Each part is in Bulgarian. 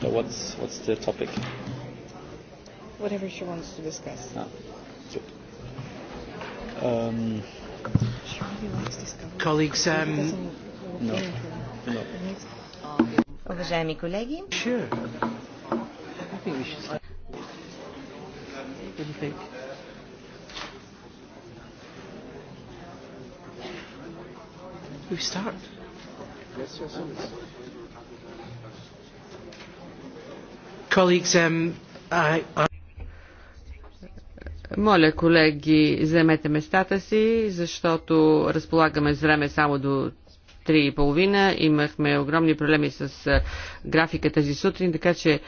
So what's, what's the topic? Whatever she wants to discuss. Ah, so. Um, she really likes colleagues, um, no. no. Уважаеми колеги, sure. I think we should start. Yes, yes, yes. Um, Моля, колеги, вземете местата си, защото разполагаме с време само до 3.30. Имахме огромни проблеми с графика тази сутрин, така че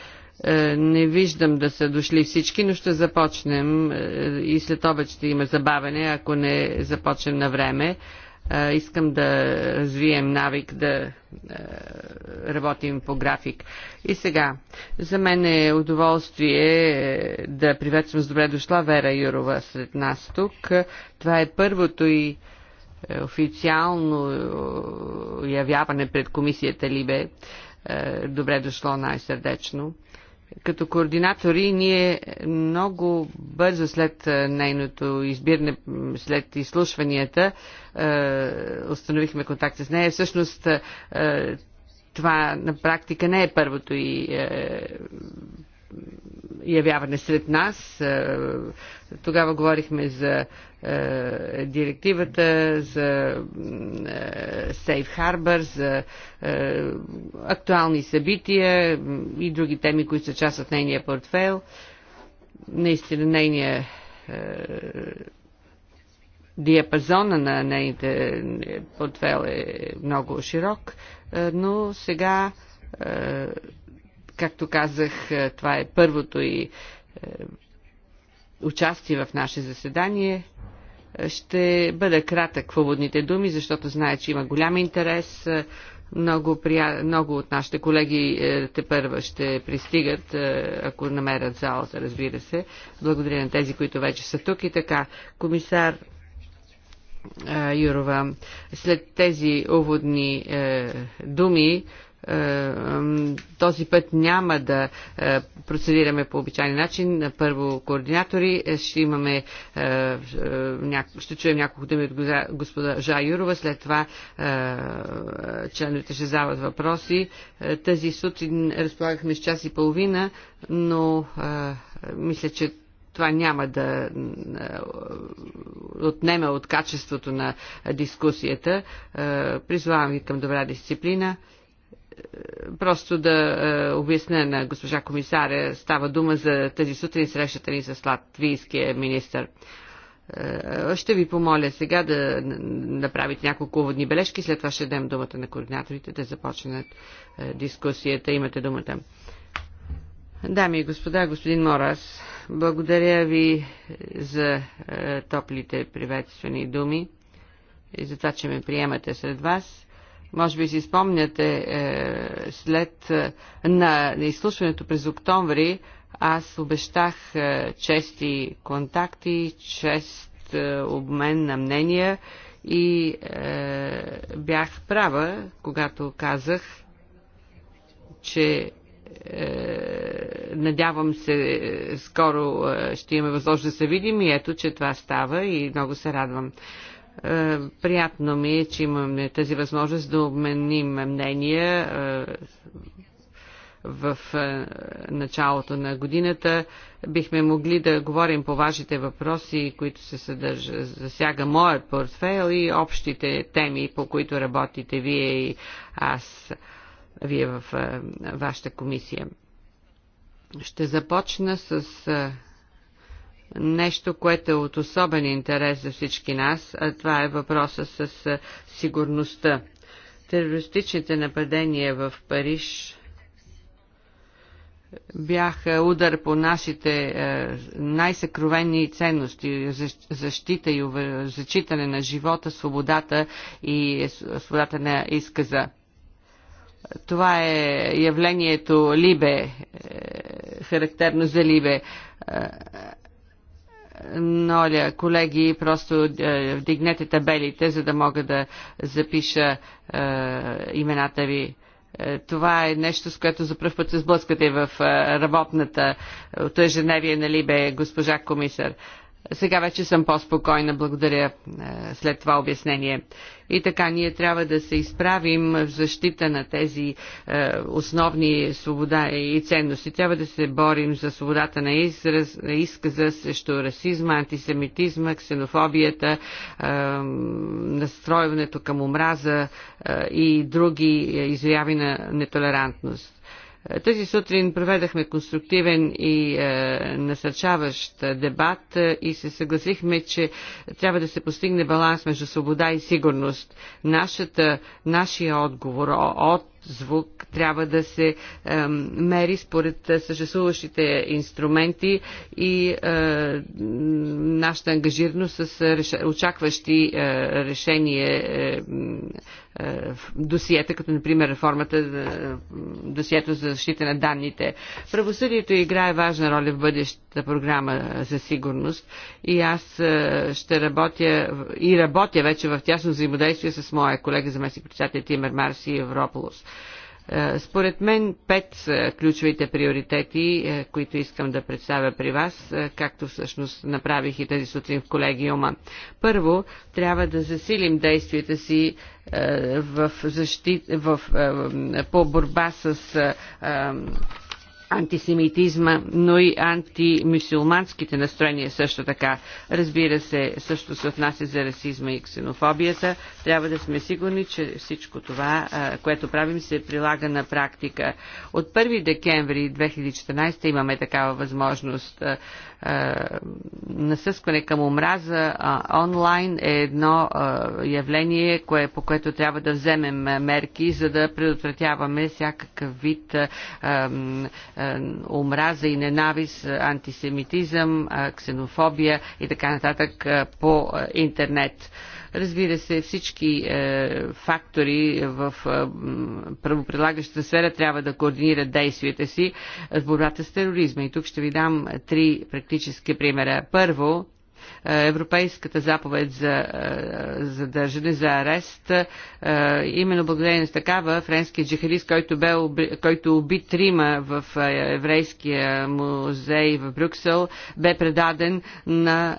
не виждам да са дошли всички, но ще започнем и след обед ще има забавене, ако не започнем на време. Искам да развием навик да работим по график. И сега, за мен е удоволствие е, да приветствам с добре дошла Вера Юрова сред нас тук. Това е първото и е, официално е, явяване пред комисията Либе. Добре дошло най-сърдечно като координатори ние много бързо след нейното избиране, след изслушванията, установихме контакт с нея. Всъщност това на практика не е първото и явяване сред нас. Е, тогава говорихме за е, директивата, за е, Safe Harbor, за актуални събития и други теми, които са част от нейния портфейл. Наистина нейния диапазона на нейните портфел е много широк, но сега Както казах, е, това е първото и е, участие в наше заседание. Е, ще бъда кратък в уводните думи, защото знае, че има голям интерес. Много, прия... много от нашите колеги те първа ще пристигат, ако намерят залата, разбира се. Благодаря на тези, които вече са тук. И така, комисар Юрова, след тези уводни думи този път няма да е, процедираме по обичайен начин. Първо координатори, е, ще имаме е, ще чуем няколко думи от господа Жа Юрова, след това членовете ще задават въпроси. Тази сутрин разполагахме с час и половина, но мисля, че това няма да отнеме от качеството на дискусията. Призвавам ви към добра дисциплина просто да е, обясня на госпожа комисаря, става дума за тази сутрин срещата ни с латвийския министр. Е, ще ви помоля сега да направите няколко уводни бележки, след това ще дадем думата на координаторите да започнат е, дискусията. Имате думата. Дами и господа, господин Морас, благодаря ви за топлите приветствени думи и за това, че ме приемате сред вас. Може би си спомняте, е, след е, на, на изслушването през октомври, аз обещах е, чести контакти, чест е, обмен на мнения и е, бях права, когато казах, че е, надявам се, е, скоро е, ще имаме възможност да се видим и ето, че това става и много се радвам. Е, приятно ми е, че имаме тази възможност да обменим мнения е, в е, началото на годината. Бихме могли да говорим по вашите въпроси, които се съдържа, засяга моят портфейл и общите теми, по които работите вие и аз, вие в вашата комисия. Ще започна с нещо, което е от особен интерес за всички нас, а това е въпроса с сигурността. Терористичните нападения в Париж бяха удар по нашите най-съкровени ценности, защита и зачитане на живота, свободата и свободата на изказа. Това е явлението Либе, е, характерно за Либе. Моля, колеги, просто е, вдигнете табелите, за да мога да запиша е, имената ви. Е, това е нещо, с което за първ път се сблъскате в работната от ежедневие на Либе, госпожа комисар. Сега вече съм по-спокойна, благодаря е, след това обяснение. И така, ние трябва да се изправим в защита на тези е, основни свобода и ценности. Трябва да се борим за свободата на израз, на изказа срещу расизма, антисемитизма, ксенофобията, е, настройването към омраза е, и други е, изяви на нетолерантност тази сутрин проведахме конструктивен и е, насърчаващ дебат и се съгласихме, че трябва да се постигне баланс между свобода и сигурност. Нашата, нашия отговор от звук трябва да се е, мери според е, съществуващите инструменти и е, нашата ангажираност с е, реш... очакващи е, решения е, е, досиета, като например реформата е, досието за защита на данните. Правосъдието играе важна роля в бъдещата програма за сигурност и аз е, ще работя и работя вече в тясно взаимодействие с моя колега заместник председател Тимер Марси и Европолос. Е, според мен пет са ключовите приоритети, е, които искам да представя при вас, е, както всъщност направих и тази сутрин в колегиума. Първо, трябва да засилим действията си в защит, в, по борба с антисемитизма, но и антимюсюлманските настроения също така. Разбира се, също се отнася за расизма и ксенофобията. Трябва да сме сигурни, че всичко това, което правим, се прилага на практика. От 1 декември 2014 имаме такава възможност. Е, насъскване към омраза онлайн е едно е, явление, кое, по което трябва да вземем мерки, за да предотвратяваме всякакъв вид е, омраза и ненавист, антисемитизъм, ксенофобия и така нататък по интернет. Разбира се, всички е, фактори в е, правоприлагащата сфера трябва да координират действията си в борбата с тероризма. И тук ще ви дам три практически примера. Първо, е, Европейската заповед за е, задържане, за арест. Е, именно благодарение на такава френския джихадист, който, бе, който уби трима в еврейския музей в Брюксел, бе предаден на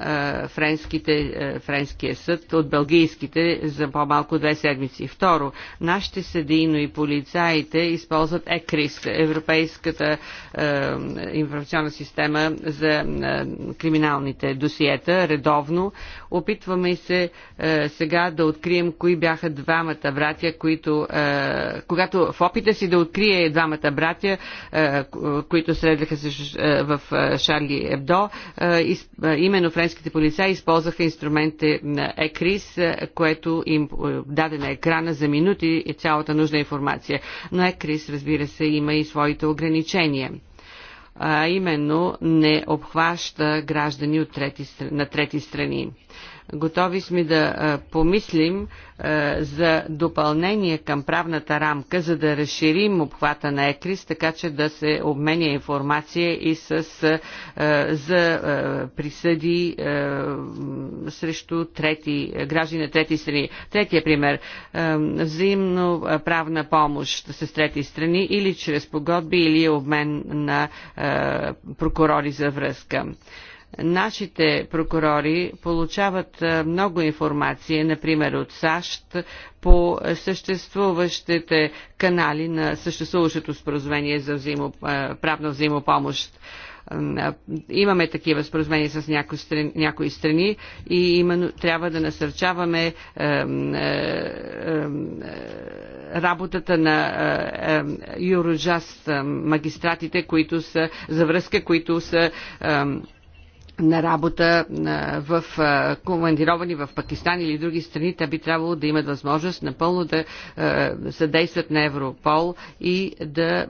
френските, френския съд от белгийските за по-малко две седмици. Второ, нашите съдийно и полицаите използват ЕКРИС, Европейската информационна система за криминалните досиета, редовно. Опитваме се е, сега да открием кои бяха двамата братя, които, е, когато в опита си да открие двамата братя, е, които следваха се е, в е, Шарли Ебдо, е, из, е, именно френските полицаи използваха инструментите на ЕКРИС, е, което им даде на екрана за минути и цялата нужна информация. Но ЕКРИС, разбира се, има и своите ограничения а именно не обхваща граждани от трети, на трети страни. Готови сме да помислим за допълнение към правната рамка, за да разширим обхвата на ЕКРИС, така че да се обменя информация и с, за присъди срещу трети, граждани на трети страни. Третия пример взаимно правна помощ с трети страни или чрез погодби или обмен на прокурори за връзка. Нашите прокурори получават много информация, например от САЩ, по съществуващите канали на съществуващото споразумение за взаимо, правна взаимопомощ имаме такива споразумения с някои страни, някои страни и именно трябва да насърчаваме е, е, е, работата на юрожаст магистратите, които са за връзка, които са на работа в командировани в Пакистан или други страни, те би трябвало да имат възможност напълно да съдействат на Европол и да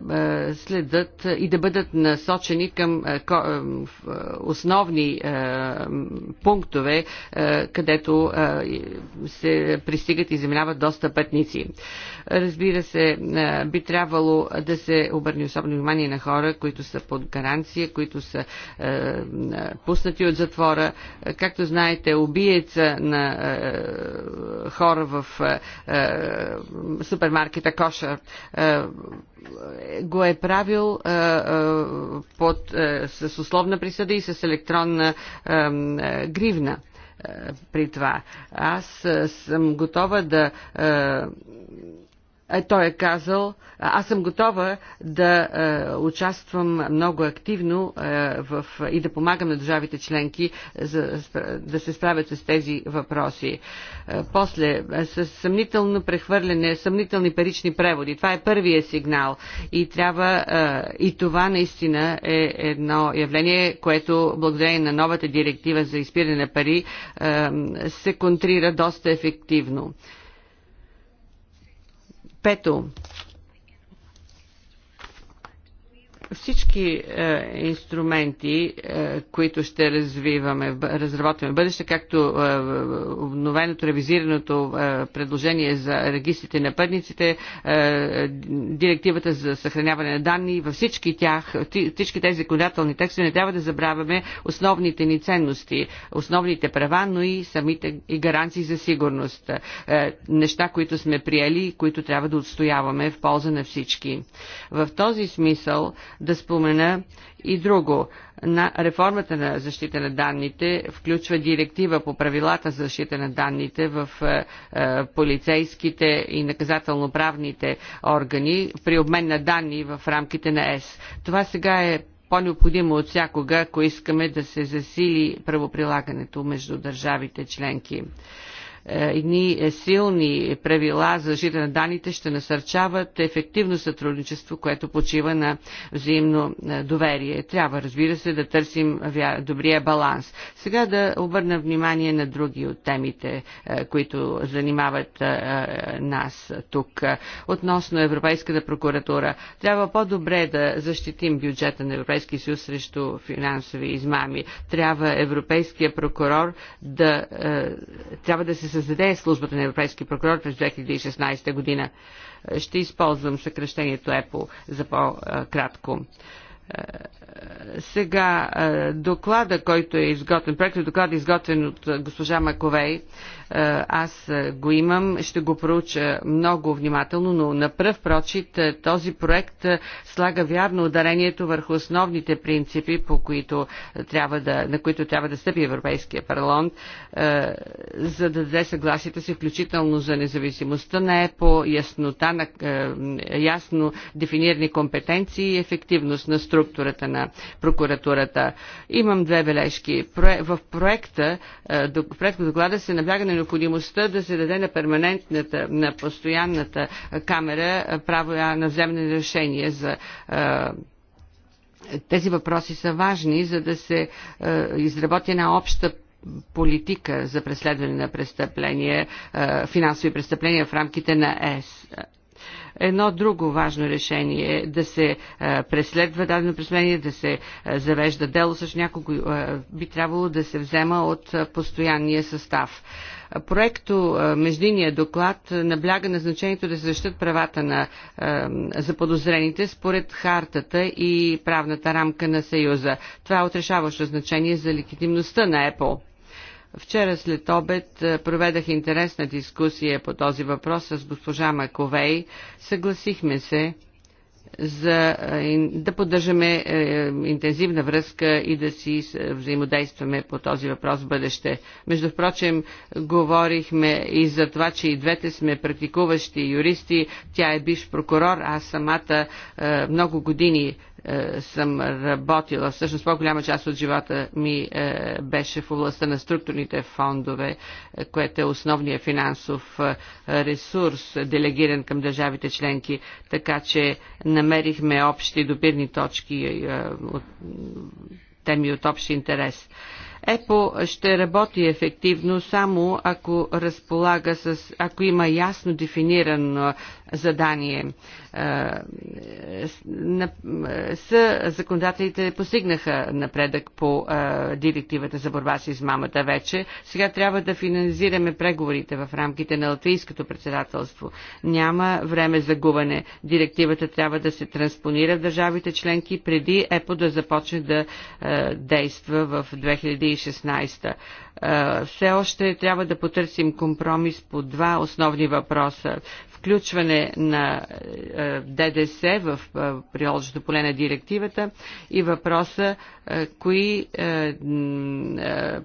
следят и да бъдат насочени към основни пунктове, където се пристигат и заминават доста пътници. Разбира се, би трябвало да се обърне особено внимание на хора, които са под гаранция, които са пуснати пуснати от затвора. Е, както знаете, убиеца на е, хора в е, е супермаркета Коша е, го е правил е, е, под, е, с условна присъда и с електронна е, е, гривна е, при това. Аз съм готова да е, той е казал, аз съм готова да е, участвам много активно е, в, и да помагам на държавите членки за, да се справят с тези въпроси. Е, после, е, с съмнително прехвърляне, съмнителни парични преводи. Това е първия сигнал и трябва е, и това наистина е едно явление, което благодарение на новата директива за изпиране на пари е, се контрира доста ефективно. Е, Пето. Всички е, инструменти, е, които ще развиваме, разработваме в бъдеще, както е, обновеното, ревизираното е, предложение за регистрите на пътниците, е, директивата за съхраняване на данни, във всички тях, всички тези законодателни текстове не трябва да забравяме основните ни ценности, основните права, но и самите и гаранции за сигурност. Е, неща, които сме приели, които трябва да отстояваме в полза на всички. В този смисъл да спомена и друго. На реформата на защита на данните включва директива по правилата за защита на данните в е, е, полицейските и наказателно-правните органи при обмен на данни в рамките на ЕС. Това сега е по-необходимо от всякога, ако искаме да се засили правоприлагането между държавите членки. Е, едни е, силни правила за защита на данните ще насърчават ефективно сътрудничество, което почива на взаимно е, доверие. Трябва, разбира се, да търсим добрия баланс. Сега да обърна внимание на други от темите, които занимават нас тук. Относно Европейската прокуратура, трябва по-добре да защитим бюджета на Европейския съюз срещу финансови измами. Трябва Европейския прокурор да трябва да се създаде службата на Европейски прокурор през 2016 година. Ще използвам съкрещението ЕПО за по-кратко. Е, сега е, доклада, който е изготвен, проектът доклад е изготвен от е, госпожа Маковей, е, аз го имам, ще го проуча много внимателно, но на пръв прочит е, този проект е, слага вярно ударението върху основните принципи, по които трябва да, на които трябва да стъпи Европейския парламент, за да даде съгласието си, включително за независимостта на ЕПО, яснота на ясно дефинирани компетенции и ефективност на структурата на прокуратурата. Имам две бележки. В проекта, в проекта доклада се набляга на необходимостта да се даде на перманентната, на постоянната камера право на вземане решение за е, тези въпроси са важни, за да се е, изработи една обща политика за преследване на престъпления, е, финансови престъпления в рамките на ЕС. Едно друго важно решение е да се преследва дадено преследване, да се завежда дело с някого, би трябвало да се взема от постоянния състав. Проекто междиния доклад набляга на значението да се защитат правата на заподозрените според хартата и правната рамка на Съюза. Това е отрешаващо значение за легитимността на Apple. Вчера след обед проведах интересна дискусия по този въпрос с госпожа Маковей. Съгласихме се, за да поддържаме е, интензивна връзка и да си взаимодействаме по този въпрос в бъдеще. Между впрочем, говорихме и за това, че и двете сме практикуващи юристи. Тя е бивш прокурор, аз самата е, много години е, е, съм работила. Всъщност по-голяма част от живота ми е, беше в областта на структурните фондове, е, което е основния финансов ресурс, делегиран към държавите членки, така че намерихме общи допирни точки от теми от общ интерес. ЕПО ще работи ефективно само ако разполага с, ако има ясно дефинирано задание. Е, с законодателите постигнаха напредък по е, директивата за борба с измамата вече. Сега трябва да финализираме преговорите в рамките на латвийското председателство. Няма време за губане. Директивата трябва да се транспонира в държавите членки преди ЕПО да започне да е, действа в 2016 все още трябва да потърсим компромис по два основни въпроса включване на е, ДДС в е, приложното поле на директивата и въпроса е, кои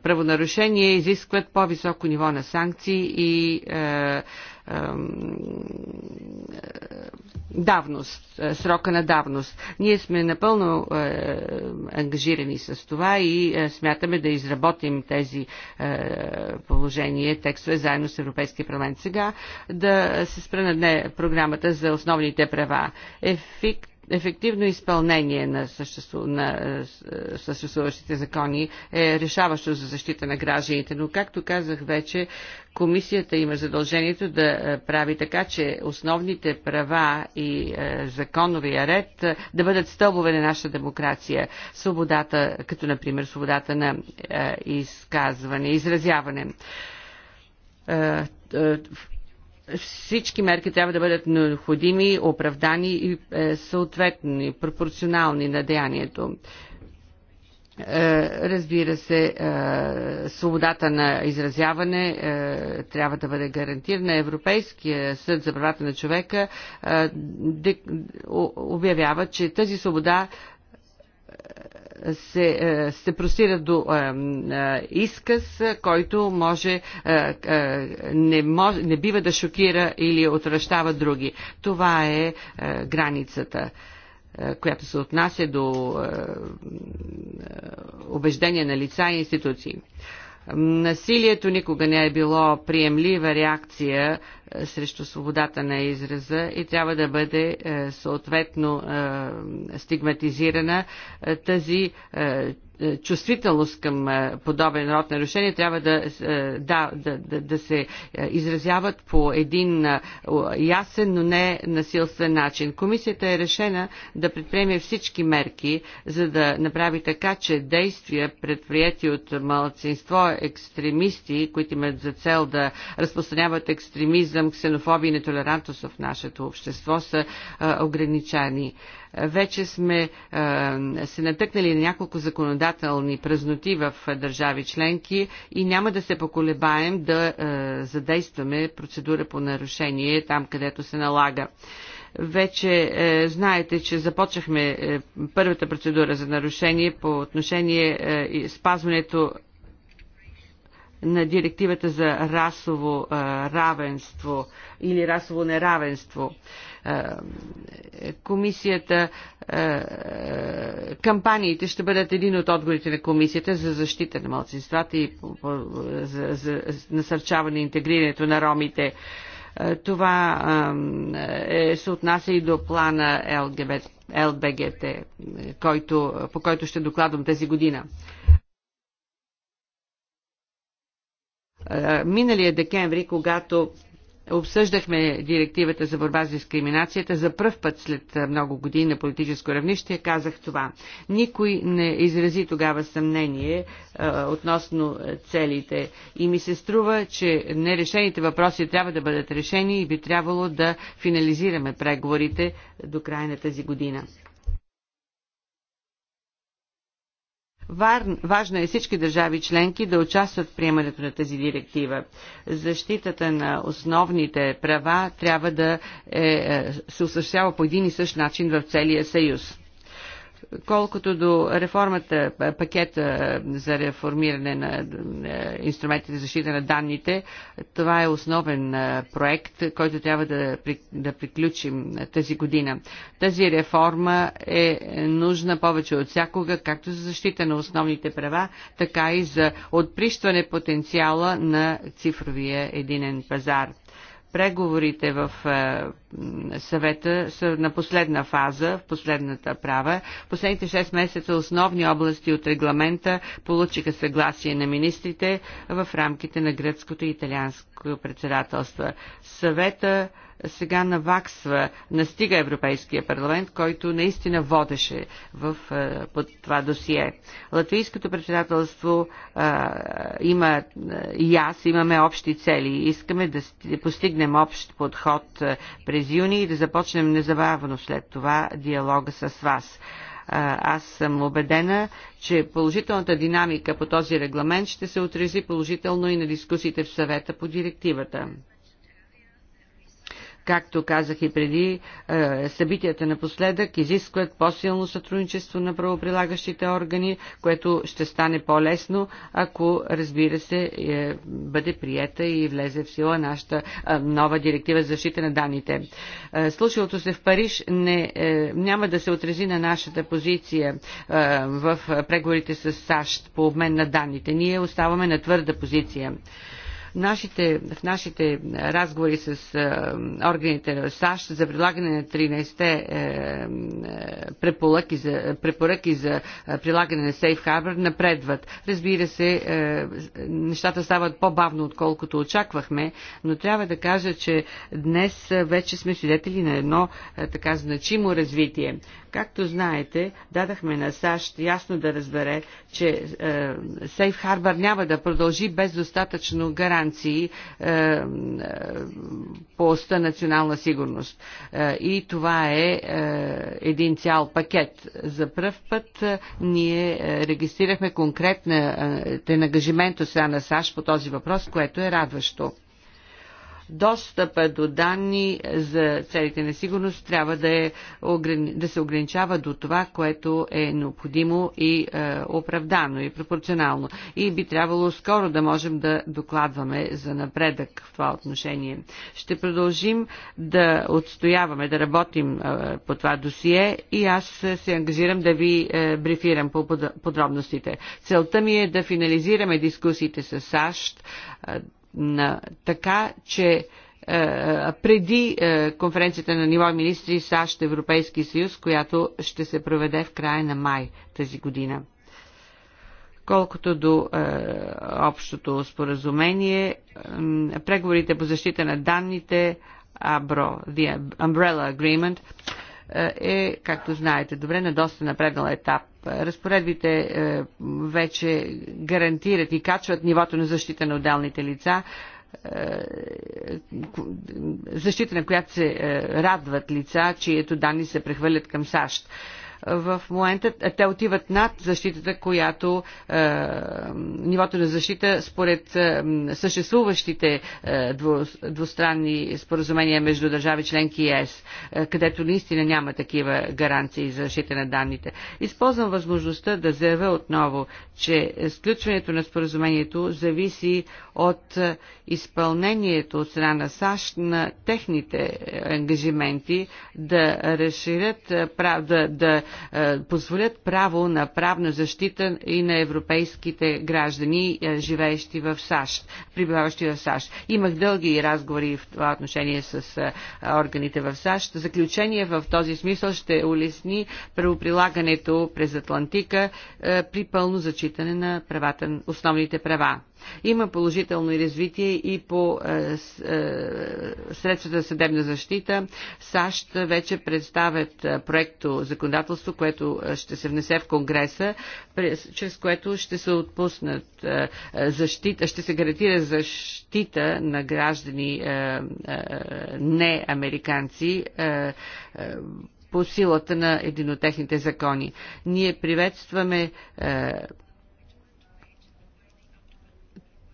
правонарушения изискват по-високо ниво на санкции и давност, е, срока на давност. Ние сме напълно е, ангажирани с това и е, смятаме да изработим тези положения, текстове заедно с Европейския парламент. Сега да се спра на дне програмата за основните права. Ефик ефективно изпълнение на, съществу, на е, е, съществуващите закони е решаващо за защита на гражданите. Но, както казах вече, комисията има задължението да е, прави така, че основните права и законовия ред да бъдат стълбове на нашата демокрация. Свободата, като например свободата на изказване, изразяване всички мерки трябва да бъдат необходими, оправдани и е, съответни, пропорционални на деянието. Е, разбира се, е, свободата на изразяване трябва да бъде гарантирана. Европейския съд за правата на човека обявява, че тази свобода се, е, се простира до е, е, изказ, който може, е, е не, може не бива да шокира или отвращава други. Това е, е границата която се отнася до убеждения на лица и институции. Насилието никога не е било приемлива реакция срещу свободата на израза и трябва да бъде е, съответно е, стигматизирана е, тази е, чувствителност към е, подобен род нарушение трябва да, е, да, да, да, да се изразяват по един ясен, но не насилствен начин. Комисията е решена да предприеме всички мерки, за да направи така, че действия, предприяти от малцинство екстремисти, които имат за цел да разпространяват екстремизъм, ксенофобия и нетолерантност в нашето общество, са ограничени. Вече сме се натъкнали на няколко законодателни празноти в държави членки и няма да се поколебаем да задействаме процедура по нарушение там, където се налага. Вече е, знаете, че започнахме е, първата процедура за нарушение по отношение е, спазването на директивата за расово е, равенство или расово неравенство. Е, е, комисията, е, кампаниите ще бъдат един от отговорите на комисията за защита на младсинствата и за, за насърчаване и интегрирането на ромите. Е, това е, се отнася и до плана ЛГБТ, ЛБГТ, който, по който ще докладвам тази година. Миналия декември, когато Обсъждахме директивата за борба с дискриминацията за пръв път след много години на политическо равнище. Казах това. Никой не изрази тогава съмнение а, относно целите и ми се струва, че нерешените въпроси трябва да бъдат решени и би трябвало да финализираме преговорите до края на тази година. Важно е всички държави членки да участват в приемането на тази директива. Защитата на основните права трябва да е, е се осъществява по един и същ начин в целия съюз. Колкото до реформата, пакета за реформиране на е, инструментите за защита на данните, това е основен е, проект, който трябва да, да приключим тази година. Тази реформа е нужна повече от всякога, както за защита на основните права, така и за отприщване потенциала на цифровия единен пазар преговорите в е, съвета са на последна фаза, в последната права. Последните 6 месеца основни области от регламента получиха съгласие на министрите в рамките на гръцкото и италианско председателство. Съвета сега наваксва, настига Европейския парламент, който наистина водеше в, е, под това досие. Латвийското председателство а, е, има е, и аз имаме общи цели. Искаме да постигнем общ подход през юни и да започнем незабавно след това диалога с вас аз съм убедена, че положителната динамика по този регламент ще се отрази положително и на дискусиите в съвета по директивата. Както казах и преди, е, събитията напоследък изискват по-силно сътрудничество на правоприлагащите органи, което ще стане по-лесно, ако, разбира се, е, бъде приета и влезе в сила нашата е, нова директива за защита на данните. Случилото се в Париж не, няма да се отрези на нашата позиция в преговорите с САЩ по обмен на данните. Ние оставаме на твърда позиция. Нашите, в нашите разговори с е, органите на САЩ за прилагане на 13-те е, е, препоръки за, препоръки за прилагане на Safe Harbor напредват. Разбира се, нещата стават по-бавно, отколкото очаквахме, но трябва да кажа, че днес вече сме свидетели на едно така значимо развитие. Както знаете, дадахме на САЩ ясно да разбере, че Сейф Harbor няма да продължи без достатъчно гаранции гаранции е, е, по оста национална сигурност. Е, и това е един цял пакет. За пръв път ние регистрирахме конкретен ангажимент от страна на САЩ по този въпрос, което е радващо достъпа до данни за целите на сигурност трябва да, е, да се ограничава до това, което е необходимо и е, оправдано и пропорционално. И би трябвало скоро да можем да докладваме за напредък в това отношение. Ще продължим да отстояваме, да работим е, по това досие и аз се ангажирам да ви е, брифирам по подробностите. Целта ми е да финализираме дискусиите с САЩ. Е, на, така, че е, е, преди е, конференцията на ниво министри САЩ Европейски съюз, която ще се проведе в края на май тази година. Колкото до е, общото споразумение, е, преговорите по защита на данните, Абро the Umbrella Agreement, е, както знаете, добре на доста напреднал етап. Разпоредбите е, вече гарантират и качват нивото на защита на отделните лица, е, защита на която се е, радват лица, чието данни се прехвърлят към САЩ в момента те отиват над защитата, която е, нивото на защита според е, съществуващите е, двустранни споразумения между държави членки и ЕС, където наистина няма такива гаранции за защита на данните. Използвам възможността да заявя отново, че сключването на споразумението зависи от изпълнението от страна на САЩ на техните ангажименти да разширят, да, да е, позволят право на правна защита и на европейските граждани, е, живеещи в САЩ, прибиваващи в САЩ. Имах дълги разговори в това отношение с е, органите в САЩ. Заключение в този смисъл ще улесни правоприлагането през Атлантика при пълно зачитане на правата, основните права. Има положително и развитие и по е, е, средствата за съдебна защита. САЩ вече представят е, проекто законодателство, което ще се внесе в Конгреса, чрез което ще се отпуснат защита, ще се гарантира защита на граждани не американци по силата на един от техните закони. Ние приветстваме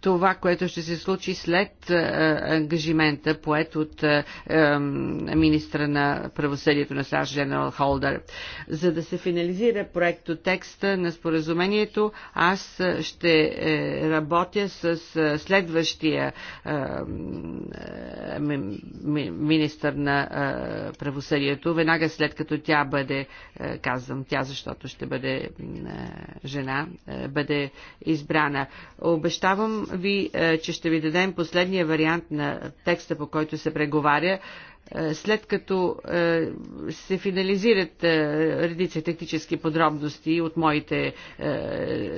това, което ще се случи след е, ангажимента, поет от е, е, министра на правосъдието на САЩ, генерал Холдър. За да се финализира проекто текста на споразумението, аз ще работя с следващия министър на правосъдието, веднага след като тя бъде, казвам тя, защото ще бъде жена, бъде избрана. Обещавам ви, е, че ще ви дадем последния вариант на текста, по който се преговаря, е, след като е, се финализират редица технически подробности от моите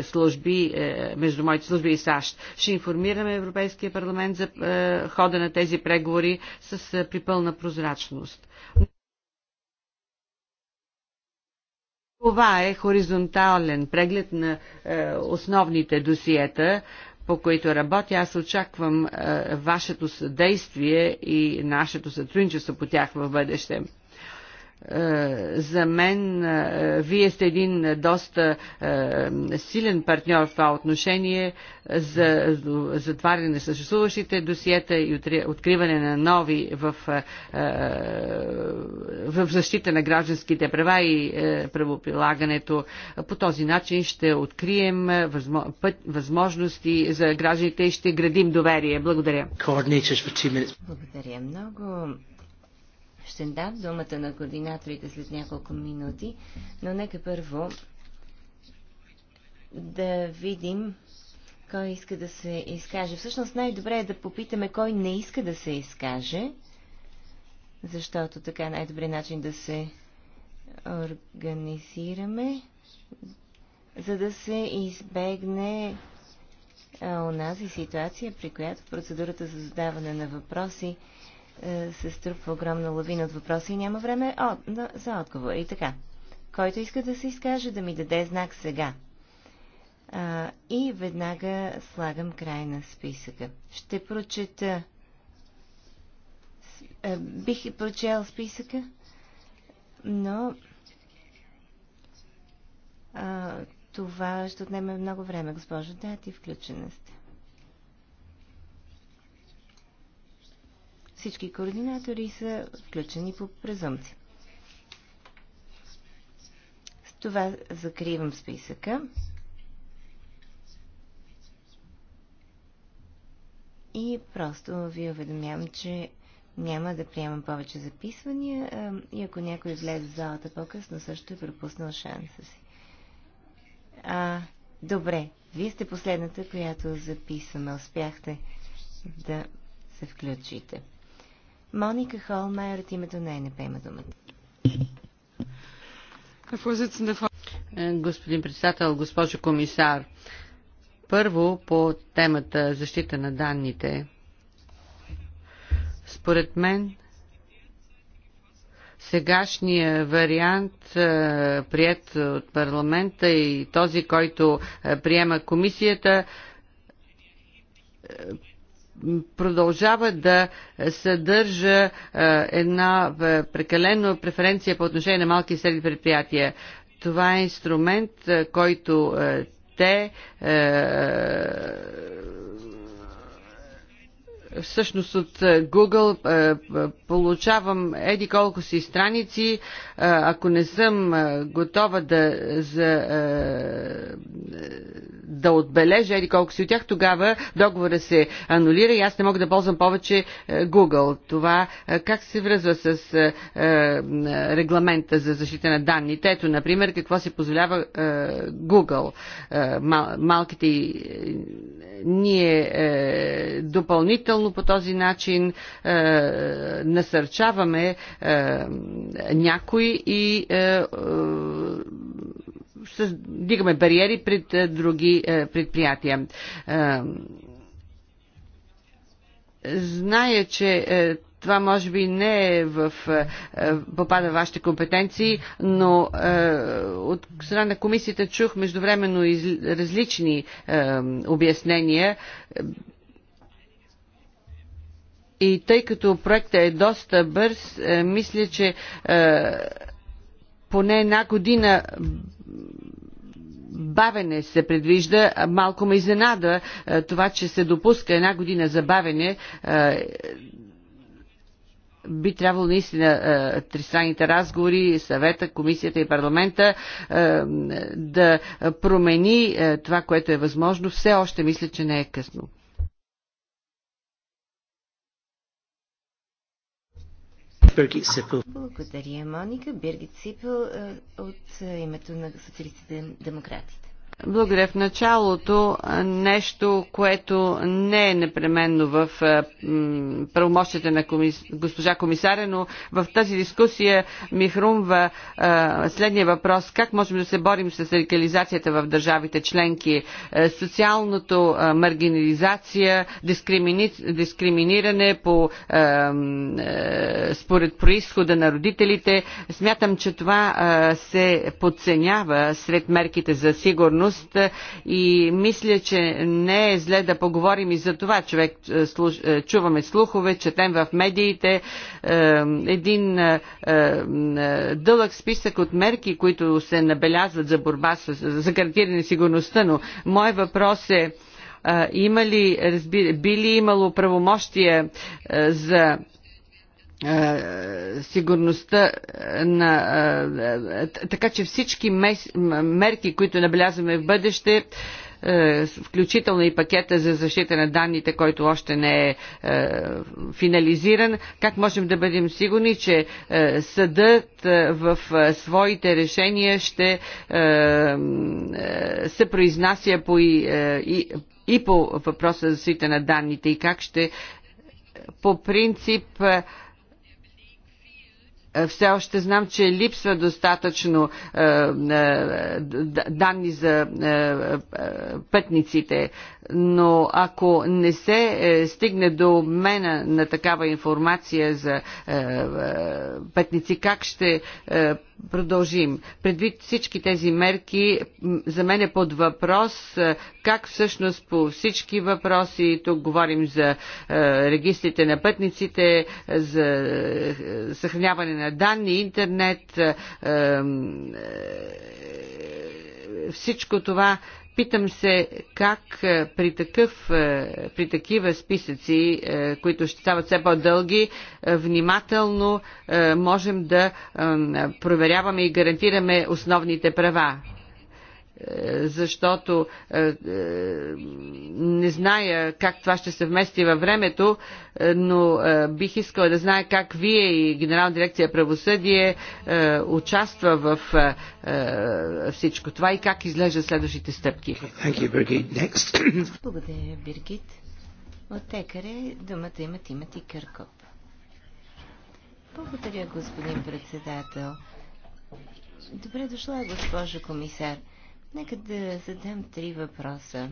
служби, между моите служби и САЩ. Ще информираме Европейския парламент за хода на тези преговори с припълна прозрачност. Това е хоризонтален преглед на е, основните досиета по които работя. Аз очаквам е, вашето съдействие и нашето сътрудничество по тях в бъдеще. Е, за мен е, вие сте един е, доста силен партньор в това отношение за затваряне на съществуващите досиета и откриване на нови в, в защита на гражданските права и правоприлагането. По този начин ще открием възможности за гражданите и ще градим доверие. Благодаря. Благодаря много ще дам думата на координаторите след няколко минути, но нека първо да видим кой иска да се изкаже. Всъщност най-добре е да попитаме кой не иска да се изкаже, защото така най-добре начин да се организираме, за да се избегне онази ситуация, при която процедурата за задаване на въпроси е, се струпва огромна лавина от въпроси и няма време от, да, за отговор. И така, който иска да се изкаже, да ми даде знак сега. А, и веднага слагам край на списъка. Ще прочета. А, е, бих прочел списъка, но а, това ще отнеме много време, госпожо. Да, ти включена сте. Всички координатори са включени по презумпция. С това закривам списъка. И просто ви уведомявам, че няма да приемам повече записвания и ако някой влезе в залата по-късно, също е пропуснал шанса си. А, добре, вие сте последната, която записваме. Успяхте да се включите. Моника Холмайер от името на НП има думата. Господин председател, госпожо комисар, първо по темата защита на данните. Според мен сегашния вариант, е, прият от парламента и този, който е, приема комисията, е, продължава да съдържа е, една е, прекалена преференция по отношение на малки и средни предприятия. Това е инструмент, е, който те всъщност от е, Google е, е, получавам еди колко си страници, ако не съм готова да, за, да отбележа еди колко си от тях, тогава договора се анулира и аз не мога да ползвам повече Google. Това как се връзва с регламента за защита на данните? Ето, например, какво се позволява Google. Малките ние допълнително действително по този начин е, насърчаваме е, някой и е, е, дигаме бариери пред е, други е, предприятия. Е, зная, че е, това може би не е в, е, попада в вашите компетенции, но е, от страна на комисията чух междувременно из, различни е, обяснения. И тъй като проектът е доста бърз, е, мисля, че е, поне една година бавене се предвижда. Малко ме изненада е, това, че се допуска една година за бавене. Би трябвало наистина тристранните разговори, съвета, комисията и парламента да промени това, което е възможно. Все още мисля, че не е късно. Благодаря, Моника. Биргит Сипел е, от е, името на социалистите демократите. Благодаря. В началото нещо, което не е непременно в правомощите на комис... госпожа комисаря, но в тази дискусия ми хрумва следния въпрос. Как можем да се борим с радикализацията в държавите членки? Социалното маргинализация, дискримини... дискриминиране по, според происхода на родителите. Смятам, че това се подценява сред мерките за сигурност сигурност и мисля, че не е зле да поговорим и за това. Човек чуваме слухове, четем в медиите един дълъг списък от мерки, които се набелязват за борба с, за гарантиране сигурността, но мой въпрос е има ли, би ли имало правомощия за е, сигурността е, на. Е, така че всички мерки, които набелязваме в бъдеще, включително и пакета за защита на данните, който още не е финализиран, как можем да бъдем сигурни, че съдът в своите решения ще се произнася по и, и, и по въпроса за защита на данните и как ще по принцип е, все още знам, че липсва достатъчно е, е, данни за е, е, пътниците, но ако не се е, стигне до мена на такава информация за пътници, как ще продължим. Предвид всички тези мерки, за мен е под въпрос е, как всъщност по всички въпроси, тук говорим за е, регистрите на пътниците, е, за съхраняване на данни, интернет, всичко това Питам се как е, при, такъв, е, при такива списъци, е, които ще стават все по-дълги, внимателно можем да проверяваме и гарантираме основните права защото е, е, не зная как това ще се вмести във времето, е, но бих искала да знае как вие и Генерална дирекция правосъдие участва в всичко това и как изглежда следващите стъпки. Благодаря, Биргит. От текаре думата има Тимати Къркоп. Благодаря, господин председател. Добре дошла, госпожо комисар. Нека да задам три въпроса.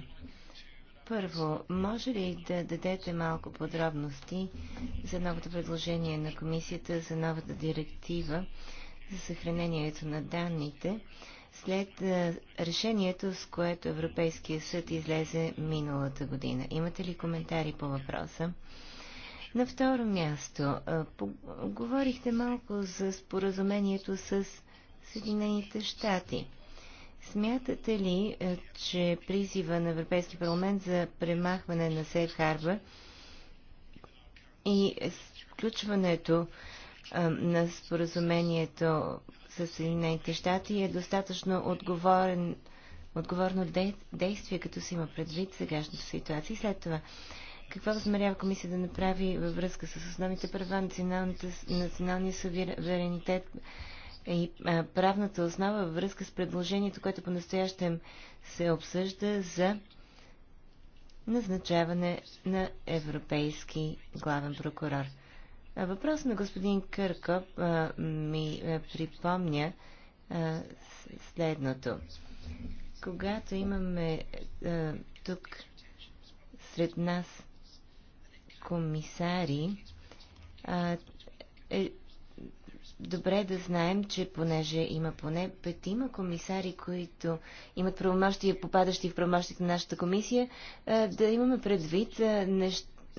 Първо, може ли да дадете малко подробности за новото предложение на комисията за новата директива за съхранението на данните след решението, с което Европейския съд излезе миналата година? Имате ли коментари по въпроса? На второ място, говорихте малко за споразумението с Съединените щати – Смятате ли, е, че призива на Европейски парламент за премахване на Сейф Харбър и включването е, на споразумението с Съединените щати е достатъчно отговорен, отговорно действие, като се има предвид сегашната ситуация. И след това, какво възмерява комисия да направи във връзка с основните права, националния суверенитет, и е, правната основа във връзка с предложението, което по-настоящем се обсъжда за назначаване на европейски главен прокурор. Въпрос на господин Къркоп ми припомня следното. Когато имаме тук сред нас комисари, е добре да знаем, че понеже има поне петима комисари, които имат правомощия, попадащи в правомощите на нашата комисия, е, да имаме предвид е,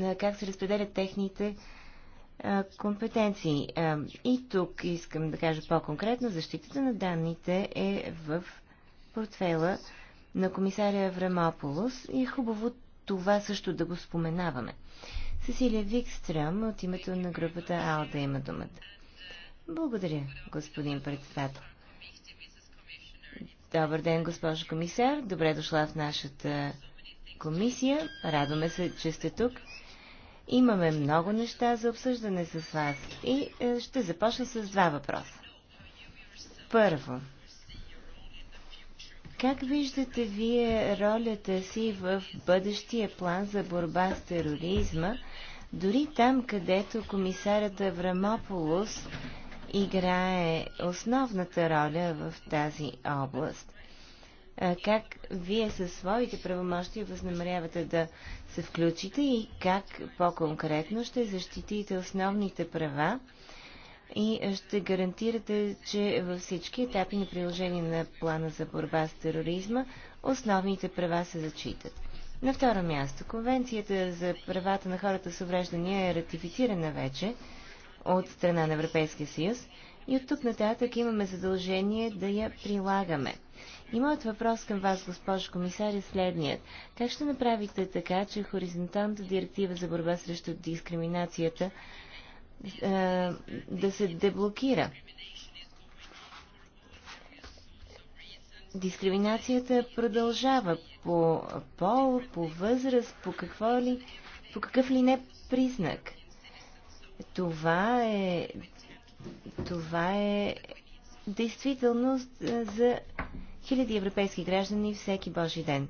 е, как се разпределят техните компетенции. И тук искам да кажа по-конкретно, защитата на данните е в портфела на комисаря Врамополос и е хубаво това също да го споменаваме. Сесилия Викстрам от името на групата АЛДА има думата. Благодаря, господин председател. Добър ден, госпожо комисар. Добре дошла в нашата комисия. Радваме се, че сте тук. Имаме много неща за обсъждане с вас и е, ще започна с два въпроса. Първо, как виждате вие ролята си в бъдещия план за борба с тероризма, дори там, където комисарят Аврамополос играе основната роля в тази област. Как вие със своите правомощи възнамерявате да се включите и как по-конкретно ще защитите основните права и ще гарантирате, че във всички етапи на приложение на плана за борба с тероризма основните права се зачитат. На второ място, Конвенцията за правата на хората с увреждания е ратифицирана вече от страна на Европейския съюз и от тук нататък имаме задължение да я прилагаме. И моят въпрос към вас, госпожо комисар, е следният. Как ще направите така, че хоризонталната директива за борба срещу дискриминацията е, да се деблокира? Дискриминацията продължава по пол, по възраст, по какво ли, по какъв ли не признак. Това е, това е действителност е, за хиляди европейски граждани всеки Божи ден.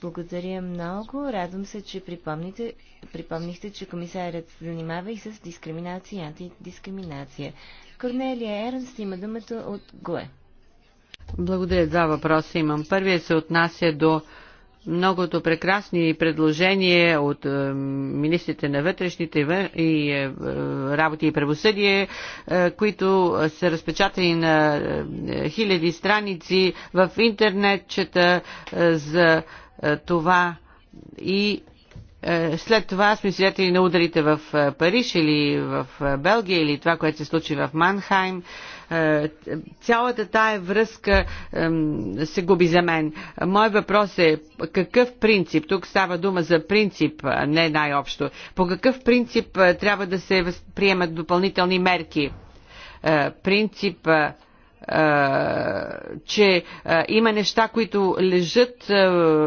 Благодаря много. Радвам се, че припомните, припомнихте, че комисарят се занимава и с дискриминация и антидискриминация. Корнелия Ернст има думата от ГОЕ. Благодаря. Два въпроса имам. Първият се отнася до многото прекрасни предложения от е, министрите на вътрешните и е, работи и правосъдие, е, които са разпечатани на хиляди страници в интернетчета за това и след това сме свидетели на ударите в Париж или в Белгия или това, което се случи в Манхайм. Е, цялата тая връзка се губи за мен. Мой въпрос е какъв принцип, тук става дума за принцип, не най-общо, по какъв принцип е, трябва да се приемат допълнителни мерки? Е, принцип че има неща, които лежат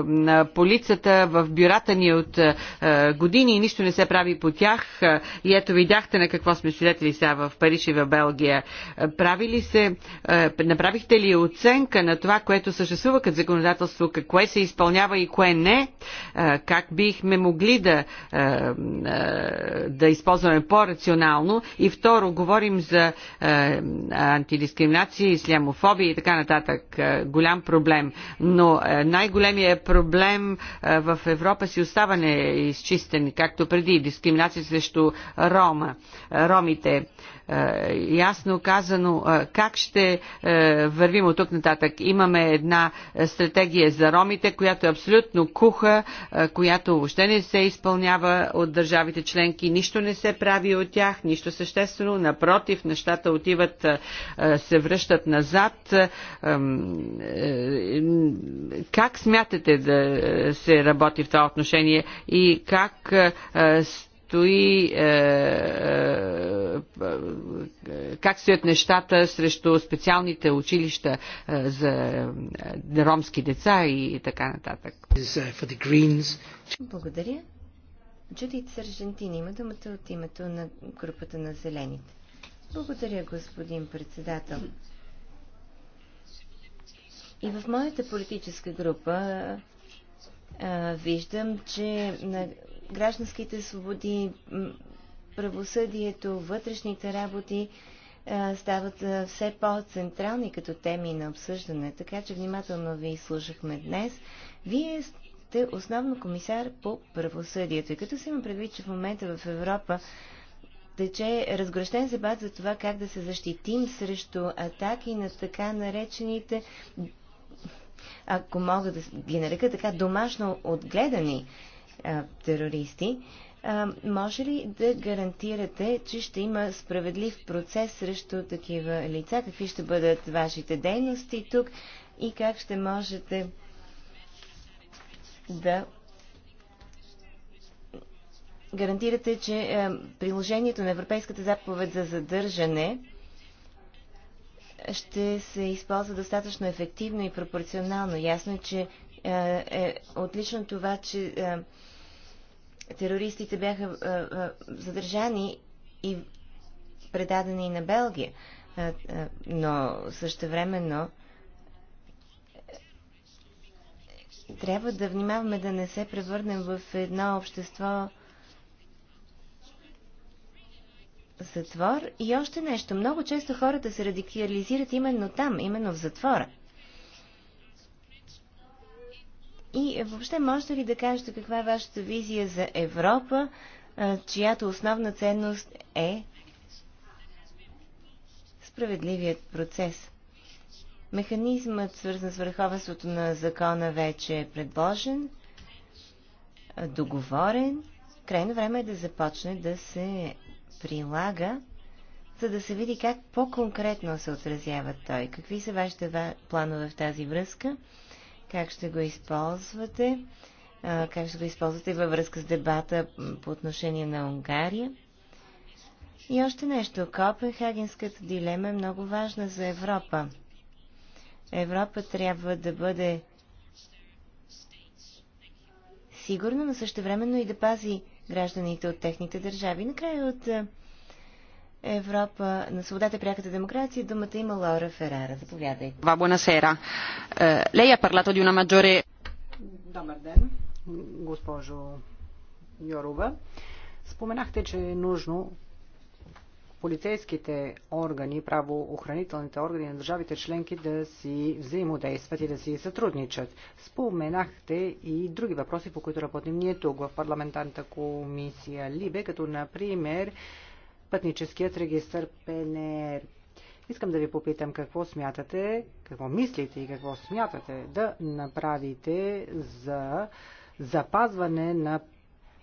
на полицата в бюрата ни от години и нищо не се прави по тях. И ето видяхте на какво сме свидетели сега в Париж и в Белгия. Правили се, направихте ли оценка на това, което съществува като законодателство, кое се изпълнява и кое не? Как бихме могли да, да използваме по-рационално? И второ, говорим за антидискриминация ислямофобия и така нататък. Е, голям проблем. Но е, най-големият проблем е, в Европа си остава неизчистен, както преди. Дискриминация срещу рома, ромите е, ясно казано е, как ще е, вървим от тук нататък. Имаме една стратегия за ромите, която е абсолютно куха, която въобще не се изпълнява от държавите членки, нищо не се прави от тях, нищо съществено. Напротив, нещата отиват, се връщат назад. Как смятате да се работи в това отношение и как стои, е, е, е, как стоят нещата срещу специалните училища за ромски деца и така нататък. Благодаря. Джудит Сържентин има думата от името на групата на зелените. Благодаря, господин председател. И в моята политическа група а, виждам, че на гражданските свободи, правосъдието, вътрешните работи стават все по-централни като теми на обсъждане, така че внимателно ви слушахме днес. Вие сте основно комисар по правосъдието и като се има предвид, че в момента в Европа тече разгръщен дебат за това как да се защитим срещу атаки на така наречените ако мога да ги нарека така домашно отгледани а, терористи. А, може ли да гарантирате, че ще има справедлив процес срещу такива лица? Какви ще бъдат вашите дейности тук и как ще можете да гарантирате, че приложението на Европейската заповед за задържане ще се използва достатъчно ефективно и пропорционално. Ясно е, че е, е отлично това, че е, Терористите бяха а, а, задържани и предадени на Белгия, а, а, но същевременно е, трябва да внимаваме да не се превърнем в едно общество затвор. И още нещо. Много често хората се радикализират именно там, именно в затвора. И е, въобще можете ли да кажете каква е вашата визия за Европа, чиято основна ценност е справедливият процес? Механизмът, свързан с върховенството на закона, вече е предложен, договорен. Крайно време е да започне да се прилага, за да се види как по-конкретно се отразява той. Какви са вашите планове в тази връзка? как ще го използвате, как ще го използвате във връзка с дебата по отношение на Унгария. И още нещо. Копенхагенската дилема е много важна за Европа. Европа трябва да бъде сигурна, но също времено и да пази гражданите от техните държави. Накрая от Европа на свободата и пряката демокрация. Думата има Лаура Ферара. Заповядайте. Ва, buonasera. сера. ha parlato di una маджоре... Добър ден, госпожо Йорова. Споменахте, че е нужно полицейските органи, правоохранителните органи на държавите членки да си взаимодействат и да си сътрудничат. Споменахте и други въпроси, по които работим ние тук в парламентарната комисия Либе, като например пътническият регистр ПНР. Искам да ви попитам какво смятате, какво мислите и какво смятате да направите за запазване на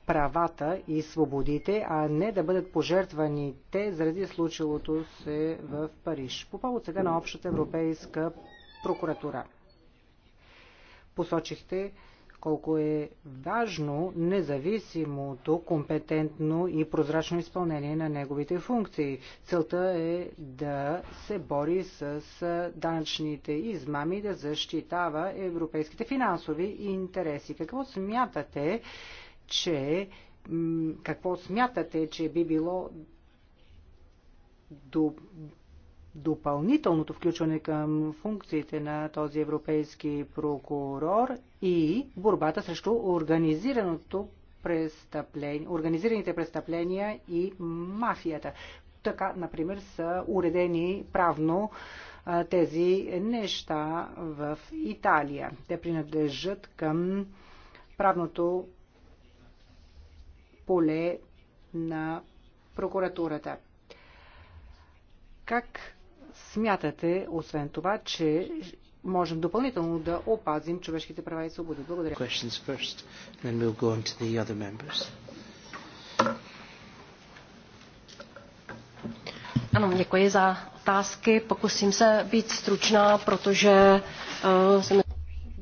правата и свободите, а не да бъдат пожертвани те заради случилото се в Париж. По повод сега на Общата европейска прокуратура. Посочихте, колко е важно независимото, компетентно и прозрачно изпълнение на неговите функции. Целта е да се бори с данъчните измами, да защитава европейските финансови интереси. Какво смятате, че какво смятате, че би било до допълнителното включване към функциите на този европейски прокурор и борбата срещу организираното престъпление, организираните престъпления и мафията. Така, например, са уредени правно тези неща в Италия. Те принадлежат към правното поле на прокуратурата. Как смятате, освен това, че можем допълнително да опазим човешките права и свободи? Благодаря. First, we'll ano, děkuji za otázky. Pokusím se být stručná, protože uh, jsem...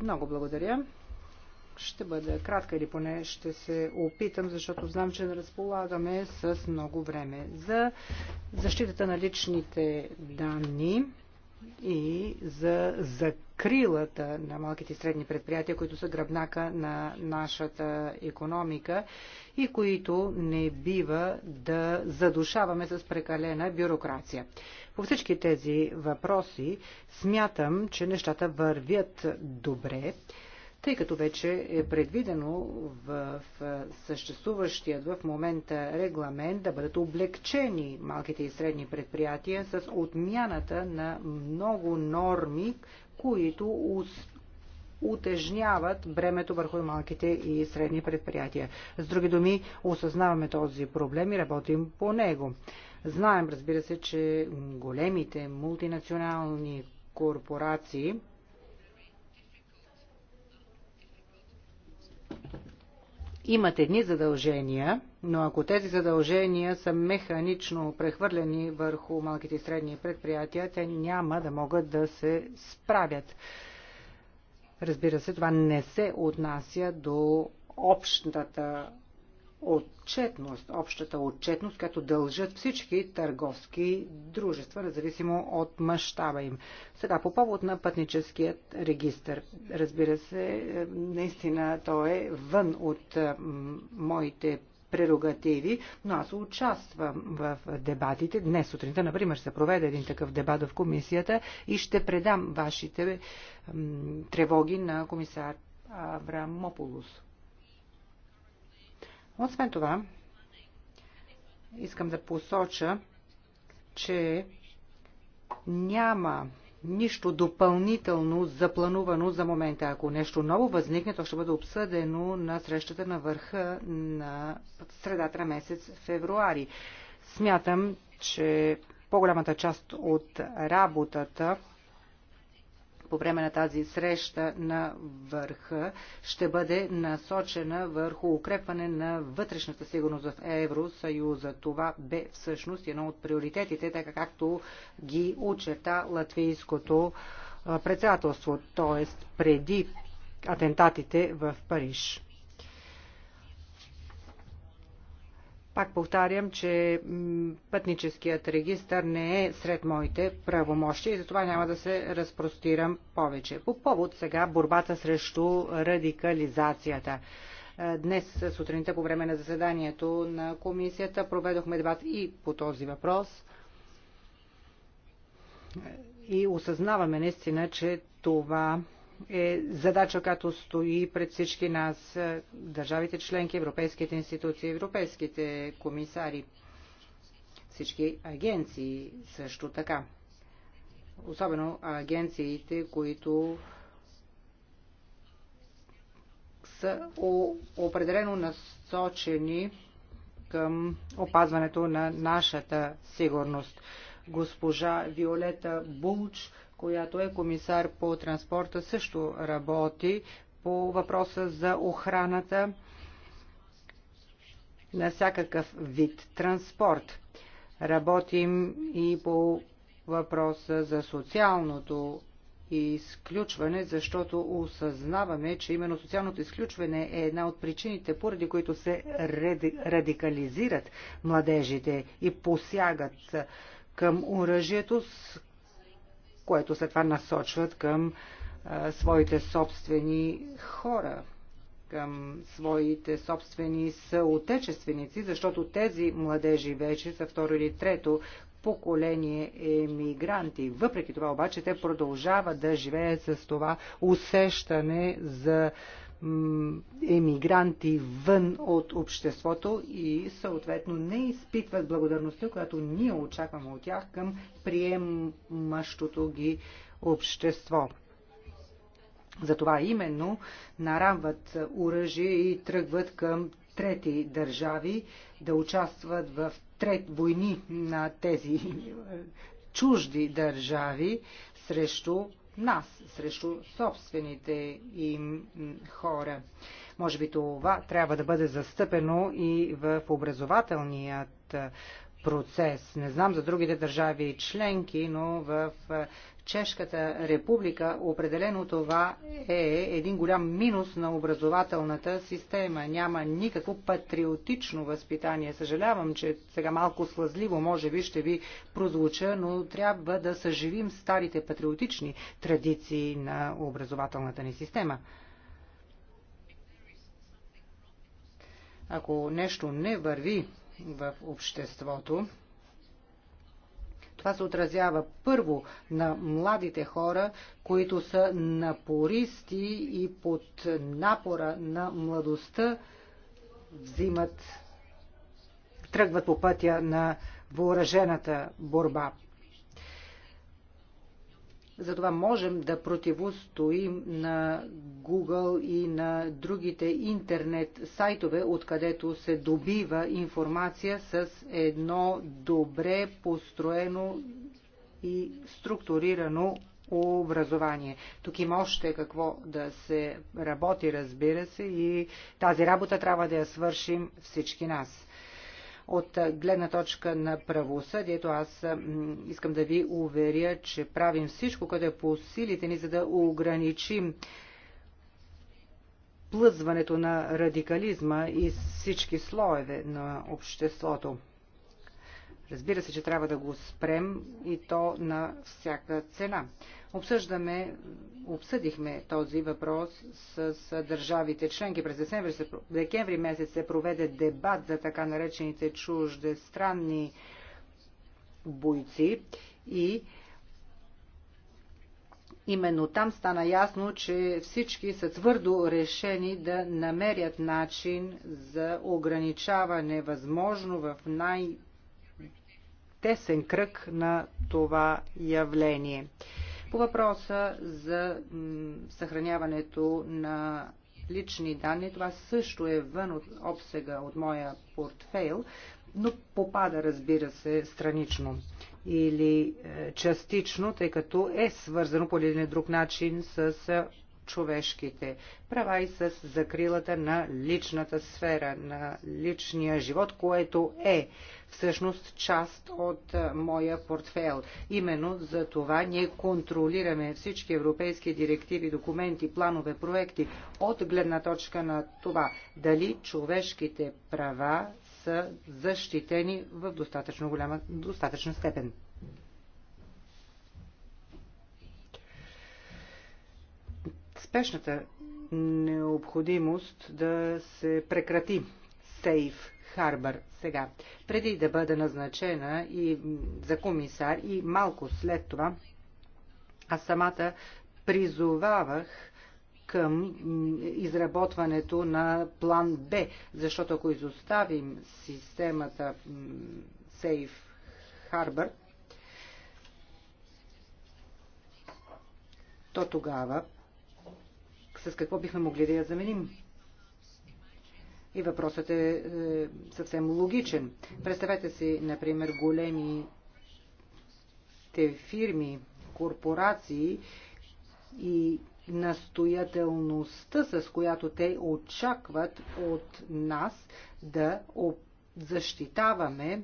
Много благодаря. Ще бъда кратка или поне ще се опитам, защото знам, че не разполагаме с много време. За защитата на личните данни и за закрилата на малките и средни предприятия, които са гръбнака на нашата економика и които не бива да задушаваме с прекалена бюрокрация. По всички тези въпроси смятам, че нещата вървят добре тъй като вече е предвидено в съществуващия в момента регламент да бъдат облегчени малките и средни предприятия с отмяната на много норми, които утежняват бремето върху малките и средни предприятия. С други думи, осъзнаваме този проблем и работим по него. Знаем, разбира се, че големите мултинационални корпорации – имат едни задължения, но ако тези задължения са механично прехвърлени върху малките и средни предприятия, те няма да могат да се справят. Разбира се, това не се отнася до общата отчетност, общата отчетност, като дължат всички търговски дружества, независимо от мащаба им. Сега, по повод на пътническият регистр. Разбира се, е, наистина той е вън от е, моите прерогативи, но аз участвам в дебатите. Днес сутринта, например, се проведе един такъв дебат в комисията и ще предам вашите тревоги на комисар Аврамополус. Освен това, искам да посоча, че няма нищо допълнително запланувано за момента. Ако нещо ново възникне, то ще бъде обсъдено на срещата на върха на средата на месец февруари. Смятам, че по-голямата част от работата по време на тази среща на върха ще бъде насочена върху укрепване на вътрешната сигурност в Евросъюза. Това бе всъщност едно от приоритетите, така както ги очерта латвийското председателство, т.е. преди атентатите в Париж. Пак повтарям, че пътническият регистр не е сред моите правомощия и затова няма да се разпростирам повече. По повод сега борбата срещу радикализацията. Е, днес сутринта по време на заседанието на комисията проведохме дебат и по този въпрос. Е, и осъзнаваме наистина, че това е задача, която стои пред всички нас, е, държавите членки, европейските институции, европейските комисари, всички агенции също така. Особено агенциите, които са определено насочени към опазването на нашата сигурност. Госпожа Виолета Булч – която е комисар по транспорта, също работи по въпроса за охраната на всякакъв вид транспорт. Работим и по въпроса за социалното изключване, защото осъзнаваме, че именно социалното изключване е една от причините, поради които се радикализират младежите и посягат към оръжието, което след това насочват към а, своите собствени хора, към своите собствени съотечественици, защото тези младежи вече са второ или трето поколение емигранти. Въпреки това обаче те продължават да живеят с това усещане за емигранти вън от обществото и съответно не изпитват благодарността, която ние очакваме от тях към приемащото ги общество. Затова именно нарамват оръжие и тръгват към трети държави да участват в трет войни на тези е, чужди държави срещу нас, срещу собствените им хора. Може би това трябва да бъде застъпено и в образователният процес. Не знам за другите държави и членки, но в Чешката република, определено това е един голям минус на образователната система. Няма никакво патриотично възпитание. Съжалявам, че сега малко слазливо може би ще ви прозвуча, но трябва да съживим старите патриотични традиции на образователната ни система. Ако нещо не върви в обществото, това се отразява първо на младите хора, които са напористи и под напора на младостта взимат, тръгват по пътя на въоръжената борба. Затова можем да противостоим на Google и на другите интернет сайтове, откъдето се добива информация с едно добре построено и структурирано образование. Тук има още какво да се работи, разбира се, и тази работа трябва да я свършим всички нас. От гледна точка на правосъдието, аз искам да ви уверя, че правим всичко, което е по силите ни, за да ограничим плъзването на радикализма и всички слоеве на обществото. Разбира се, че трябва да го спрем и то на всяка цена. Обсъждаме, обсъдихме този въпрос с, държавите членки. През декември, декември месец се проведе дебат за така наречените странни бойци и Именно там стана ясно, че всички са твърдо решени да намерят начин за ограничаване възможно в най тесен кръг на това явление. По въпроса за съхраняването на лични данни, това също е вън от обсега от моя портфейл, но попада, разбира се, странично или е, частично, тъй като е свързано по един друг начин с човешките права и с закрилата на личната сфера, на личния живот, което е всъщност част от моя портфел. Именно за това ние контролираме всички европейски директиви, документи, планове, проекти от гледна точка на това дали човешките права са защитени в достатъчно голяма, достатъчна степен. спешната необходимост да се прекрати сейф Харбър сега. Преди да бъде назначена и за комисар и малко след това, аз самата призовавах към изработването на план Б, защото ако изоставим системата Сейф Харбър, то тогава с какво бихме могли да я заменим? И въпросът е, е съвсем логичен. Представете си, например, големи те фирми, корпорации и настоятелността, с която те очакват от нас да защитаваме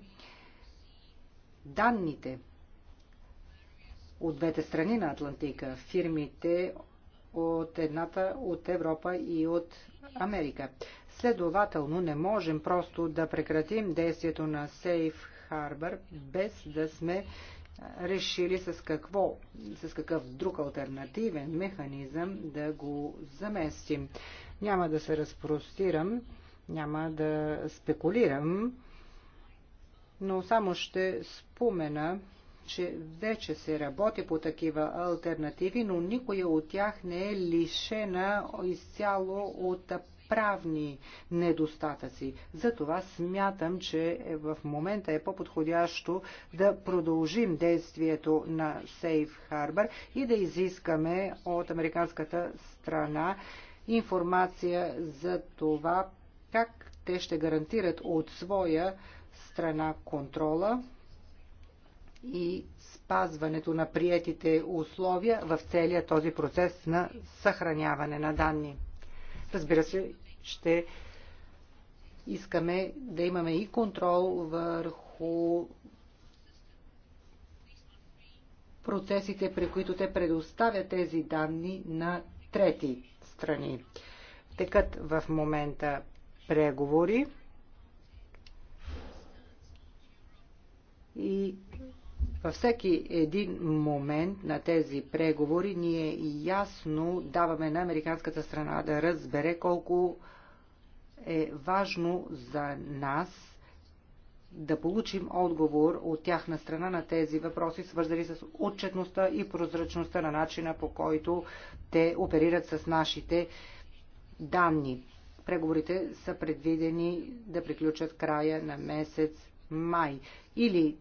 данните от двете страни на Атлантика. Фирмите от едната от Европа и от Америка. Следователно не можем просто да прекратим действието на Safe Harbor без да сме решили с какво, с какъв друг альтернативен механизъм да го заместим. Няма да се разпростирам, няма да спекулирам, но само ще спомена че вече се работи по такива альтернативи, но никоя от тях не е лишена изцяло от правни недостатъци. Затова смятам, че в момента е по-подходящо да продължим действието на Safe Harbor и да изискаме от американската страна информация за това как те ще гарантират от своя страна контрола и спазването на приетите условия в целия този процес на съхраняване на данни. Разбира се, ще искаме да имаме и контрол върху процесите, при които те предоставят тези данни на трети страни. Текат в момента преговори и във всеки един момент на тези преговори ние ясно даваме на американската страна да разбере колко е важно за нас да получим отговор от тяхна страна на тези въпроси, свързани с отчетността и прозрачността на начина по който те оперират с нашите данни. Преговорите са предвидени да приключат края на месец май. Или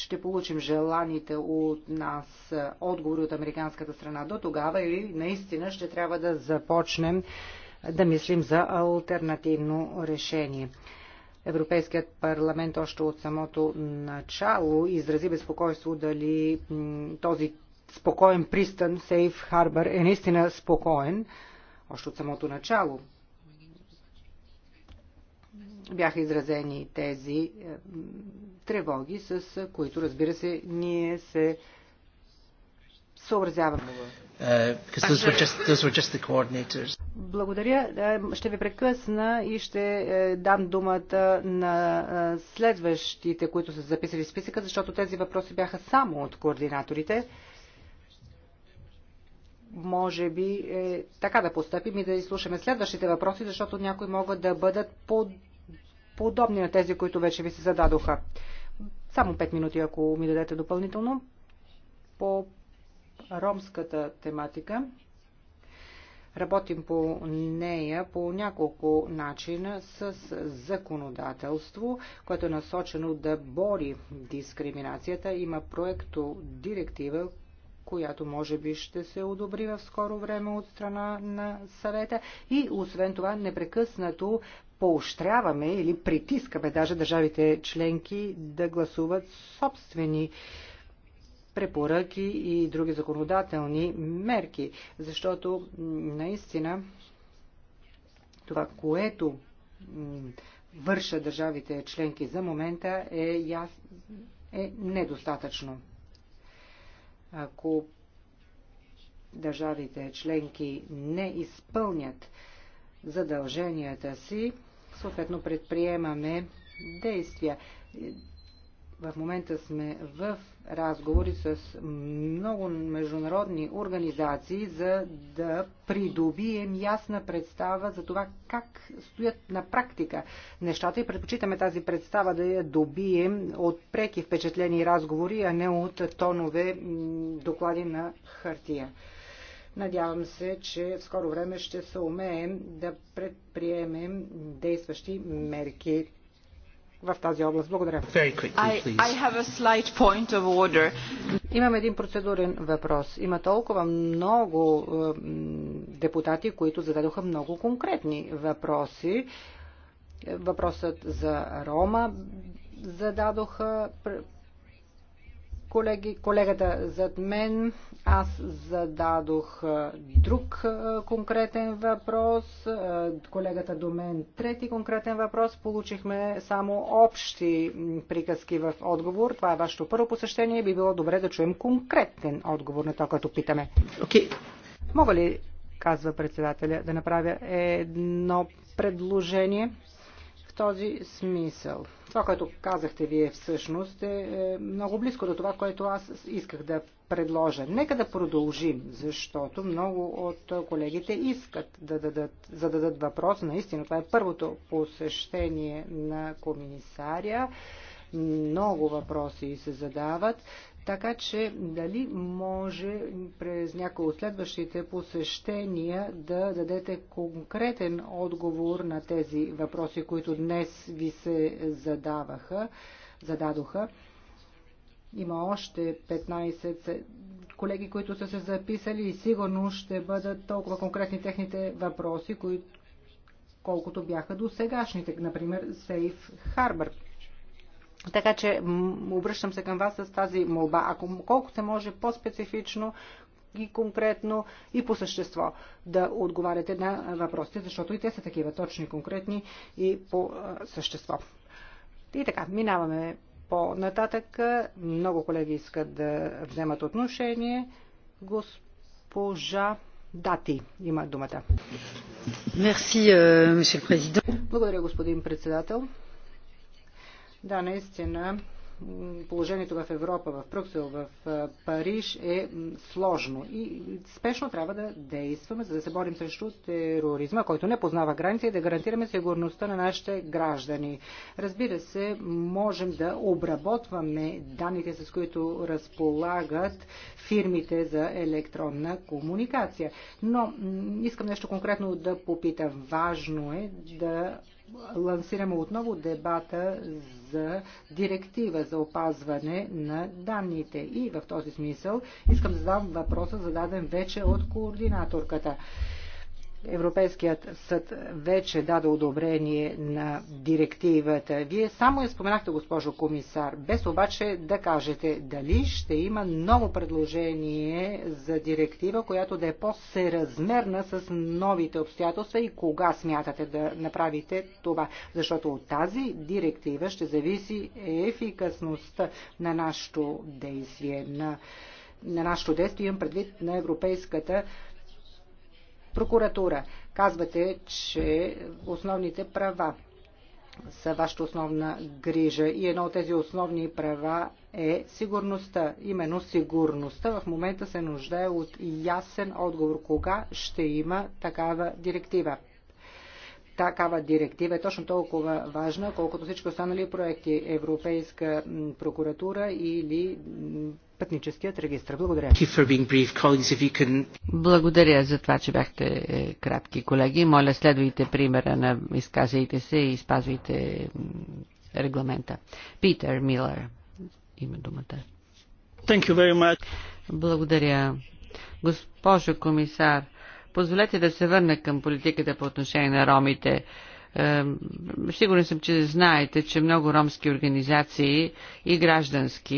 ще получим желаните от нас е, отговори от американската страна до тогава или наистина ще трябва да започнем да мислим за альтернативно решение. Европейският парламент още от самото начало изрази безпокойство дали този спокоен пристан, Сейф Харбър, е наистина спокоен още от самото начало бяха изразени тези е, тревоги, с е, които, разбира се, ние се съобразяваме. Uh, Благодаря. Ще ви прекъсна и ще дам думата на следващите, които са записали в списъка, защото тези въпроси бяха само от координаторите може би е, така да постъпим и да изслушаме следващите въпроси, защото някои могат да бъдат под, подобни на тези, които вече ви се зададоха. Само 5 минути, ако ми дадете допълнително. По ромската тематика работим по нея по няколко начина с законодателство, което е насочено да бори дискриминацията. Има проекто директива, която може би ще се одобри в скоро време от страна на съвета. И освен това непрекъснато поощряваме или притискаме даже държавите членки да гласуват собствени препоръки и други законодателни мерки, защото наистина това, което върша държавите членки за момента е, яс... е недостатъчно. Ако държавите членки не изпълнят задълженията си, съответно предприемаме действия. В момента сме в разговори с много международни организации, за да придобием ясна представа за това как стоят на практика нещата и предпочитаме тази представа да я добием от преки впечатлени разговори, а не от тонове доклади на хартия. Надявам се, че в скоро време ще се умеем да предприемем действащи мерки в тази област. Благодаря. I, I Имам един процедурен въпрос. Има толкова много е, депутати, които зададоха много конкретни въпроси. Въпросът за Рома зададоха Колеги, колегата зад мен, аз зададох друг конкретен въпрос, колегата до мен трети конкретен въпрос. Получихме само общи приказки в отговор. Това е вашето първо посещение. Би било добре да чуем конкретен отговор на това, което питаме. Okay. Мога ли, казва председателя, да направя едно предложение в този смисъл? Това, което казахте вие всъщност е, е много близко до това, което аз исках да предложа. Нека да продължим, защото много от колегите искат да дадат, зададат въпрос. Наистина, това е първото посещение на комисаря много въпроси се задават. Така че дали може през някои от следващите посещения да дадете конкретен отговор на тези въпроси, които днес ви се задаваха, зададоха. Има още 15 колеги, които са се записали и сигурно ще бъдат толкова конкретни техните въпроси, които, колкото бяха до сегашните, например Сейф Харбър. Така че обръщам се към вас с тази молба. Ако колко се може по-специфично и конкретно и по същество да отговаряте на въпросите, защото и те са такива точни, конкретни и по същество. И така, минаваме по-нататък. Много колеги искат да вземат отношение. Госпожа Дати има думата. Euh, Благодаря, господин председател. Да, наистина, положението в Европа, в Пруксел, в Париж е сложно и спешно трябва да действаме, за да се борим срещу тероризма, който не познава граници и да гарантираме сигурността на нашите граждани. Разбира се, можем да обработваме данните, с които разполагат фирмите за електронна комуникация. Но искам нещо конкретно да попитам. Важно е да лансираме отново дебата за директива за опазване на данните. И в този смисъл искам да задам въпроса, зададен вече от координаторката. Европейският съд вече даде одобрение на директивата. Вие само я споменахте, госпожо комисар, без обаче да кажете дали ще има ново предложение за директива, която да е по-серазмерна с новите обстоятелства и кога смятате да направите това. Защото от тази директива ще зависи ефикасността на нашето действие, на, на нашето действие, имам предвид на Европейската прокуратура. Казвате, че основните права са вашата основна грижа и едно от тези основни права е сигурността. Именно сигурността в момента се нуждае от ясен отговор кога ще има такава директива. Такава директива е точно толкова важна, колкото всички останали проекти Европейска прокуратура или пътническият регистр. Благодаря. Благодаря за това, че бяхте е, кратки, колеги. Моля, следвайте примера на изказайте се и спазвайте регламента. Питер Милър има думата. Thank you very much. Благодаря. Госпожо комисар, позволете да се върна към политиката по отношение на ромите. Сигурен съм, че знаете, че много ромски организации и граждански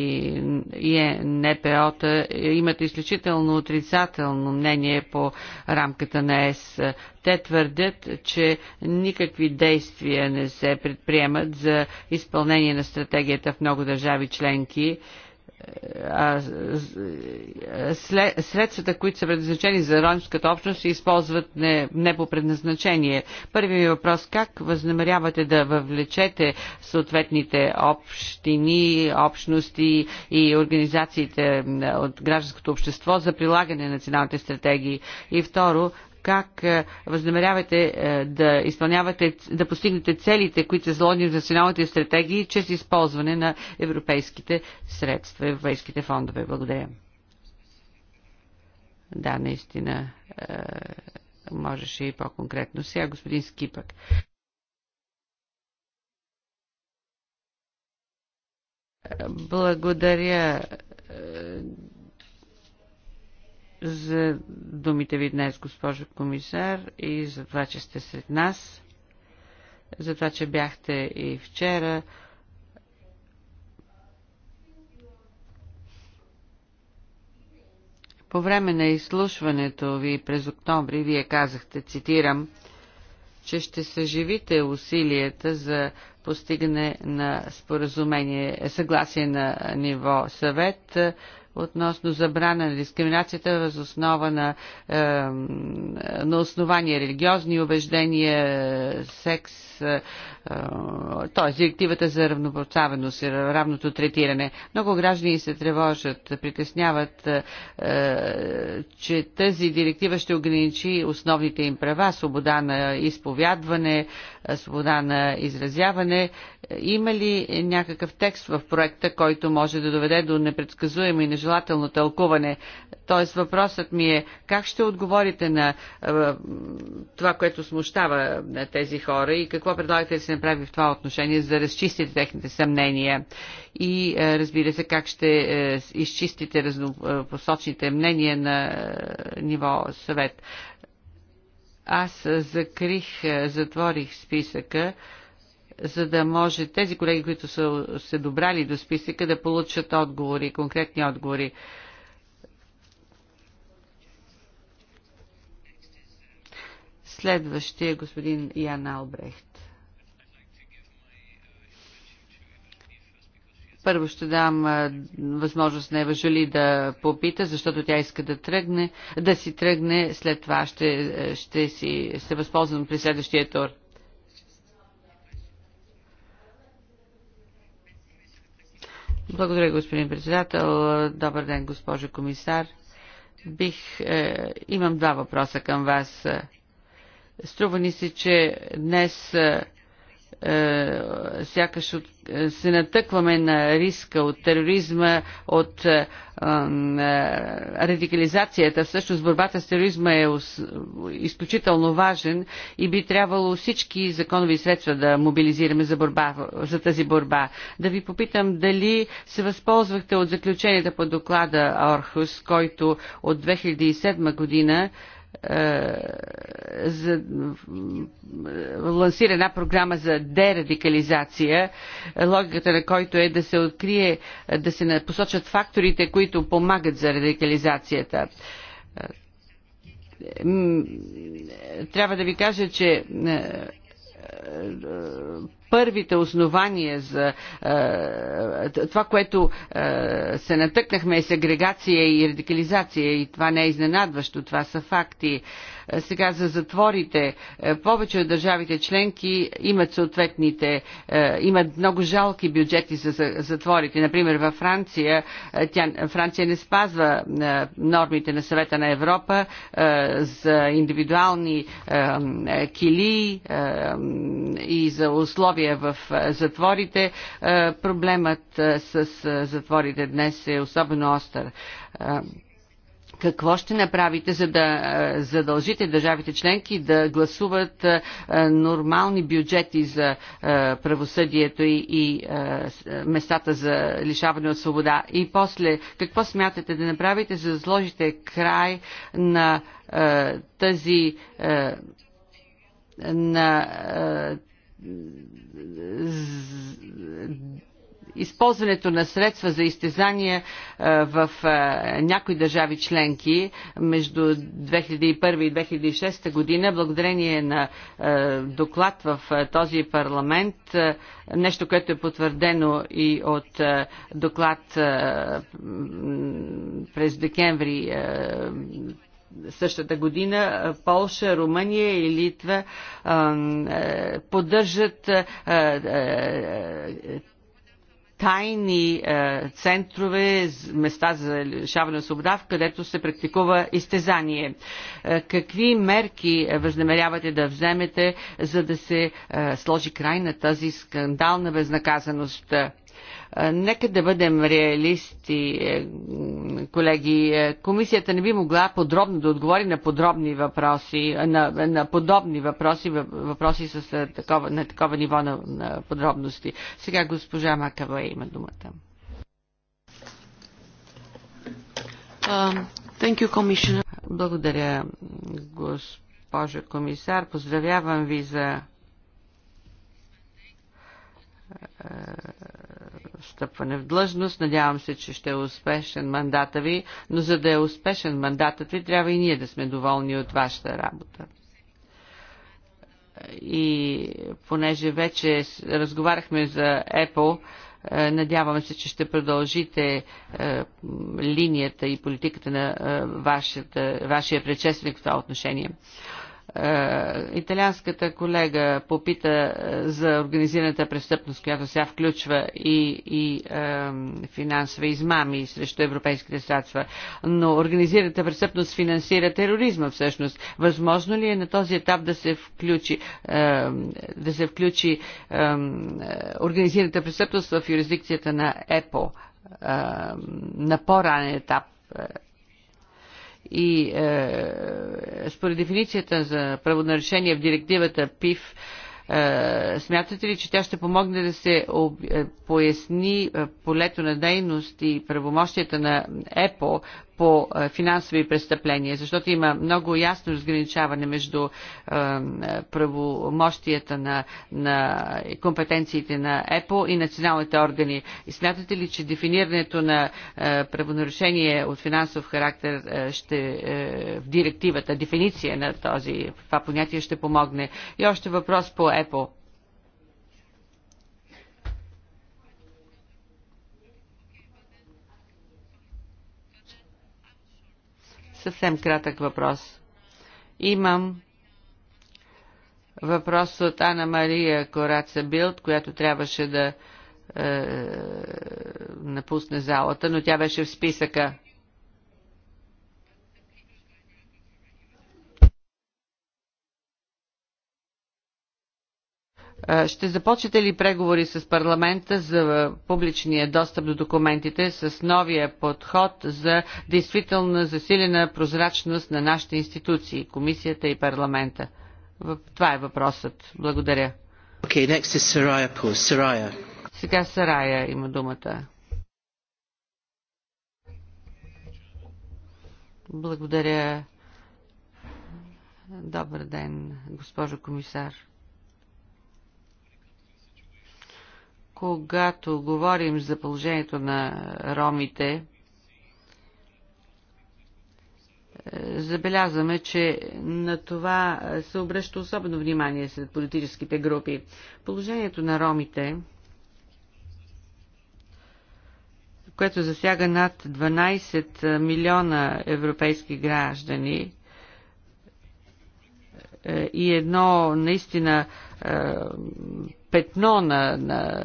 и е, НПО-та е, имат изключително отрицателно мнение по рамката на ЕС. Те твърдят, че никакви действия не се предприемат за изпълнение на стратегията в много държави членки а, след, средствата, които са предназначени за ромската общност, се използват не, не по предназначение. Първият ми въпрос как възнамерявате да въвлечете съответните общини, общности и организациите от гражданското общество за прилагане на националните стратегии? И второ, как е, възнамерявате е, да изпълнявате, да постигнете целите, които са заложени в националните стратегии, чрез използване на европейските средства, европейските фондове. Благодаря. Да, наистина е, можеше и по-конкретно. Сега господин Скипък. Благодаря за думите ви днес, госпожо комисар, и за това, че сте сред нас, за това, че бяхте и вчера. По време на изслушването ви през октомври, вие казахте, цитирам, че ще съживите усилията за постигане на споразумение, съгласие на ниво съвет относно забрана на дискриминацията въз основа на, на основания религиозни убеждения, секс, е, т.е. директивата за равнопоставеност и равното третиране. Много граждани се тревожат, притесняват, е, че тази директива ще ограничи основните им права, свобода на изповядване, е, свобода на изразяване. Е, има ли някакъв текст в проекта, който може да доведе до непредсказуемо и нежелателно тълкуване? Тоест въпросът ми е как ще отговорите на е, това, което смущава тези хора и какво предлагате да се направи в това отношение, за да разчистите техните съмнения? И разбира се, как ще изчистите разнопосочните мнения на ниво съвет? Аз закрих, затворих списъка, за да може тези колеги, които са се добрали до списъка, да получат отговори, конкретни отговори. Следващия е господин Ян Албрехт. Първо ще дам възможност на Ева Жули да попита, защото тя иска да тръгне, да си тръгне, след това ще, ще си се възползвам при следващия тур. Благодаря, господин председател. Добър ден, госпожо комисар. Бих, е, имам два въпроса към вас. Струва ни се, че днес е, е, сякаш от, е, се натъкваме на риска от тероризма, от е, е радикализацията. Всъщност борбата с тероризма е изключително важен и би трябвало всички законови средства да мобилизираме за, борба, за тази борба. Да ви попитам дали се възползвахте от заключенията по доклада Орхус, който от 2007 година е, за, лансира една програма за дерадикализация, логиката на който е да се открие, да се посочат факторите, които помагат за радикализацията трябва да ви кажа, че е, първите основания за е, това, което е, се натъкнахме е сегрегация и радикализация и това не е изненадващо, това са факти. Сега за затворите, е, повече от държавите членки имат съответните, е, имат много жалки бюджети за затворите. Например, във Франция, е, тя, Франция не спазва нормите на съвета на Европа за индивидуални кили и за условия в затворите. Проблемът с затворите днес е особено остър. Какво ще направите, за да задължите държавите членки да гласуват нормални бюджети за правосъдието и, и местата за лишаване от свобода? И после, какво смятате да направите, за да сложите край на тази на използването на средства за изтезания в някои държави членки между 2001 и 2006 година, благодарение на доклад в този парламент, нещо, което е потвърдено и от доклад през декември същата година Полша, Румъния и Литва е, поддържат тайни е, центрове, места за лишаване на свобода, в където се практикува изтезание. Е, какви мерки възнамерявате да вземете, за да се е, сложи край на тази скандална безнаказаност? Нека да бъдем реалисти, е, колеги. Е, комисията не би могла подробно да отговори на подробни въпроси, на, на подобни въпроси, въпроси с е, такова, на такова ниво на, на подробности. Сега госпожа Макава има думата. thank you, Commissioner. Благодаря, госпожа комисар. Поздравявам ви за стъпване в длъжност. Надявам се, че ще е успешен мандата ви, но за да е успешен мандатът ви, трябва и ние да сме доволни от вашата работа. И понеже вече разговаряхме за Apple, е, Надявам се, че ще продължите е, линията и политиката на е, вашата, вашия предшественик в това отношение. Е, италианската колега попита е, за организираната престъпност, която сега включва и, и е, финансови измами срещу европейските средства, но организираната престъпност финансира тероризма всъщност. Възможно ли е на този етап да се включи, е, да се включи е, организираната престъпност в юрисдикцията на ЕПО е, на по-ранен етап? Е, и е, според дефиницията за правонарешение в директивата ПИФ, е, смятате ли, че тя ще помогне да се об, е, поясни е, полето на дейност и правомощията на ЕПО по е, финансови престъпления, защото има много ясно разграничаване между е, правомощията на, на компетенциите на ЕПО и националните органи. И смятате ли, че дефинирането на е, правонарушение от финансов характер ще, в директивата, дефиниция на този, това понятие ще помогне? И още въпрос по ЕПО Съвсем кратък въпрос. Имам въпрос от Ана Мария Кораца Билд, която трябваше да е, напусне залата, но тя беше в списъка. Ще започнете ли преговори с парламента за публичния достъп до документите с новия подход за действителна засилена прозрачност на нашите институции, комисията и парламента? Това е въпросът. Благодаря. Okay, next is Saraya Saraya. Сега Сарая има думата. Благодаря. Добър ден, госпожо комисар. Когато говорим за положението на ромите, е, забелязваме, че на това се обръща особено внимание сред политическите групи. Положението на ромите, което засяга над 12 милиона европейски граждани е, и едно наистина е, петно на, на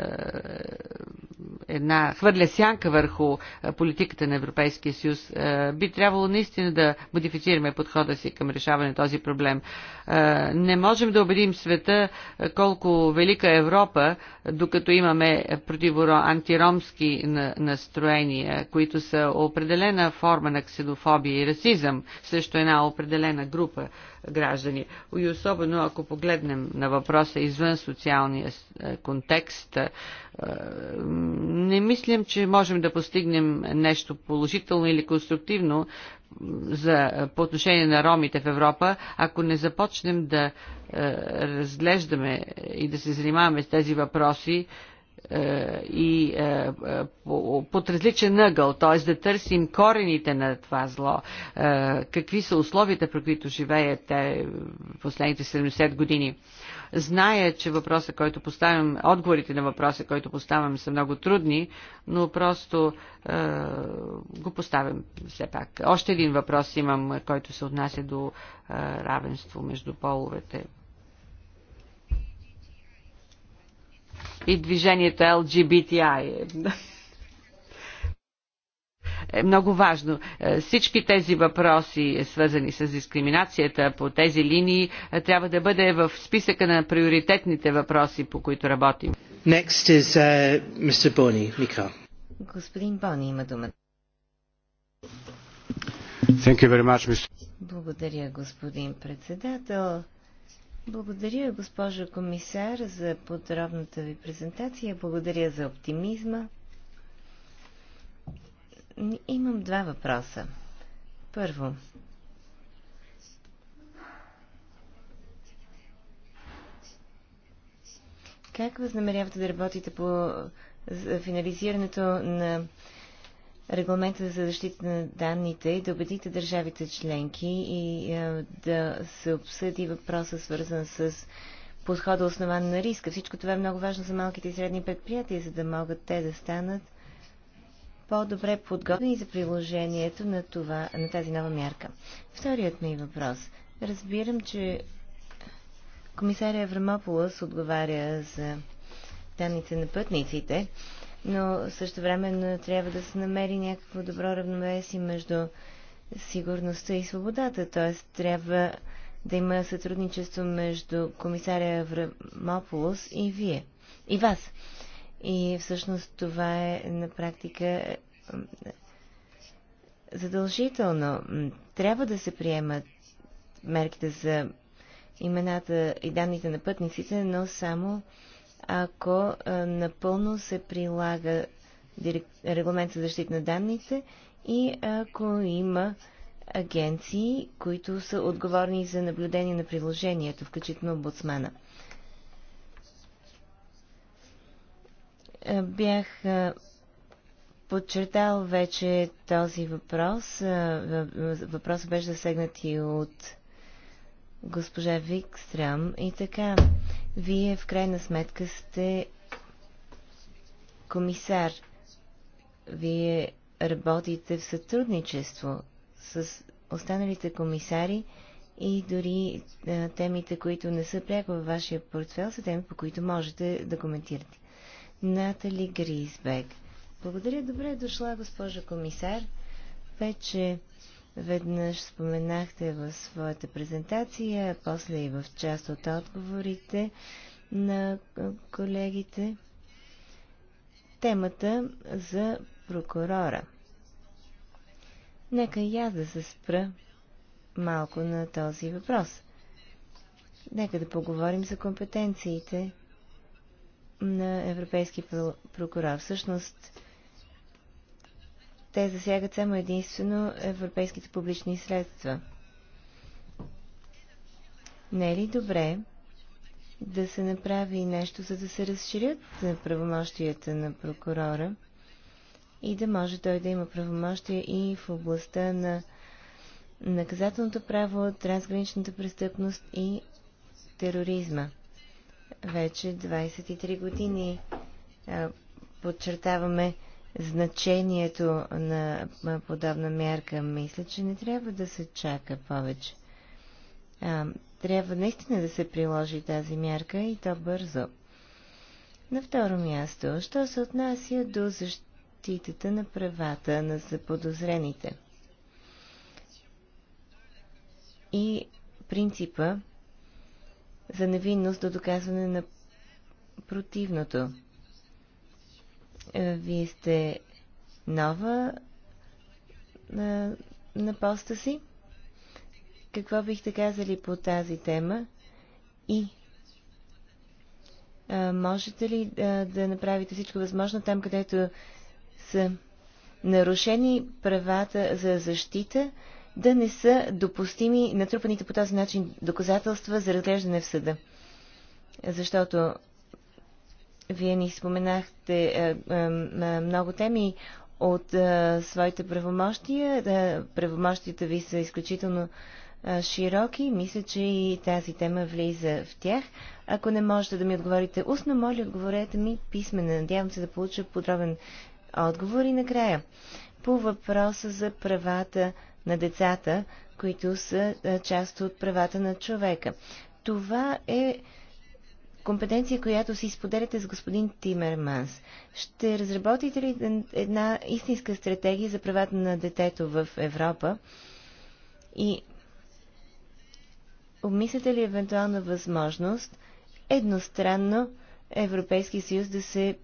една хвърля сянка върху политиката на Европейския съюз. Би трябвало наистина да модифицираме подхода си към решаване на този проблем. Не можем да убедим света колко велика е Европа, докато имаме противоантиромски настроения, които са определена форма на ксенофобия и расизъм срещу една определена група граждани. И особено ако погледнем на въпроса извън социалния е, контекст, е, не мислим, че можем да постигнем нещо положително или конструктивно за, по отношение на ромите в Европа, ако не започнем да е, разглеждаме и да се занимаваме с тези въпроси, е, и е, е, под различен ъгъл, т.е. да търсим корените на това зло, какви са условията, при които живеят те последните 70 години. Зная, че въпроса, който поставям, отговорите на въпроса, който поставям, са много трудни, но просто е, го поставям все пак. Още един въпрос имам, който се отнася до е, равенство между половете. и движението LGBTI. Е много важно. Е, всички тези въпроси, е, свързани с дискриминацията по тези линии, е, трябва да бъде в списъка на приоритетните въпроси, по които работим. Next is, uh, Mr. Boni, Mika. Господин Бони има думата. Much, Благодаря, господин председател. Благодаря, госпожо комисар, за подробната ви презентация. Благодаря за оптимизма. Имам два въпроса. Първо, как възнамерявате да работите по финализирането на регламента за защита на данните и да убедите държавите членки и е, да се обсъди въпроса, свързан с подхода основан на риска. Всичко това е много важно за малките и средни предприятия, за да могат те да станат по-добре подготвени за приложението на, това, на тази нова мярка. Вторият ми въпрос. Разбирам, че комисаря Еврамополос отговаря за данните на пътниците но също време трябва да се намери някакво добро равновесие между сигурността и свободата, т.е. трябва да има сътрудничество между комисаря Аврамополос и вие, и вас. И всъщност това е на практика задължително. Трябва да се приемат мерките за имената и данните на пътниците, но само ако напълно се прилага регламент за защита на данните и ако има агенции, които са отговорни за наблюдение на приложението, включително обудсмана. Бях подчертал вече този въпрос. Въпросът беше засегнат и от госпожа Викстрам и така. Вие в крайна сметка сте комисар. Вие работите в сътрудничество с останалите комисари и дори а, темите, които не са пряко във вашия портфел, са теми, по които можете да коментирате. Натали Гризбек. Благодаря, добре дошла, госпожа комисар. Вече Веднъж споменахте в своята презентация, а после и в част от отговорите на колегите темата за прокурора. Нека и аз да се спра малко на този въпрос. Нека да поговорим за компетенциите на Европейски прокурор. Всъщност, те засягат само единствено европейските публични средства. Не е ли добре да се направи нещо, за да се разширят правомощията на прокурора и да може той да има правомощия и в областта на наказателното право, трансграничната престъпност и тероризма. Вече 23 години подчертаваме значението на подобна мярка. Мисля, че не трябва да се чака повече. А, трябва наистина да се приложи тази мярка и то бързо. На второ място, що се отнася до защитата на правата на заподозрените и принципа за невинност до доказване на противното. Е, вие сте нова на, е, на поста си. Какво бихте казали по тази тема? И а, е, можете ли а, да направите всичко възможно там, където са нарушени правата за защита, да не са допустими натрупаните по този начин доказателства за разглеждане в съда? Защото вие ни споменахте а, е, а, е, е, много теми от а, своите правомощия. Да, правомощията ви са изключително а, широки. Мисля, че и тази тема влиза в тях. Ако не можете да ми отговорите устно, моля, отговорете ми писменно. Надявам се да получа подробен отговор и накрая. По въпроса за правата на децата, които са а, част от правата на човека. Това е компетенция, която си споделяте с господин Тимерманс. Ще разработите ли една истинска стратегия за правата на детето в Европа и обмисляте ли евентуална възможност едностранно Европейския съюз да се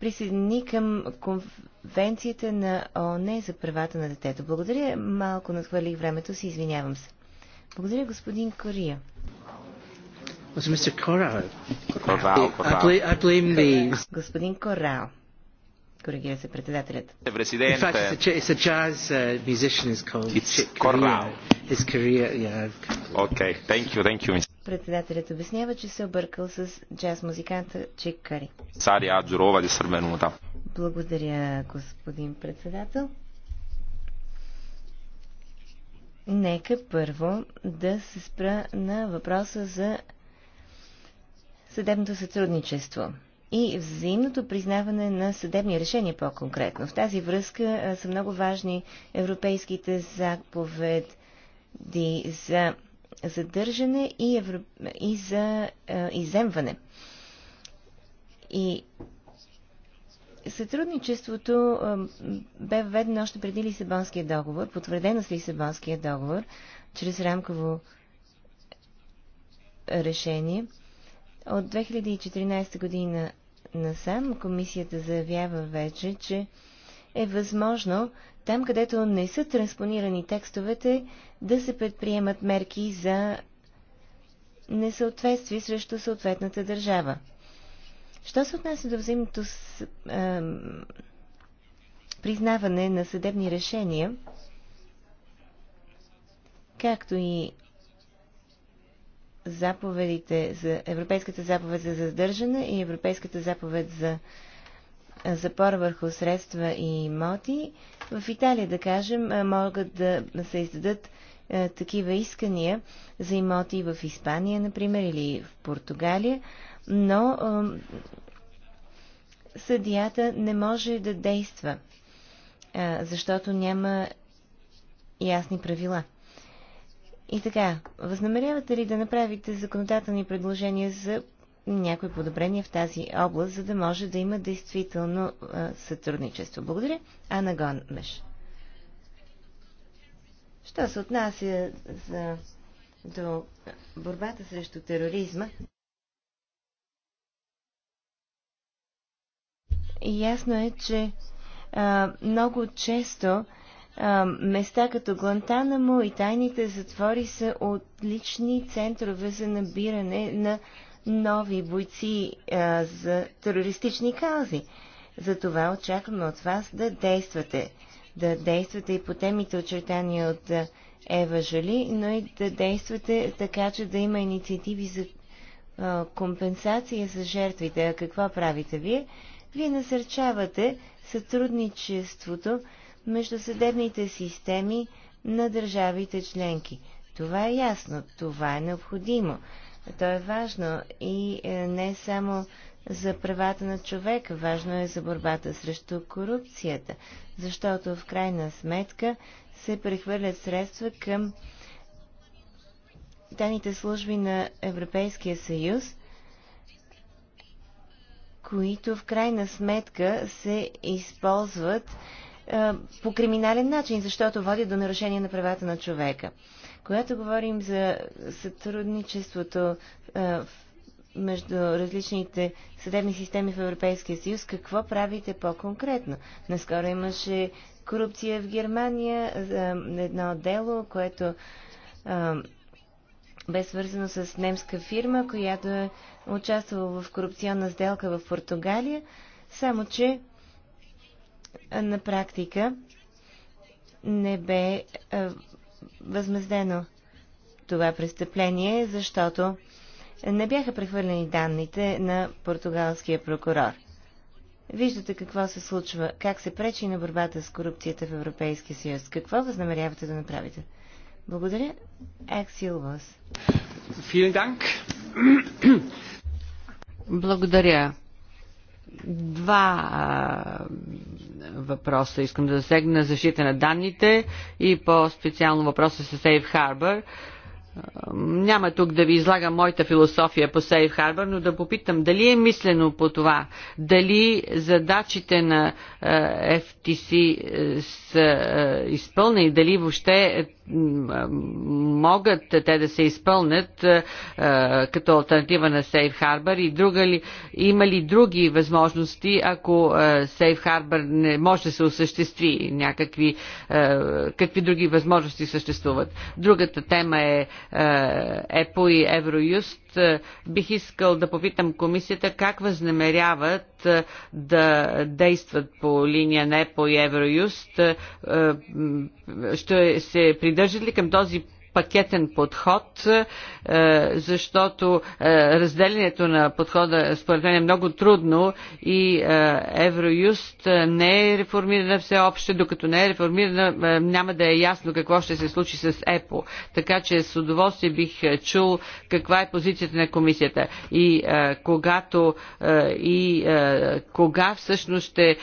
присъедини към конвенцията на ООН за правата на детето. Благодаря, малко надхвърлих времето си, извинявам се. Благодаря, господин Кория was Mr. Corral. Corral. Corral. I, I blame the... Господин Корал. Коригира се председателят. In fact, it's a, it's a jazz uh, musician is called it's Chick Corral. His career, yeah. Okay, thank you, thank you. Председателят обяснява, че се е объркал с джаз музиканта Чик Кари. Сария Аджурова ди Сърбенута. Благодаря, господин председател. Нека първо да се спра на въпроса за съдебното сътрудничество и взаимното признаване на съдебни решения по-конкретно. В тази връзка са много важни европейските заповеди за задържане и, евро... и за е, иземване. И сътрудничеството бе введено още преди Лисабонския договор, потвърдено с Лисабонския договор, чрез рамково решение – от 2014 година насам комисията заявява вече, че е възможно там, където не са транспонирани текстовете, да се предприемат мерки за несъответствие срещу съответната държава. Що се отнася до взаимното с, а, признаване на съдебни решения, както и заповедите за Европейската заповед за задържане и Европейската заповед за запор върху средства и имоти. В Италия, да кажем, могат да се издадат такива искания за имоти в Испания, например, или в Португалия, но съдията не може да действа, защото няма ясни правила. И така, възнамерявате ли да направите законодателни предложения за някои подобрения в тази област, за да може да има действително а, сътрудничество? Благодаря. Ана Гонмеш. Що се отнася за, до борбата срещу тероризма, ясно е, че а, много често места като Гуантанамо и тайните затвори са отлични центрове за набиране на нови бойци а, за терористични каузи. Затова очакваме от вас да действате. Да действате и по темите очертани от Ева Жали, но и да действате така, че да има инициативи за а, компенсация за жертвите. А какво правите вие? Вие насърчавате сътрудничеството между съдебните системи на държавите членки. Това е ясно, това е необходимо. То е важно и е, не само за правата на човека, важно е за борбата срещу корупцията, защото в крайна сметка се прехвърлят средства към тайните служби на Европейския съюз, които в крайна сметка се използват е, по криминален начин, защото води до нарушение на правата на човека. Когато говорим за сътрудничеството е, между различните съдебни системи в Европейския съюз, какво правите по-конкретно? Наскоро имаше корупция в Германия, е, едно дело, което бе свързано с немска фирма, която е участвала в корупционна сделка в Португалия, само че на практика не бе е, възмездено това престъпление, защото не бяха прехвърлени данните на португалския прокурор. Виждате какво се случва, как се пречи на борбата с корупцията в Европейския съюз. Какво възнамерявате да направите? Благодаря. Аксил Вас. Благодаря. Два въпроса. Искам да засегна защита на данните и по-специално въпроса с Safe Harbor. Няма тук да ви излагам моята философия по Сейф Harbor, но да попитам дали е мислено по това, дали задачите на е, FTC е, са е, изпълнени, дали въобще могат те да се изпълнят е, е, като альтернатива на Сейф Харбър и друга ли, има ли други възможности, ако Сейф Харбър не може да се осъществи някакви, е, какви други възможности съществуват. Другата тема е ЕПО и Евроюст е, бих искал да попитам комисията как възнамеряват е, да действат по линия на ЕПО и Евроюст. Е, ще се придържат ли към този пакетен подход, е, защото е, разделението на подхода според мен е много трудно и е, Евроюст не е реформирана все още, докато не е реформирана няма да е ясно какво ще се случи с ЕПО. Така че с удоволствие бих чул каква е позицията на комисията и когато и кога всъщност ще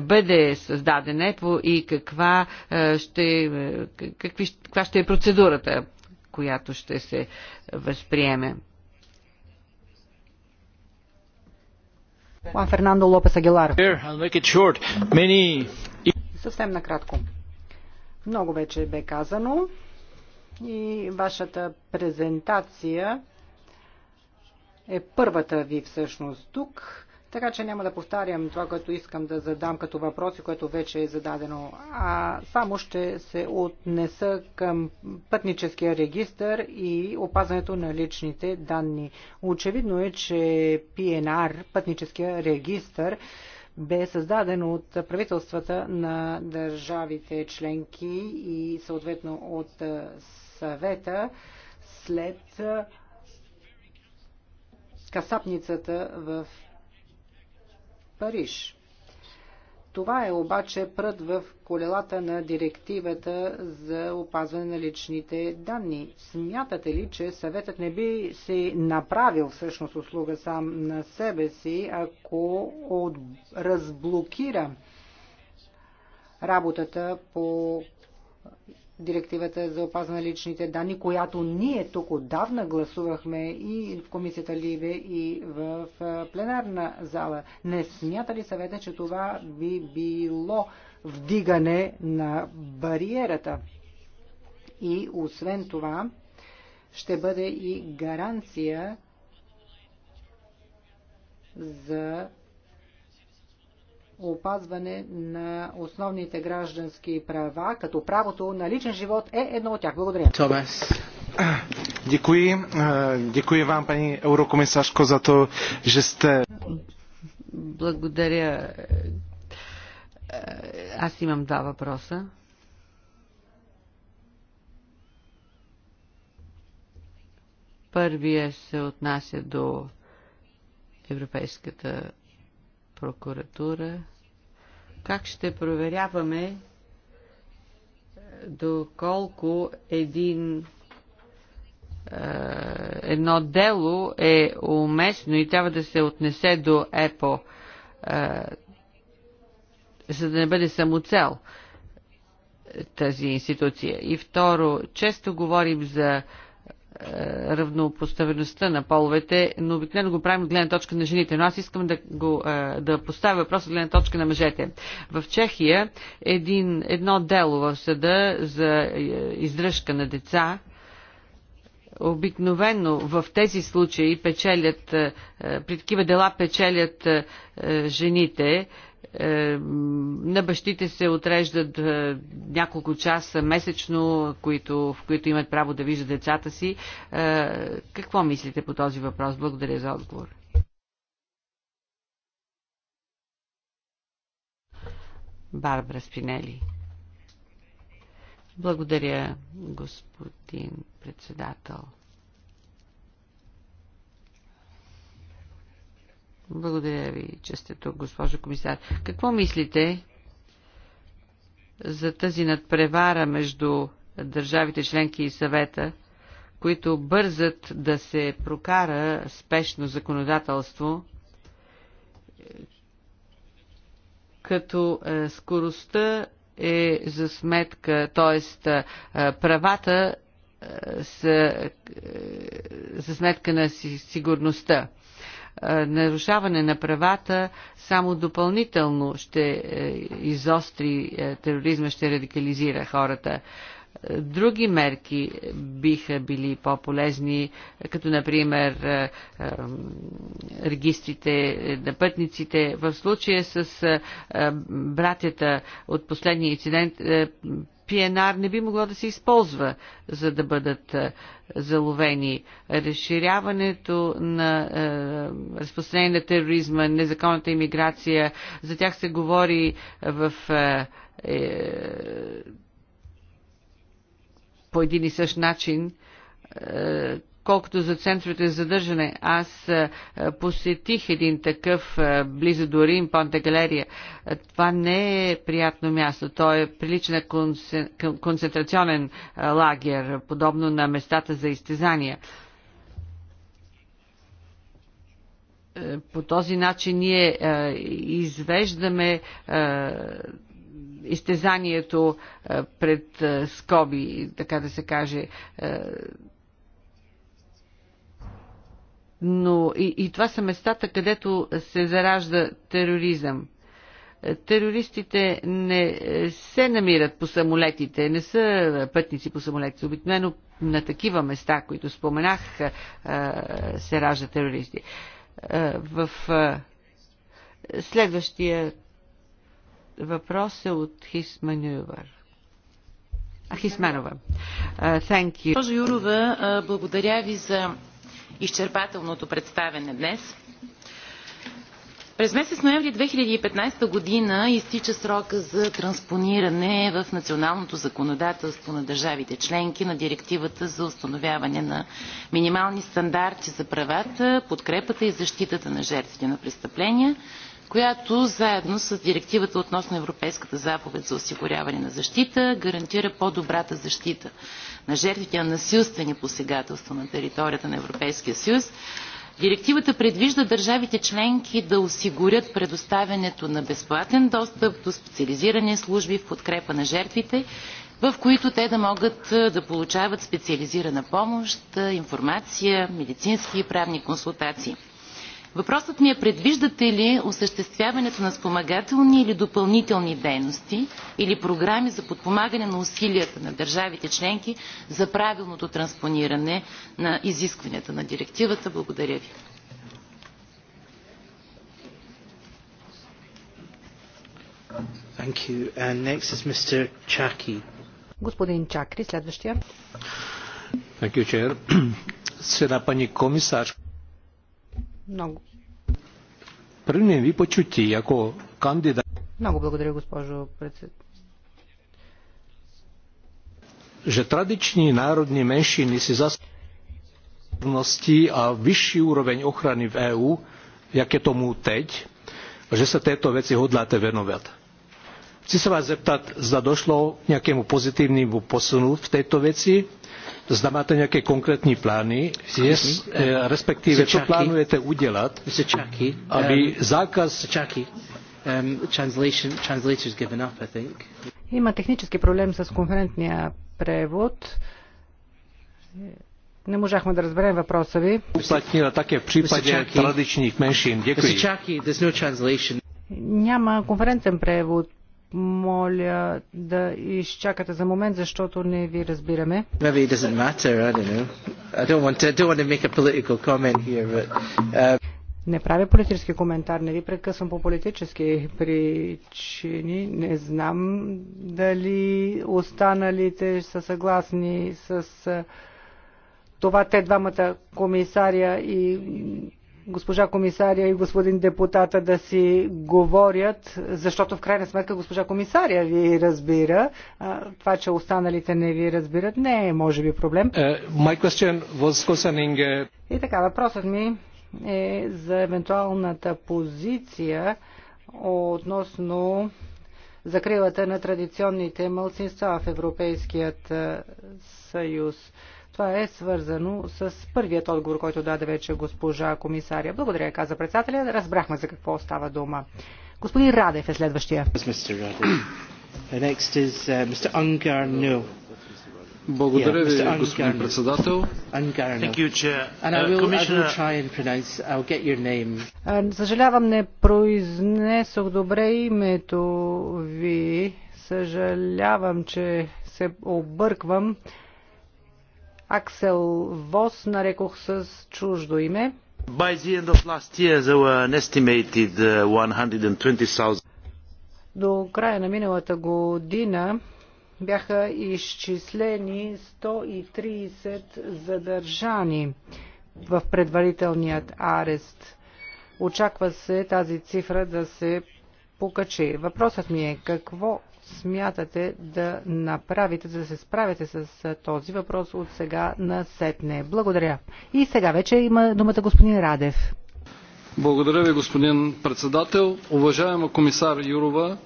бъде създаден ЕПО и каква ще, какви, каква ще е процедурата, която ще се възприеме. Juan Fernando López Aguilar. Съвсем накратко. Много вече бе казано и вашата презентация е първата ви всъщност тук така че няма да повтарям това, което искам да задам като въпроси, което вече е зададено, а само ще се отнеса към пътническия регистр и опазването на личните данни. Очевидно е, че ПНР, пътническия регистр, бе създаден от правителствата на държавите членки и съответно от съвета след касапницата в Париж. Това е обаче прът в колелата на директивата за опазване на личните данни. Смятате ли, че съветът не би си направил всъщност услуга сам на себе си, ако от... разблокира работата по директивата за опазване на личните данни, която ние тук отдавна гласувахме и в комисията Ливе, и в пленарна зала. Не смята ли съвета, че това би било вдигане на бариерата? И освен това, ще бъде и гаранция за опазване на основните граждански права, като правото на личен живот е едно от тях. Благодаря. Томас. Děkuji. Děkuji vám, paní eurokomisařko, za to, že jste... Благодаря. Аз имам два въпроса. Първия се отнася до Европейската прокуратура. Как ще проверяваме е, доколко един е, едно дело е уместно и трябва да се отнесе до ЕПО, е, за да не бъде самоцел тази институция. И второ, често говорим за е, равнопоставеността на половете, но обикновено го правим от гледна точка на жените. Но аз искам да, го, е, да поставя въпрос от гледна точка на мъжете. В Чехия един, едно дело в съда за е, издръжка на деца обикновено в тези случаи печелят, при такива дела печелят жените, на бащите се отреждат е, няколко часа месечно, които, в които имат право да виждат децата си. Е, какво мислите по този въпрос? Благодаря за отговор. Барбара Спинели. Благодаря, господин председател. Благодаря ви, че сте тук, госпожо комисар. Какво мислите за тази надпревара между държавите членки и съвета, които бързат да се прокара спешно законодателство, като е, скоростта е за сметка, т.е. правата е, са е, за сметка на сигурността нарушаване на правата само допълнително ще е, изостри е, тероризма, ще радикализира хората. Е, други мерки биха били по-полезни, като например регистрите на пътниците. В случая с братята от последния инцидент ПНР не би могло да се използва, за да бъдат е, заловени. Разширяването на е, разпространение на тероризма, незаконната иммиграция, за тях се говори в е, е, по един и същ начин. Е, Колкото за центровете за задържане, аз е, е, посетих един такъв е, близо до Рим, Понте Галерия. Това не е приятно място. То е приличен концентрационен лагер, подобно на местата за изтезания. По този начин ние извеждаме изтезанието пред скоби, така да се каже но и, и това са местата, където се заражда тероризъм. Е, терористите не е, се намират по самолетите, не са пътници по самолетите. Обикновено на такива места, които споменах, е, се раждат терористи. В следващия въпрос е от Хисманювър. Хисманова. Thank you. Госпожо Юрова, благодаря ви за изчерпателното представяне днес. През месец ноември 2015 година изтича срока за транспониране в националното законодателство на държавите членки на директивата за установяване на минимални стандарти за правата, подкрепата и защитата на жертвите на престъпления – която заедно с директивата относно Европейската заповед за осигуряване на защита гарантира по-добрата защита на жертвите на насилствени посегателства на територията на Европейския съюз. Директивата предвижда държавите членки да осигурят предоставянето на безплатен достъп до специализирани служби в подкрепа на жертвите, в които те да могат да получават специализирана помощ, информация, медицински и правни консултации. Въпросът ми е предвиждате ли осъществяването на спомагателни или допълнителни дейности или програми за подпомагане на усилията на държавите членки за правилното транспониране на изискванията на директивата? Благодаря ви. Thank you. And uh, next is Mr. Chaki. Господин Чакри, следващия. Thank you, Chair. Сега, пани комисар. Много. Prvnim ви почути, ако кандидат... Много благодаря, госпожо председател. Že tradiční národní menšiny si zaslouží a vyšší úroveň ochrany v EU, jak je tomu teď, a že se této věci hodláte věnovat. Chci se vás zeptat, zda došlo k nějakému pozitivnímu posunu v této věci zda máte nejaké konkrétne plány, eh, eh, respektíve čo plánujete udelať, aby um, zákaz... Um, Има технически проблем с конферентния превод. Не можахме да разберем въпроса ви. Уплатнила така в případě tradičních menšin. Няма конференцен превод моля да изчакате за момент, защото не ви разбираме. Maybe it doesn't matter, I don't know. I don't want to, don't want to make a political comment here, but... Uh... Не правя политически коментар, не ви прекъсвам по политически причини. Не знам дали останалите са съгласни с това те двамата комисаря и госпожа комисария и господин депутата да си говорят, защото в крайна сметка госпожа комисария ви разбира. Това, че останалите не ви разбират, не е, може би, проблем. Uh, concerning... Е, и така, въпросът ми е за евентуалната позиция относно закрилата на традиционните мълцинства в Европейският е, съюз. Това е свързано с първият отговор, който даде вече госпожа комисаря. Благодаря, каза председателя. Разбрахме за какво става дума. Господин Радев е следващия. Uh, Благодаря ви, господин председател. Uh, съжалявам, не произнесох добре името ви. Съжалявам, че се обърквам. Аксел Вос нарекох с чуждо име. By the end of last year there were an estimated 120,000. Uh, До края на миналата година бяха изчислени 130 задържани в предварителният арест. Очаква се тази цифра да се покачи. Въпросът ми е какво смятате да направите, за да се справите с този въпрос от сега на сетне. Благодаря. И сега вече има думата господин Радев. Благодаря ви, господин председател. Уважаема комисар Юрова,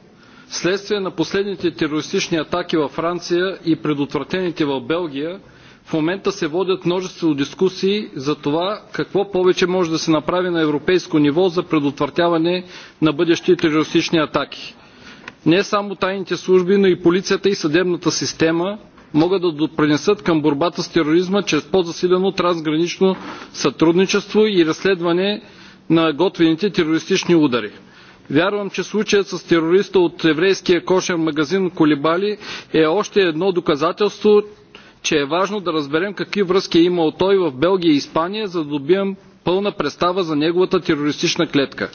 Следствие на последните терористични атаки във Франция и предотвратените в Белгия, в момента се водят множество дискусии за това какво повече може да се направи на европейско ниво за предотвратяване на бъдещи терористични атаки. Не само тайните служби, но и полицията и съдебната система могат да допринесат към борбата с тероризма чрез по-засилено трансгранично сътрудничество и разследване на готвените терористични удари. Вярвам, че случаят с терориста от еврейския кошер магазин Колибали е още едно доказателство, че е важно да разберем какви връзки е имал той в Белгия и Испания, за да добием пълна представа за неговата терористична клетка.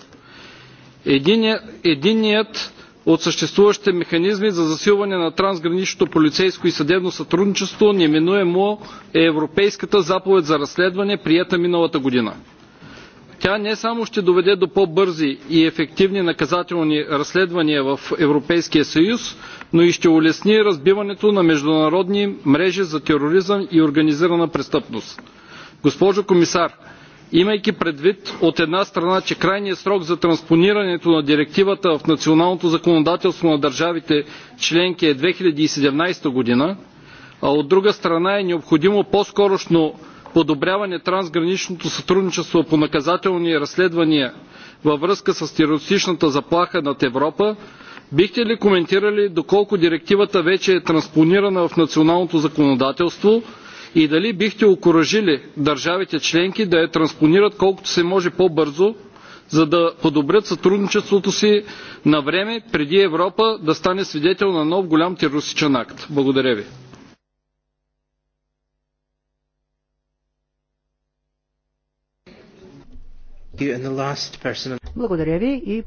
Единият от съществуващите механизми за засилване на трансграничното полицейско и съдебно сътрудничество неминуемо е Европейската заповед за разследване, приета миналата година. Тя не само ще доведе до по-бързи и ефективни наказателни разследвания в Европейския съюз, но и ще улесни разбиването на международни мрежи за тероризъм и организирана престъпност. Госпожо комисар, имайки предвид от една страна, че крайният срок за транспонирането на директивата в националното законодателство на държавите членки е 2017 година, а от друга страна е необходимо по-скорошно подобряване трансграничното сътрудничество по наказателни разследвания във връзка с терористичната заплаха над Европа, бихте ли коментирали доколко директивата вече е транспонирана в националното законодателство – и дали бихте окоръжили държавите членки да я транспонират колкото се може по-бързо, за да подобрят сътрудничеството си на време, преди Европа да стане свидетел на нов голям терористичен акт. Благодаря ви. Благодаря ви и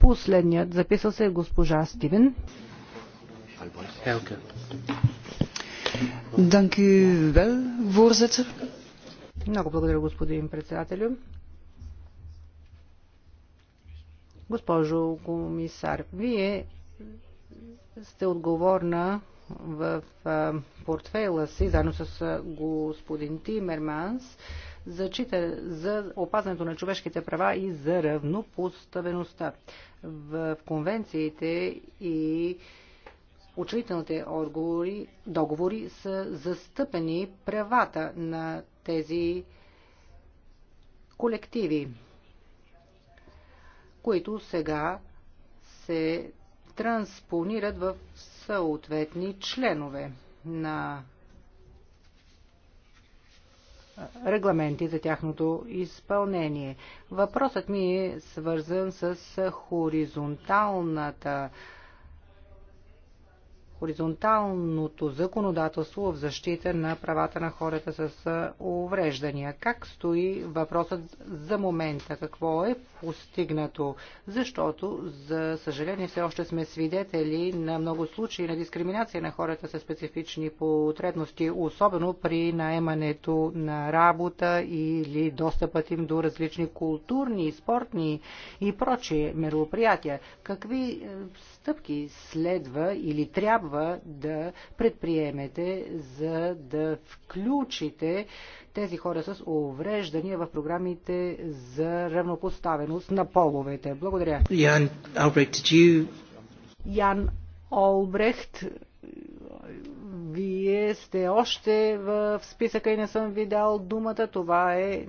последният записал се е госпожа Стивен. Helga. Dank u wel, voorzitter. Много благодаря, господин председателю. Госпожо комисар, вие сте отговорна в портфейла си, заедно с господин Тимерманс, за, чита, за опазването на човешките права и за равнопоставеността. В конвенциите и учредителните отговори, договори са застъпени правата на тези колективи, които сега се транспонират в съответни членове на регламенти за тяхното изпълнение. Въпросът ми е свързан с хоризонталната хоризонталното законодателство в защита на правата на хората с увреждания. Как стои въпросът за момента? Какво е постигнато? Защото, за съжаление, все още сме свидетели на много случаи на дискриминация на хората с специфични потребности, особено при наемането на работа или достъпът им до различни културни, спортни и прочие мероприятия. Какви е, стъпки следва или трябва да предприемете, за да включите тези хора с увреждания в програмите за равнопоставеност на половете? Благодаря. Ян Албрехт, Ян Олбрехт, вие сте още в списъка и не съм ви дал думата. Това е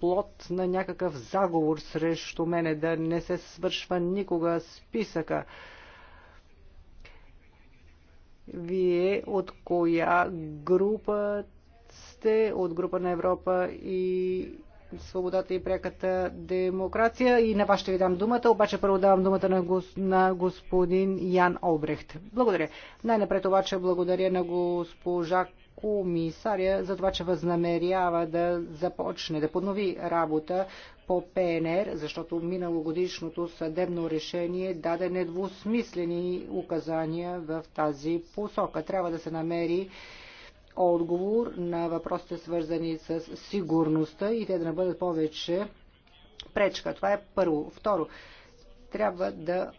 плод на някакъв заговор срещу мене да не се свършва никога списъка. Вие от коя група сте? От група на Европа и свободата и пряката демокрация. И на вас ще ви дам думата, обаче първо давам думата на, гос, на господин Ян Обрехт. Благодаря. Най-напред обаче благодаря на госпожа комисаря за това, че възнамерява да започне, да поднови работа по ПНР, защото миналогодишното съдебно решение даде недвусмислени указания в тази посока. Трябва да се намери отговор на въпросите свързани с сигурността и те да не бъдат повече пречка. Това е първо. Второ, трябва да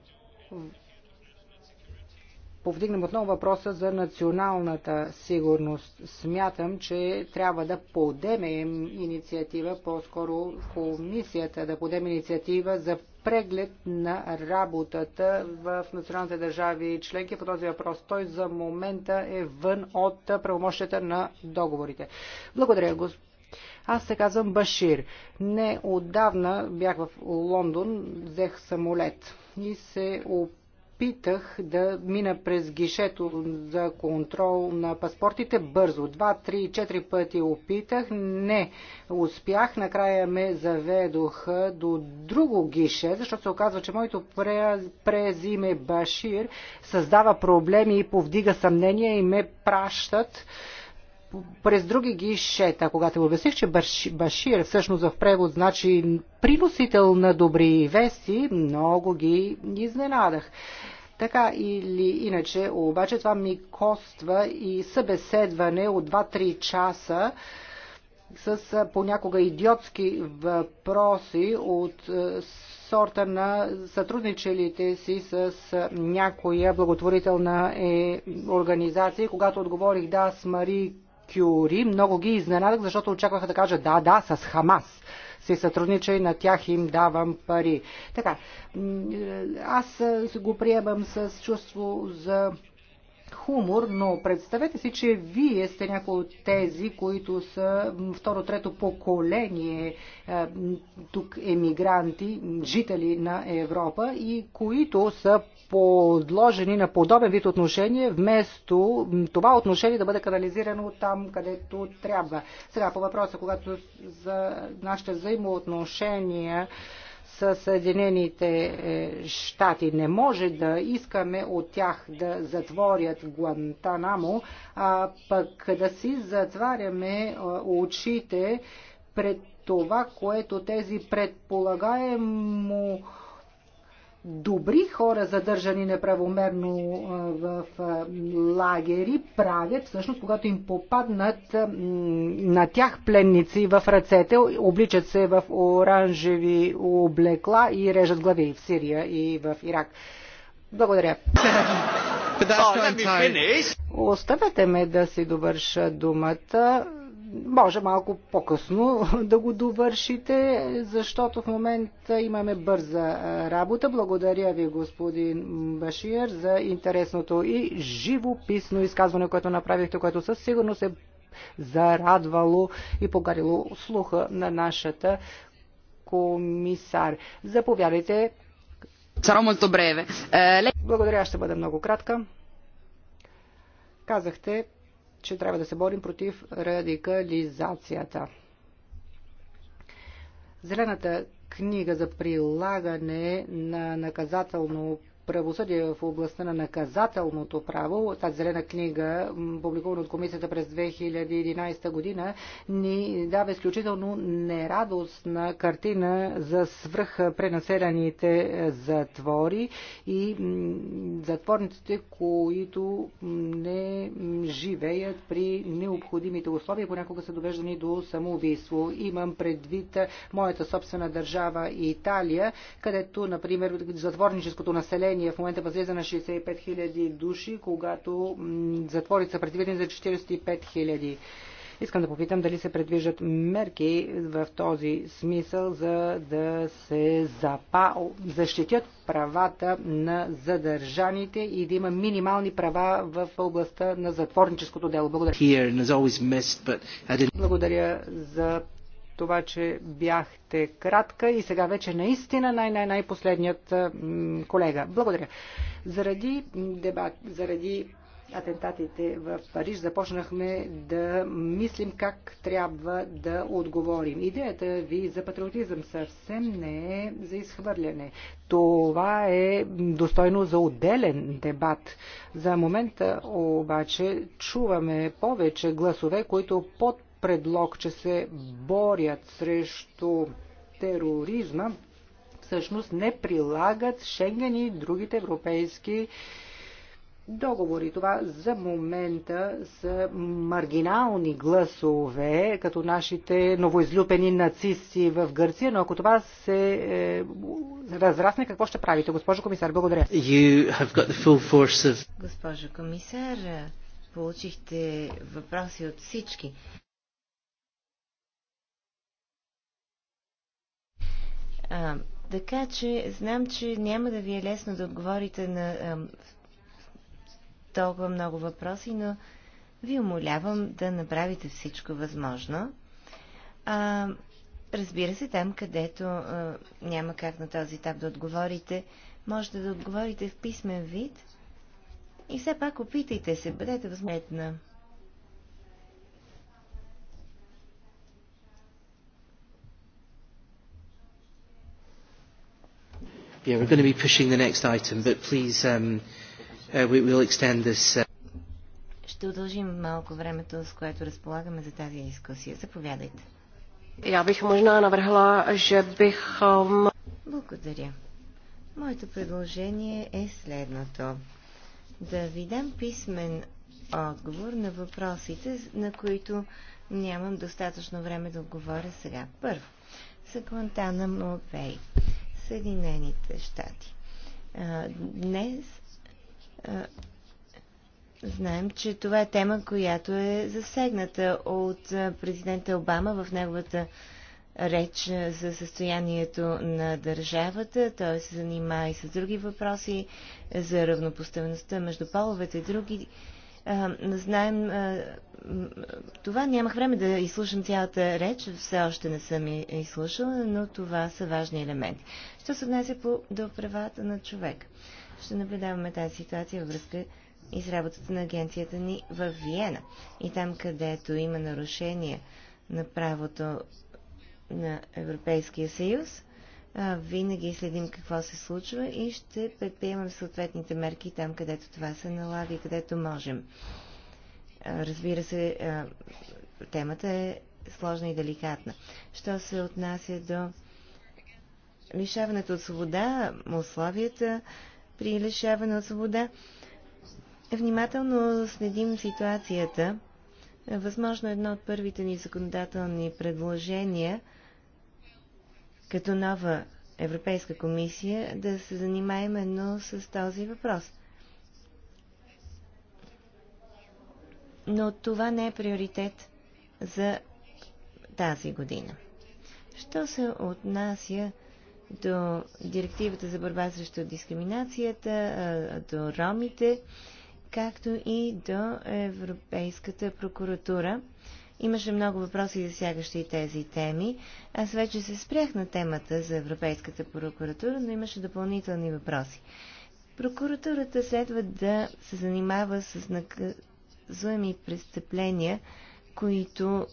повдигнем отново въпроса за националната сигурност. Смятам, че трябва да подемем инициатива, по-скоро комисията да подеме инициатива за преглед на работата в националните държави и членки по този въпрос. Той за момента е вън от правомощията на договорите. Благодаря, господин. Аз се казвам Башир. Не отдавна бях в Лондон, взех самолет и се опитах опитах да мина през гишето за контрол на паспортите бързо. Два, три, четири пъти опитах. Не успях. Накрая ме заведоха до друго гише, защото се оказва, че моето презиме Башир създава проблеми и повдига съмнения и ме пращат през други ги шета, когато му обясних, че Башир всъщност в превод значи приносител на добри вести, много ги изненадах. Така или иначе, обаче това ми коства и събеседване от 2-3 часа с понякога идиотски въпроси от сорта на сътрудничелите си с някоя благотворителна е, организация. Когато отговорих да с Мари Кюри. Много ги изненадах, защото очакваха да кажа да, да, с Хамас се сътрудничай на тях им давам пари. Така, аз го приемам с чувство за хумор, но представете си, че вие сте някои от тези, които са второ-трето поколение тук емигранти, жители на Европа и които са подложени на подобен вид отношение, вместо това отношение да бъде канализирано там, където трябва. Сега по въпроса, когато за нашите взаимоотношения с Съединените е, щати. Не може да искаме от тях да затворят Гуантанамо, а пък да си затваряме е, очите пред това, което тези предполагаемо добри хора, задържани неправомерно в лагери, правят, всъщност, когато им попаднат на тях пленници в ръцете, обличат се в оранжеви облекла и режат глави в Сирия и в Ирак. Благодаря. Оставете ме да си довърша думата може малко по-късно да го довършите, защото в момента имаме бърза работа. Благодаря ви, господин Башир, за интересното и живописно изказване, което направихте, което със сигурност е зарадвало и погарило слуха на нашата комисар. Заповядайте. Е, Благодаря, ще бъда много кратка. Казахте, че трябва да се борим против радикализацията. Зелената книга за прилагане на наказателно правосъдие в областта на наказателното право. Тази зелена книга, публикувана от комисията през 2011 година, ни дава изключително нерадостна картина за свръх пренаселените е, затвори и затворниците, които не живеят при необходимите условия, понякога са довеждани до самоубийство. Имам предвид е, моята собствена държава Италия, където, например, затворническото население Румъния в момента възлиза на 65 000 души, когато затворите са предвидени за 45 000. Искам да попитам дали се предвиждат мерки в този смисъл, за да се запа... защитят правата на задържаните и да има минимални права в областта на затворническото дело. Благодаря. Благодаря за това, че бяхте кратка и сега вече наистина най-най-най-последният колега. Благодаря. Заради дебат, заради атентатите в Париж започнахме да мислим как трябва да отговорим. Идеята ви за патриотизъм съвсем не е за изхвърляне. Това е достойно за отделен дебат. За момента обаче чуваме повече гласове, които под предлог, че се борят срещу тероризма, всъщност не прилагат Шенген и другите европейски договори. Това за момента са маргинални гласове, като нашите новоизлюпени нацисти в Гърция, но ако това се е, разрасне, какво ще правите, госпожо комисар? Благодаря. You have got the full force of... Госпожо комисар, получихте въпроси от всички. А, така че знам, че няма да ви е лесно да отговорите на а, толкова много въпроси, но ви умолявам да направите всичко възможно. А, разбира се, там където а, няма как на този етап да отговорите, можете да отговорите в писмен вид. И все пак опитайте се, бъдете възможно. Yeah, we're going to be pushing the next item, but please, um, uh, we will extend this. Uh... Ще удължим малко времето, с което разполагаме за тази дискусия. Заповядайте. Я бих можна навърхла, че бих... Благодаря. Моето предложение е следното. Да ви дам писмен отговор на въпросите, на които нямам достатъчно време да отговоря сега. Първо, за Квантана Мопей. Съединените щати. Днес знаем, че това е тема, която е засегната от президента Обама в неговата реч за състоянието на държавата. Той се занимава и с други въпроси за равнопоставеността между половете и други а, знаем а, това. Нямах време да изслушам цялата реч, все още не съм и изслушала, но това са важни елементи. Що се отнася по, до правата на човек? Ще наблюдаваме тази ситуация във връзка и с работата на агенцията ни в Виена. И там, където има нарушение на правото на Европейския съюз, винаги следим какво се случва и ще предприемам съответните мерки там, където това се налага и където можем. Разбира се, темата е сложна и деликатна. Що се отнася до лишаването от свобода, условията при лишаване от свобода, внимателно следим ситуацията. Възможно едно от първите ни законодателни предложения – като нова Европейска комисия да се занимае именно с този въпрос. Но това не е приоритет за тази година. Що се отнася до директивата за борба срещу дискриминацията, до ромите, както и до Европейската прокуратура – Имаше много въпроси, засягащи тези теми. Аз вече се спрях на темата за Европейската прокуратура, но имаше допълнителни въпроси. Прокуратурата следва да се занимава с наказуеми престъпления, които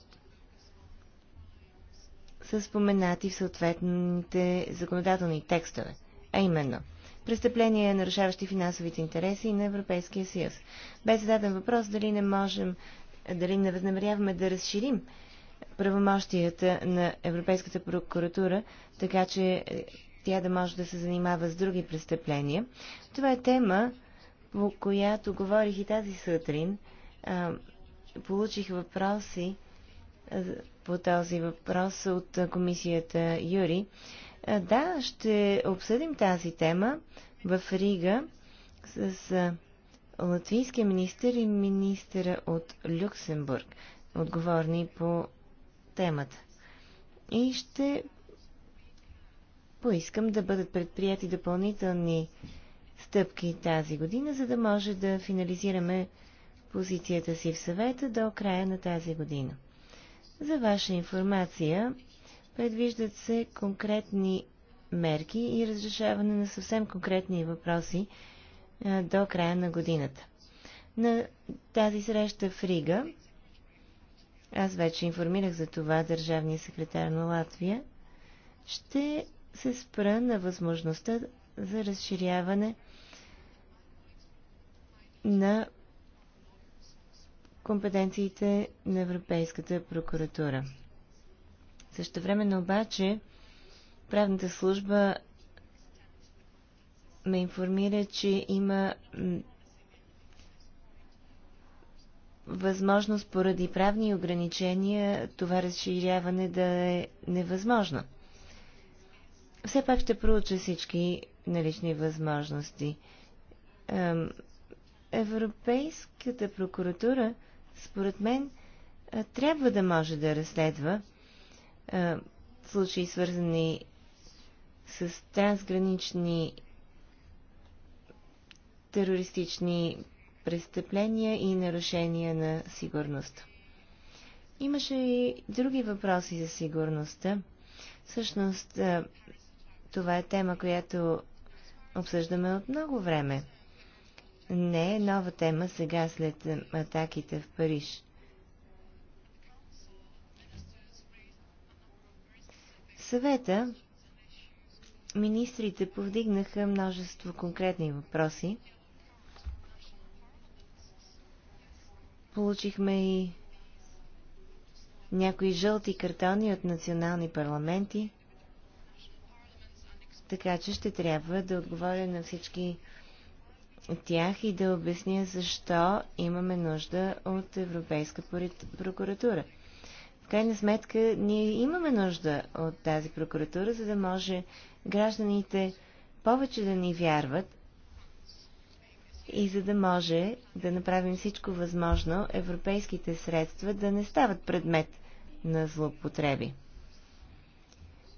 са споменати в съответните законодателни текстове, а именно престъпления, нарушаващи финансовите интереси на Европейския съюз. Бе зададен въпрос дали не можем дали не възнамеряваме да разширим правомощията на Европейската прокуратура, така че е, тя да може да се занимава с други престъпления. Това е тема, по която говорих и тази сутрин. Получих въпроси по този въпрос от комисията Юри. Да, ще обсъдим тази тема в Рига с латвийския министр и министъра от Люксембург, отговорни по темата. И ще поискам да бъдат предприяти допълнителни стъпки тази година, за да може да финализираме позицията си в съвета до края на тази година. За ваша информация, предвиждат се конкретни мерки и разрешаване на съвсем конкретни въпроси, е, до края на годината. На тази среща в Рига, аз вече информирах за това държавния секретар на Латвия, ще се спра на възможността за разширяване на компетенциите на Европейската прокуратура. Също времено обаче правната служба ме информира, че има възможност поради правни ограничения това разширяване да е невъзможно. Все пак ще проуча всички налични възможности. Европейската прокуратура, според мен, трябва да може да разследва случаи свързани с трансгранични терористични престъпления и нарушения на сигурността. Имаше и други въпроси за сигурността. Всъщност, това е тема, която обсъждаме от много време. Не е нова тема сега след атаките в Париж. съвета министрите повдигнаха множество конкретни въпроси, Получихме и някои жълти картони от национални парламенти, така че ще трябва да отговоря на всички тях и да обясня защо имаме нужда от Европейска прокуратура. В крайна сметка, ние имаме нужда от тази прокуратура, за да може гражданите повече да ни вярват и за да може да направим всичко възможно европейските средства да не стават предмет на злоупотреби.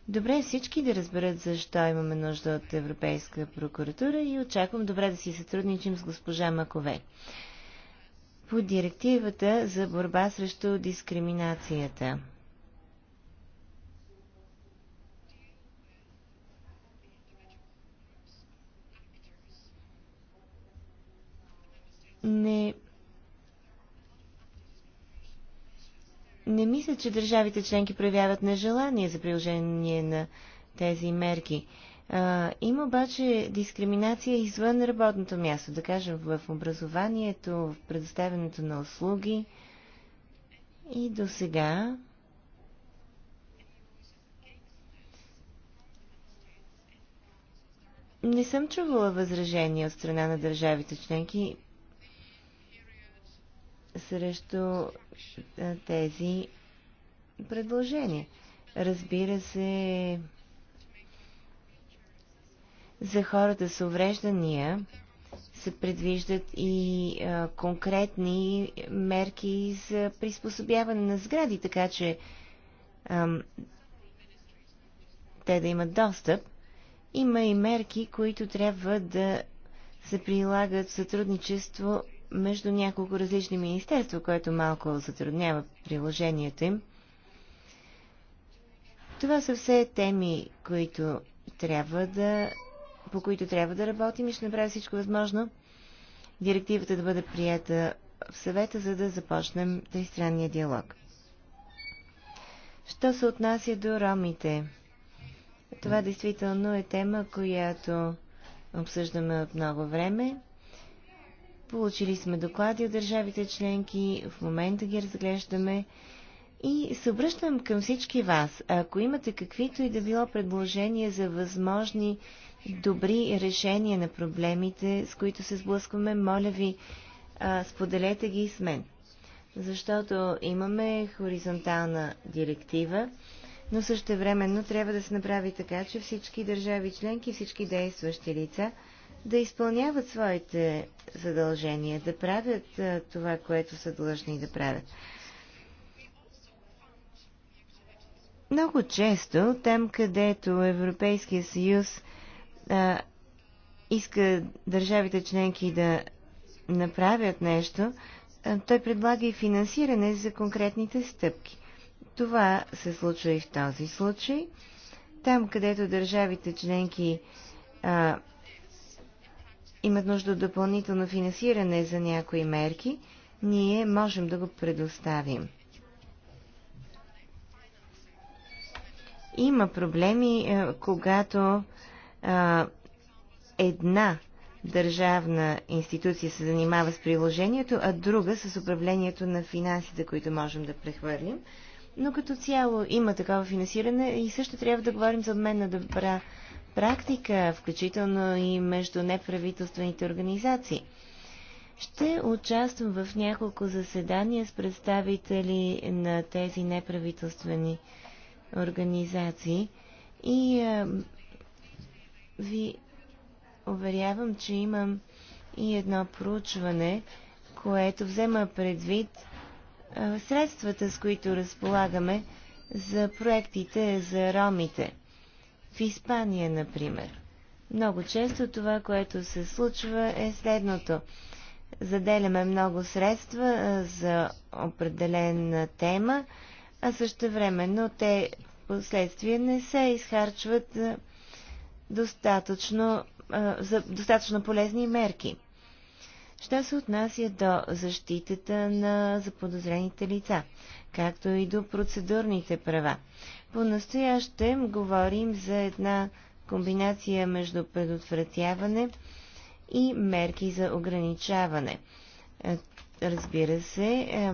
Добре е всички да разберат защо имаме нужда от Европейска прокуратура и очаквам добре да си сътрудничим с госпожа Макове. По директивата за борба срещу дискриминацията – не не мисля, че държавите членки проявяват нежелание за приложение на тези мерки. А, има обаче дискриминация извън работното място, да кажем в образованието, в предоставянето на услуги. И до сега не съм чувала възражения от страна на държавите членки срещу тези предложения. Разбира се, за хората с увреждания се предвиждат и а, конкретни мерки за приспособяване на сгради, така че ам, те да имат достъп. Има и мерки, които трябва да се прилагат в сътрудничество между няколко различни министерства, което малко затруднява приложението им. Това са все теми, които трябва да, по които трябва да работим и ще направя всичко възможно директивата да бъде прията в съвета, за да започнем тристранния диалог. Що се отнася до ромите? Това действително е тема, която обсъждаме от много време. Получили сме доклади от държавите членки, в момента ги разглеждаме и се обръщам към всички вас. Ако имате каквито и да било предложения за възможни добри решения на проблемите, с които се сблъскваме, моля ви, споделете ги с мен. Защото имаме хоризонтална директива, но също времено трябва да се направи така, че всички държави членки, всички действащи лица – да изпълняват своите задължения, да правят това, което са длъжни да правят. Много често, там където Европейския съюз а, иска държавите членки да направят нещо, а, той предлага и финансиране за конкретните стъпки. Това се случва и в този случай. Там, където държавите членки а, имат нужда от допълнително финансиране за някои мерки, ние можем да го предоставим. Има проблеми, е, когато а, една държавна институция се занимава с приложението, а друга с управлението на финансите, които можем да прехвърлим. Но като цяло има такова финансиране и също трябва да говорим за обмен на добра практика, включително и между неправителствените организации. Ще участвам в няколко заседания с представители на тези неправителствени организации и а, ви уверявам, че имам и едно проучване, което взема предвид а, средствата, с които разполагаме за проектите за ромите. В Испания, например. Много често това, което се случва е следното. Заделяме много средства за определена тема, а също времено те последствия не се изхарчват достатъчно, за достатъчно полезни мерки. Що се отнася до защитата на заподозрените лица, както и до процедурните права. По-настоящем говорим за една комбинация между предотвратяване и мерки за ограничаване. Е, разбира се, е,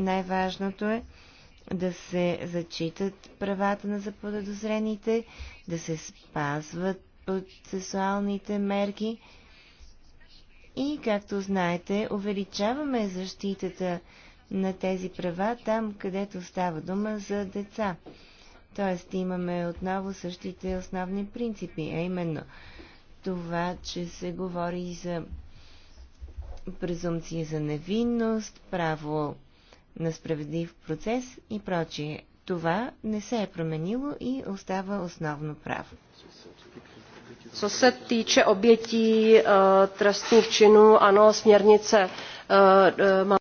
най-важното е да се зачитат правата на заподозрените, да се спазват процесуалните мерки и, както знаете, увеличаваме защитата на тези права там, където става дума за деца. Тоест имаме отново същите основни принципи, а именно това, че се говори за презумпция за невинност, право на справедлив процес и прочие. Това не се е променило и остава основно право. Co se týče obětí eh, trestných činů, ano, směrnice eh, eh, má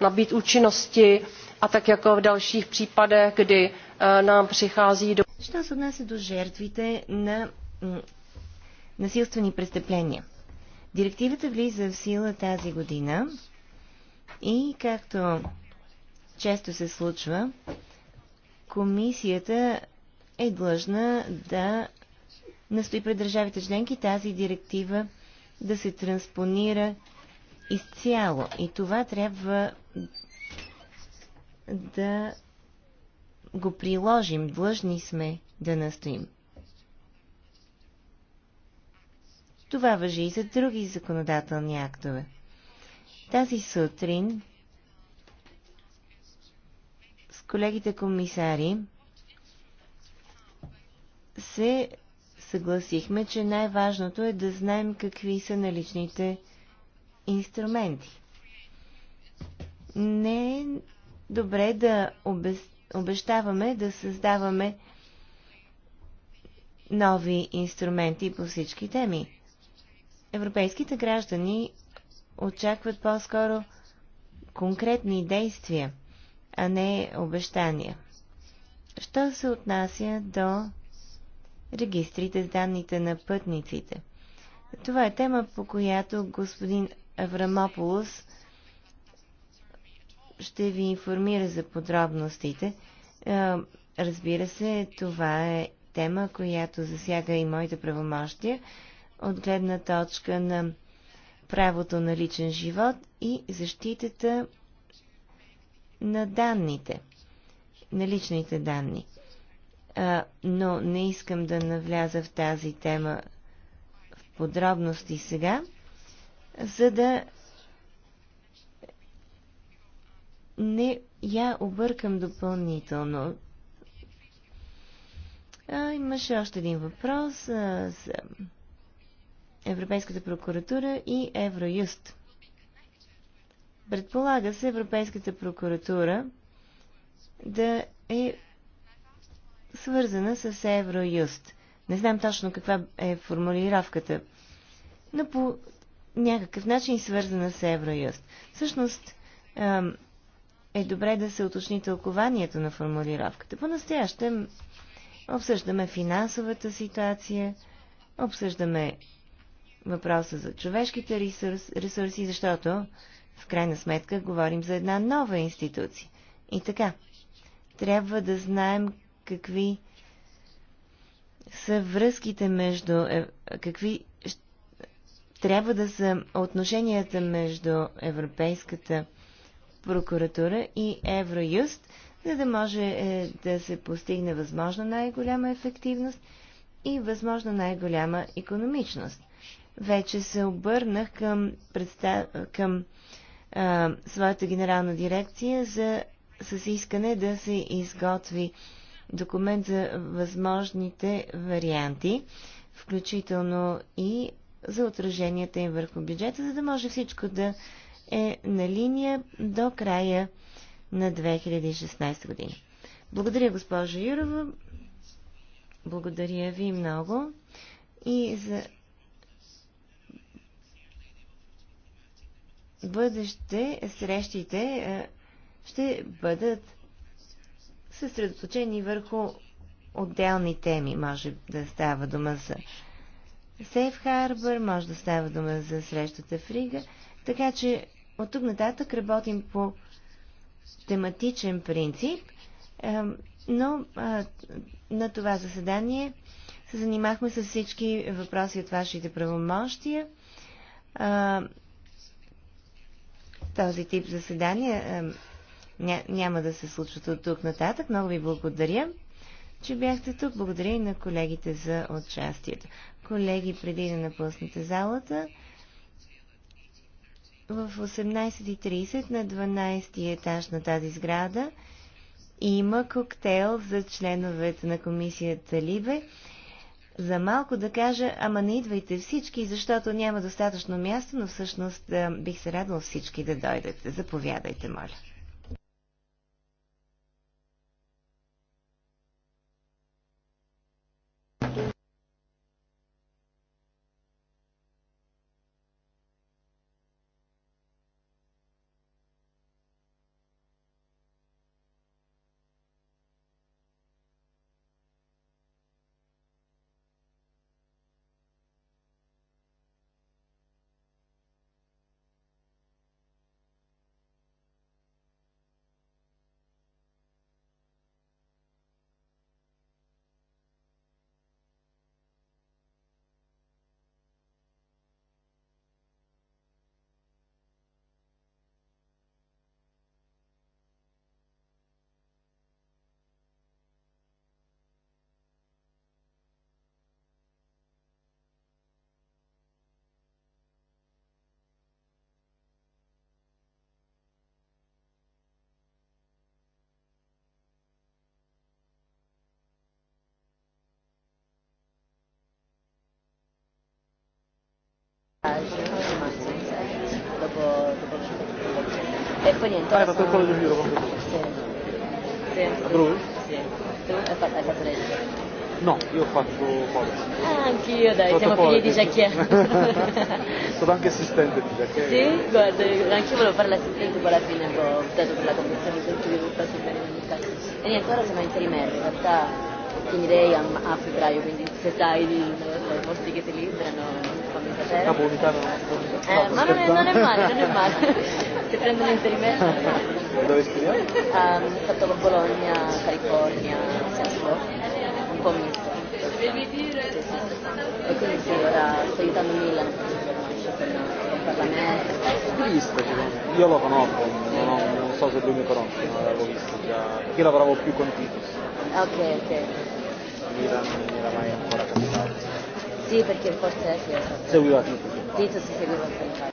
nabít účinnosti a tak jako v dalších případech, kdy nám přichází do... се отнася до жертвите на насилствени престъпления? Директивата влиза в сила тази година и, както често се случва, комисията е длъжна да настои пред държавите членки тази директива да се транспонира изцяло. И това трябва да го приложим. Длъжни сме да настоим. Това въжи и за други законодателни актове. Тази сутрин с колегите комисари се съгласихме, че най-важното е да знаем какви са наличните инструменти. Не е добре да обещаваме да създаваме нови инструменти по всички теми. Европейските граждани очакват по-скоро конкретни действия, а не обещания. Що се отнася до регистрите с данните на пътниците. Това е тема, по която господин Аврамополос ще ви информира за подробностите. Е, разбира се, това е тема, която засяга и моите правомощия от гледна точка на правото на личен живот и защитата на данните, на личните данни а, но не искам да навляза в тази тема в подробности сега, за да не я объркам допълнително. А, имаше още един въпрос а, за Европейската прокуратура и Евроюст. Предполага се Европейската прокуратура да е свързана с Евроюст. Не знам точно каква е формулировката, но по някакъв начин свързана с Евроюст. Всъщност е добре да се уточни тълкованието на формулировката. По-настоящем обсъждаме финансовата ситуация, обсъждаме въпроса за човешките ресурс, ресурси, защото в крайна сметка говорим за една нова институция. И така, трябва да знаем какви са връзките между... Какви трябва да са отношенията между Европейската прокуратура и Евроюст, за да може е, да се постигне възможно най-голяма ефективност и възможно най-голяма економичност. Вече се обърнах към, представ... към а, своята генерална дирекция за... с искане да се изготви документ за възможните варианти, включително и за отраженията им върху бюджета, за да може всичко да е на линия до края на 2016 година. Благодаря, госпожа Юрова. Благодаря ви много и за бъдеще срещите ще бъдат съсредоточени върху отделни теми. Може да става дума за Сейф Харбър, може да става дума за срещата в Рига. Така че от тук нататък работим по тематичен принцип, но на това заседание се занимахме с всички въпроси от вашите правомощия. Този тип заседания ня, няма да се случват от тук нататък. Много ви благодаря, че бяхте тук. Благодаря и на колегите за участието. Колеги, преди да напуснете залата, в 18.30 на 12 етаж на тази сграда има коктейл за членовете на комисията Либе. За малко да кажа, ама не идвайте всички, защото няма достатъчно място, но всъщност бих се радвал всички да дойдете. Заповядайте, моля. quello giro Sì. No, io ho fatto forza. Ah, anch'io, dai, siamo figli di Jacquier. Sono anche assistente di Jacquier. Sì, guarda, anch'io volevo fare l'assistente, poi alla fine ho optato per la convenzione di sviluppo sul bene del caso. E niente, ora siamo in Trimer, in realtà finirei a, a febbraio, quindi se sai di morti che si liberano eh, ma non è, non è male, non è male. Ti prendo l'inserimento. Dove studiamo? Um, stato Bologna, California, un po' misto. E quindi sì, ora sto aiutando Milan Parlamento. io lo conosco, non, ho, non so se lui mi conosce, ma l'avevo visto già. Io lavoravo più con Titus. Ok, ok. Milan non era mai ancora capito. Sì, perché il posto è qui. Seguiva tutto. Dito si seguiva sempre.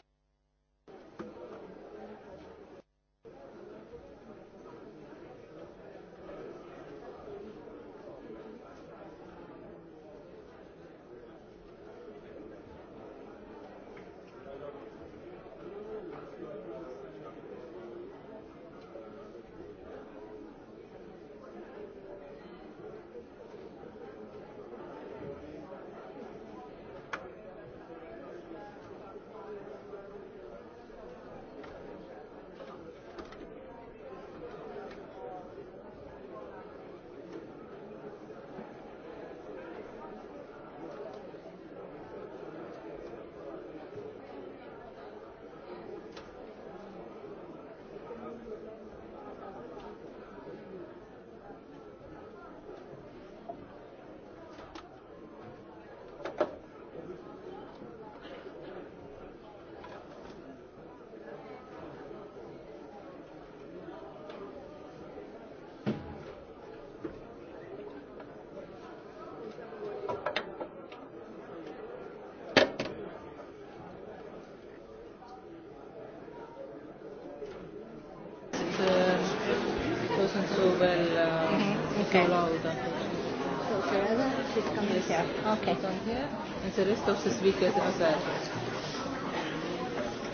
the rest of the speakers as well.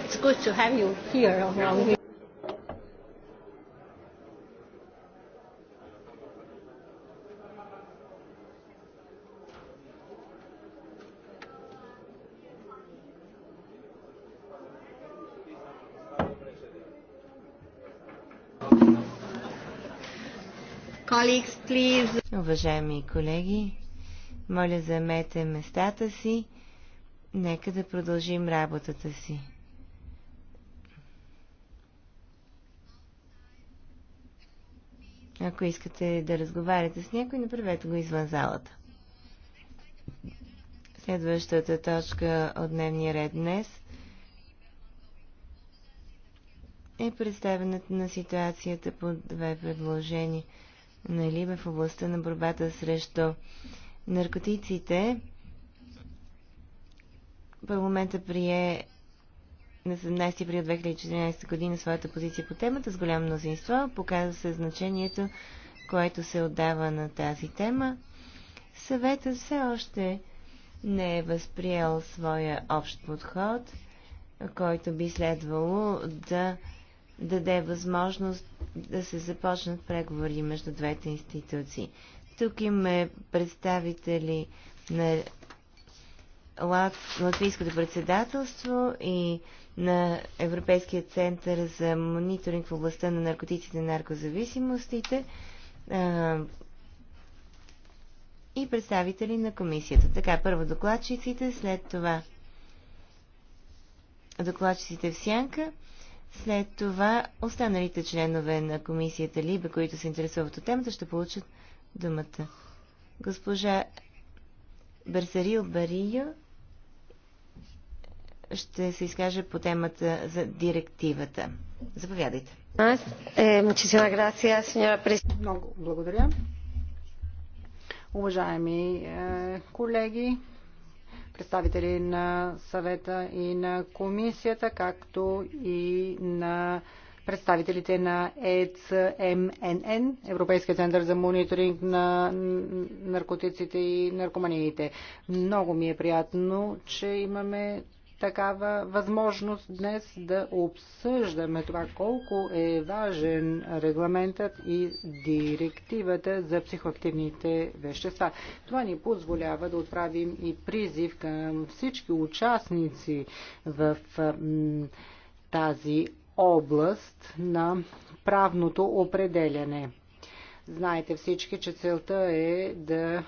It's good to have you here among me. Уважаеми колеги, моля, замете местата си. Нека да продължим работата си. Ако искате да разговаряте с някой, направете го извън залата. Следващата точка от дневния ред днес е представенето на ситуацията по две предложения на Либе в областта на борбата срещу наркотиците, парламента прие на 17 април 2014 година своята позиция по темата с голямо мнозинство. Показва се значението, което се отдава на тази тема. Съветът все още не е възприел своя общ подход, който би следвало да даде възможност да се започнат преговори между двете институции. Тук има представители на Латвийското председателство и на Европейския център за мониторинг в областта на наркотиците и наркозависимостите и представители на комисията. Така, първо докладчиците, след това докладчиците в сянка, след това останалите членове на комисията Либе, които се интересуват от темата, ще получат думата. Госпожа Берсарил Бария ще се изкаже по темата за директивата. Заповядайте. Много благодаря. Уважаеми е, колеги, представители на съвета и на комисията, както и на представителите на ЕЦМНН, Европейския център за мониторинг на наркотиците и наркоманиите. Много ми е приятно, че имаме такава възможност днес да обсъждаме това колко е важен регламентът и директивата за психоактивните вещества. Това ни позволява да отправим и призив към всички участници в тази област на правното определяне. Знаете всички, че целта е да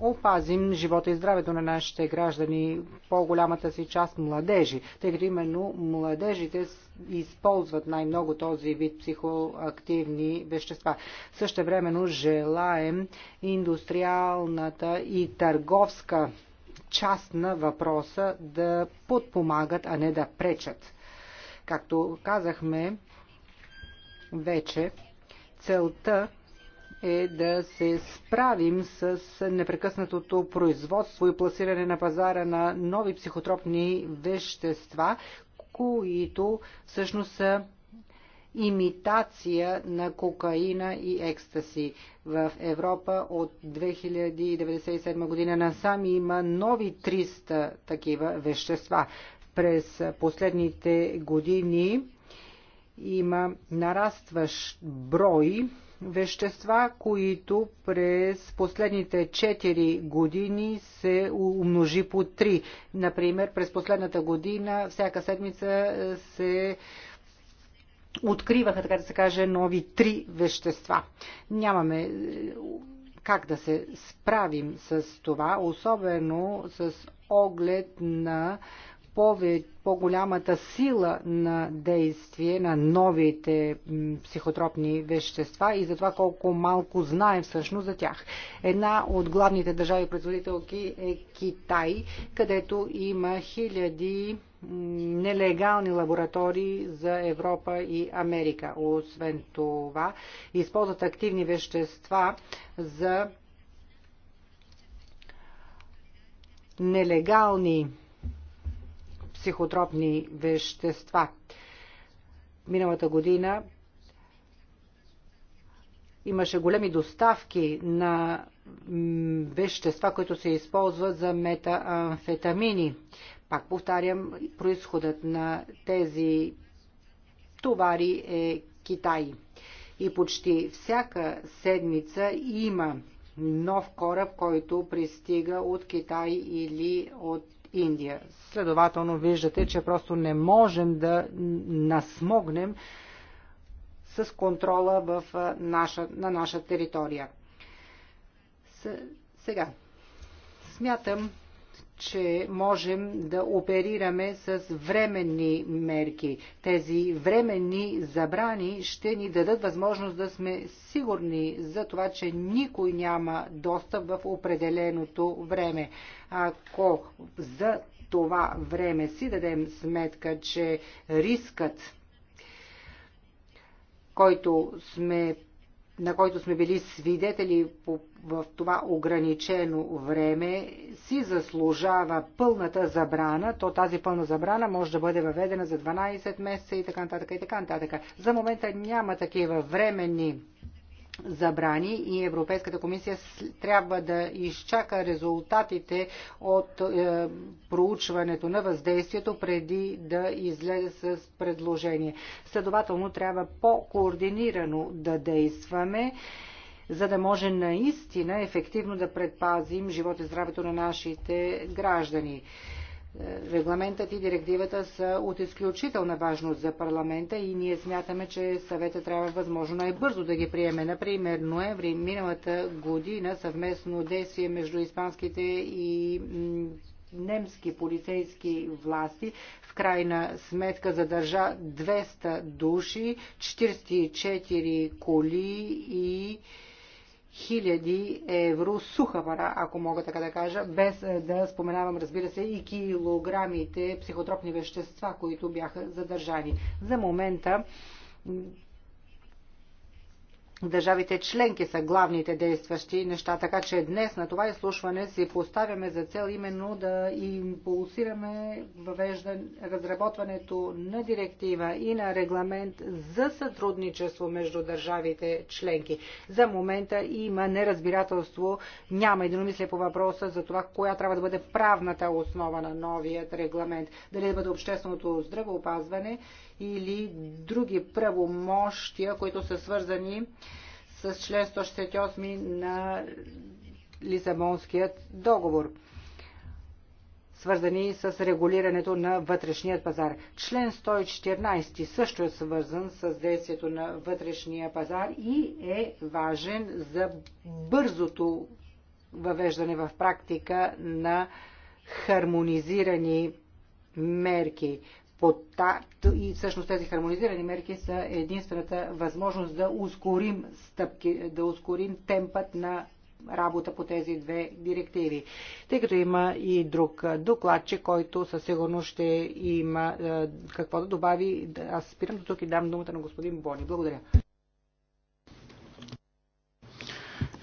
опазим живота и здравето на нашите граждани, по-голямата си част младежи, тъй като именно младежите използват най-много този вид психоактивни вещества. Също времено желаем индустриалната и търговска част на въпроса да подпомагат, а не да пречат. Както казахме вече, целта е да се справим с непрекъснатото производство и пласиране на пазара на нови психотропни вещества, които всъщност са имитация на кокаина и екстаси. В Европа от 2097 година насам има нови 300 такива вещества. През последните години има нарастващ брой вещества, които през последните 4 години се умножи по 3. Например, през последната година всяка седмица е, се откриваха, така да се каже, нови три вещества. Нямаме е, как да се справим с това, особено с оглед на повече, по-голямата сила на действие на новите психотропни вещества и за това колко малко знаем всъщност за тях. Една от главните държави производителки е Китай, където има хиляди нелегални лаборатории за Европа и Америка. Освен това, използват активни вещества за нелегални психотропни вещества. Миналата година имаше големи доставки на вещества, които се използват за метаамфетамини. Пак повтарям, происходът на тези товари е Китай. И почти всяка седмица има нов кораб, който пристига от Китай или от Индия. Следователно виждате, че просто не можем да насмогнем с контрола в наша, на наша територия. Сега, смятам, че можем да оперираме с временни мерки. Тези временни забрани ще ни дадат възможност да сме сигурни за това, че никой няма достъп в определеното време. Ако за това време си дадем сметка, че рискът, който сме на който сме били свидетели в това ограничено време, си заслужава пълната забрана, то тази пълна забрана може да бъде въведена за 12 месеца и така нататък и така нататък. За момента няма такива временни забрани и Европейската комисия трябва да изчака резултатите от е, проучването на въздействието преди да излезе с предложение. Следователно трябва по-координирано да действаме за да може наистина ефективно да предпазим живота и здравето на нашите граждани. Регламентът и директивата са от изключителна важност за парламента и ние смятаме, че съвета трябва възможно най-бързо да ги приеме. Например, ноември миналата година съвместно действие между испанските и немски полицейски власти в крайна сметка задържа 200 души, 44 коли и хиляди евро суха пара, ако мога така да кажа, без е, да споменавам, разбира се, и килограмите психотропни вещества, които бяха задържани. За момента Държавите членки са главните действащи неща, така че днес на това изслушване си поставяме за цел именно да импулсираме въвеждан, разработването на директива и на регламент за сътрудничество между държавите членки. За момента има неразбирателство, няма единомислие по въпроса за това, коя трябва да бъде правната основа на новият регламент. Дали да бъде общественото здравеопазване или други правомощия, които са свързани с член 168 на Лисабонският договор свързани с регулирането на вътрешният пазар. Член 114 също е свързан с действието на вътрешния пазар и е важен за бързото въвеждане в практика на хармонизирани мерки и всъщност тези хармонизирани мерки са единствената възможност да ускорим стъпки, да ускорим темпът на работа по тези две директиви. Тъй като има и друг докладче, който със сигурност ще има е, какво да добави. Аз спирам до тук и дам думата на господин Бони. Благодаря.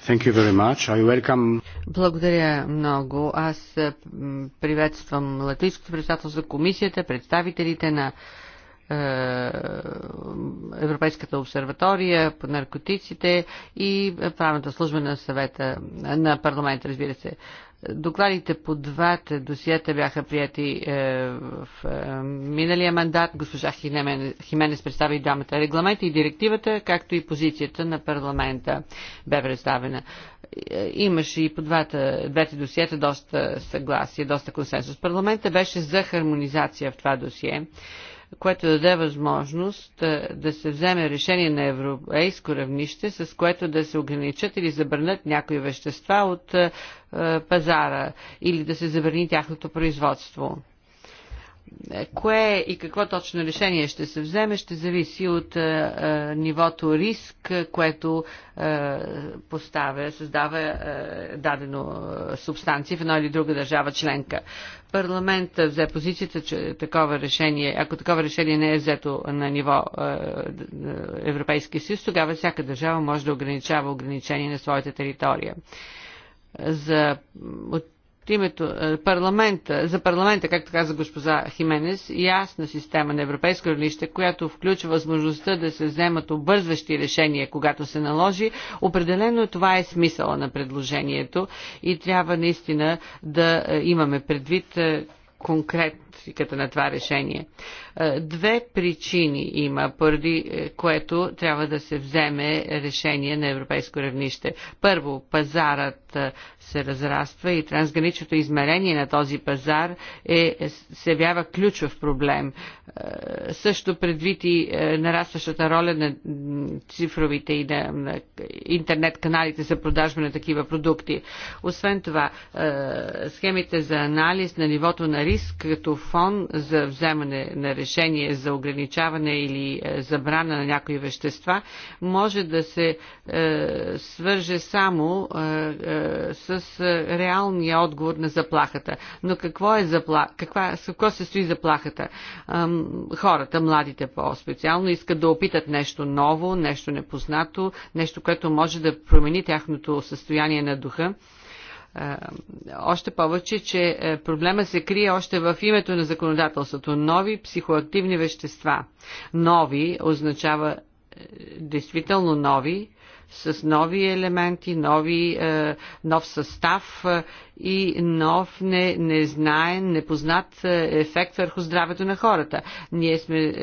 Thank you very much. I welcome благодаря много. Аз е, приветствам Латвийското председателство за комисията, представителите на е, Европейската обсерватория по наркотиците и правната служба на съвета на парламента, разбира се. Докладите по двата досията бяха прияти е, в е, миналия мандат. Госпожа Хименес представи двамата регламента и директивата, както и позицията на парламента бе представена. Е, имаше и по двата, двете досиета доста съгласие, доста консенсус. Парламента беше за хармонизация в това досие. Е, което даде възможност е, да се вземе решение на европейско равнище, с което да се ограничат или забранят някои вещества от е, е, пазара или да се забрани тяхното производство. Е, кое и какво точно решение ще се вземе, ще зависи от е, е нивото риск, което е, поставя, създава е, дадено е, субстанция в една или друга държава членка. Парламент взе позицията, че такова решение, ако такова решение не е взето на ниво е, Европейски съюз, тогава всяка държава може да ограничава ограничение на своята територия. За, от името е, парламента, за парламента, както каза госпожа Хименес, ясна система на европейско равнище, която включва възможността да се вземат обвързващи решения, когато се наложи. Определено това е смисъла на предложението и трябва наистина да е, имаме предвид е, конкретно практиката на това решение. Е, две причини има, поради е, което трябва да се вземе решение на европейско равнище. Първо, пазарът е, се разраства и трансграничното измерение на този пазар е, се явява ключов проблем. Също предвид и нарастващата роля на цифровите и на, на интернет каналите за продажба на такива продукти. Освен това, схемите за анализ на нивото на риск като плафон за вземане на решение за ограничаване или е, забрана на някои вещества може да се е, свърже само е, е, с е, реалния отговор на заплахата. Но какво е запла... каква... какво се стои заплахата? хората, младите по-специално, искат да опитат нещо ново, нещо непознато, нещо, което може да промени тяхното състояние на духа. Още повече, че е, проблема се крие още в името на законодателството. Нови психоактивни вещества. Нови означава е, действително нови, с нови елементи, нови, е, нов състав е, и нов не, незнаен, непознат е, ефект върху здравето на хората. Ние сме,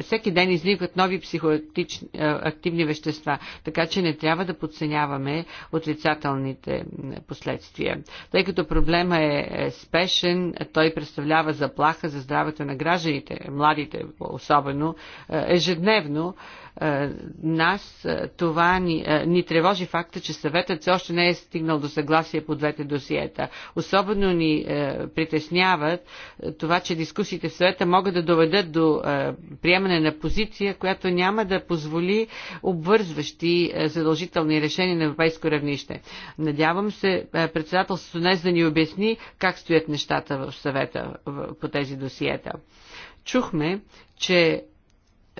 всеки ден изникват нови психоактивни вещества, така че не трябва да подценяваме отрицателните последствия. Тъй като проблема е спешен, той представлява заплаха за здравето на гражданите, младите особено, ежедневно, е, нас е, това ни, е, ни тревожи факта, че съветът все още не е стигнал до съгласие по двете досиета. Особено ни притесняват това, че дискусиите в съвета могат да доведат до приемане на позиция, която няма да позволи обвързващи задължителни решения на европейско равнище. Надявам се председателството днес да ни обясни как стоят нещата в съвета по тези досиета. Чухме, че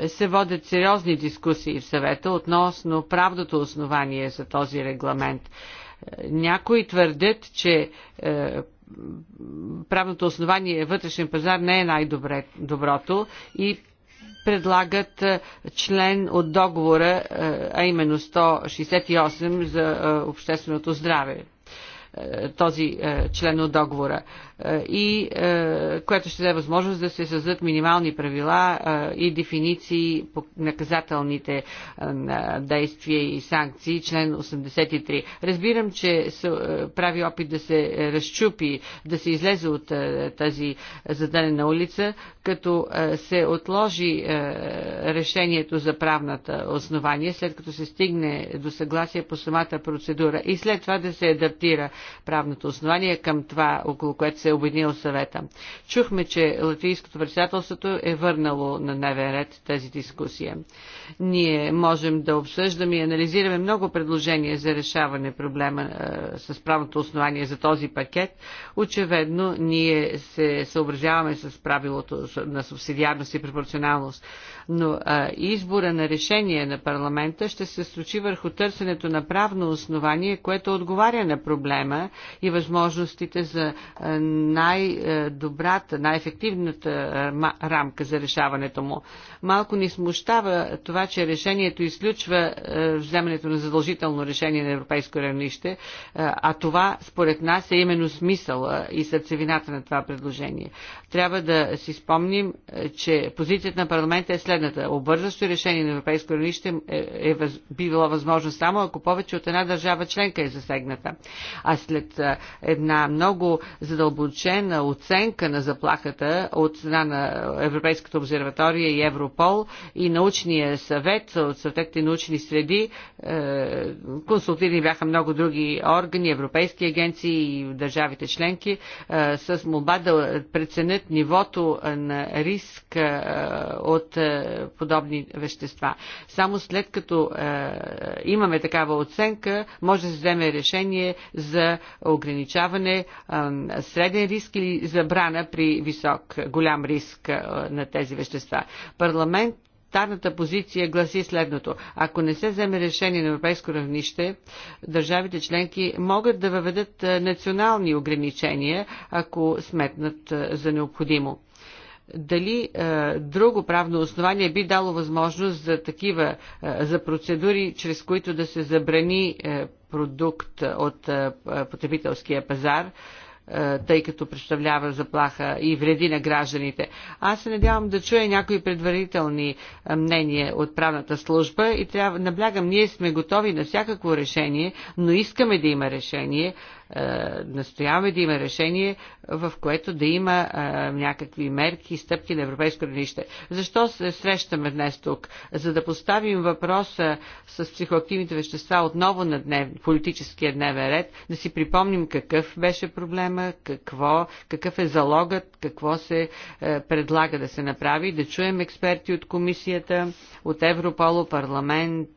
се водят сериозни дискусии в съвета относно правдото основание за този регламент. Някои твърдят, че е, правното основание е вътрешен пазар не е най-доброто и предлагат е, член от договора, а именно 168 за общественото здраве. Този член от договора и е, което ще даде възможност да се създадат минимални правила е, и дефиниции по наказателните е, действия и санкции, член 83. Разбирам, че се прави опит да се разчупи, да се излезе от тази зададена улица, като се отложи решението за правната основание, след като се стигне до съгласие по самата процедура и след това да се адаптира правното основание към това, около което се е обединил съвета. Чухме, че латвийското председателството е върнало на дневен ред тази дискусия. Ние можем да обсъждаме и анализираме много предложения за решаване проблема е, с правното основание за този пакет. Очевидно, ние се съобразяваме с правилото на субсидиарност и пропорционалност но а, избора на решение на парламента ще се случи върху търсенето на правно основание, което отговаря на проблема и възможностите за най-добрата, най-ефективната рамка за решаването му. Малко ни смущава това, че решението изключва вземането на задължително решение на европейско равнище, а това според нас е именно смисъл и сърцевината на това предложение. Трябва да си спомним, че позицията на парламента е след последната. Обвързващо решение на европейско равнище е, е, е би било възможно само ако повече от една държава членка е засегната. А след една много задълбочена оценка на заплахата от страна на Европейската обсерватория и Европол и научния съвет от съответните научни среди, е, консултирани бяха много други органи, европейски агенции и държавите членки е, с молба да преценят нивото на риск е, от подобни вещества. Само след като е, имаме такава оценка, може да се вземе решение за ограничаване е, среден риск или забрана при висок, голям риск е, на тези вещества. Парламент парламентарната позиция гласи следното. Ако не се вземе решение на европейско равнище, държавите членки могат да въведат национални ограничения, ако сметнат за необходимо дали е, друго правно основание би дало възможност за такива, е, за процедури, чрез които да се забрани е, продукт от потребителския пазар, тъй като представлява заплаха и вреди на гражданите. Аз се надявам да чуя някои предварителни мнения от правната служба и трябва, наблягам, ние сме готови на всякакво решение, но искаме да има решение. Е, настояваме да има решение, в което да има е, някакви мерки и стъпки на европейско равнище. Защо се срещаме днес тук? За да поставим въпроса с психоактивните вещества отново на днев, политическия дневен ред, да си припомним какъв беше проблема, какво, какъв е залогът, какво се е, предлага да се направи, да чуем експерти от комисията, от Европоло, парламент,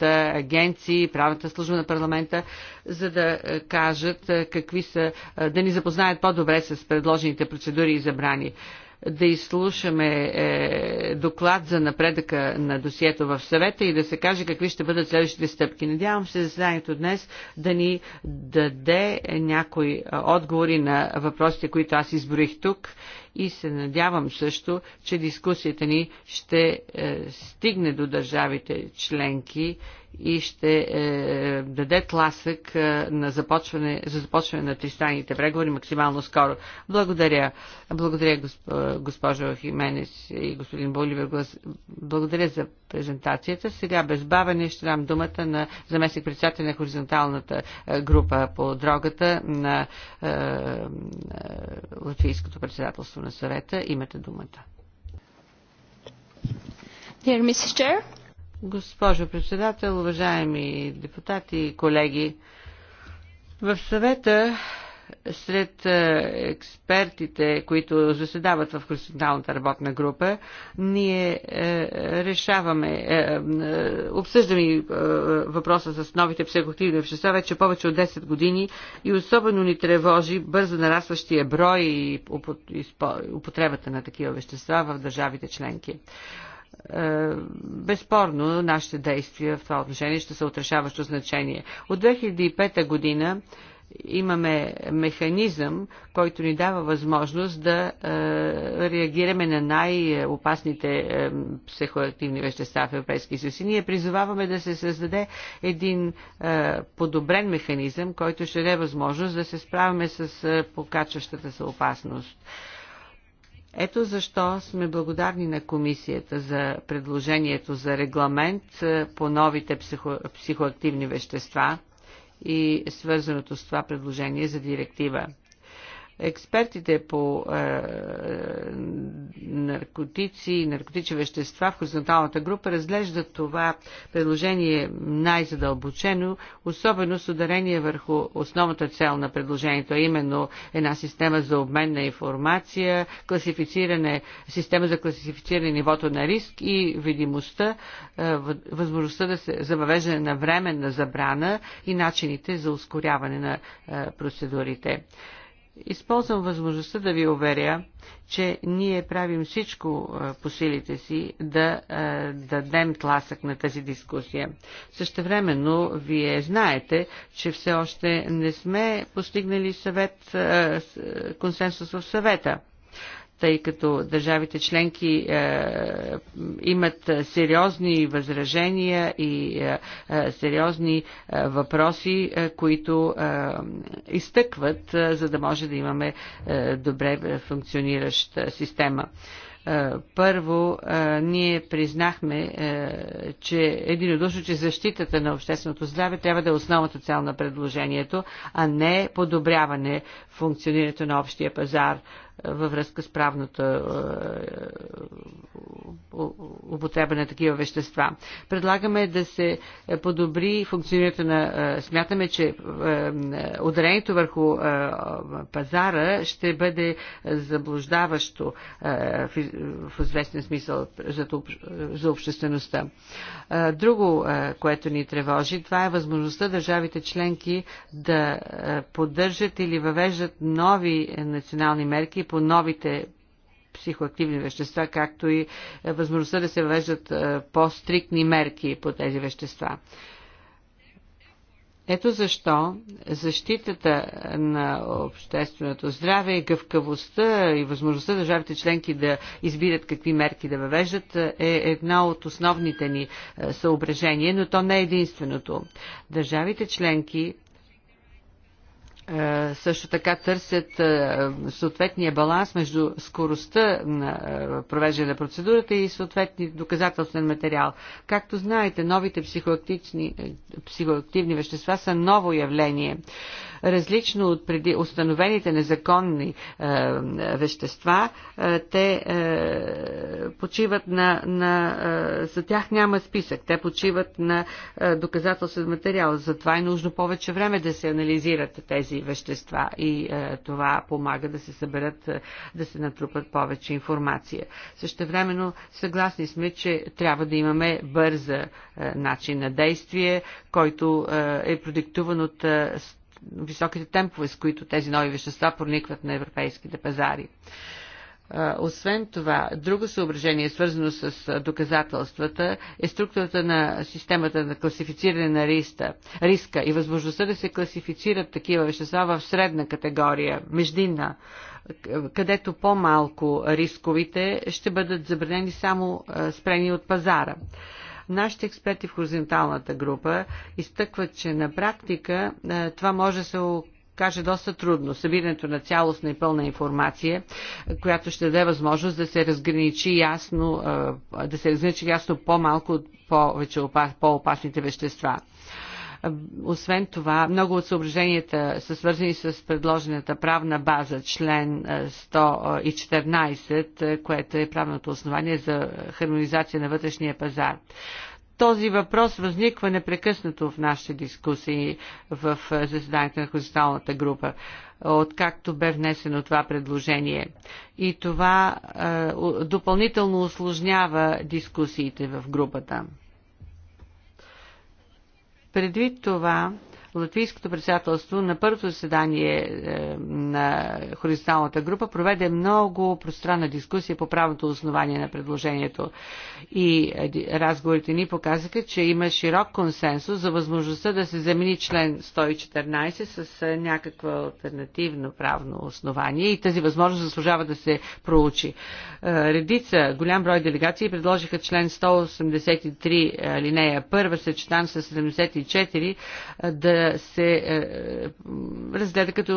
агенции, правната служба на парламента, за да кажат какви са, да ни запознаят по-добре с предложените процедури и забрани да изслушаме е, доклад за напредъка на досието в съвета и да се каже какви ще бъдат следващите стъпки. Надявам се заседанието днес да ни даде някои е, отговори на въпросите, които аз изброих тук и се надявам също, че дискусията ни ще е, стигне до държавите членки и ще е, даде тласък е, на започване, за започване на тристранните преговори максимално скоро. Благодаря. Благодаря, госп, госпожо Хименес и господин Боливер. Благодаря за презентацията. Сега без бавене ще дам думата на заместник председател на хоризонталната е, група по дрогата на е, е, Латвийското председателство на съвета. Имате думата. Dear Mrs. Chair, Госпожо председател, уважаеми депутати и колеги, в съвета сред е, експертите, които заседават в Конституционалната работна група, ние е, решаваме, е, обсъждаме въпроса с новите психоактивни вещества вече повече от 10 години и особено ни тревожи бързо нарастващия брой и употребата на такива вещества в държавите членки. Е, безспорно нашите действия в това отношение ще са отрешаващо значение. От 2005 година имаме механизъм, който ни дава възможност да е, реагираме на най-опасните е, психоактивни вещества в Европейския съюз. И ние призоваваме да се създаде един е, подобрен механизъм, който ще даде възможност да се справяме с е, покачващата се опасност. Е, ето защо сме благодарни на комисията за предложението за регламент е, по новите психо, психоактивни вещества и свързаното с това предложение за директива. Експертите по е, наркотици и наркотични вещества в хоризонталната група разглеждат това предложение най-задълбочено, особено с ударение върху основната цел на предложението, а именно една система за обмен на информация, класифициране, система за класифициране нивото на риск и видимостта, е, възможността да се, за въвеждане на временна забрана и начините за ускоряване на е, процедурите. Използвам възможността да ви уверя, че ние правим всичко по силите си да, да дадем тласък на тази дискусия. Същевременно, вие знаете, че все още не сме постигнали съвет, консенсус в съвета тъй като държавите членки е, имат сериозни възражения и е, е, сериозни е, въпроси, е, които е, изтъкват, е, за да може да имаме е, добре функционираща система. Е, първо, е, ние признахме, че единодушно, че защитата на общественото здраве трябва да е основната цел на предложението, а не подобряване функционирането на общия пазар във връзка с правната е, е, употреба на такива вещества. Предлагаме да се подобри функционирането на... Е, смятаме, че ударението върху пазара ще бъде заблуждаващо в известен смисъл за обществеността. Друго, което ни тревожи, това е възможността държавите членки да поддържат или въвеждат нови национални мерки мерки по новите психоактивни вещества, както и е, възможността да се въвеждат е, по-стриктни мерки по тези вещества. Ето защо защитата е, на общественото здраве, и гъвкавостта и възможността държавите членки да избират какви мерки да въвеждат е една от основните ни съображения, но то не е единственото. Държавите членки е, също така търсят е, съответния баланс между скоростта на е, провеждане на процедурата и съответни доказателствен материал. Както знаете, новите психоактивни вещества са ново явление. Различно от преди установените незаконни е, вещества, е, те е, почиват на, на е, за тях няма списък, те почиват на е, доказателствен материал. Затова е нужно повече време да се анализират тези тези вещества и е, това помага да се съберат, е, да се натрупат повече информация. Същевременно съгласни сме, че трябва да имаме бърза е, начин на действие, който е, е продиктуван от е, високите темпове, с които тези нови вещества проникват на европейските пазари. Е, освен това, друго съображение, свързано с доказателствата, е структурата на системата на класифициране на риска, риска и възможността да се класифицират такива вещества в средна категория, междинна, където по-малко рисковите ще бъдат забранени само спрени от пазара. Нашите експерти в хоризонталната група изтъкват, че на практика това може да се окаже доста трудно. Събирането на цялостна и пълна информация, която ще даде възможност да се разграничи ясно, да се разграничи ясно по-малко от повече по-опасните вещества. Освен това, много от съображенията са свързани с предложената правна база, член 114, което е правното основание за хармонизация на вътрешния пазар. Този въпрос възниква непрекъснато в нашите дискусии в заседанието на Конституционната група, откакто бе внесено това предложение. И това е, допълнително осложнява дискусиите в групата. Предвид това, Латвийското председателство на първото заседание е, на хоризонталната група проведе много пространна дискусия по правното основание на предложението. И е, разговорите ни показаха, че има широк консенсус за възможността да се замени член 114 с е, някакво альтернативно правно основание и тази възможност заслужава да се проучи. Редица, голям брой делегации предложиха член 183 линея 1, съчетан с 74 да се е, разгледа като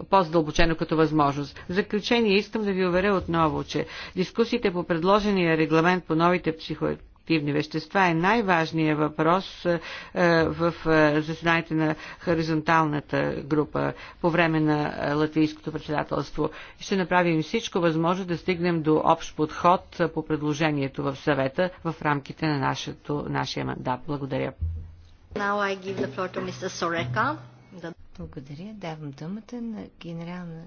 е, по-задълбочено като възможност. В заключение искам да ви уверя отново, че дискусиите по предложения регламент по новите психоактивни вещества е най-важният въпрос е, в заседанието на хоризонталната група по време на латвийското председателство. Ще направим всичко възможно да стигнем до общ подход по предложението в съвета в рамките на нашето, нашия мандат. Благодаря. The... Благодаря. Давам думата на генерална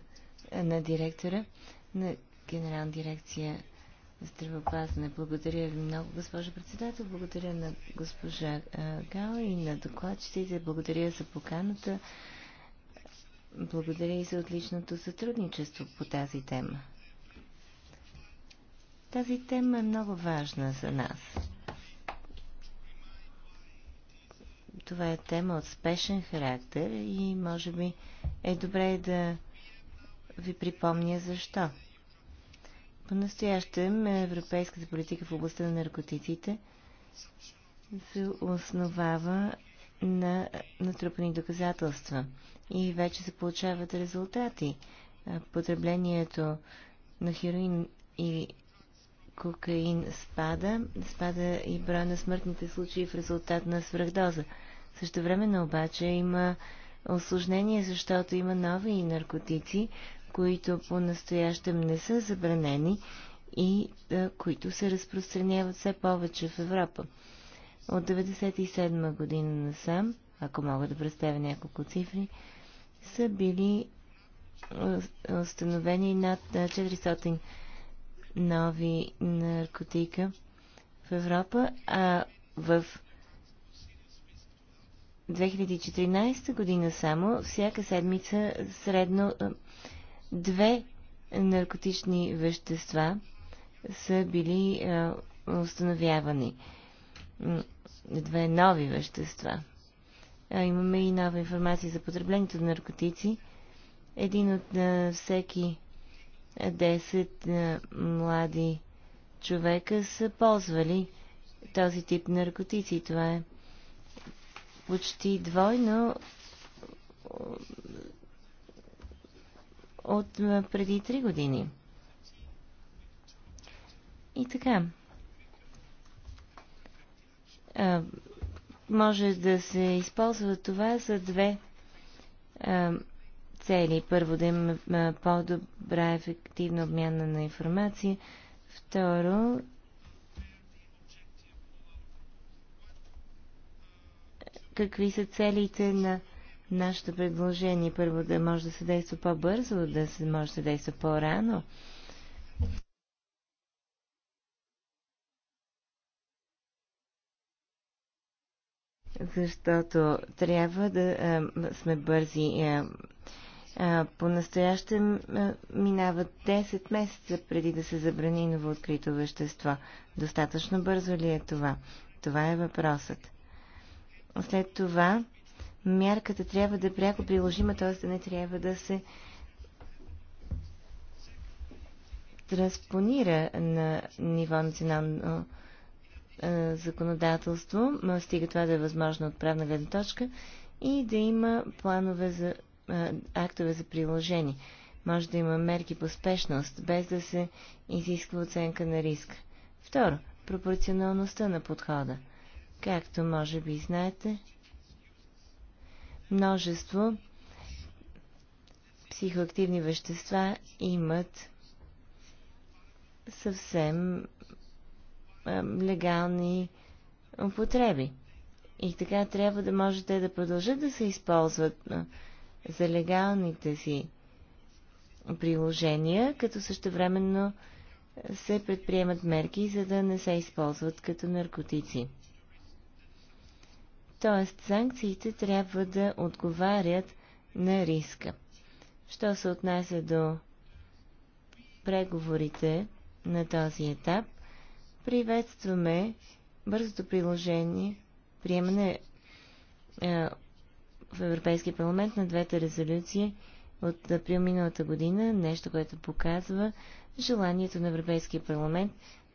на директора на генерална дирекция здравеопазване. Благодаря ви много, госпожа председател. Благодаря на госпожа Гала и на докладчиците. Благодаря за поканата. Благодаря и за отличното сътрудничество по тази тема. Тази тема е много важна за нас. това е тема от спешен характер и може би е добре да ви припомня защо. По-настоящем европейската политика в областта на наркотиците се основава на натрупани доказателства и вече се получават резултати. Потреблението на хероин и кокаин спада, спада и броя на смъртните случаи в резултат на свръхдоза. Също времено обаче има осложнение, защото има нови наркотици, които по-настоящем не са забранени и а, които се разпространяват все повече в Европа. От 1997 година насам, ако мога да представя няколко цифри, са били установени над 400 нови наркотика в Европа, а в 2014 година само всяка седмица средно две наркотични вещества са били установявани. Две нови вещества. Имаме и нова информация за потреблението на наркотици. Един от всеки 10 млади човека са ползвали този тип наркотици. Това е почти двойно от преди три години. И така. А, може да се използва това за две а, цели. Първо, да имаме по-добра ефективна обмяна на информация. Второ, какви са целите на нашето предложение. Първо да може да се действа по-бързо, да се може да се действа по-рано. Защото трябва да а, сме бързи. А, а, по-настоящем минават 10 месеца преди да се забрани ново открито вещество. Достатъчно бързо ли е това? Това е въпросът. След това мярката трябва да е пряко приложима, т.е. да не трябва да се транспонира на ниво национално законодателство, но стига това да е възможно от правна гледна точка и да има планове за актове за приложение. Може да има мерки по спешност, без да се изисква оценка на риск. Второ, пропорционалността на подхода – Както може би знаете, множество психоактивни вещества имат съвсем легални употреби. И така трябва да можете да продължат да се използват за легалните си приложения, като същевременно се предприемат мерки, за да не се използват като наркотици. Т.е. санкциите трябва да отговарят на риска. Що се отнася до преговорите на този етап, приветстваме бързото приложение, приемане е, в Европейския парламент на двете резолюции от април миналата година, нещо, което показва желанието на Европейския парламент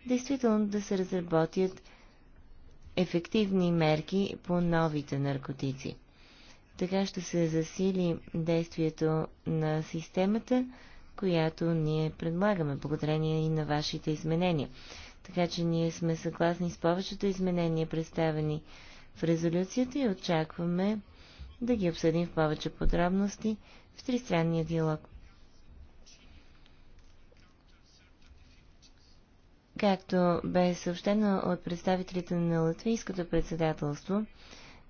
действително да се разработят ефективни мерки по новите наркотици. Така ще се засили действието на системата, която ние предлагаме, благодарение и на вашите изменения. Така че ние сме съгласни с повечето изменения, представени в резолюцията и очакваме да ги обсъдим в повече подробности в тристранния диалог Както бе съобщено от представителите на Латвийското председателство,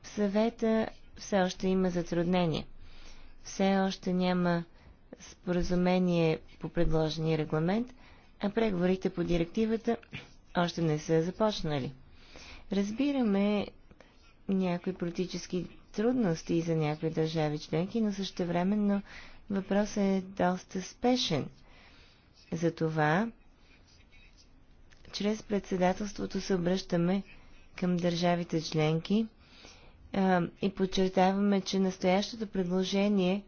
в съвета все още има затруднения. Все още няма споразумение по предложения регламент, а преговорите по директивата още не са започнали. Разбираме някои политически трудности за някои държави членки, но същевременно въпросът е доста спешен. Затова чрез председателството се обръщаме към държавите членки а, и подчертаваме, че настоящото предложение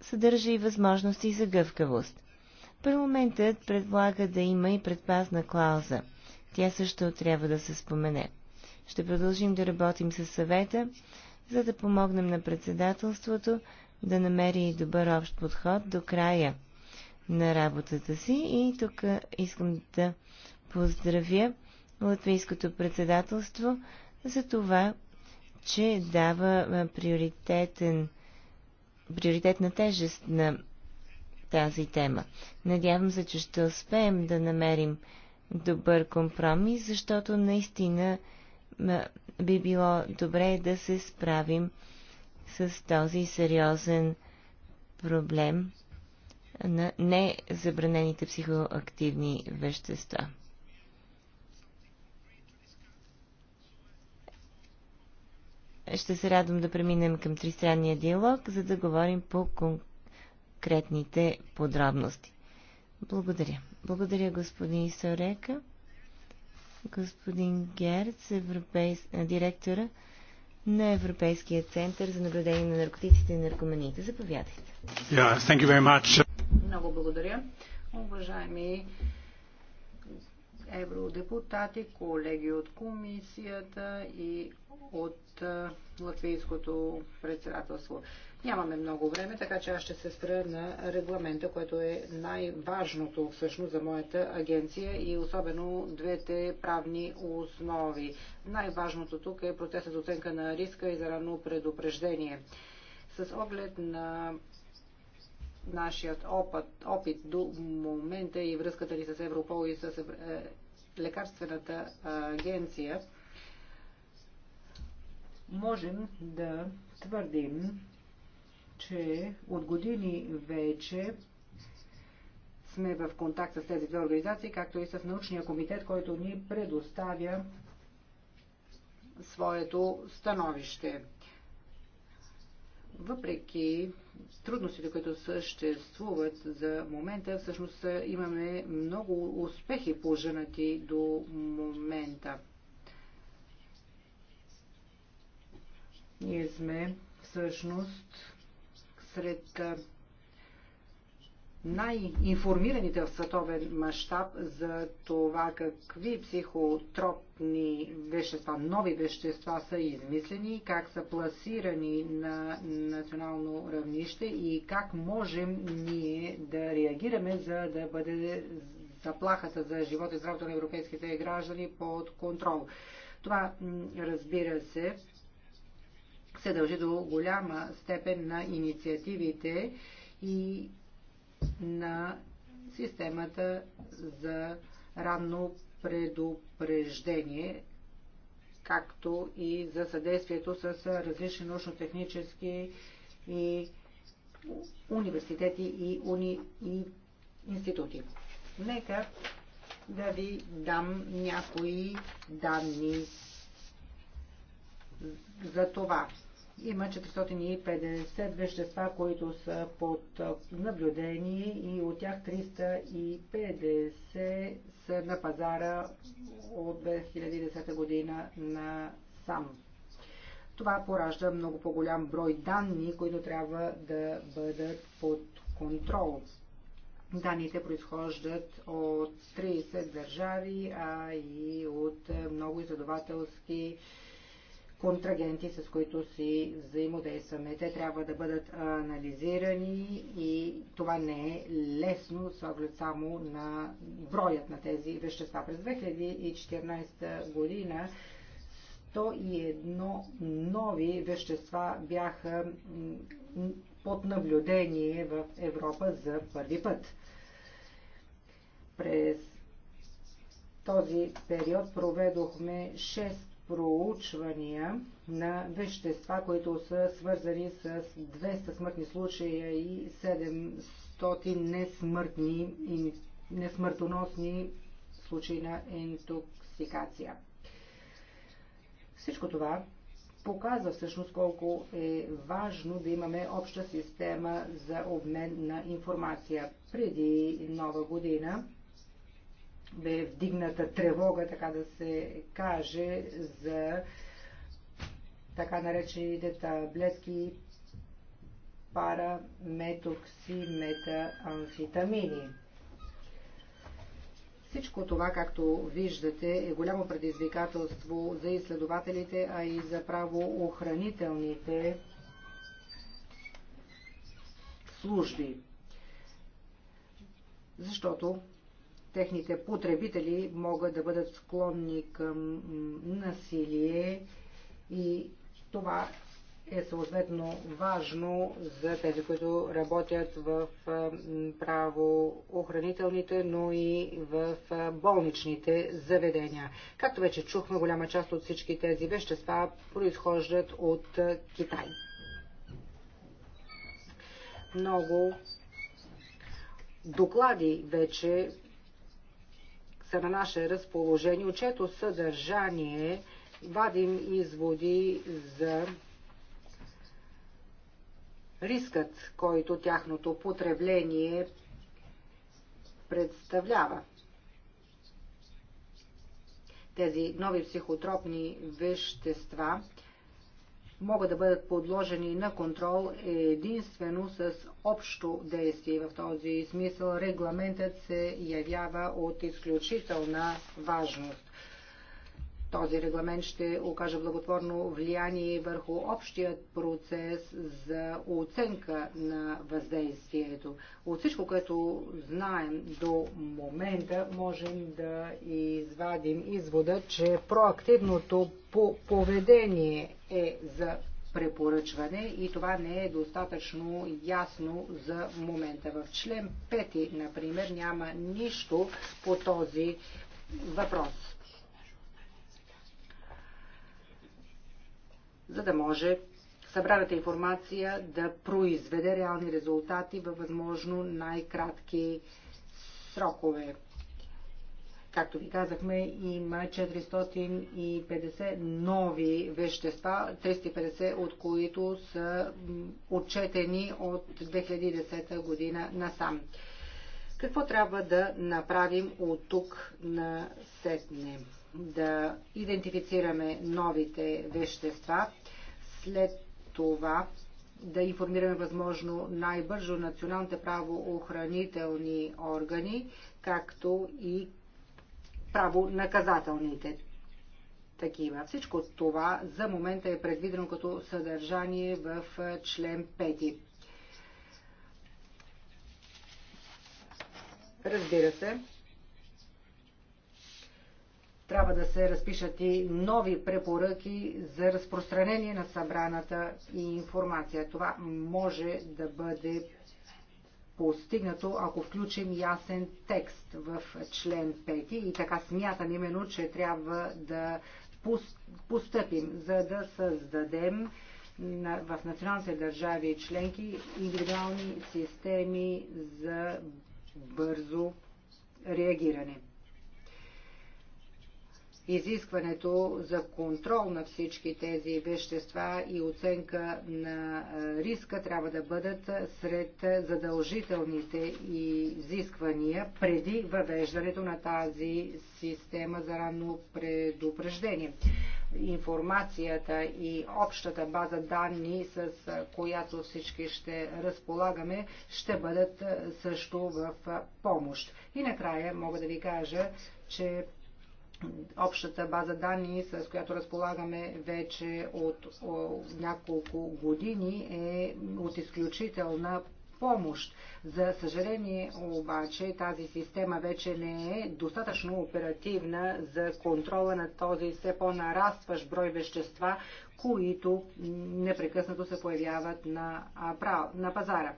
съдържа и възможности за гъвкавост. Парламентът предлага да има и предпазна клауза. Тя също трябва да се спомене. Ще продължим да работим със съвета, за да помогнем на председателството да намери добър общ подход до края на работата си. И тук искам да поздравя Латвийското председателство за това, че дава приоритетен, приоритетна тежест на тази тема. Надявам се, че ще успеем да намерим добър компромис, защото наистина би било добре да се справим с този сериозен проблем на незабранените психоактивни вещества. Ще се радвам да преминем към тристранния диалог, за да говорим по конкретните подробности. Благодаря. Благодаря, господин Сорека, господин Герц, европейс... директора на Европейския център за наблюдение на наркотиците и наркоманиите. Заповядайте. Yeah, много благодаря. Уважаеми евродепутати, колеги от комисията и от латвийското председателство. Нямаме много време, така че аз ще се спра на регламента, което е най-важното всъщност за моята агенция и особено двете правни основи. Най-важното тук е процесът за оценка на риска и за рано предупреждение. С оглед на нашият опит, опит до момента и връзката ни с Европол и с е, лекарствената агенция, можем да твърдим, че от години вече сме в контакт с тези две организации, както и с научния комитет, който ни предоставя своето становище въпреки трудностите, които съществуват за момента, всъщност имаме много успехи поженати до момента. Ние сме всъщност сред най-информираните в световен мащаб за това какви психотропни вещества, нови вещества са измислени, как са пласирани на национално равнище и как можем ние да реагираме, за да бъде заплахата за живота и здравето на европейските граждани под контрол. Това, разбира се, се дължи до голяма степен на инициативите и на системата за ранно предупреждение, както и за съдействието с различни научно-технически и университети и, уни, и институти. Нека да ви дам някои данни за това. Има 450 вещества, които са под наблюдение и от тях 350 са на пазара от 2010 година на сам. Това поражда много по-голям брой данни, които трябва да бъдат под контрол. Данните произхождат от 30 държави, а и от много изследователски контрагенти, с които си взаимодействаме. Те трябва да бъдат анализирани и това не е лесно с оглед само на броят на тези вещества. През 2014 година 101 нови вещества бяха под наблюдение в Европа за първи път. През този период проведохме 6 проучвания на вещества, които са свързани с 200 смъртни случая и 700 несмъртни и несмъртоносни случаи на интоксикация. Всичко това показва всъщност колко е важно да имаме обща система за обмен на информация. Преди нова година бе вдигната тревога, така да се каже, за така наречените таблетки пара, параметоксиметамфетамини. Всичко това, както виждате, е голямо предизвикателство за изследователите, а и за правоохранителните служби. Защото техните потребители могат да бъдат склонни към насилие и това е съответно важно за тези, които работят в правоохранителните, но и в болничните заведения. Както вече чухме, голяма част от всички тези вещества произхождат от Китай. Много доклади вече са на наше разположение, от чето съдържание вадим изводи за рискът, който тяхното потребление представлява. Тези нови психотропни вещества – могат да бъдат подложени на контрол единствено с общо действие. В този смисъл регламентът се явява от изключителна важност. Този регламент ще окаже благотворно влияние върху общият процес за оценка на въздействието. От всичко, което знаем до момента, можем да извадим извода, че проактивното поведение е за препоръчване и това не е достатъчно ясно за момента. В член 5, например, няма нищо по този въпрос. за да може събраната информация да произведе реални резултати във възможно най-кратки срокове. Както ви казахме, има 450 нови вещества, 350 от които са отчетени от 2010 година насам. Какво трябва да направим от тук на сетне? да идентифицираме новите вещества, след това да информираме възможно най-бързо националните правоохранителни органи, както и правонаказателните такива. Всичко това за момента е предвидено като съдържание в член 5. Разбира се, трябва да се разпишат и нови препоръки за разпространение на събраната и информация. Това може да бъде постигнато, ако включим ясен текст в член 5 и така смятам именно, че трябва да постъпим, за да създадем в националните държави и членки индивидуални системи за бързо реагиране изискването за контрол на всички тези вещества и оценка на риска трябва да бъдат сред задължителните изисквания преди въвеждането на тази система за ранно предупреждение. Информацията и общата база данни, с която всички ще разполагаме, ще бъдат също в помощ. И накрая мога да ви кажа, че общата база данни, с която разполагаме вече от няколко години, е от изключителна помощ. За съжаление обаче тази система вече не е достатъчно оперативна за контрола на този все по-нарастващ брой вещества, които непрекъснато се появяват на пазара.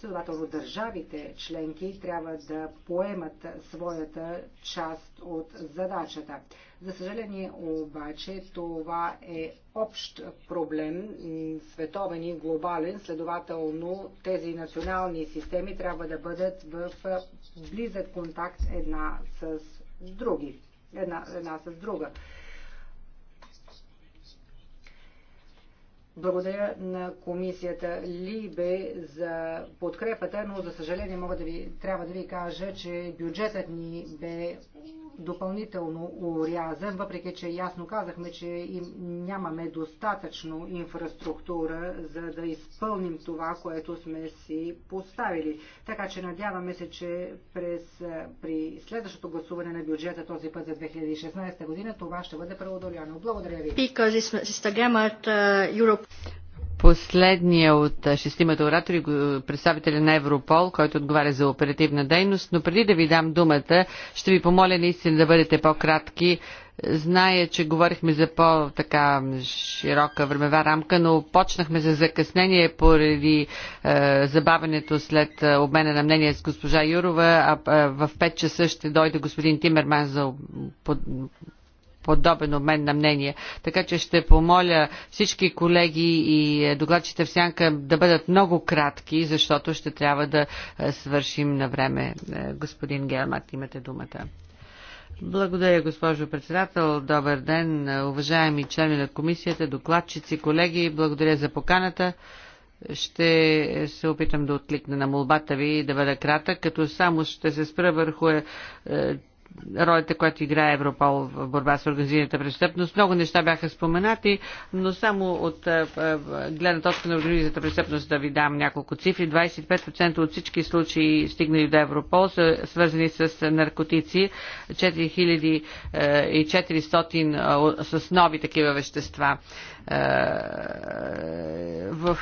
Следователно, държавите членки трябва да поемат своята част от задачата. За съжаление обаче това е общ проблем, световен и глобален, следователно тези национални системи трябва да бъдат в близък контакт една с други, една, една с друга. Благодаря на комисията Либе за подкрепата, но за съжаление мога да ви, трябва да ви кажа, че бюджетът ни бе допълнително урязан, въпреки че ясно казахме, че им нямаме достатъчно инфраструктура, за да изпълним това, което сме си поставили. Така че надяваме се, че през, при следващото гласуване на бюджета този път за 2016 година това ще бъде преодоляно. Благодаря ви последния от шестимата оратори, представителя на Европол, който отговаря за оперативна дейност, но преди да ви дам думата, ще ви помоля наистина да бъдете по-кратки. Зная, че говорихме за по-така широка времева рамка, но почнахме за закъснение поради е, забавенето след е, обмена на мнение с госпожа Юрова, а а е, в 5 часа ще дойде господин Тимерман за под, подобен обмен на мнение. Така че ще помоля всички колеги и е, докладчите в сянка да бъдат много кратки, защото ще трябва да е, свършим на време. Е, господин Гелмат, имате думата. Благодаря, госпожо председател. Добър ден, уважаеми члени на комисията, докладчици, колеги. Благодаря за поканата. Ще се опитам да откликна на молбата ви и да бъда кратък, като само ще се спра върху е, ролята, която играе Европол в борба с организираната престъпност. Много неща бяха споменати, но само от е, е, гледна точка на организираната престъпност да ви дам няколко цифри. 25% от всички случаи, стигнали до Европол, са свързани с наркотици. 4400 е, с нови такива вещества. В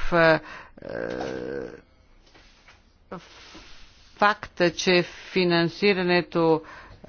факта, че финансирането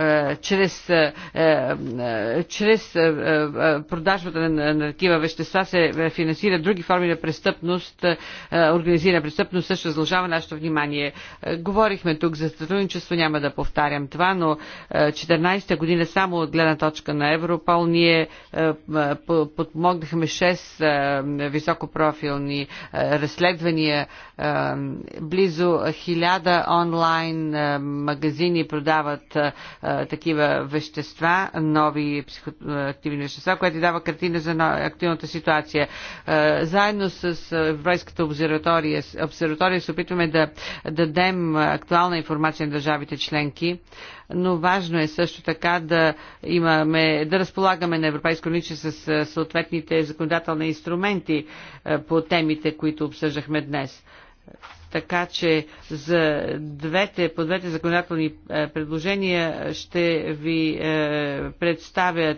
Е, чрез, е, е, чрез продажбата на такива вещества се финансират други форми на престъпност, организирана престъпност също заслужава нашето внимание. Говорихме тук за сътрудничество, няма да повтарям това, но 14-та година само от гледна точка на Европол ние подмогнахме 6 високопрофилни разследвания, близо 1000 онлайн магазини продават такива вещества, нови психоактивни вещества, което дава картина за активната ситуация. Заедно с Европейската обсерватория, обсерватория се опитваме да дадем актуална информация на държавите членки но важно е също така да имаме, да разполагаме на европейско ниче с съответните законодателни инструменти по темите, които обсъждахме днес така че за двете, по двете законодателни е, предложения ще ви е, представя е,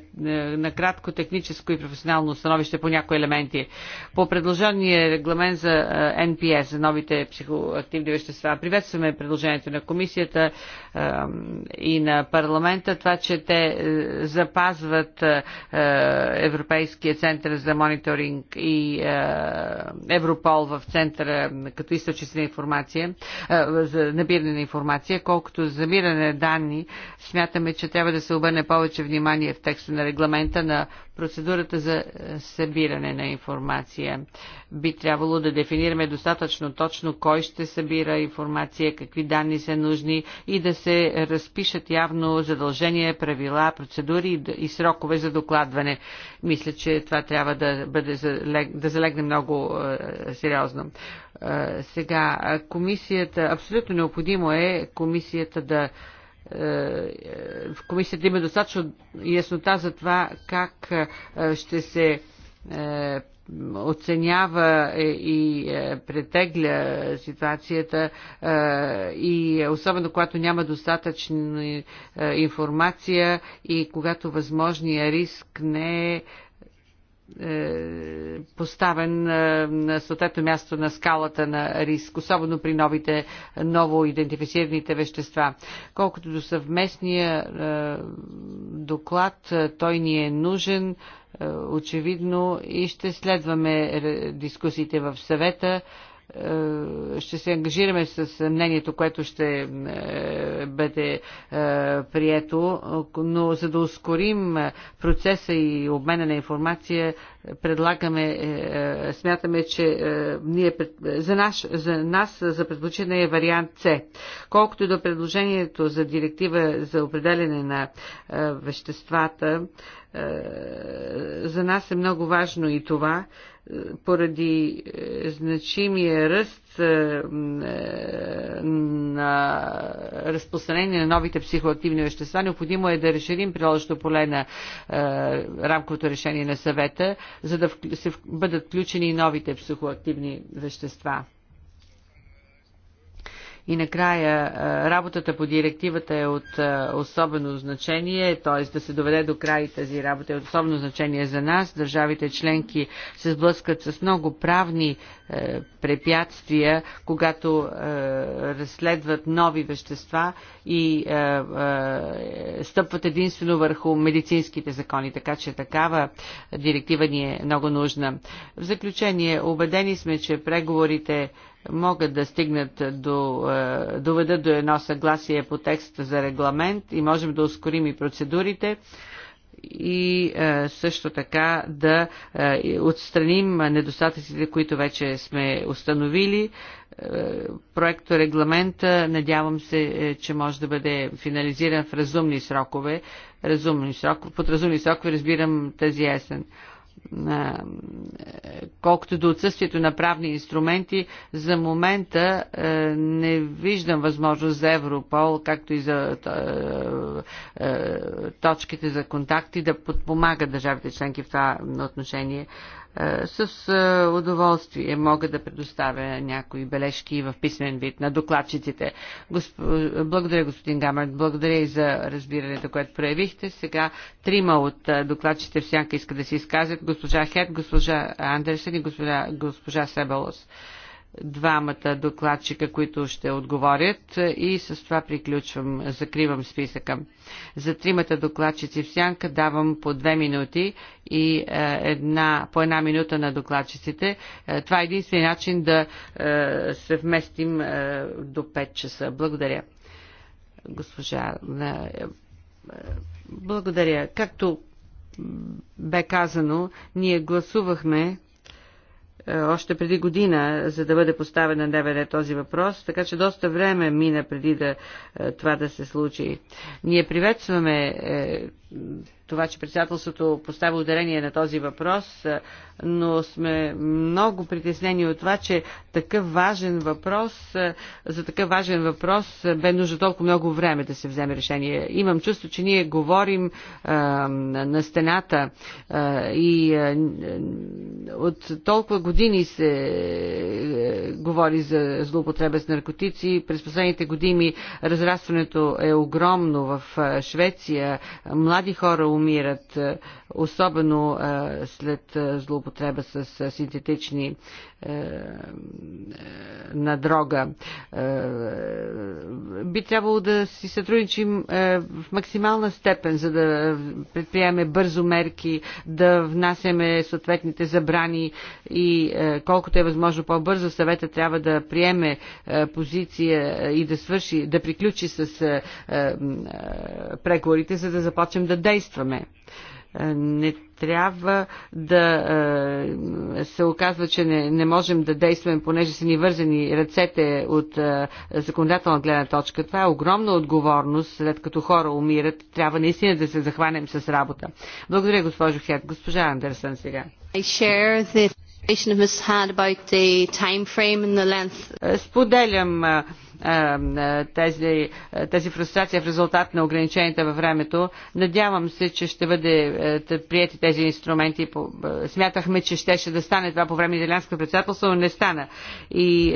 накратко техническо и професионално становище по някои елементи. По предложения регламент за NPS, за новите психоактивни вещества, приветстваме предложението на комисията и на парламента, това, че те запазват Европейския център за мониторинг и Европол в центъра като източници на информация, за набиране на информация, колкото за забиране на данни, смятаме, че трябва да се обърне повече внимание в текста на регламента на процедурата за е, събиране на информация. Би трябвало да дефинираме достатъчно точно кой ще събира информация, какви данни са нужни и да се разпишат явно задължения, правила, процедури и срокове за докладване. Мисля, че това трябва да, бъде, да залегне много е, сериозно. Сега, комисията, абсолютно необходимо е комисията да в е, комисията има достатъчно яснота за това как ще се е, оценява е, и претегля ситуацията и особено когато няма достатъчна информация и когато възможния риск не е е, поставен е, на съответно място на скалата на риск, особено при новите, ново идентифицираните вещества. Колкото до съвместния е, доклад, е, той ни е нужен е, очевидно и ще следваме дискусиите в съвета е, ще се ангажираме с мнението, което ще е, бъде е, прието, но за да ускорим процеса и обмена на информация, предлагаме, смятаме, че ние, за, наш, за нас за предпочитане е вариант С. Колкото и до предложението за директива за определене на веществата, за нас е много важно и това, поради е, значимия ръст е, е, на разпространение на новите психоактивни вещества, необходимо е да разширим приложното поле на рамковото решение на съвета, за да се бъдат включени и новите психоактивни вещества. И накрая работата по директивата е от особено значение, т.е. да се доведе до край тази работа е от особено значение за нас. Държавите членки се сблъскат с много правни е, препятствия, когато е, разследват нови вещества и е, стъпват единствено върху медицинските закони, така че такава директива ни е много нужна. В заключение, убедени сме, че преговорите могат да стигнат до, е, доведат до едно съгласие по текста за регламент и можем да ускорим и процедурите и е, също така да е, отстраним недостатъците, които вече сме установили. Проекто регламента, надявам се, че може да бъде финализиран в разумни срокове. Разумни срокове. Под разумни срокове разбирам тази есен. Е, колкото до отсъствието на правни инструменти, за момента е, не виждам възможност за Европол, както и за е, точките за контакти да подпомагат държавите членки в това отношение. Е, с е, удоволствие мога да предоставя някои бележки в писмен вид на докладчиците. Госп... Благодаря, господин Гамърт. Благодаря и за разбирането, което проявихте. Сега трима от е, докладчите всяка иска да се изказват. Госпожа Хет, госпожа Андерсен и госпожа, госпожа Себелос двамата докладчика, които ще отговорят и с това приключвам, закривам списъка. За тримата докладчици в сянка давам по две минути и е, една, по една минута на докладчиците. Е, това е единствен начин да е, се вместим до 5 часа. Благодаря. Госпожа, благодаря. Както бе казано, ние гласувахме е, още преди година, за да бъде поставен на ДВД този въпрос, така че доста време мина преди да, е, това да се случи. Ние приветстваме е, това, че председателството поставя ударение на този въпрос, но сме много притеснени от това, че такъв важен въпрос, за такъв важен въпрос бе нужда толкова много време да се вземе решение. Имам чувство, че ние говорим а, на стената а, и а, от толкова години се а, е, говори за злоупотреба с наркотици. През последните години разрастването е огромно в Швеция. Млади хора умират особено след злоупотреба с синтетични на дрога. Би трябвало да си сътрудничим в максимална степен, за да предприеме бързо мерки, да внасяме съответните забрани и колкото е възможно по-бързо съвета трябва да приеме позиция и да свърши, да приключи с преговорите, за да започнем да действаме. Е, не трябва да е, се оказва, че не, не можем да действаме, понеже са ни вързани ръцете от е, законодателна гледна точка. Това е огромна отговорност, след като хора умират. Трябва наистина да се захванем с работа. Благодаря, госпожо Хет. Госпожа Андерсън сега. Споделям тези, тази фрустрация в резултат на ограниченията във времето. Надявам се, че ще бъде прияти тези инструменти. Смятахме, че ще ще да стане това по време на италианското председателство, но не стана. И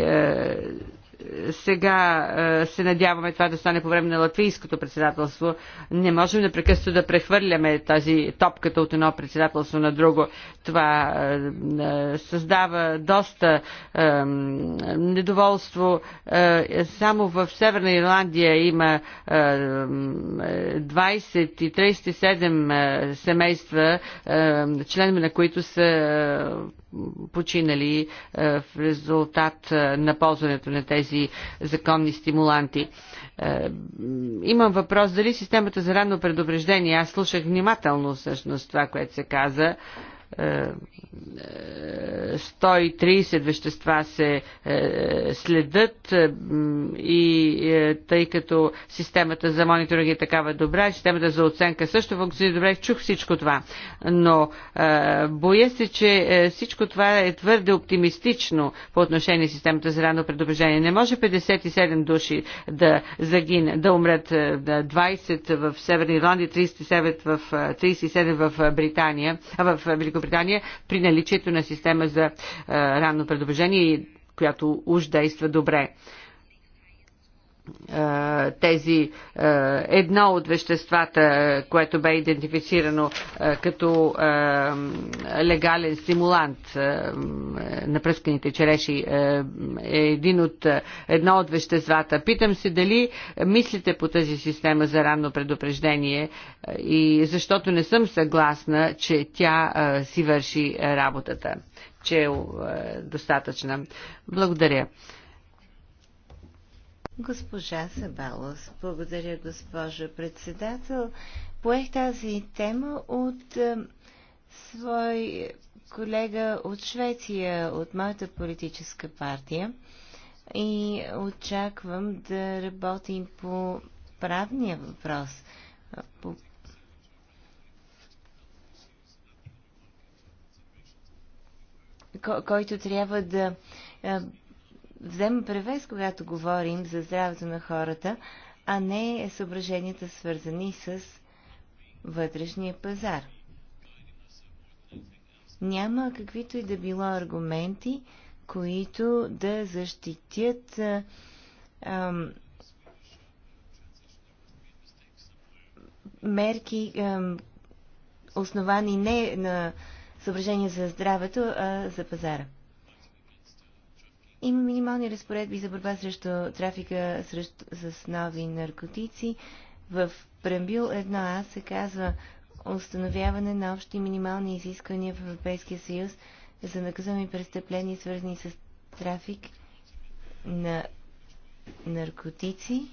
сега е, се надяваме това да стане по време на латвийското председателство. Не можем непрекъснато да прехвърляме тази топката от едно председателство на друго. Това е, е, създава доста недоволство. Само в Северна Ирландия има 20 и 37 семейства, членове на които са починали е, в резултат е, на ползването на тези законни стимуланти. Е, имам въпрос дали системата за ранно предупреждение, аз слушах внимателно всъщност това, което се каза, 130 е, е, вещества се е, следят и тъй като системата за мониторинг е такава добра, системата за оценка също функционира добре, чух всичко това. Но боя се, че всичко това е твърде оптимистично по отношение на системата за рано предупреждение. Не може 57 души да загине, да умрат 20 в Северна Ирландия, 37 в, 37 в Британия, в Великобритания Великобритания при наличието на система за ранно предупреждение, която уж действа добре тези едно от веществата, което бе идентифицирано като легален стимулант на пръсканите череши е един от, едно от веществата. Питам се дали мислите по тази система за ранно предупреждение и защото не съм съгласна, че тя си върши работата, че е достатъчна. Благодаря. Госпожа Сабалос, благодаря госпожа председател. Поех тази тема от е, свой колега от Швеция, от моята политическа партия и очаквам да работим по правния въпрос. По... който трябва да е, взема превес, когато говорим за здравето на хората, а не съображенията свързани с вътрешния пазар. Няма каквито и да било аргументи, които да защитят ам, мерки, ам, основани не на съображения за здравето, а за пазара. Има минимални разпоредби за борба срещу трафика срещу, с нови наркотици. В прембил 1А се казва установяване на общи минимални изисквания в Европейския съюз за наказуеми престъпления, свързани с трафик на наркотици,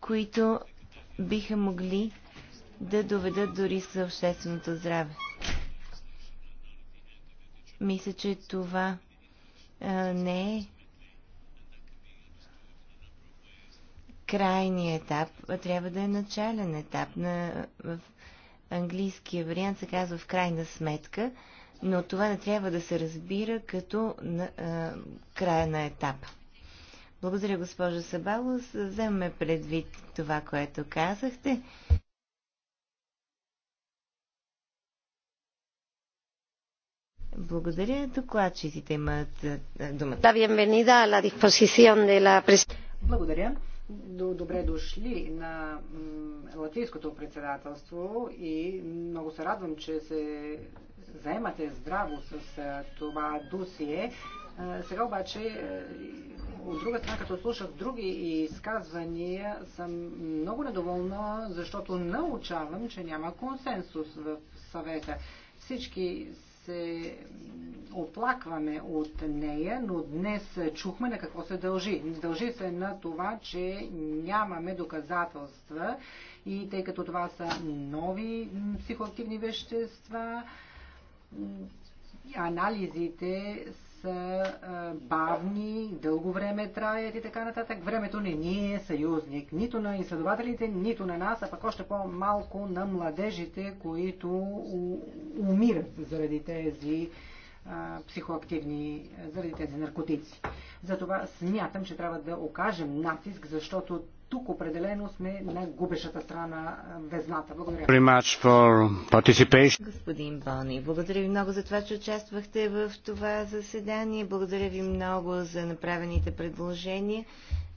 които биха могли да доведат дори риск за общественото здраве. Мисля, че това не е крайният етап, а трябва да е начален етап. На, в английския вариант се казва в крайна сметка, но това не трябва да се разбира като на, а, края на етап. Благодаря, госпожа Сабалос. Вземаме предвид това, което казахте. Благодаря. Докладчиците имат е, е, думата. Благодаря. Добре дошли на латвийското председателство и много се радвам, че се заемате здраво с е, това досие. Сега обаче, от друга страна, като слушах други изказвания, съм много недоволна, защото научавам, че няма консенсус в съвета. Всички се оплакваме от нея, но днес чухме на какво се дължи. Дължи се на това, че нямаме доказателства и тъй като това са нови психоактивни вещества, анализите са бавни, дълго време траят и така нататък. Времето не ни е съюзник, нито на изследователите, нито на нас, а пък още по-малко на младежите, които умират заради тези психоактивни, заради тези наркотици. Затова смятам, че трябва да окажем натиск, защото тук определено сме на губещата страна везната. Благодаря. Господин Бони, благодаря ви много за това, че участвахте в това заседание. Благодаря ви много за направените предложения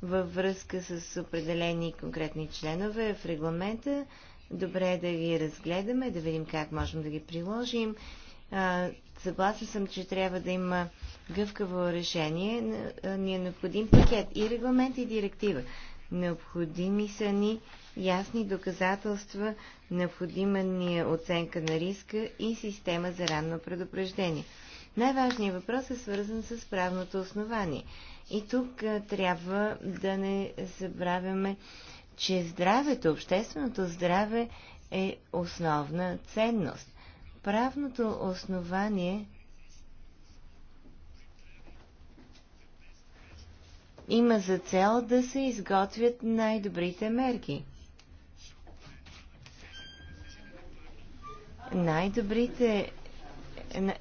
във връзка с определени конкретни членове в регламента. Добре е да ги разгледаме, да видим как можем да ги приложим. Съгласна съм, че трябва да има гъвкаво решение. Ни е необходим пакет и регламент и директива. Необходими са ни ясни доказателства, необходима ни е оценка на риска и система за ранно предупреждение. Най-важният въпрос е свързан с правното основание. И тук трябва да не забравяме, че здравето, общественото здраве е основна ценност. Правното основание има за цел да се изготвят най-добрите мерки. Най-добрите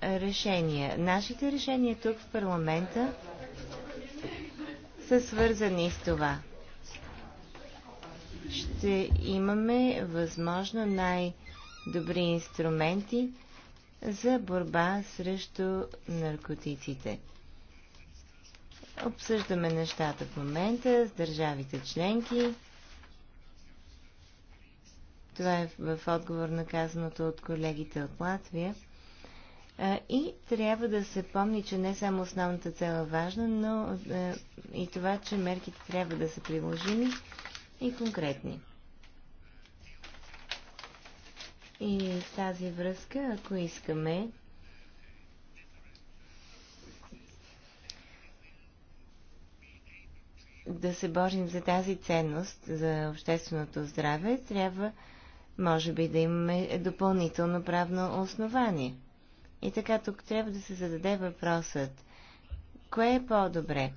решения. Нашите решения тук в парламента са свързани с това. Ще имаме възможно най-добри инструменти за борба срещу наркотиците. Обсъждаме нещата в момента с държавите членки. Това е в отговор на казаното от колегите от Латвия. И трябва да се помни, че не само основната цел е важна, но и това, че мерките трябва да са приложими и конкретни. И в тази връзка, ако искаме да се борим за тази ценност за общественото здраве, трябва, може би, да имаме допълнително правно основание. И така тук трябва да се зададе въпросът, кое е по-добре?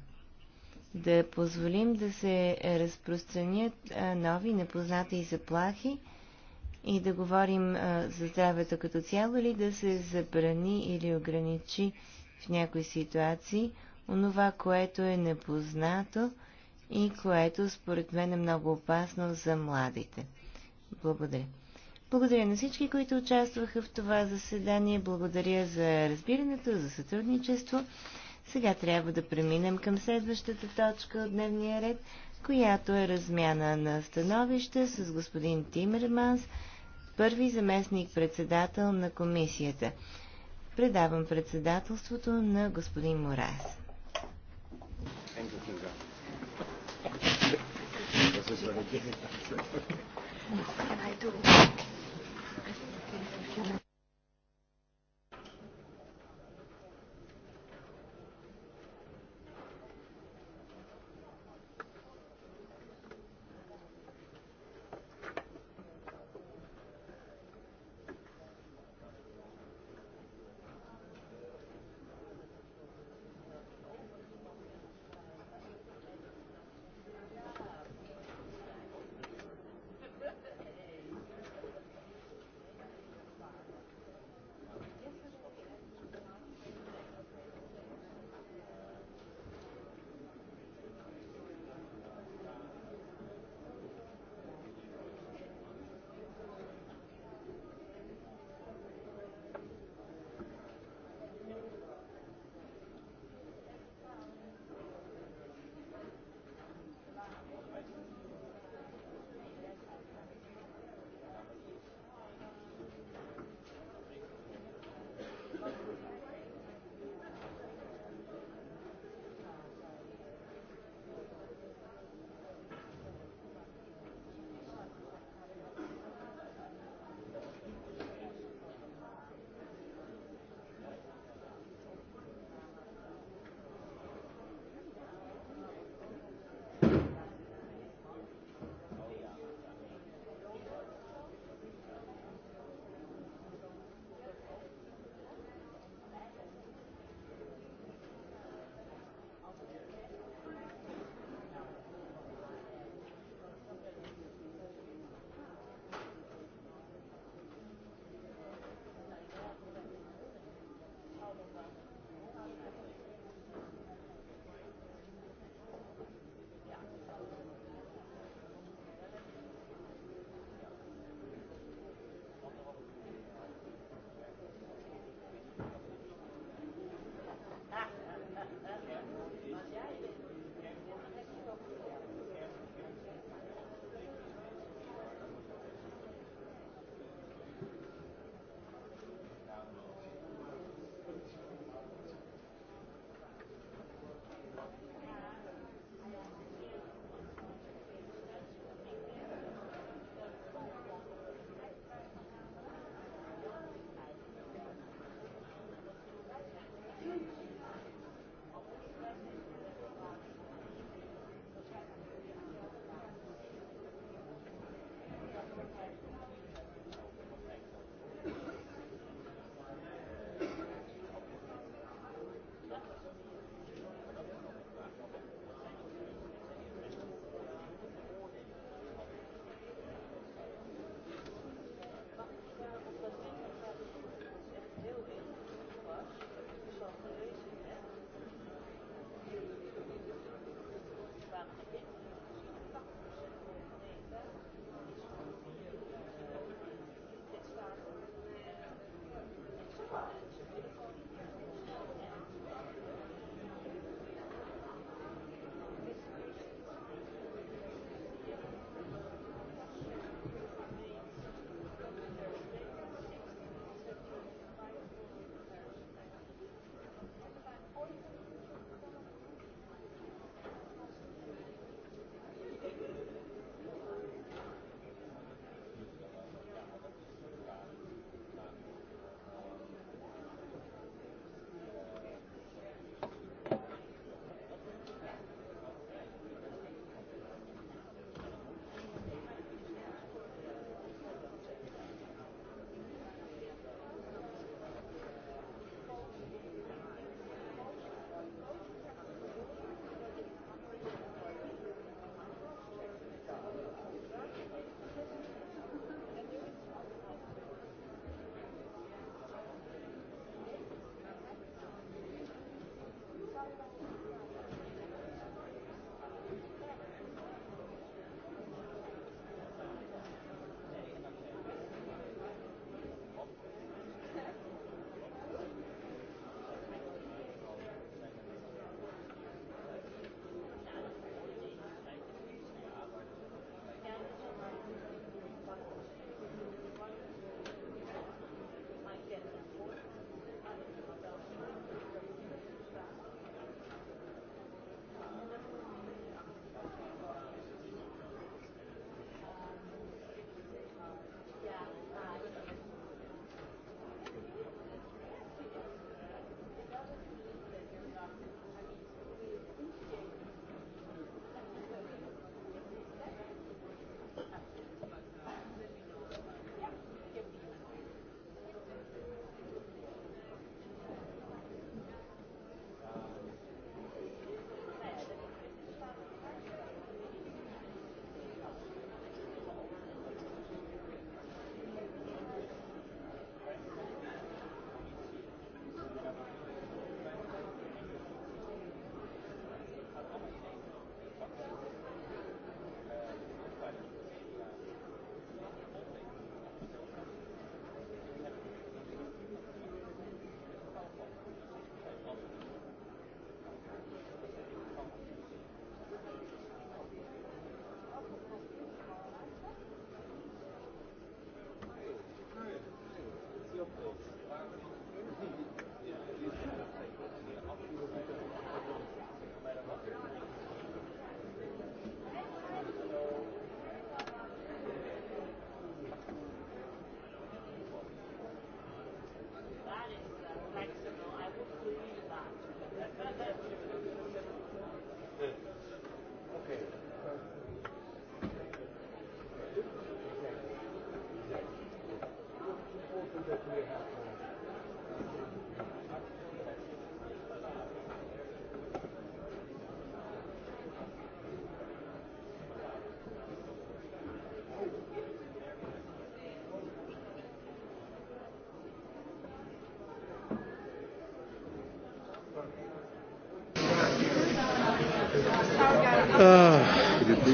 Да позволим да се разпространят нови, непознати заплахи и да говорим за здравето като цяло или да се забрани или ограничи в някои ситуации онова, което е непознато – и което според мен е много опасно за младите. Благодаря. Благодаря на всички, които участваха в това заседание. Благодаря за разбирането, за сътрудничество. Сега трябва да преминем към следващата точка от дневния ред, която е размяна на становища с господин Тимерманс, първи заместник председател на комисията. Предавам председателството на господин Морас. Thank you. What can I do?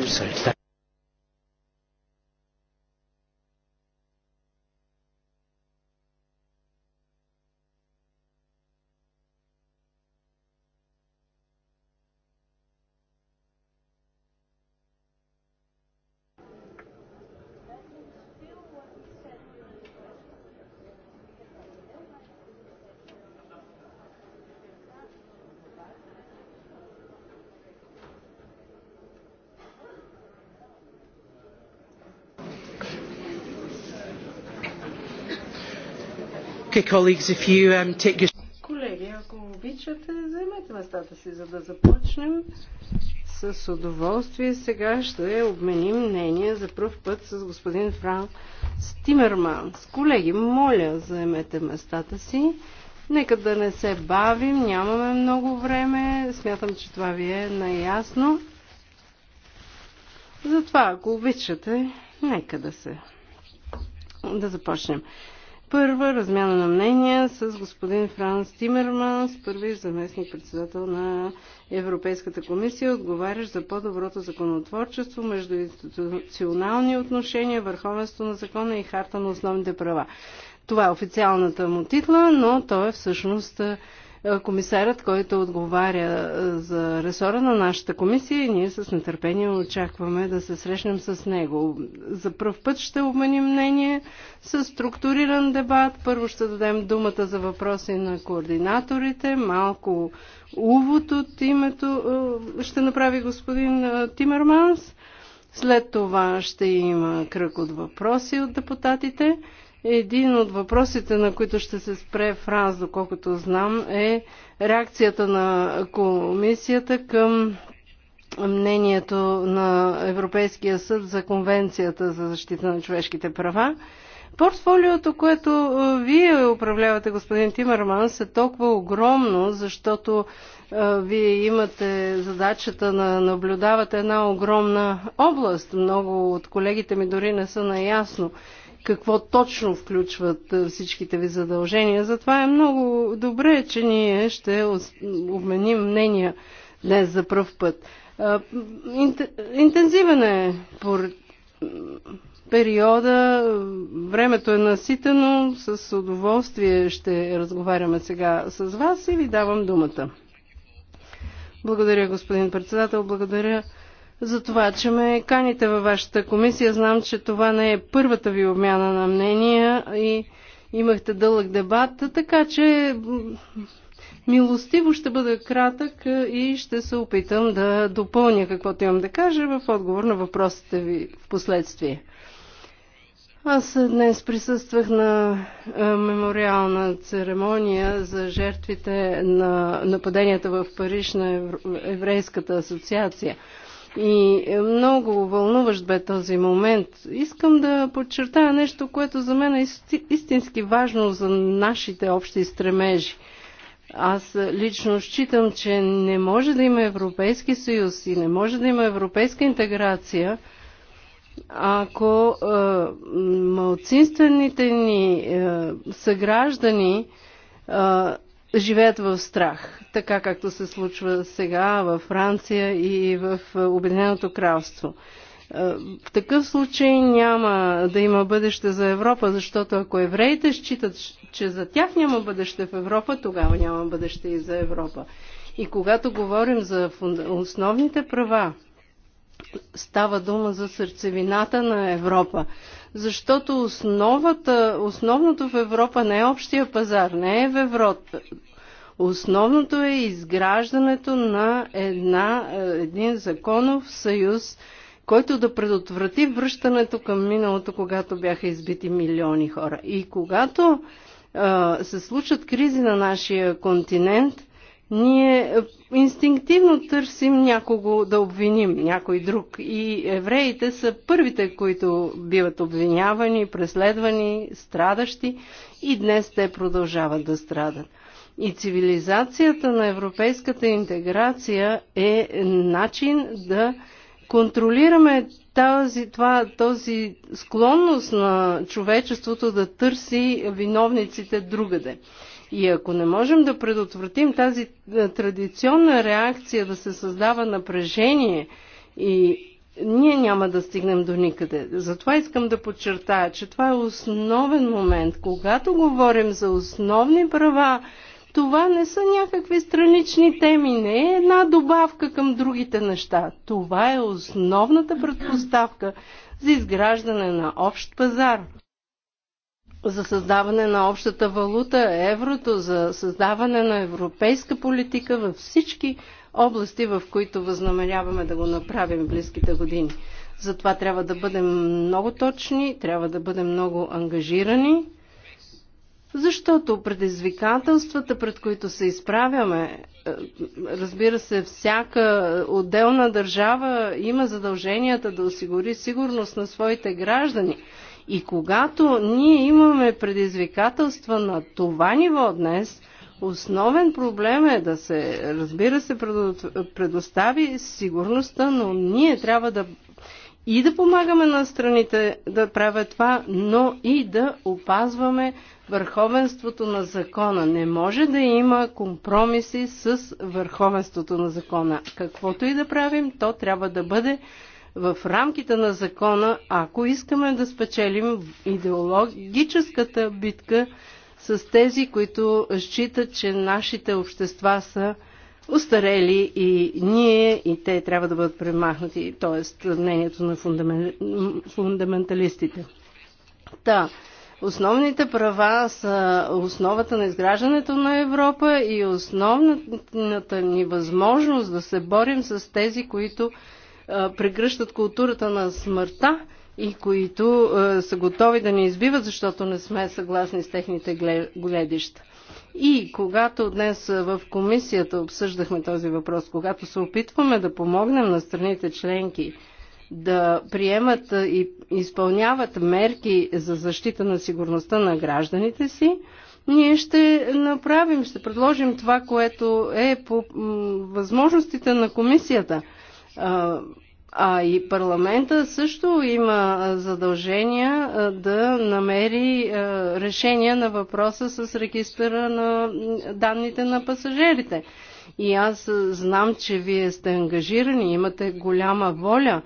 sorry. Okay, colleagues, if you um, take your... Колеги, ако обичате, займете местата си, за да започнем. С удоволствие сега ще обменим мнение за първ път с господин Франк Стимерманс. Колеги, моля, заемете местата си. Нека да не се бавим, нямаме много време. Смятам, че това ви е наясно. Затова, ако обичате, нека да се... да започнем. Първа размяна на мнения с господин Франс Тимерманс, първи заместник председател на Европейската комисия, отговарящ за по-доброто законотворчество, между институционални отношения, върховенство на закона и харта на основните права. Това е официалната му титла, но той е всъщност е, комисарят, който отговаря е, за ресора на нашата комисия и ние с нетърпение очакваме да се срещнем с него. За първ път ще обменим мнение с структуриран дебат. Първо ще дадем думата за въпроси на координаторите. Малко увод от името е, ще направи господин Тимерманс. След това ще има кръг от въпроси от депутатите. Един от въпросите, на които ще се спре Франс, доколкото знам, е реакцията на комисията към мнението на Европейския съд за Конвенцията за защита на човешките права. Портфолиото, което вие управлявате, господин Тимърман, е толкова огромно, защото вие имате задачата на наблюдавате една огромна област. Много от колегите ми дори не са наясно какво точно включват всичките ви задължения. Затова е много добре, че ние ще обменим мнения днес за пръв път. Интензивен е периода, времето е наситено, с удоволствие ще разговаряме сега с вас и ви давам думата. Благодаря, господин председател, благодаря за това, че ме каните във вашата комисия. Знам, че това не е първата ви обмяна на мнения и имахте дълъг дебат, така че милостиво ще бъда кратък и ще се опитам да допълня каквото имам да кажа в отговор на въпросите ви в последствие. Аз днес присъствах на мемориална церемония за жертвите на нападенията в Париж на Еврейската асоциация – и много вълнуващ бе този момент. Искам да подчертая нещо, което за мен е истински важно за нашите общи стремежи. Аз лично считам, че не може да има Европейски съюз и не може да има европейска интеграция, ако е, малцинствените ни е, съграждани е, живеят в страх, така както се случва сега във Франция и в е, Обединеното кралство. Е, в такъв случай няма да има бъдеще за Европа, защото ако евреите считат, че за тях няма бъдеще в Европа, тогава няма бъдеще и за Европа. И когато говорим за основните права, става дума за сърцевината на Европа защото основата, основното в Европа не е общия пазар, не е в Европа. Основното е изграждането на една, е, един законов съюз, който да предотврати връщането към миналото, когато бяха избити милиони хора. И когато а, се случат кризи на нашия континент, ние е, инстинктивно търсим някого да обвиним, някой друг. И евреите са първите, които биват обвинявани, преследвани, страдащи и днес те продължават да страдат. И цивилизацията на европейската интеграция е начин да контролираме тази, това, този склонност на човечеството да търси виновниците другаде. И ако не можем да предотвратим тази е, традиционна реакция да се създава напрежение и ние няма да стигнем до никъде. Затова искам да подчертая, че това е основен момент. Когато говорим за основни права, това не са някакви странични теми, не е една добавка към другите неща. Това е основната предпоставка за изграждане на общ пазар, за създаване на общата валута, еврото, за създаване на европейска политика във всички области, в които възнамеряваме да го направим близките години. Затова трябва да бъдем много точни, трябва да бъдем много ангажирани, защото предизвикателствата, пред които се изправяме, е, разбира се, всяка отделна държава има задълженията да осигури сигурност на своите граждани – и когато ние имаме предизвикателства на това ниво днес, основен проблем е да се, разбира се, предостави сигурността, но ние трябва да и да помагаме на страните да правят това, но и да опазваме върховенството на закона. Не може да има компромиси с върховенството на закона. Каквото и да правим, то трябва да бъде в рамките на закона, ако искаме да спечелим идеологическата битка с тези, които считат, че нашите общества са устарели и ние, и те трябва да бъдат премахнати, т.е. мнението на фундаменталистите. Та, основните права са основата на изграждането на Европа и основната ни възможност да се борим с тези, които прегръщат културата на смъртта и които са готови да ни избиват, защото не сме съгласни с техните гледища. И когато днес в комисията обсъждахме този въпрос, когато се опитваме да помогнем на страните членки да приемат и изпълняват мерки за защита на сигурността на гражданите си, ние ще направим, ще предложим това, което е по възможностите на комисията – а и парламента също има задължения да намери решение на въпроса с регистъра на данните на пасажирите. И аз знам, че вие сте ангажирани, имате голяма воля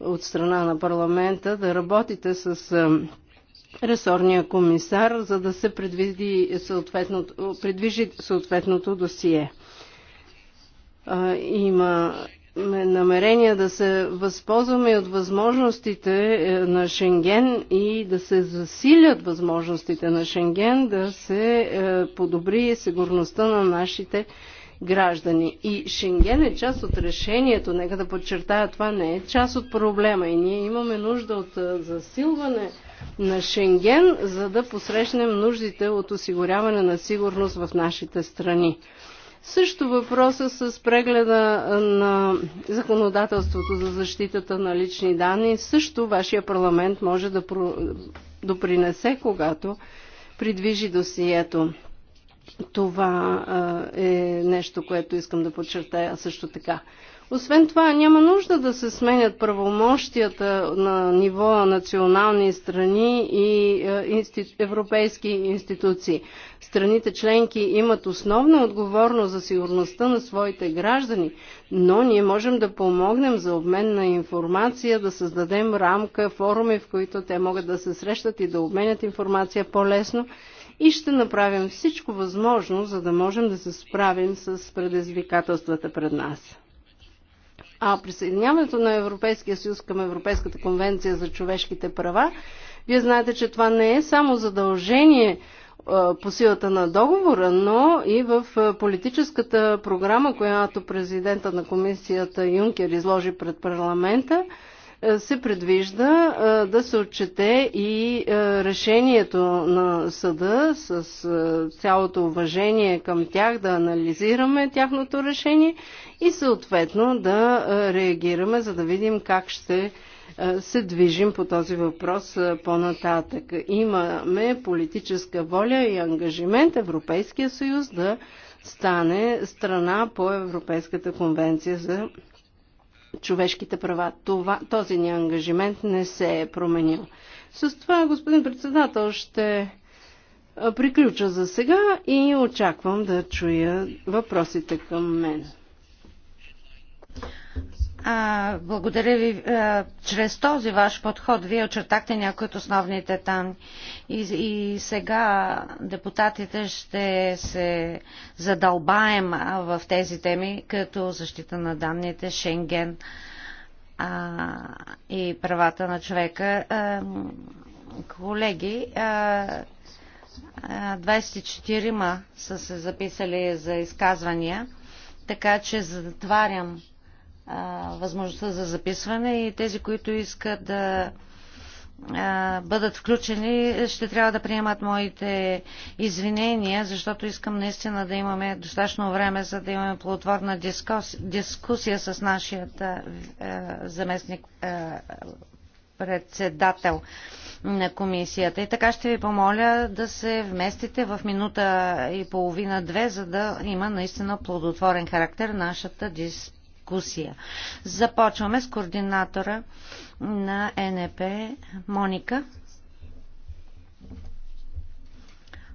от страна на парламента да работите с ресорния комисар, за да се предвиди съответното, предвижи съответното досие. Има намерение да се възползваме от възможностите е, на Шенген и да се засилят възможностите на Шенген, да се е, подобри сигурността на нашите граждани. И Шенген е част от решението, нека да подчертая, това не е част от проблема и ние имаме нужда от е, засилване на Шенген, за да посрещнем нуждите от осигуряване на сигурност в нашите страни. Също въпроса с прегледа на законодателството за защитата на лични данни. Също вашия парламент може да допринесе, когато придвижи досието. Това е нещо, което искам да подчертая също така. Освен това, няма нужда да се сменят правомощията на ниво национални страни и е, европейски институции. Страните членки имат основна отговорност за сигурността на своите граждани, но ние можем да помогнем за обмен на информация, да създадем рамка, форуми, в които те могат да се срещат и да обменят информация по-лесно и ще направим всичко възможно, за да можем да се справим с предизвикателствата пред нас. А присъединяването на Европейския съюз към Европейската конвенция за човешките права, вие знаете, че това не е само задължение е, по силата на договора, но и в е, политическата програма, която президента на комисията Юнкер изложи пред парламента, е, се предвижда е, да се отчете и е, решението на съда с цялото уважение към тях, да анализираме тяхното решение и съответно да реагираме, за да видим как ще се движим по този въпрос по-нататък. Имаме политическа воля и ангажимент Европейския съюз да стане страна по Европейската конвенция за човешките права. Това, този ни ангажимент не се е променил. С това, господин председател, ще приключа за сега и очаквам да чуя въпросите към мен благодаря ви. чрез този ваш подход вие очертахте някои от основните там. И, и сега депутатите ще се задълбаем в тези теми, като защита на данните, Шенген а, и правата на човека. А, колеги, а, 24-ма са се записали за изказвания, така че затварям възможността за записване и тези, които искат да бъдат включени, ще трябва да приемат моите извинения, защото искам наистина да имаме достатъчно време, за да имаме плодотворна дискусия с нашият заместник председател на комисията. И така ще ви помоля да се вместите в минута и половина-две, за да има наистина плодотворен характер нашата дискусия дискусия. Започваме с координатора на НП Моника.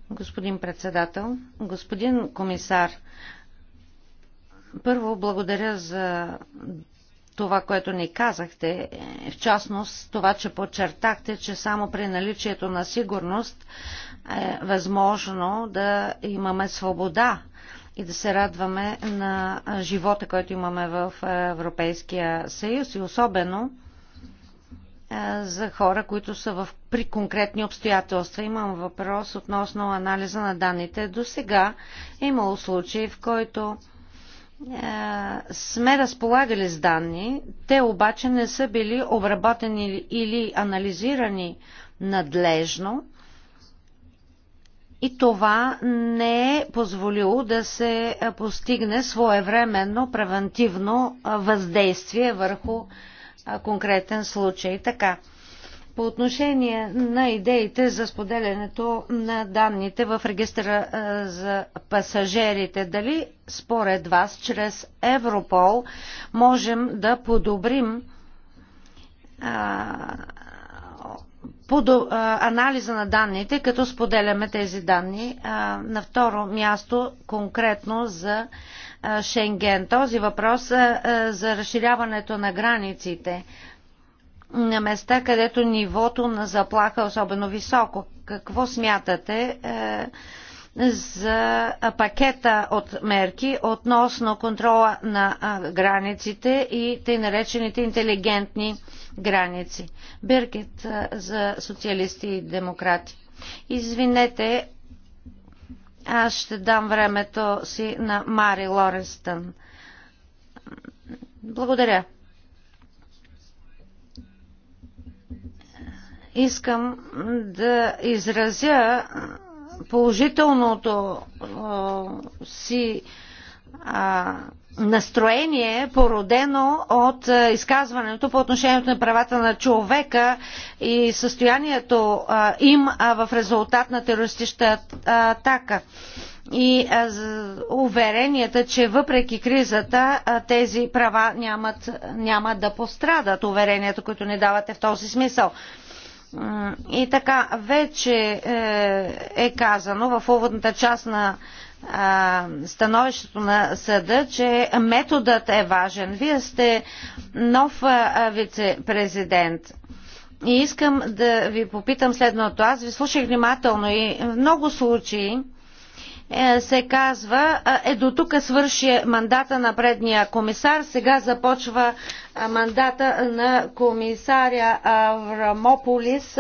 Господин председател, господин комисар, първо благодаря за това, което ни казахте, в частност това, че подчертахте, че само при наличието на сигурност е възможно да имаме свобода и да се радваме на живота, който имаме в Европейския съюз и особено е, за хора, които са в, при конкретни обстоятелства. Имам въпрос относно анализа на данните. До сега е имало случаи, в който е, сме разполагали с данни, те обаче не са били обработени или анализирани надлежно и това не е позволило да се постигне своевременно превентивно въздействие върху конкретен случай. Така, по отношение на идеите за споделянето на данните в регистра за пасажирите, дали според вас чрез Европол можем да подобрим по анализа на данните, като споделяме тези данни. на второ място, конкретно за Шенген. Този въпрос е за разширяването на границите на места, където нивото на заплаха е особено високо. Какво смятате за пакета от мерки относно контрола на границите и тъй наречените интелигентни граници. Биркет за социалисти и демократи. Извинете, аз ще дам времето си на Мари Лоренстън. Благодаря. Искам да изразя положителното си настроение, породено от е, изказването по отношението на правата на човека и състоянието им в резултат на терористична атака. И уверенията, че въпреки кризата тези права нямат, няма да пострадат, уверенията, които ни давате в този смисъл. И така, вече е, е казано в уводната част на становището на съда, че методът е важен. Вие сте нов вице-президент. И искам да ви попитам следното. Аз ви слушах внимателно и в много случаи е, се казва, е до тук свърши мандата на предния комисар, сега започва мандата на комисаря Аврамополис,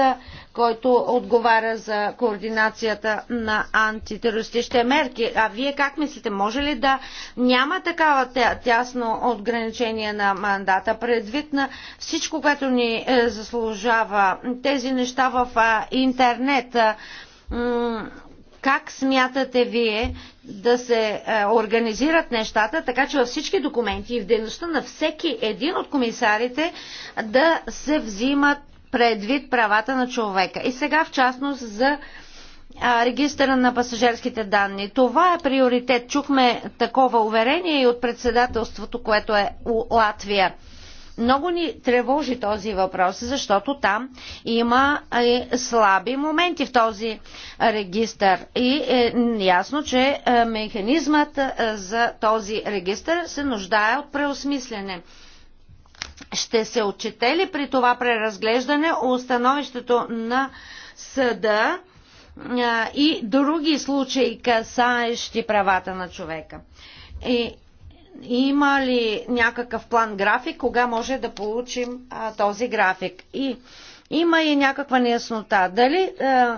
който отговаря за координацията на антитерористичните мерки. А вие как мислите, може ли да няма такава тясно отграничение на мандата, предвид на всичко, което ни е, заслужава тези неща в интернет? Как смятате вие да се е, организират нещата, така че във всички документи и в дейността на всеки един от комисарите да се взимат предвид правата на човека. И сега в частност за регистъра на пасажирските данни. Това е приоритет. Чухме такова уверение и от председателството, което е у Латвия. Много ни тревожи този въпрос, защото там има слаби моменти в този регистър и е ясно, че е, механизмът е, за този регистър се нуждае от преосмислене. Ще се отчете ли при това преразглеждане установището на съда е, и други случаи, касаещи правата на човека? И има ли някакъв план график, кога може да получим а, този график? И има и някаква неяснота. Дали а,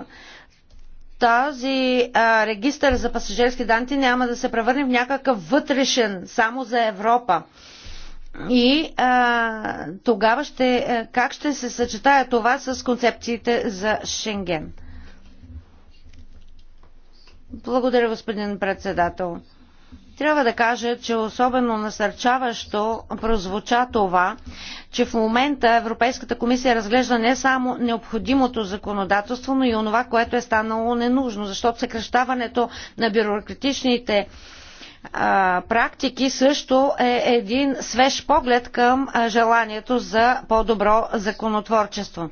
този а, регистър за пасажирски данти няма да се превърне в някакъв вътрешен, само за Европа? И а, тогава ще, как ще се съчетая това с концепциите за Шенген? Благодаря, господин председател. Трябва да кажа, че особено насърчаващо прозвуча това, че в момента Европейската комисия разглежда не само необходимото законодателство, но и онова, което е станало ненужно, защото съкрещаването на бюрократичните практики също е един свеж поглед към желанието за по-добро законотворчество.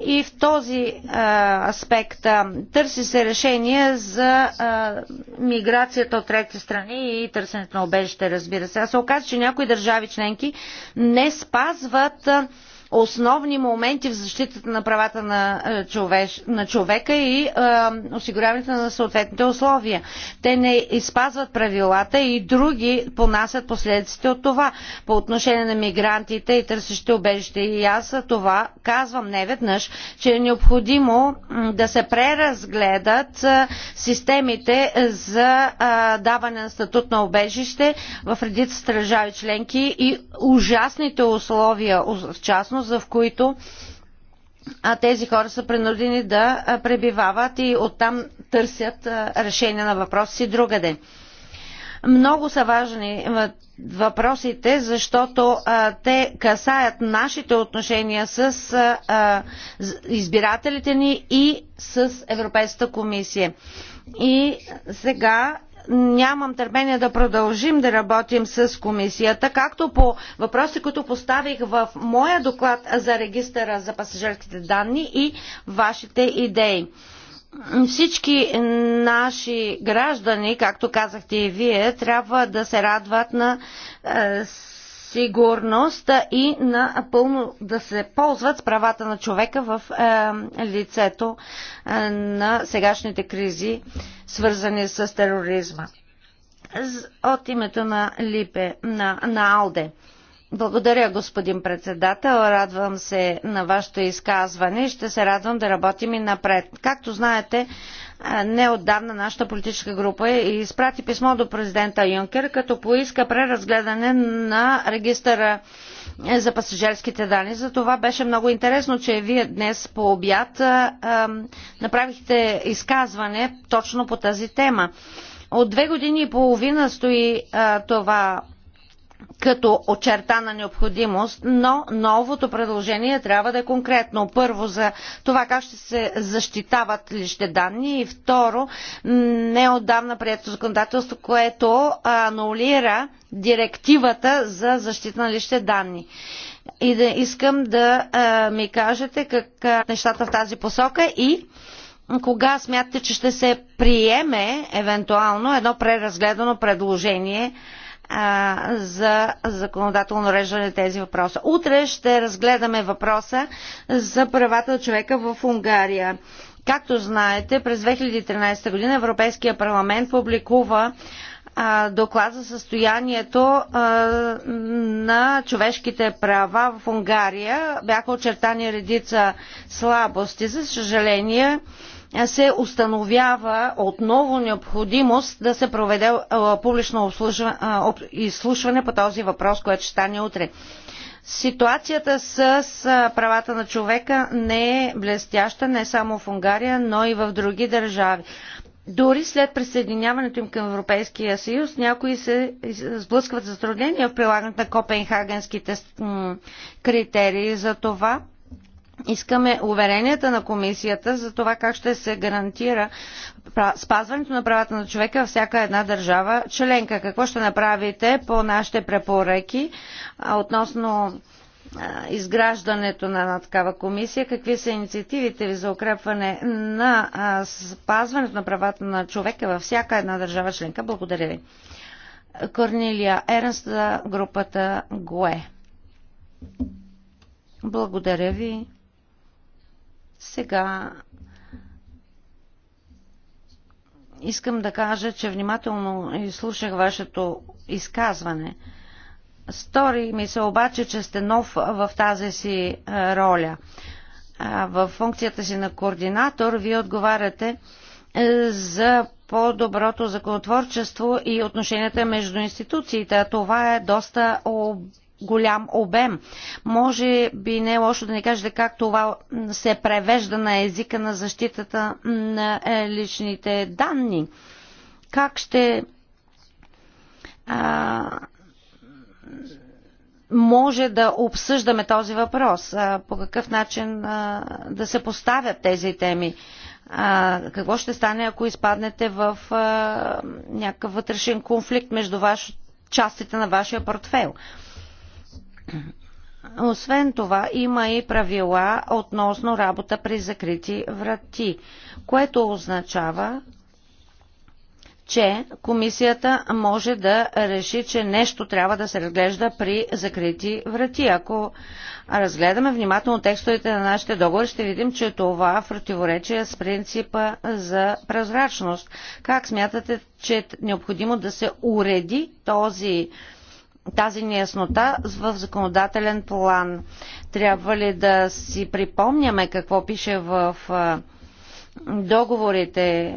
И в този а, аспект а, търси се решение за а, миграцията от трети страни и търсенето на обежище, разбира се. А се оказа, че някои държави членки не спазват а, основни моменти в защитата на правата на, е, човеш, на човека и а, е, осигуряването на съответните условия. Те не изпазват правилата и други понасят последиците от това. По отношение на мигрантите и търсещите убежище и аз за това казвам неведнъж, че е необходимо да се преразгледат е, системите за даване на статут на убежище в редица държави членки и ужасните условия, в частност всъщност в които а тези хора са принудени да пребивават и оттам търсят решение на въпроси си другаде. Много са важни въпросите, защото а, те касаят нашите отношения с а, избирателите ни и с Европейската комисия. И сега нямам търпение да продължим да работим с комисията, както по въпроси, които поставих в моя доклад за регистъра за пасажирските данни и вашите идеи. Всички наши граждани, както казахте и вие, трябва да се радват на е, сигурност и на пълно да се ползват с правата на човека в е, лицето е, на сегашните кризи, свързани с тероризма. От името на Липе, на, на Алде. Благодаря, господин председател. Радвам се на вашето изказване. Ще се радвам да работим и напред. Както знаете, неотдавна нашата политическа група е изпрати писмо до президента Юнкер, като поиска преразгледане на регистъра е, за пасажирските данни. За това беше много интересно, че вие днес по обяд направихте изказване точно по тази тема. От две години и половина стои а, това като очертана необходимост, но новото предложение трябва да е конкретно. Първо за това как ще се защитават личните данни и второ неодавна прието законодателство, което анулира директивата за защита на личните данни. И да искам да а, ми кажете как а, нещата в тази посока и кога смятате, че ще се приеме евентуално едно преразгледано предложение а, за законодателно реждане на тези въпроса. Утре ще разгледаме въпроса за правата на човека в Унгария. Както знаете, през 2013 година Европейския парламент публикува доклад за състоянието на човешките права в Унгария. Бяха очертани редица слабости. За съжаление, се установява отново необходимост да се проведе публично изслушване по този въпрос, което ще стане утре. Ситуацията с правата на човека не е блестяща не само в Унгария, но и в други държави. Дори след присъединяването им към Европейския съюз, някои се сблъскват затруднения в прилагането на копенхагенските критерии. За това Искаме уверенията на комисията за това как ще се гарантира спазването на правата на човека във всяка една държава членка. Какво ще направите по нашите препоръки относно изграждането на една такава комисия? Какви са инициативите ви за укрепване на спазването на правата на човека във всяка една държава членка? Благодаря ви. Корнилия Ернст за групата ГОЕ. Благодаря ви. Сега искам да кажа, че внимателно изслушах вашето изказване. Стори ми се обаче, че сте нов в тази си е, роля. В функцията си на координатор вие отговаряте е, за по-доброто законотворчество и отношенията между институциите. Това е доста голям обем. Може би не е лошо да ни кажете как това се превежда на езика на защитата на е, личните данни. Как ще а, може да обсъждаме този въпрос? А, по какъв начин а, да се поставят тези теми? А, какво ще стане, ако изпаднете в а, някакъв вътрешен конфликт между ваш, частите на вашия портфел? А, освен това, има и правила относно работа при закрити врати, което означава, че комисията може да реши, че нещо трябва да се разглежда при закрити врати. Ако разгледаме внимателно текстовете на нашите договори, ще видим, че това в противоречие е с принципа за прозрачност. Как смятате, че е необходимо да се уреди този тази неяснота в законодателен план. Трябва ли да си припомняме какво пише в договорите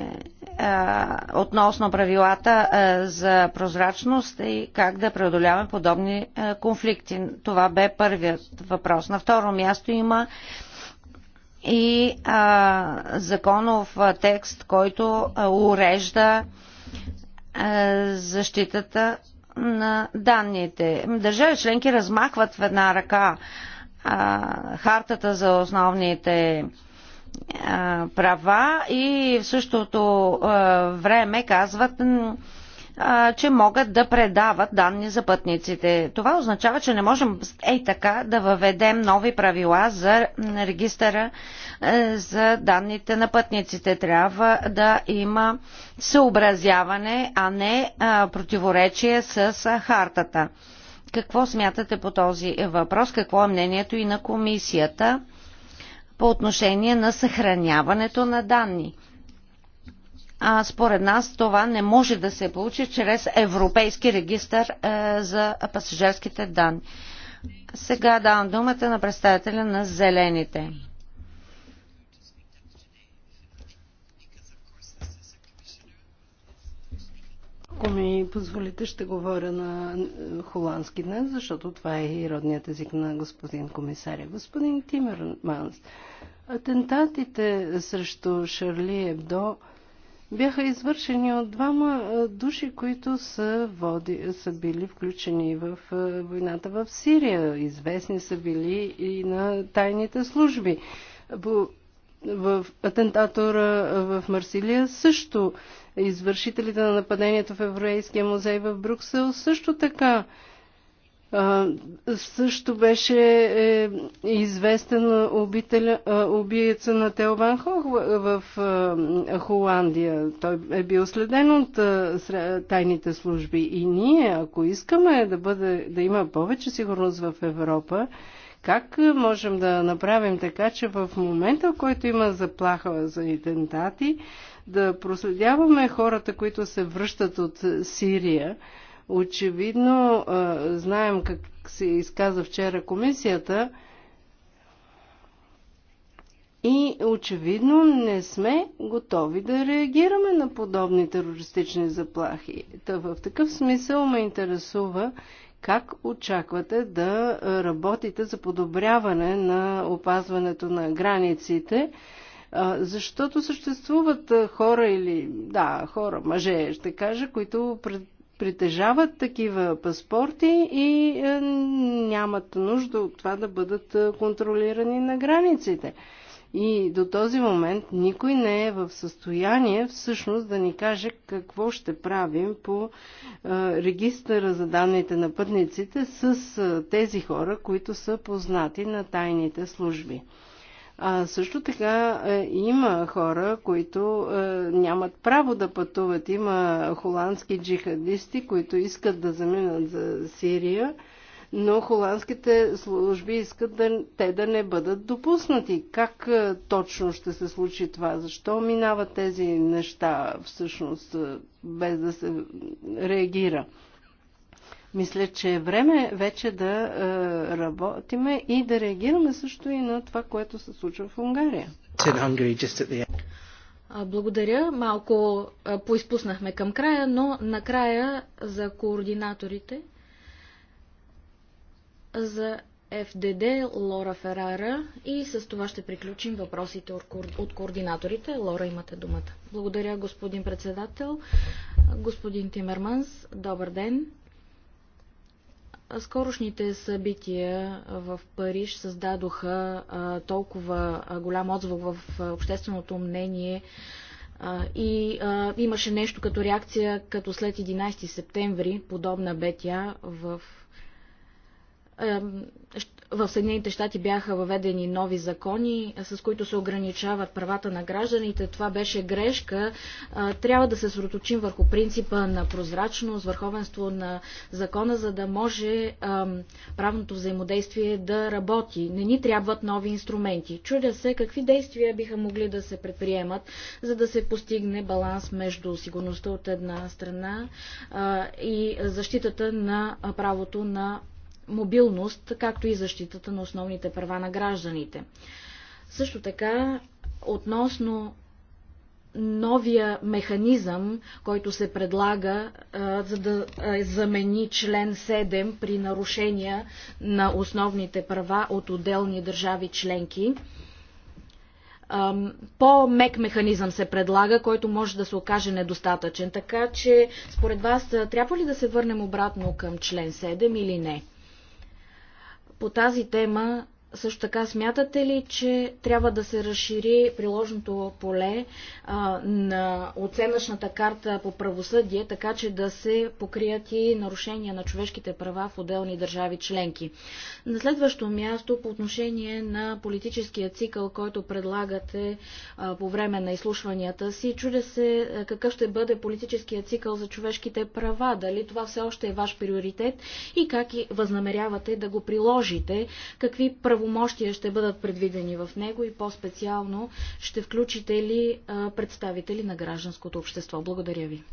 относно правилата за прозрачност и как да преодоляваме подобни конфликти? Това бе първият въпрос. На второ място има и а, законов текст, който урежда защитата на данните. Държави членки размахват в една ръка а, хартата за основните а, права и в същото а, време казват че могат да предават данни за пътниците. Това означава, че не можем ей така да въведем нови правила за регистъра е, за данните на пътниците. Трябва да има съобразяване, а не противоречие с хартата. Какво смятате по този въпрос? Какво е мнението и на комисията по отношение на съхраняването на данни? а, според нас това не може да се получи чрез Европейски регистр е, за пасажирските данни. Сега давам думата на представителя на Зелените. Ако ми позволите, ще говоря на холандски днес, защото това е и родният език на господин комисаря. Господин Тимерманс, атентатите срещу Шарли Ебдо – бяха извършени от двама души, които са, води, са били включени в войната в Сирия. Известни са били и на тайните служби. В атентатора в Марсилия също. Извършителите на нападението в Еврейския музей в Брюксел също така също беше е, известен убителя, убиеца на Теован Хох в Холандия. Той е бил следен от тайните служби. И ние, ако искаме да, бъде, да има повече сигурност в Европа, как можем да направим така, че в момента, в който има заплаха за идентати, да проследяваме хората, които се връщат от Сирия, Очевидно, знаем как се изказа вчера комисията и очевидно не сме готови да реагираме на подобни терористични заплахи. Та в такъв смисъл ме интересува как очаквате да работите за подобряване на опазването на границите, защото съществуват хора или, да, хора, мъже, ще кажа, които пред притежават такива паспорти и е, нямат нужда от това да бъдат е, контролирани на границите. И до този момент никой не е в състояние всъщност да ни каже какво ще правим по е, регистъра за данните на пътниците с тези хора, които са познати на тайните служби. А също така е, има хора, които е, нямат право да пътуват. Има холандски джихадисти, които искат да заминат за Сирия, но холандските служби искат да, те да не бъдат допуснати. Как е, точно ще се случи това? Защо минават тези неща всъщност е, без да се реагира? Мисля, че е време вече да е, работиме и да реагираме също и на това, което се случва в Унгария. Благодаря. Малко поизпуснахме към края, но накрая за координаторите за ФДД Лора Ферара и с това ще приключим въпросите от координаторите. Лора, имате думата. Благодаря, господин председател. Господин Тимерманс, добър ден. Скорошните събития в Париж създадоха толкова голям отзвук в общественото мнение и имаше нещо като реакция, като след 11 септември, подобна бе тя в в Съединените щати бяха въведени нови закони, с които се ограничават правата на гражданите. Това беше грешка. Трябва да се сроточим върху принципа на прозрачност, върховенство на закона, за да може правното взаимодействие да работи. Не ни трябват нови инструменти. Чудя се какви действия биха могли да се предприемат, за да се постигне баланс между сигурността от една страна и защитата на правото на мобилност, както и защитата на основните права на гражданите. Също така, относно новия механизъм, който се предлага а, за да а, замени член 7 при нарушения на основните права от отделни държави членки. По-мек механизъм се предлага, който може да се окаже недостатъчен. Така че, според вас, трябва ли да се върнем обратно към член 7 или не? По тази тема също така смятате ли, че трябва да се разшири приложното поле а, на оценъчната карта по правосъдие, така че да се покрият и нарушения на човешките права в отделни държави членки? На следващо място, по отношение на политическия цикъл, който предлагате а, по време на изслушванията си, чудя се а, какъв ще бъде политическия цикъл за човешките права, дали това все още е ваш приоритет и как и възнамерявате да го приложите, какви право правомощия ще бъдат предвидени в него и по-специално ще включите ли представители на гражданското общество? Благодаря ви.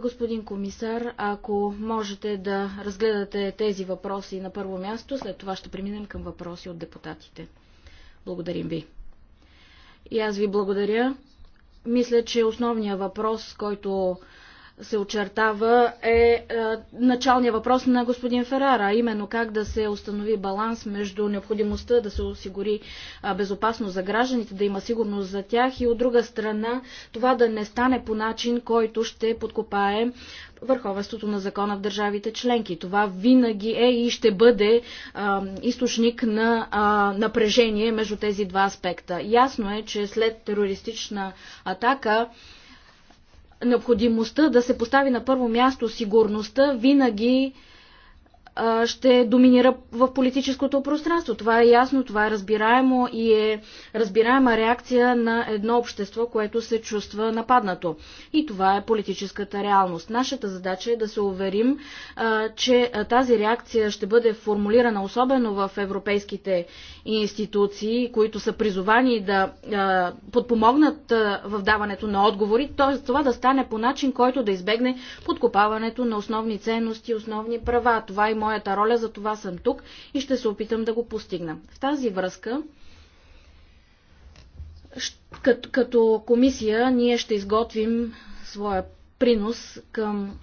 Господин комисар, ако можете да разгледате тези въпроси на първо място, след това ще преминем към въпроси от депутатите. Благодарим ви. И аз ви благодаря. Мисля, че основният въпрос, който се очертава е, е началният въпрос на господин Ферара, именно как да се установи баланс между необходимостта да се осигури безопасност за гражданите, да има сигурност за тях и от друга страна това да не стане по начин, който ще подкопае върховенството на закона в държавите членки. Това винаги е и ще бъде а, източник на а, напрежение между тези два аспекта. Ясно е, че след терористична атака необходимостта да се постави на първо място сигурността винаги ще доминира в политическото пространство. Това е ясно, това е разбираемо и е разбираема реакция на едно общество, което се чувства нападнато. И това е политическата реалност. Нашата задача е да се уверим, че тази реакция ще бъде формулирана особено в европейските институции, които са призовани да подпомогнат в даването на отговори, т.е. това да стане по начин, който да избегне подкопаването на основни ценности, основни права. Това е моята роля, за това съм тук и ще се опитам да го постигна. В тази връзка като, като комисия ние ще изготвим своя принос към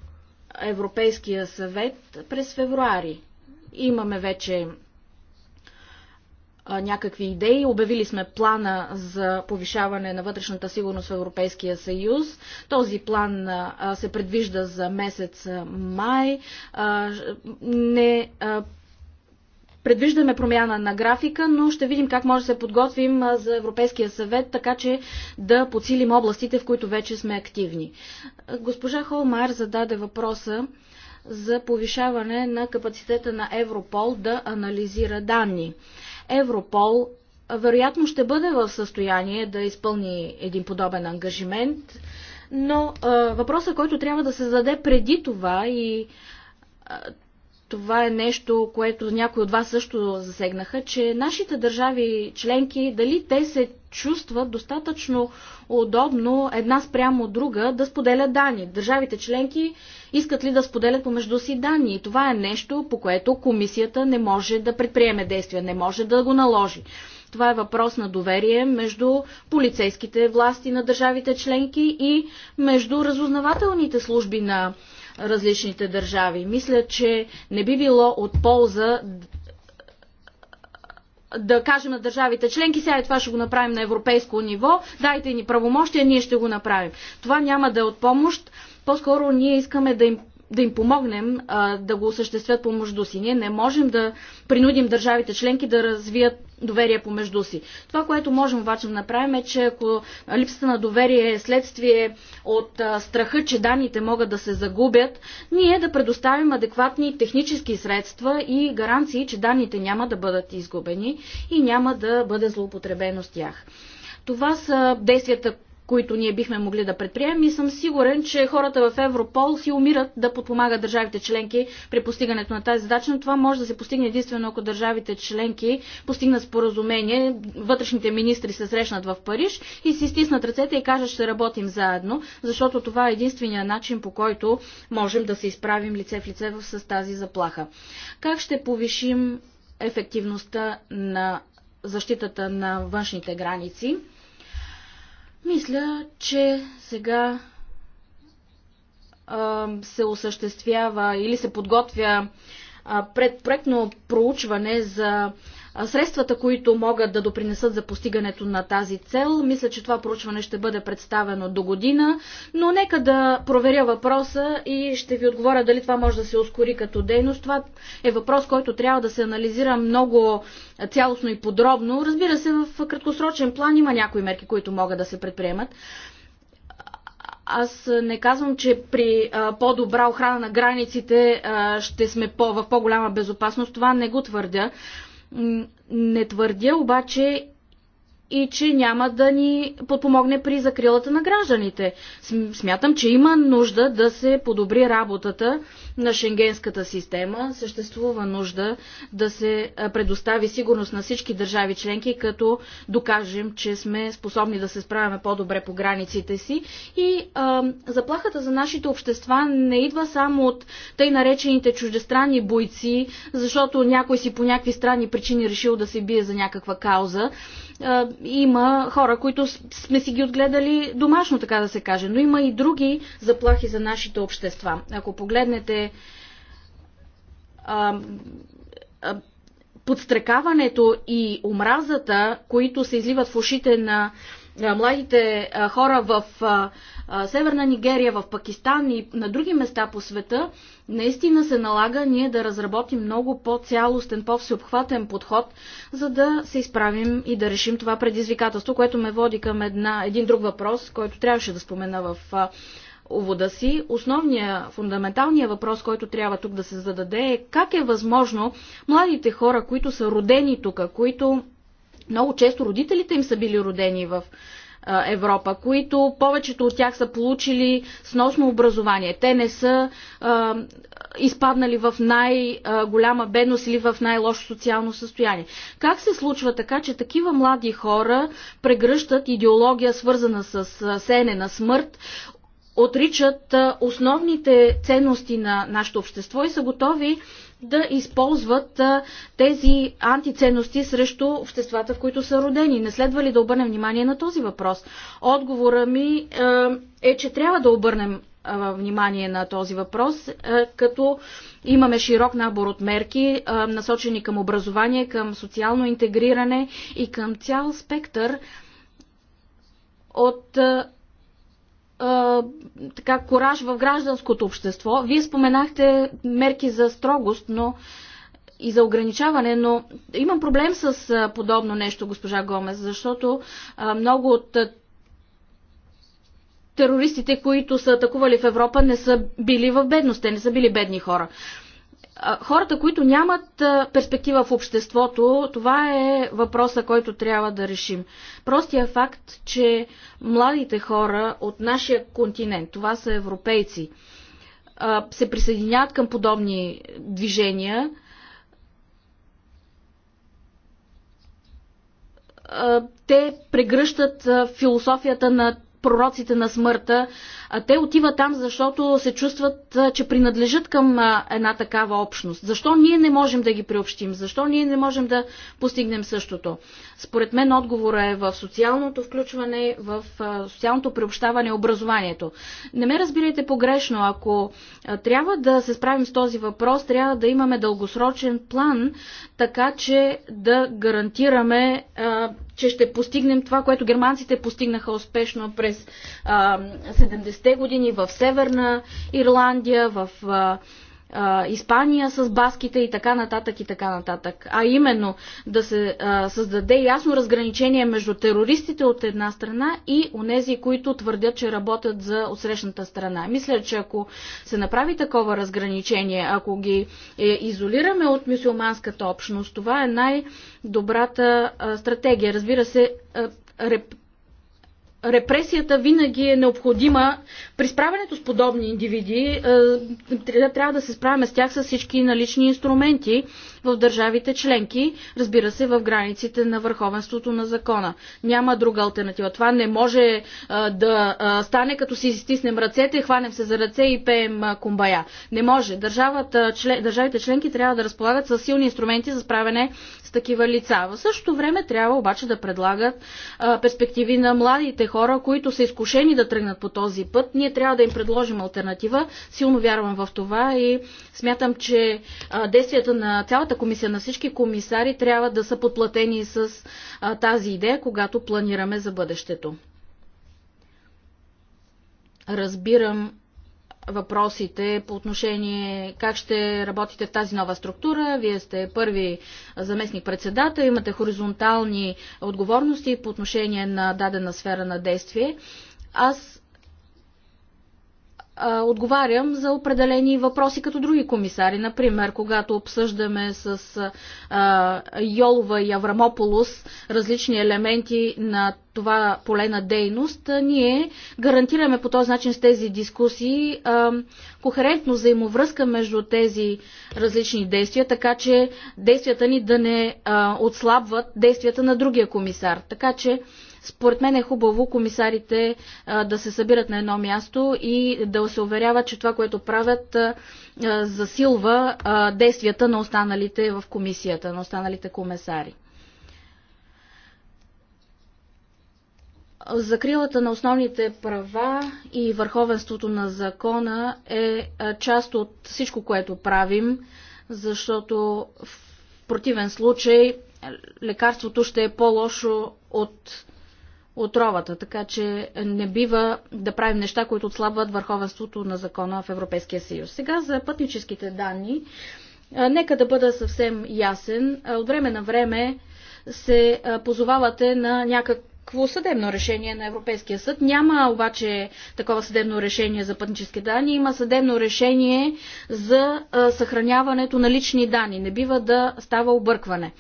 Европейския съвет през февруари. Имаме вече някакви идеи. Обявили сме плана за повишаване на вътрешната сигурност в Европейския съюз. Този план се предвижда за месец май. Не предвиждаме промяна на графика, но ще видим как може да се подготвим за Европейския съвет, така че да подсилим областите, в които вече сме активни. Госпожа Холмар зададе въпроса за повишаване на капацитета на Европол да анализира данни. Европол вероятно ще бъде в състояние да изпълни един подобен ангажимент, но въпросът, който трябва да се заде преди това и това е нещо, което някои от вас също засегнаха, че нашите държави членки, дали те се чувстват достатъчно удобно една спрямо от друга да споделят данни. Държавите членки искат ли да споделят помежду си данни? И това е нещо, по което комисията не може да предприеме действия, не може да го наложи. Това е въпрос на доверие между полицейските власти на държавите членки и между разузнавателните служби на различните държави. Мисля, че не би било от полза да кажем на държавите членки, сега и това ще го направим на европейско ниво, дайте ни правомощия, ние ще го направим. Това няма да е от помощ, по-скоро ние искаме да им да им помогнем а, да го осъществят помежду си. Ние не можем да принудим държавите членки да развият доверие помежду си. Това, което можем обаче да направим е, че ако липсата на доверие е следствие от страха, че данните могат да се загубят, ние да предоставим адекватни технически средства и гаранции, че данните няма да бъдат изгубени и няма да бъде злоупотребено с тях. Това са действията, които ние бихме могли да предприемем и съм сигурен, че хората в Европол си умират да подпомагат държавите членки при постигането на тази задача, но това може да се постигне единствено ако държавите членки постигнат споразумение, вътрешните министри се срещнат в Париж и си стиснат ръцете и кажат ще работим заедно, защото това е единствения начин по който можем да се изправим лице в лице с тази заплаха. Как ще повишим ефективността на защитата на външните граници? Мисля, че сега се осъществява или се подготвя предпроектно проучване за средствата, които могат да допринесат за постигането на тази цел. Мисля, че това проучване ще бъде представено до година, но нека да проверя въпроса и ще ви отговоря дали това може да се ускори като дейност. Това е въпрос, който трябва да се анализира много цялостно и подробно. Разбира се, в краткосрочен план има някои мерки, които могат да се предприемат аз не казвам, че при по-добра охрана на границите ще сме по, в по-голяма безопасност. Това не го твърдя. Не твърдя обаче и че няма да ни подпомогне при закрилата на гражданите. Смятам, че има нужда да се подобри работата на шенгенската система. Съществува нужда да се предостави сигурност на всички държави членки, като докажем, че сме способни да се справяме по-добре по границите си. И а, заплахата за нашите общества не идва само от тъй наречените чуждестранни бойци, защото някой си по някакви странни причини решил да се бие за някаква кауза има хора, които сме си ги отгледали домашно, така да се каже. Но има и други заплахи за нашите общества. Ако погледнете подстрекаването и омразата, които се изливат в ушите на младите хора в Северна Нигерия, в Пакистан и на други места по света, наистина се налага ние да разработим много по-цялостен, по-всеобхватен подход, за да се изправим и да решим това предизвикателство, което ме води към една, един друг въпрос, който трябваше да спомена в увода си, основният, фундаменталният въпрос, който трябва тук да се зададе е как е възможно младите хора, които са родени тук, които много често родителите им са били родени в Европа, които повечето от тях са получили сносно образование. Те не са а, изпаднали в най-голяма бедност или в най-лошо социално състояние. Как се случва така, че такива млади хора прегръщат идеология, свързана с сене на смърт, отричат основните ценности на нашето общество и са готови да използват тези антиценности срещу обществата, в които са родени. Не следва ли да обърнем внимание на този въпрос? Отговора ми е, че трябва да обърнем внимание на този въпрос, като имаме широк набор от мерки, насочени към образование, към социално интегриране и към цял спектър от така, кораж в гражданското общество. Вие споменахте мерки за строгост, но и за ограничаване, но имам проблем с а, подобно нещо, госпожа Гомес, защото а, много от а, терористите, които са атакували в Европа, не са били в бедност, те не са били бедни хора хората, които нямат перспектива в обществото, това е въпроса, който трябва да решим. Простия факт, че младите хора от нашия континент, това са европейци, се присъединяват към подобни движения, те прегръщат философията на пророците на смъртта те отиват там, защото се чувстват, че принадлежат към една такава общност. Защо ние не можем да ги приобщим? Защо ние не можем да постигнем същото? Според мен отговора е в социалното включване, в социалното приобщаване, образованието. Не ме разбирайте погрешно. Ако трябва да се справим с този въпрос, трябва да имаме дългосрочен план, така че да гарантираме че ще постигнем това, което германците постигнаха успешно през 70 70-те години в Северна Ирландия, в Испания с баските и така нататък и така нататък. А именно да се а, създаде ясно разграничение между терористите от една страна и онези, които твърдят, че работят за отсрещната страна. Мисля, че ако се направи такова разграничение, ако ги е, изолираме от мюсюлманската общност, това е най-добрата стратегия. Разбира се, а, реп репресията винаги е необходима. При справянето с подобни индивиди е, трябва да се справяме с тях с всички налични инструменти в държавите членки, разбира се, в границите на върховенството на закона. Няма друга альтернатива. Това не може а, да а, стане като си стиснем ръцете, хванем се за ръце и пеем а, кумбая. Не може. Държавата, член, държавите членки трябва да разполагат с силни инструменти за справяне с такива лица. В същото време трябва обаче да предлагат а, перспективи на младите хора, които са изкушени да тръгнат по този път. Ние трябва да им предложим альтернатива. Силно вярвам в това и смятам, че а, действията на цялата комисия, на всички комисари трябва да са подплатени с а, тази идея, когато планираме за бъдещето. Разбирам въпросите по отношение как ще работите в тази нова структура. Вие сте първи заместник председател, имате хоризонтални отговорности по отношение на дадена сфера на действие. Аз а, отговарям за определени въпроси като други комисари. Например, когато обсъждаме с а, Йолова и Аврамополос различни елементи на това поле на дейност, ние гарантираме по този начин с тези дискусии а, кохерентно взаимовръзка между тези различни действия, така че действията ни да не а, отслабват действията на другия комисар. Така че според мен е хубаво комисарите да се събират на едно място и да се уверяват, че това, което правят, засилва действията на останалите в комисията, на останалите комисари. Закрилата на основните права и върховенството на закона е част от всичко, което правим, защото в противен случай лекарството ще е по-лошо от отровата, така че не бива да правим неща, които отслабват върховенството на закона в Европейския съюз. Сега за пътническите данни. Нека да бъда съвсем ясен. От време на време се позовавате на някакво съдебно решение на Европейския съд. Няма обаче такова съдебно решение за пътнически данни. Има съдебно решение за съхраняването на лични данни. Не бива да става объркване.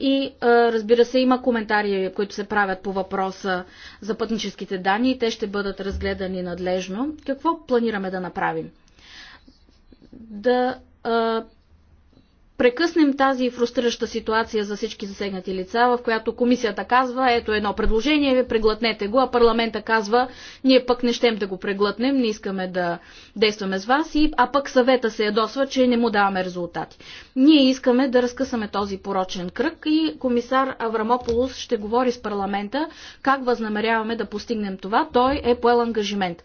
И разбира се, има коментари, които се правят по въпроса за пътническите данни и те ще бъдат разгледани надлежно. Какво планираме да направим? Да прекъснем тази фрустрираща ситуация за всички засегнати лица, в която комисията казва, ето едно предложение, ви преглътнете го, а парламента казва, ние пък не щем да го преглътнем, не искаме да действаме с вас, и, а пък съвета се ядосва, че не му даваме резултати. Ние искаме да разкъсаме този порочен кръг и комисар Аврамополус ще говори с парламента как възнамеряваме да постигнем това. Той е поел ангажимент.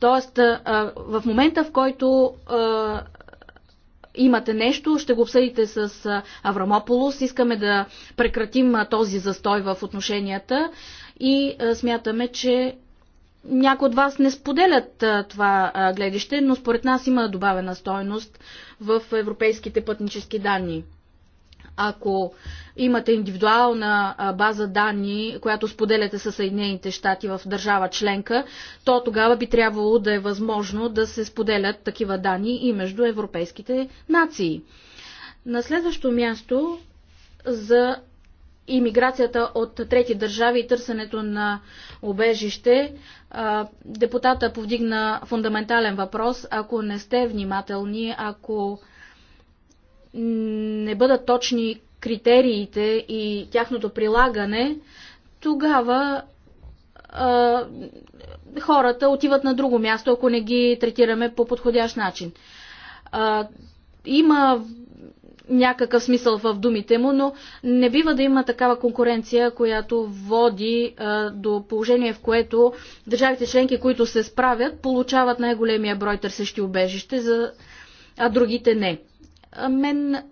Тоест, в момента, в който имате нещо, ще го обсъдите с Аврамополос. Искаме да прекратим този застой в отношенията и смятаме, че някои от вас не споделят това гледище, но според нас има добавена стойност в европейските пътнически данни ако имате индивидуална база данни, която споделяте с Съединените щати в държава членка, то тогава би трябвало да е възможно да се споделят такива данни и между европейските нации. На следващо място за имиграцията от трети държави и търсенето на обежище, депутата повдигна фундаментален въпрос. Ако не сте внимателни, ако не бъдат точни критериите и тяхното прилагане, тогава а, хората отиват на друго място, ако не ги третираме по подходящ начин. А, има някакъв смисъл в думите му, но не бива да има такава конкуренция, която води а, до положение, в което държавите членки, които се справят, получават най-големия брой търсещи убежище, за... а другите не мен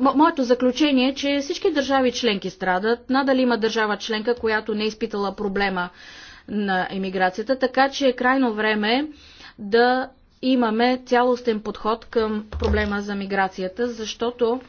Мо моето заключение е, че всички държави членки страдат. Надали има държава членка, която не е изпитала проблема на емиграцията, така че е крайно време да имаме цялостен подход към проблема за миграцията, защото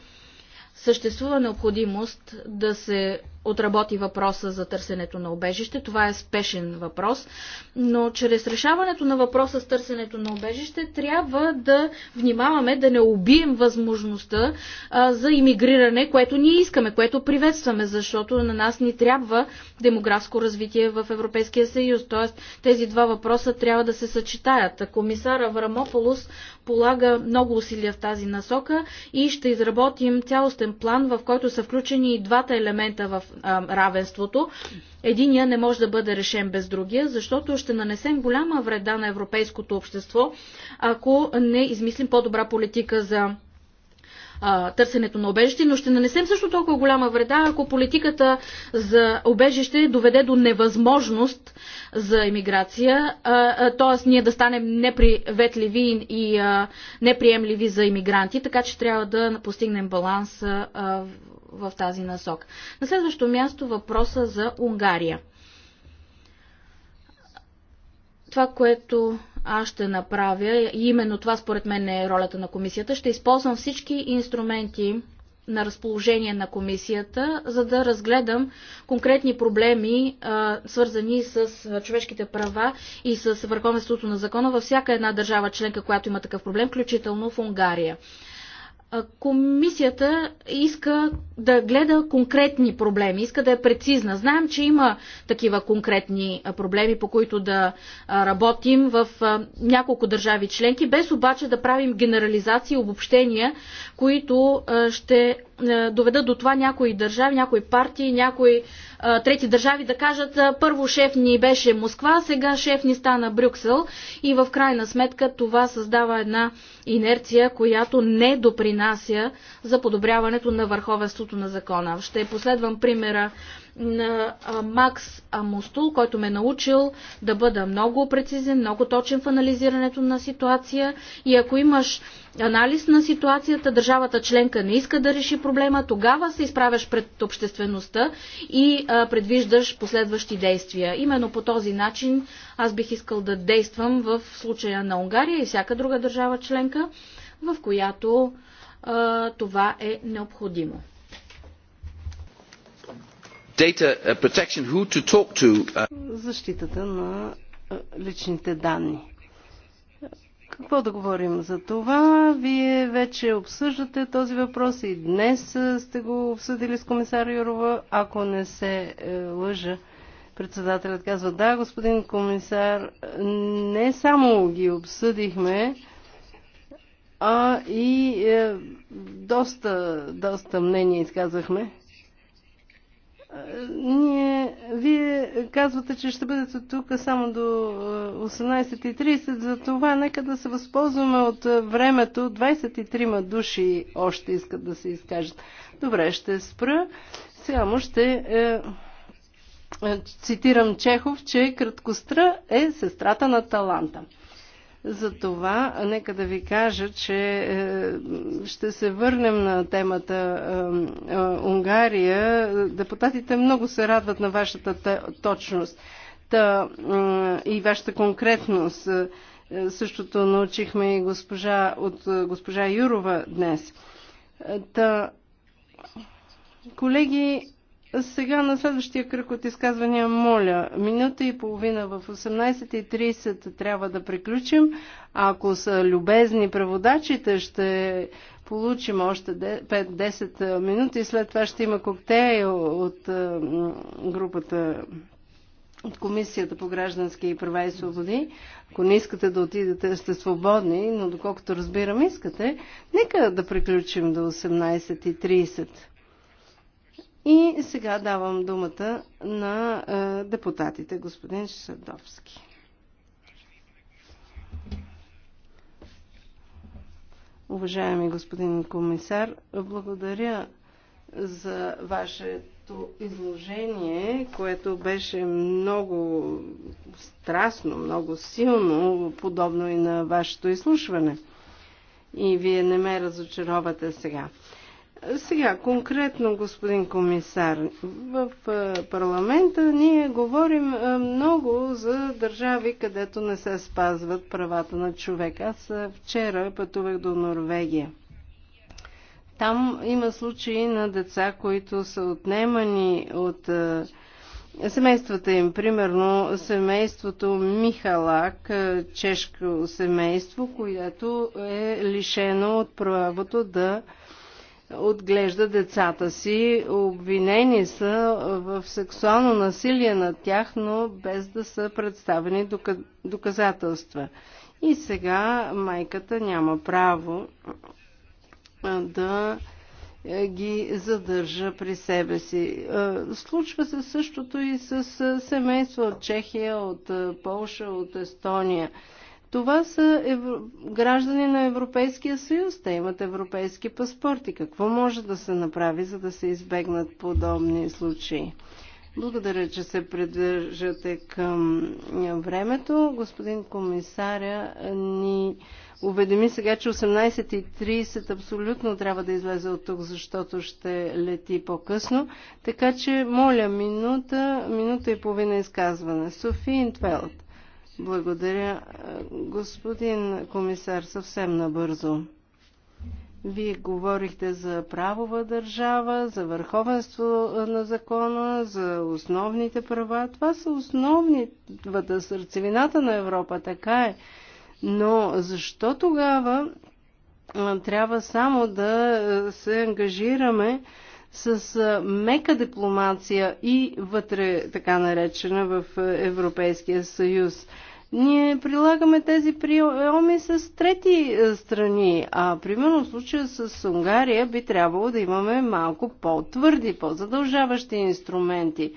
съществува необходимост да се отработи въпроса за търсенето на обежище. Това е спешен въпрос, но чрез решаването на въпроса с търсенето на обежище трябва да внимаваме да не убием възможността а, за иммигриране, което ние искаме, което приветстваме, защото на нас ни трябва демографско развитие в Европейския съюз. Тоест тези два въпроса трябва да се съчетаят. Комисар Аврамополус полага много усилия в тази насока и ще изработим цялостен план, в който са включени и двата елемента в а, равенството. Единия не може да бъде решен без другия, защото ще нанесем голяма вреда на европейското общество, ако не измислим по-добра политика за търсенето на обежище, но ще нанесем също толкова голяма вреда, ако политиката за обежище доведе до невъзможност за иммиграция, т.е. ние да станем неприветливи и а, неприемливи за иммигранти, така че трябва да постигнем баланс а, в тази насок. На следващо място въпроса за Унгария. Това, което аз ще направя, и именно това според мен е ролята на комисията, ще използвам всички инструменти на разположение на комисията, за да разгледам конкретни проблеми, свързани с човешките права и с върховенството на закона във всяка една държава членка, която има такъв проблем, включително в Унгария комисията иска да гледа конкретни проблеми, иска да е прецизна. Знаем, че има такива конкретни проблеми, по които да работим в няколко държави членки, без обаче да правим генерализации, обобщения, които ще доведат до това някои държави, някои партии, някои трети държави да кажат първо шеф ни беше Москва, сега шеф ни стана Брюксел и в крайна сметка това създава една инерция, която не допринася за подобряването на върховенството на закона. Ще последвам примера на Макс Амостул, който ме е научил да бъда много прецизен, много точен в анализирането на ситуация и ако имаш анализ на ситуацията, държавата членка не иска да реши проблема, тогава се изправяш пред обществеността и а, предвиждаш последващи действия. Именно по този начин аз бих искал да действам в случая на Унгария и всяка друга държава членка, в която а, това е необходимо. Uh, uh, Защитата на личните данни. Какво да говорим за това? Вие вече обсъждате този въпрос и днес сте го обсъдили с комисар Юрова, ако не се е, лъжа. Председателят казва, да, господин комисар, не само ги обсъдихме, а и е, доста, доста мнение изказахме. Ние, вие казвате, че ще бъдете тук само до 18.30, е, за това нека да се възползваме от е, времето. 23 души още искат да се изкажат. Добре, ще спра. Сега му ще е, е, цитирам Чехов, че краткостра е сестрата на таланта. За това, нека да ви кажа, че е, ще се върнем на темата е, е, Унгария. Депутатите много се радват на вашата точност и вашата конкретност. Същото научихме и госпожа, от госпожа Юрова днес. Та, колеги, сега на следващия кръг от изказвания моля. Минута и половина в 18.30 трябва да приключим. Ако са любезни преводачите, ще получим още 5-10 минути. След това ще има коктейл от е, групата от Комисията по граждански и права и свободи. Ако не искате да отидете, сте свободни, но доколкото разбирам искате, нека да приключим до 18.30. И сега давам думата на е, депутатите, господин Шадовски. Уважаеми господин комисар, благодаря за вашето изложение, което беше много страстно, много силно, подобно и на вашето изслушване. И вие не ме разочаровате сега. Сега, конкретно, господин комисар, в парламента ние говорим много за държави, където не се спазват правата на човек. Аз вчера пътувах до Норвегия. Там има случаи на деца, които са отнемани от семействата им. Примерно семейството Михалак, чешко семейство, което е лишено от правото да отглежда децата си. Обвинени са в сексуално насилие над тях, но без да са представени доказателства. И сега майката няма право да е, ги задържа при себе си. Случва се същото и с семейство от Чехия, от Полша, от Естония – това са евро... граждани на Европейския съюз. Те имат европейски паспорти. Какво може да се направи, за да се избегнат подобни случаи? Благодаря, че се придържате към времето. Господин комисаря ни уведоми сега, че 18.30 абсолютно трябва да излезе от тук, защото ще лети по-късно. Така че, моля, минута, минута и половина изказване. Софи Интвелт. Благодаря. Господин комисар, съвсем набързо. Вие говорихте за правова държава, за върховенство на закона, за основните права. Това са основната сърцевината на Европа, така е. Но защо тогава трябва само да се ангажираме с мека дипломация и вътре, така наречена, в Европейския съюз. Ние прилагаме тези приеми с трети страни, а примерно в случая с Унгария би трябвало да имаме малко по-твърди, по-задължаващи инструменти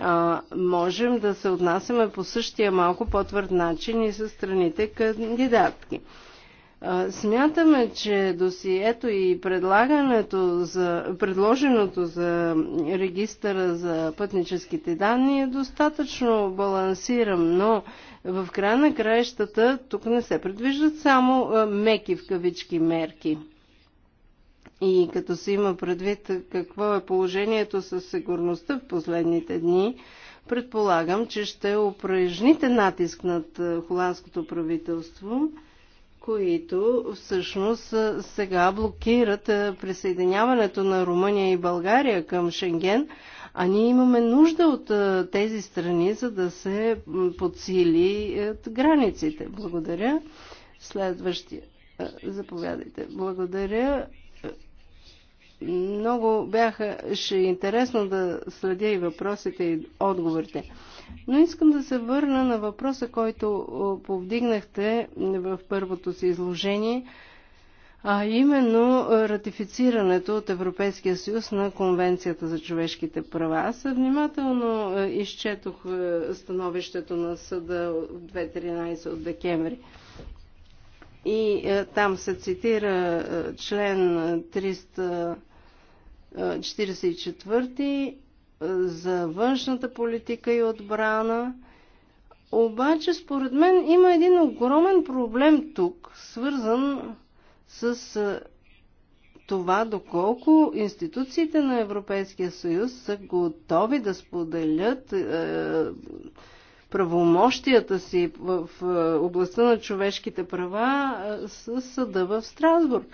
а, можем да се отнасяме по същия малко по-твърд начин и с страните кандидатки. Смятаме, че досието и предлагането за, предложеното за регистъра за пътническите данни е достатъчно балансиран, но в края на краищата тук не се предвиждат само меки в кавички мерки. И като се има предвид какво е положението със сигурността в последните дни, предполагам, че ще упражните натиск над холандското правителство – които всъщност сега блокират присъединяването на Румъния и България към Шенген, а ние имаме нужда от тези страни, за да се подсили границите. Благодаря. Следващия. Заповядайте. Благодаря. Много бяха, ще е интересно да следя и въпросите и отговорите. Но искам да се върна на въпроса, който повдигнахте в първото си изложение, а именно ратифицирането от Европейския съюз на Конвенцията за човешките права. Аз внимателно изчетох становището на съда от 2013 от декември. И е, там се цитира е, член 344 за външната политика и отбрана. Обаче, според мен, има един огромен проблем тук, свързан с това доколко институциите на Европейския съюз са готови да споделят е, правомощията си в, в областта на човешките права е, с съда в Страсбург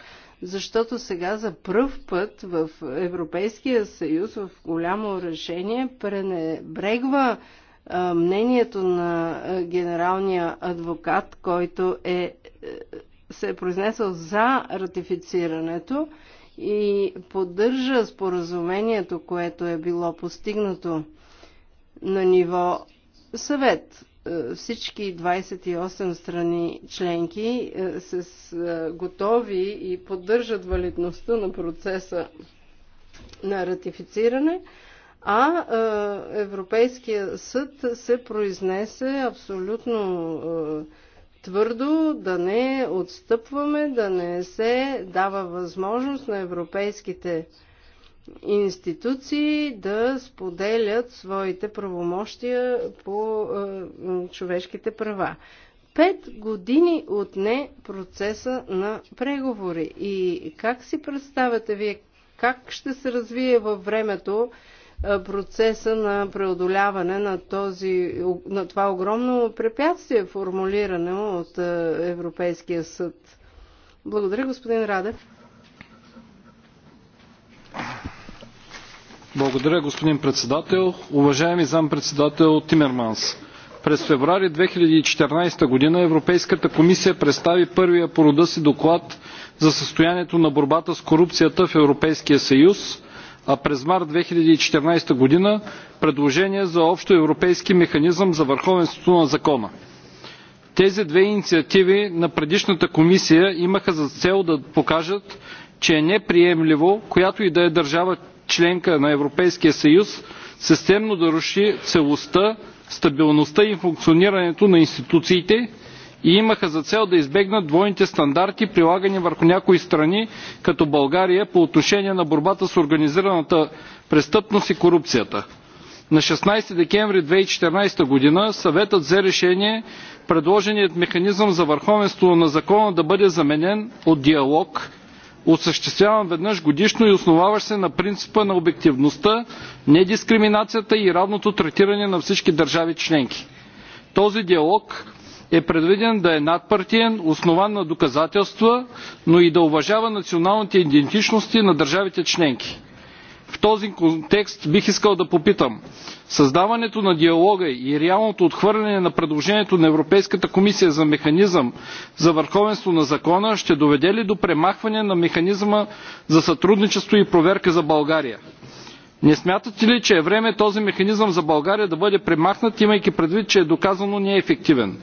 защото сега за пръв път в Европейския съюз в голямо решение пренебрегва мнението на генералния адвокат, който е, е, се е произнесъл за ратифицирането и поддържа споразумението, което е било постигнато на ниво съвет. Е, всички 28 страни членки е, са е, готови и поддържат валидността на процеса на ратифициране, а Европейския съд се произнесе абсолютно твърдо да не отстъпваме, да не се дава възможност на европейските институции да споделят своите правомощия по е, човешките права. Пет години отне процеса на преговори. И как си представяте вие как ще се развие във времето е, процеса на преодоляване на, този, на това огромно препятствие, формулирано от е, Европейския съд? Благодаря, господин Радев. Благодаря, господин председател. Уважаеми зампредседател Тимерманс, през феврари 2014 година Европейската комисия представи първия по рода си доклад за състоянието на борбата с корупцията в Европейския съюз, а през март 2014 година предложение за общоевропейски механизъм за върховенството на закона. Тези две инициативи на предишната комисия имаха за цел да покажат, че е неприемливо, която и да е държава членка на Европейския съюз системно да руши целостта, стабилността и функционирането на институциите и имаха за цел да избегнат двойните стандарти, прилагани върху някои страни, като България, по отношение на борбата с организираната престъпност и корупцията. На 16 декември 2014 г. съветът взе решение предложеният механизъм за върховенство на закона да бъде заменен от диалог осъществяван веднъж годишно и основаващ се на принципа на обективността, недискриминацията и равното третиране на всички държави членки. Този диалог е предвиден да е надпартиен, основан на доказателства, но и да уважава националните идентичности на държавите членки. В този контекст бих искал да попитам Създаването на диалога и реалното отхвърляне на предложението на Европейската комисия за механизъм за върховенство на закона ще доведе ли до премахване на механизма за сътрудничество и проверка за България? Не смятате ли, че е време този механизъм за България да бъде премахнат, имайки предвид, че е доказано неефективен?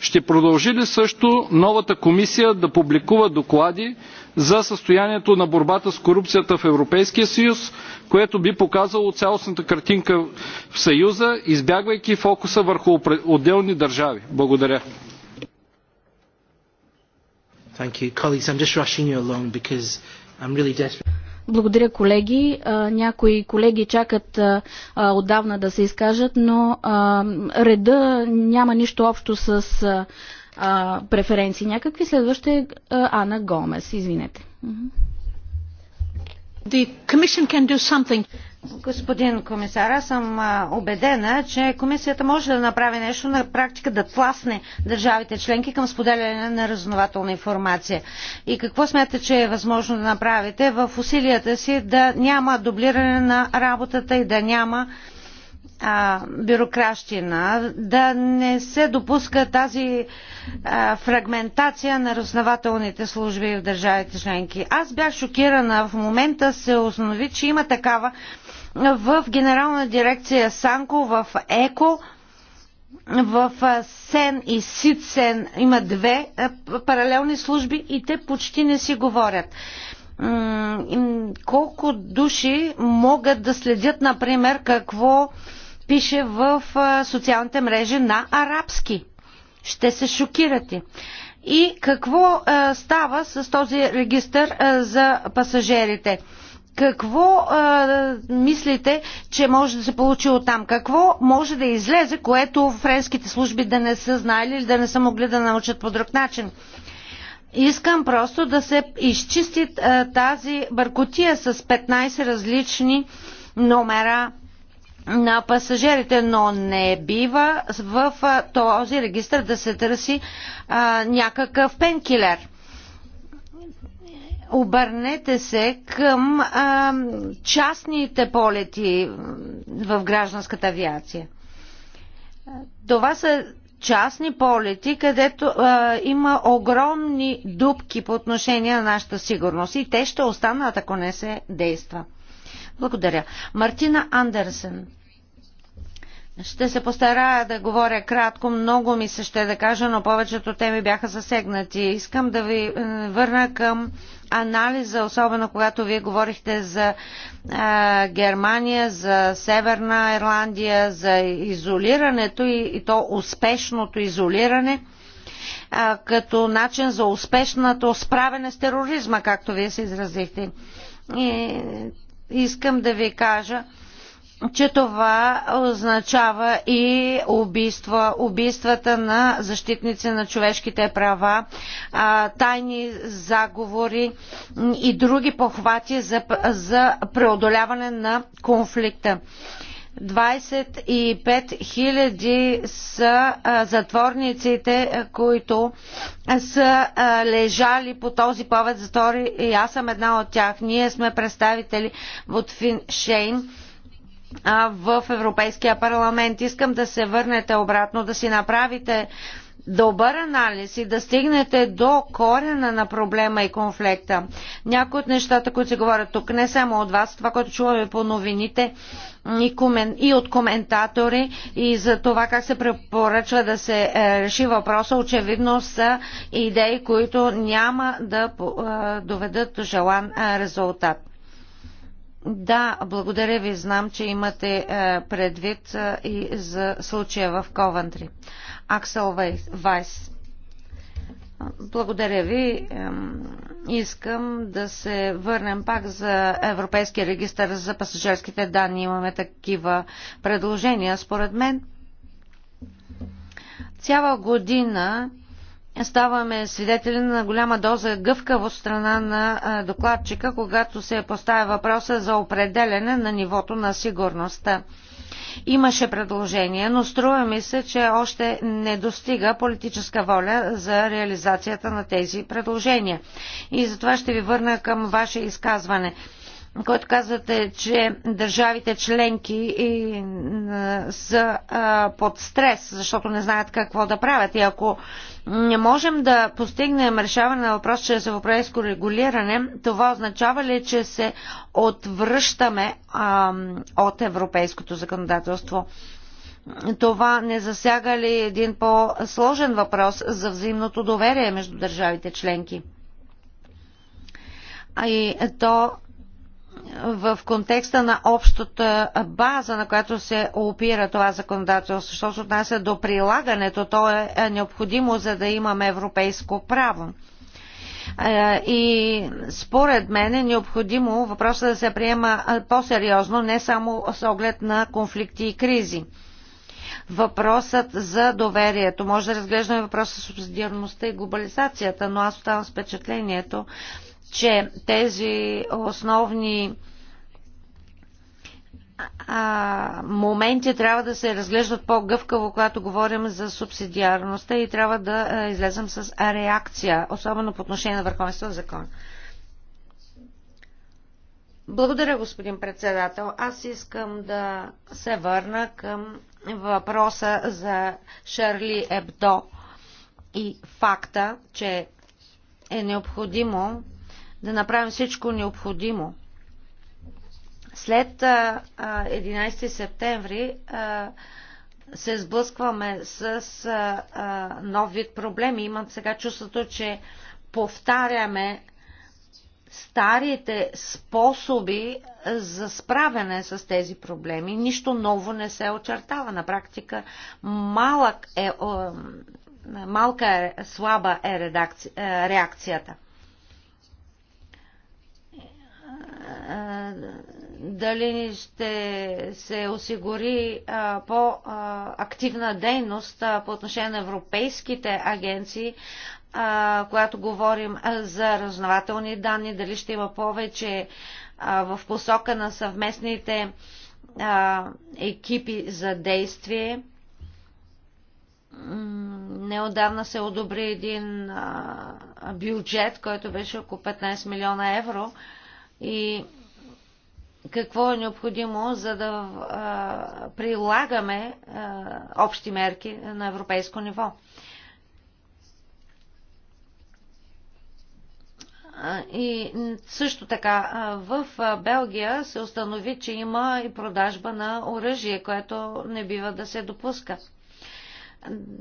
Ще продължи ли също новата комисия да публикува доклади за състоянието на борбата с корупцията в Европейския съюз, което би показало цялостната картинка в Съюза, избягвайки фокуса върху отделни държави. Благодаря. Благодаря, колеги. Някои колеги чакат отдавна да се изкажат, но реда няма нищо общо с преференции някакви. следващи е Ана Гомес. Извинете. Господин комисар, аз съм убедена, че комисията може да направи нещо на практика да тласне държавите членки към споделяне на разнователна информация. И какво смятате, че е възможно да направите в усилията си да няма дублиране на работата и да няма а, бюрокращина, да не се допуска тази а, фрагментация на разнователните служби в държавите членки. Аз бях шокирана. В момента се установи, че има такава в Генерална дирекция Санко, в ЕКО, в СЕН и СИДСЕН има две паралелни служби и те почти не си говорят колко души могат да следят, например, какво пише в социалните мрежи на арабски. Ще се шокирате. И какво а, става с този регистър а, за пасажирите? Какво а, мислите, че може да се получи от там? Какво може да излезе, което френските служби да не са знаели или да не са могли да научат по друг начин? Искам просто да се изчисти а, тази бъркотия с 15 различни номера на пасажирите, но не бива в този регистр да се търси а, някакъв пенкилер. Обърнете се към а, частните полети в гражданската авиация. Това са частни полети, където а, има огромни дупки по отношение на нашата сигурност и те ще останат, ако не се действа. Благодаря. Мартина Андерсен. Ще се постарая да говоря кратко. Много ми се ще да кажа, но повечето теми бяха засегнати. Искам да ви е, върна към анализа, особено когато вие говорихте за а, е, Германия, за Северна Ирландия, за изолирането и, и то успешното изолиране а, е, като начин за успешното справене с тероризма, както вие се изразихте. И искам да ви кажа, че това означава и убийства, убийствата на защитници на човешките права, тайни заговори и други похвати за, за преодоляване на конфликта. 25 000 са затворниците, които са лежали по този повед затвори и аз съм една от тях. Ние сме представители от Шейн в Европейския парламент. Искам да се върнете обратно, да си направите добър анализ и да стигнете до корена на проблема и конфликта. Някои от нещата, които се говорят тук, не само от вас, това, което чуваме по новините и, комен... и от коментатори и за това как се препоръчва да се е, реши въпроса, очевидно са идеи, които няма да е, доведат до желан е, резултат. Да, благодаря ви. Знам, че имате предвид и за случая в Ковантри. Аксел Вайс. Благодаря ви. Искам да се върнем пак за Европейския регистр за пасажирските данни. Имаме такива предложения. Според мен цяла година ставаме свидетели на голяма доза гъвкаво страна на е, докладчика, когато се поставя въпроса за определене на нивото на сигурността. Имаше предложение, но струва ми се, че още не достига политическа воля за реализацията на тези предложения. И затова ще ви върна към ваше изказване който казвате, че държавите членки и, са а, под стрес, защото не знаят какво да правят. И ако не можем да постигнем решаване на въпрос чрез европейско регулиране, това означава ли, че се отвръщаме а, от европейското законодателство? Това не засяга ли един по-сложен въпрос за взаимното доверие между държавите членки? А и то в контекста на общата база, на която се опира това законодателство, защото се отнася до прилагането, то е, е необходимо, за да имаме европейско право. Е, и според мен е необходимо въпросът да се приема е, по-сериозно, не само с оглед на конфликти и кризи. Въпросът за доверието. Може да разглеждаме въпроса с субсидиарността и глобализацията, но аз оставам с впечатлението, че тези основни а, моменти трябва да се разглеждат по-гъвкаво, когато говорим за субсидиарността и трябва да а, излезем с реакция, особено по отношение на върховенство на закон. Благодаря, господин председател. Аз искам да се върна към въпроса за Шарли Ебдо и факта, че е необходимо да направим всичко необходимо. След 11 септември се сблъскваме с нов вид проблеми. Имам сега чувството, че повтаряме старите способи за справяне с тези проблеми. Нищо ново не се очертава. На практика малък е, малка е, слаба е редакци, е, реакцията. дали ще се осигури по-активна дейност по отношение на европейските агенции, когато говорим за разнователни данни, дали ще има повече в посока на съвместните екипи за действие. Неодавна се одобри един бюджет, който беше около 15 милиона евро и какво е необходимо, за да а, прилагаме а, общи мерки на европейско ниво. И също така в Белгия се установи, че има и продажба на оръжие, което не бива да се допуска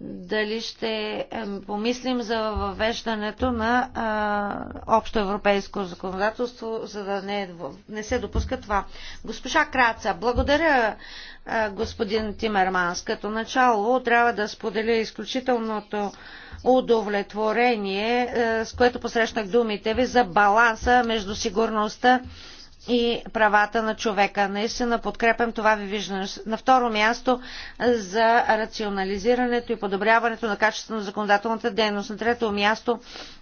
дали ще помислим за въвеждането на а, общо европейско законодателство, за да не, не се допуска това. Госпожа Краца, благодаря а, господин Тимерманс. Като начало трябва да споделя изключителното удовлетворение, а, е, с което посрещнах думите ви за баланса между сигурността и правата на човека. Наистина подкрепям това ви виждане. На второ място за рационализирането и подобряването на качеството на законодателната дейност. На трето място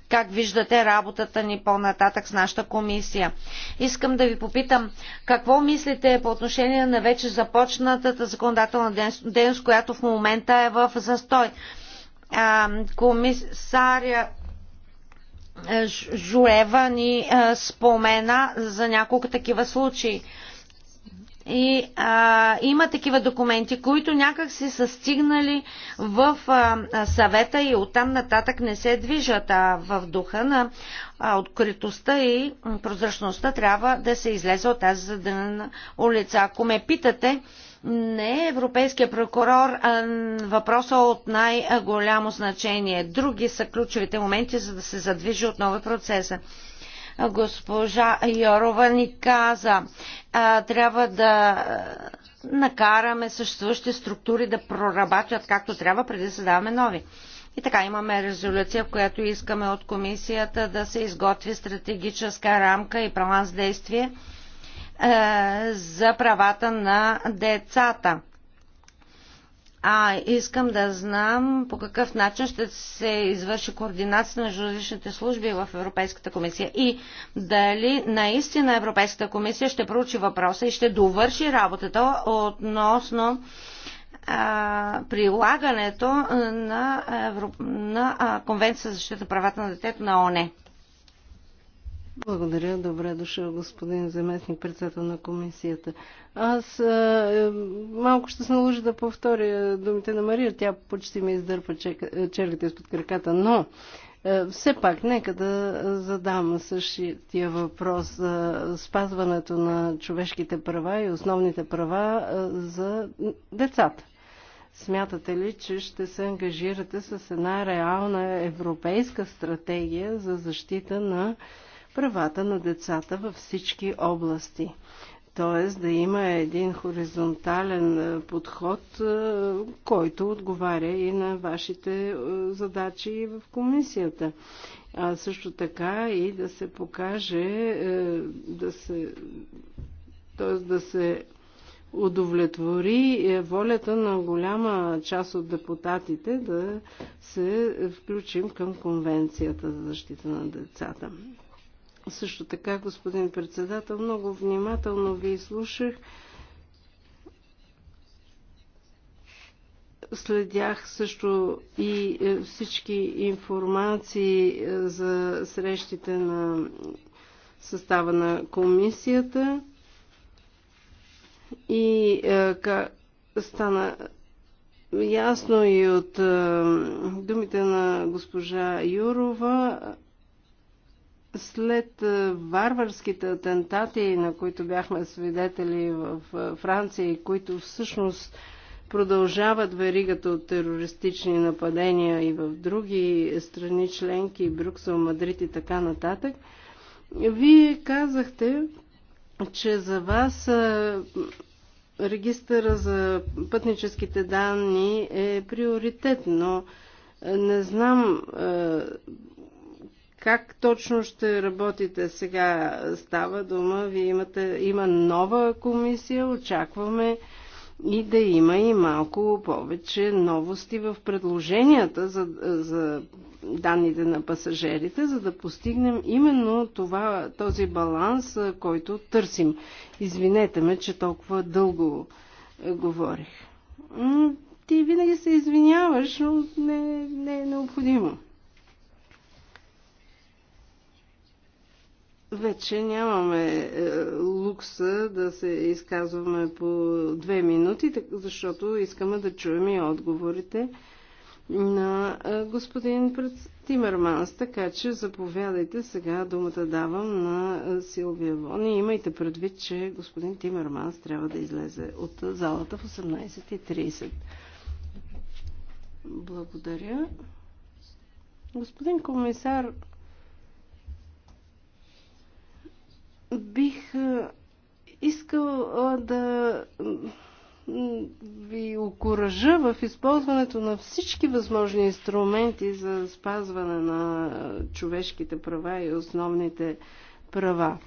как виждате работата ни по-нататък с нашата комисия. Искам да ви попитам какво мислите по отношение на вече започнатата законодателна дейност, която в момента е в застой. комисаря е, Жуева ни е, спомена за няколко такива случаи. И а, има такива документи, които някак си са стигнали в а, съвета и оттам нататък не се движат. А в духа на а, откритостта и прозрачността трябва да се излезе от тази задънена улица. Ако ме питате, а, не е европейския прокурор, а въпроса е от най-голямо значение. Други са ключовите моменти, за да се задвижи отново процеса. Госпожа Йорова ни каза, а, трябва да накараме съществуващи структури да прорабатят както трябва, преди да създаваме нови. И така имаме резолюция, в която искаме от комисията да се изготви стратегическа рамка и план с действие е, за правата на децата. А искам да знам по какъв начин ще се извърши координация на различните служби в Европейската комисия и дали наистина Европейската комисия ще проучи въпроса и ще довърши работата относно а, прилагането на, на Конвенция за защита правата на детето на ОНЕ. Благодаря. Добре дошъл, господин заместник председател на комисията. Аз е, малко ще се наложи да повторя думите на Мария. Тя почти ми издърпа е, черката изпод краката, но е, все пак нека да задам същия въпрос за спазването на човешките права и основните права е, за децата. Смятате ли, че ще се ангажирате с една реална европейска стратегия за защита на правата на децата във всички области. т.е. да има един хоризонтален е, подход, е, който отговаря и на вашите е, задачи в комисията. А също така и да се покаже, да се, т.е. да се удовлетвори волята на голяма част от депутатите да се включим към Конвенцията за защита на децата. Също така, господин председател, много внимателно ви изслушах. Следях също и е, всички информации е, за срещите на състава на комисията и е, ка, стана ясно и от думите на госпожа Юрова, след е, варварските атентати, на които бяхме свидетели в е, Франция и които всъщност продължават веригата от терористични нападения и в други страни членки, Брюксел, Мадрид и така нататък, вие казахте, че за вас е, регистъра за пътническите данни е приоритет, но не знам как точно ще работите сега? Става дума, вие имате, има нова комисия, очакваме и да има и малко повече новости в предложенията за, за данните на пасажирите, за да постигнем именно това, този баланс, който търсим. Извинете ме, че толкова дълго говорих. Ти винаги се извиняваш, но не, не е необходимо. Вече нямаме е, лукса да се изказваме по две минути, защото искаме да чуем и отговорите на е, господин Тимерманс. Така че заповядайте сега думата давам на е, Силвия Вон и имайте предвид, че господин Тимерманс трябва да излезе от залата в 18.30. Благодаря. Господин комисар, Бих искал да ви окоръжа в използването на всички възможни инструменти за спазване на човешките права и основните права.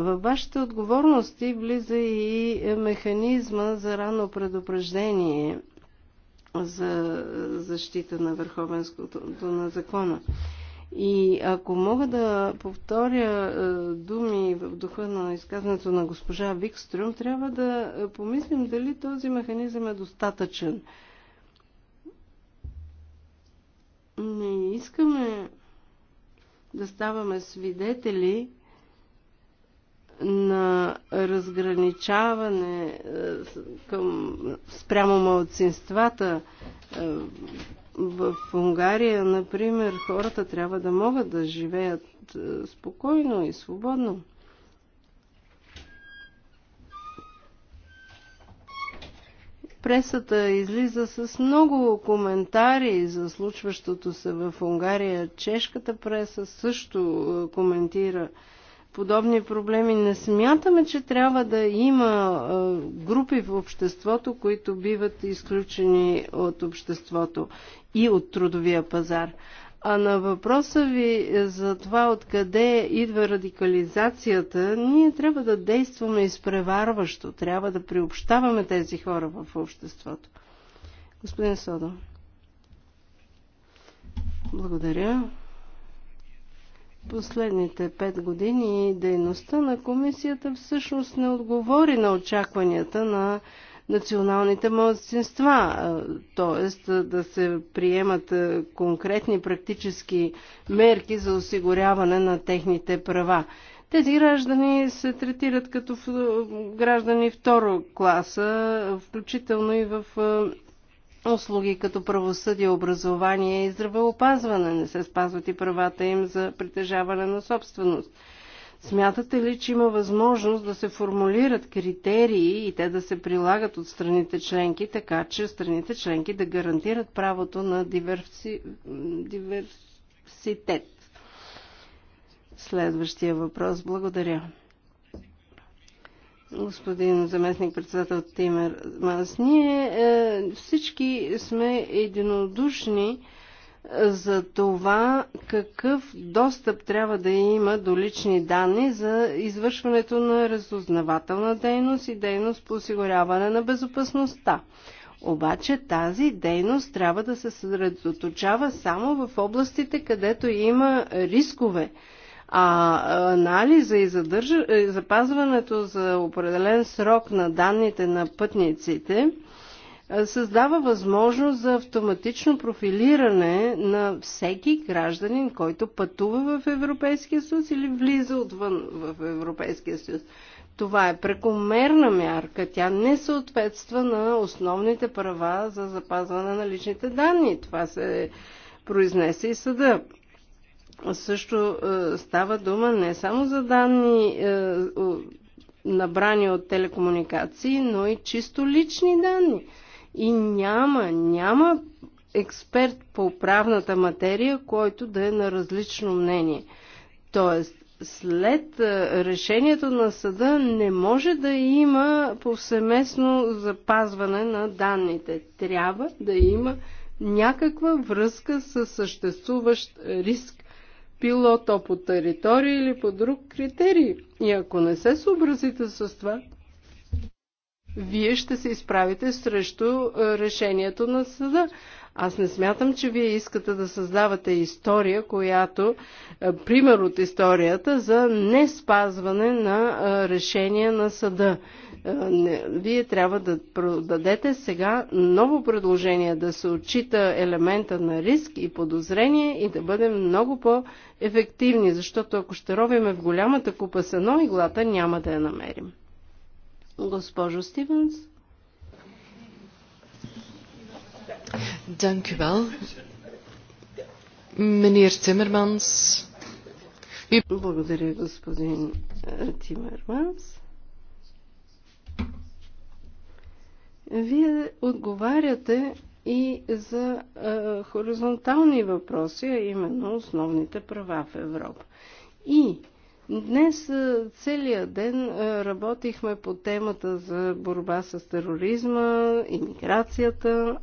Във вашите отговорности влиза и механизма за рано предупреждение за защита на върховенството на закона. И ако мога да повторя е, думи в духа на изказването на госпожа Викстрюм, трябва да е, помислим дали този механизъм е достатъчен. Не искаме да ставаме свидетели на разграничаване е, към, спрямо младсинствата в Унгария, например, хората трябва да могат да живеят е, спокойно и свободно. Пресата излиза с много коментари за случващото се в Унгария. Чешката преса също е, коментира подобни проблеми. Не смятаме, че трябва да има групи в обществото, които биват изключени от обществото и от трудовия пазар. А на въпроса ви за това откъде идва радикализацията, ние трябва да действаме изпреварващо, трябва да приобщаваме тези хора в обществото. Господин Содо. Благодаря последните пет години дейността на комисията всъщност не отговори на очакванията на националните младсинства, т.е. да се приемат конкретни практически мерки за осигуряване на техните права. Тези граждани се третират като граждани второ класа, включително и в услуги като правосъдие, образование и здравеопазване. Не се спазват и правата им за притежаване на собственост. Смятате ли, че има възможност да се формулират критерии и те да се прилагат от страните членки, така че страните членки да гарантират правото на диверси... диверситет? Следващия въпрос. Благодаря господин заместник председател Тимер Мас, Ние е, всички сме единодушни е, за това какъв достъп трябва да има до лични данни за извършването на разузнавателна дейност и дейност по осигуряване на безопасността. Обаче тази дейност трябва да се съсредоточава само в областите, където има рискове а анализа и задържа, е, запазването за определен срок на данните на пътниците е, създава възможност за автоматично профилиране на всеки гражданин, който пътува в Европейския съюз или влиза отвън в Европейския съюз. Това е прекомерна мярка. Тя не съответства на основните права за запазване на личните данни. Това се произнесе и съда. Също е, става дума не само за данни е, набрани от телекомуникации, но и чисто лични данни. И няма, няма експерт по правната материя, който да е на различно мнение. Тоест, след е, решението на съда не може да има повсеместно запазване на данните. Трябва да има някаква връзка с съществуващ риск било то по територия или по друг критерий. И ако не се съобразите с това, вие ще се изправите срещу е, решението на съда. Аз не смятам, че вие искате да създавате история, която, е, пример от историята, за не спазване на е, решение на съда. Е, не, вие трябва да дадете сега ново предложение, да се отчита елемента на риск и подозрение и да бъдем много по-ефективни, защото ако ще ровиме в голямата купа с едно иглата, няма да я намерим. Госпожо Стивенс. Dank u wel. Meneer Timmermans. Благодаря, господин е, Тимерманс. Вие отговаряте и за е, хоризонтални въпроси, а именно основните права в Европа. И днес целият ден работихме по темата за борба с тероризма, иммиграцията.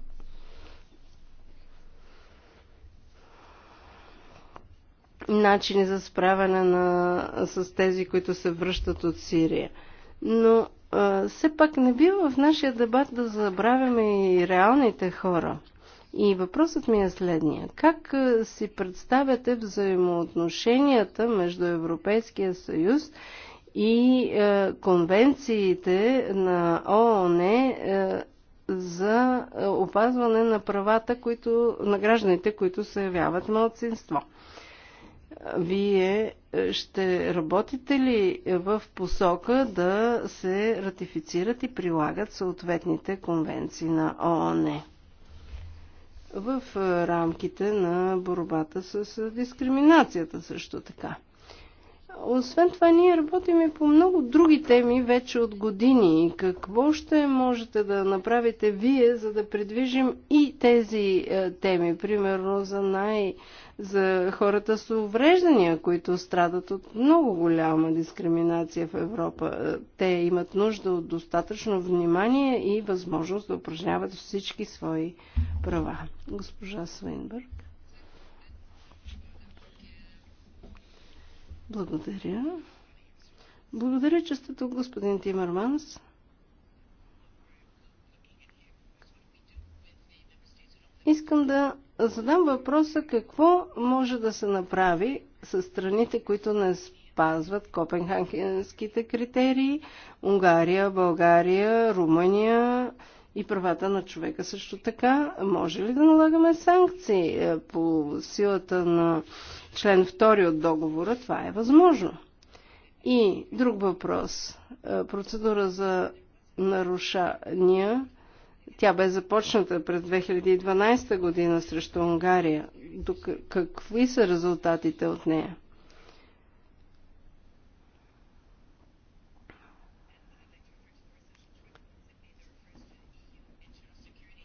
начини за справяне на, с тези, които се връщат от Сирия. Но все пак не бива в нашия дебат да забравяме и реалните хора. И въпросът ми е следния. Как си представяте взаимоотношенията между Европейския съюз и е, конвенциите на ООН е, за опазване на правата които, на гражданите, които се явяват малцинство? Вие е, ще работите ли в посока да се ратифицират и прилагат съответните конвенции на ООН? В е, рамките на борбата с дискриминацията също така. Освен това, ние работим и по много други теми вече от години. Какво ще можете да направите вие, за да предвижим и тези е, теми, примерно за най- за хората с увреждания, които страдат от много голяма дискриминация в Европа. Е, те имат нужда от достатъчно внимание и възможност да упражняват всички свои права. Госпожа Свейнбърг. Благодаря. Благодаря, че сте тук, господин Тимърманс. Искам да задам въпроса какво може да се направи с страните, които не спазват копенхагенските критерии Унгария, България, Румъния и правата на човека също така. Може ли да налагаме санкции е, по силата на член 2 от договора? Това е възможно. И друг въпрос. Е, процедура за нарушения тя бе започната през 2012 година срещу Унгария. Какви са резултатите от нея?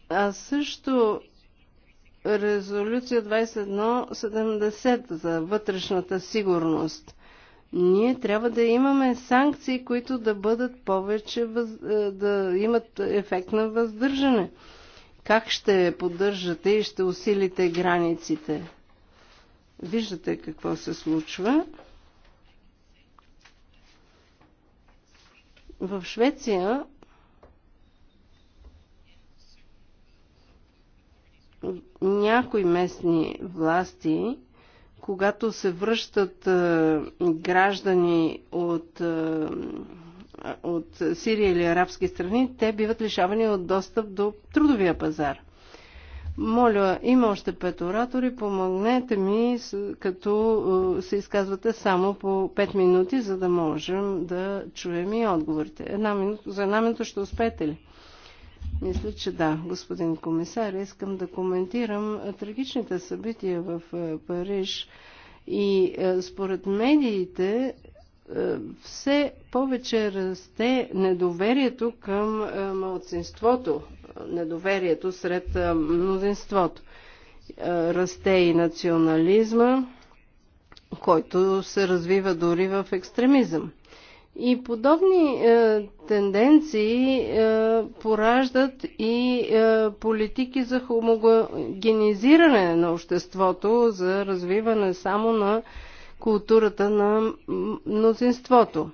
А също резолюция 2170 за вътрешната сигурност – ние трябва да имаме санкции, които да бъдат повече, е, да имат ефект на въздържане. Как ще поддържате и ще усилите границите? Виждате какво се случва. В Швеция някои местни власти когато се връщат е, граждани от, е, от Сирия или арабски страни, те биват лишавани от достъп до трудовия пазар. Моля, има още пет оратори, помогнете ми, като е, се изказвате само по пет минути, за да можем да чуем и отговорите. Една минута, за една минута ще успеете ли? Мисля, че да, господин комисар. Искам да коментирам трагичните събития в Париж. И според медиите все повече расте недоверието към младсинството, недоверието сред мнозинството. Расте и национализма, който се развива дори в екстремизъм. И подобни е, тенденции е, пораждат и е, политики за хомогенизиране на обществото, за развиване само на културата на мнозинството.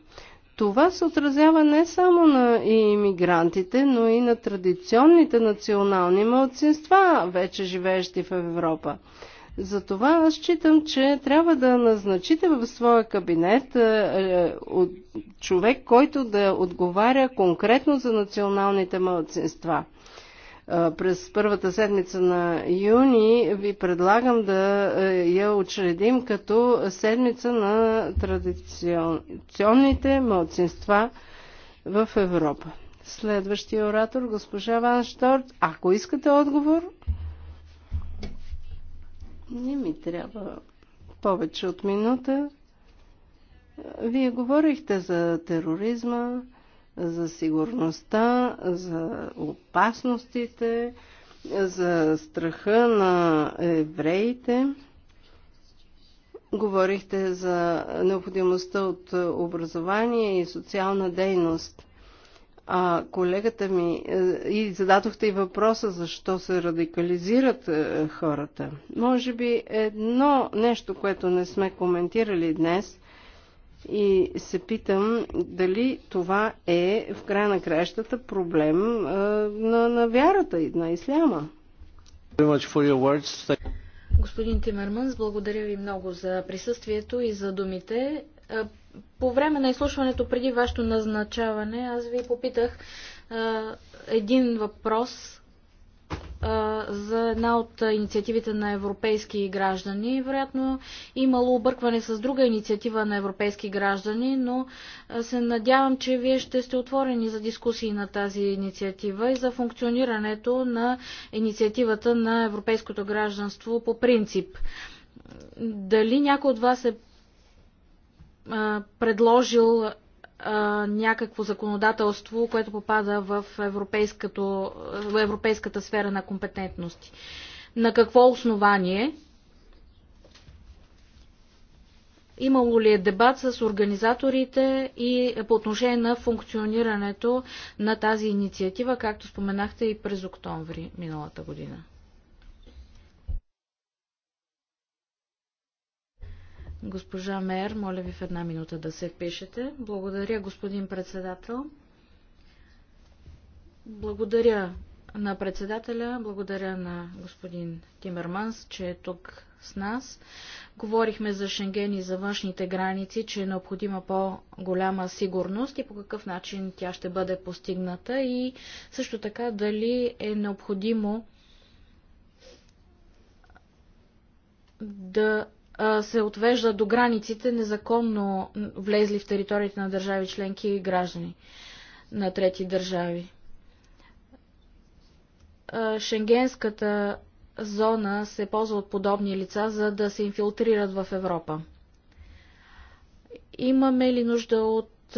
Това се отразява не само на иммигрантите, но и на традиционните национални мълцинства, вече живеещи в Европа. Затова аз считам, че трябва да назначите в своя кабинет е, е от човек, който да отговаря конкретно за националните младсинства. Е, през първата седмица на юни ви предлагам да е, я учредим като седмица на традиционните младсинства в Европа. Следващия оратор, госпожа Ван Шторт, ако искате отговор, не ми трябва повече от минута. Вие говорихте за тероризма, за сигурността, за опасностите, за страха на евреите. Говорихте за необходимостта от образование и социална дейност. А колегата ми, е, и зададохте и въпроса защо се радикализират е, хората. Може би едно нещо, което не сме коментирали днес и се питам дали това е в края на краищата проблем е, на, на вярата и на исляма. Господин Тимерманс, благодаря ви много за присъствието и за думите. Е, по време на изслушването преди вашето назначаване, аз ви попитах е, един въпрос е, за една от инициативите на европейски граждани. Вероятно имало объркване с друга инициатива на европейски граждани, но се надявам, че вие ще сте отворени за дискусии на тази инициатива и за функционирането на инициативата на европейското гражданство по принцип. Дали някой от вас е предложил някакво законодателство, което попада в, в европейската сфера на компетентности. На какво основание? Имало ли е дебат с организаторите и по отношение на функционирането на тази инициатива, както споменахте и през октомври миналата година? Госпожа Мер, моля ви в една минута да се пишете. Благодаря, господин председател. Благодаря на председателя, благодаря на господин Тимерманс, че е тук с нас. Говорихме за Шенген и за външните граници, че е необходима по-голяма сигурност и по какъв начин тя ще бъде постигната и също така дали е необходимо да се отвежда до границите незаконно влезли в териториите на държави членки и граждани на трети държави. Шенгенската зона се ползва от подобни лица, за да се инфилтрират в Европа. Имаме ли нужда от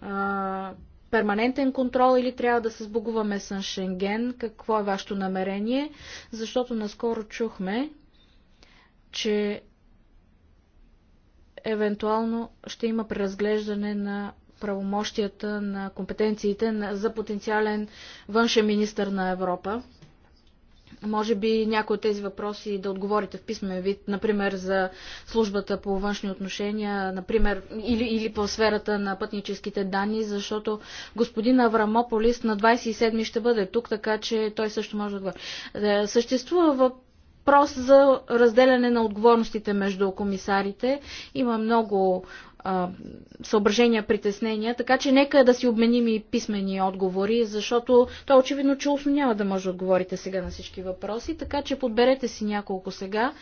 а, перманентен контрол или трябва да се сбогуваме с Шенген? Какво е вашето намерение? Защото наскоро чухме, че евентуално ще има преразглеждане на правомощията на компетенциите за потенциален външен министр на Европа. Може би някои от тези въпроси да отговорите в писмен вид, например за службата по външни отношения, например, или, или по сферата на пътническите данни, защото господин Аврамополис на 27 ще бъде тук, така че той също може да отговори. Е, съществува въпрос въпрос за разделяне на отговорностите между комисарите. Има много съображения, притеснения, така че нека да си обменим и писмени отговори, защото то очевидно, че устно няма да може да отговорите сега на всички въпроси, така че подберете си няколко сега.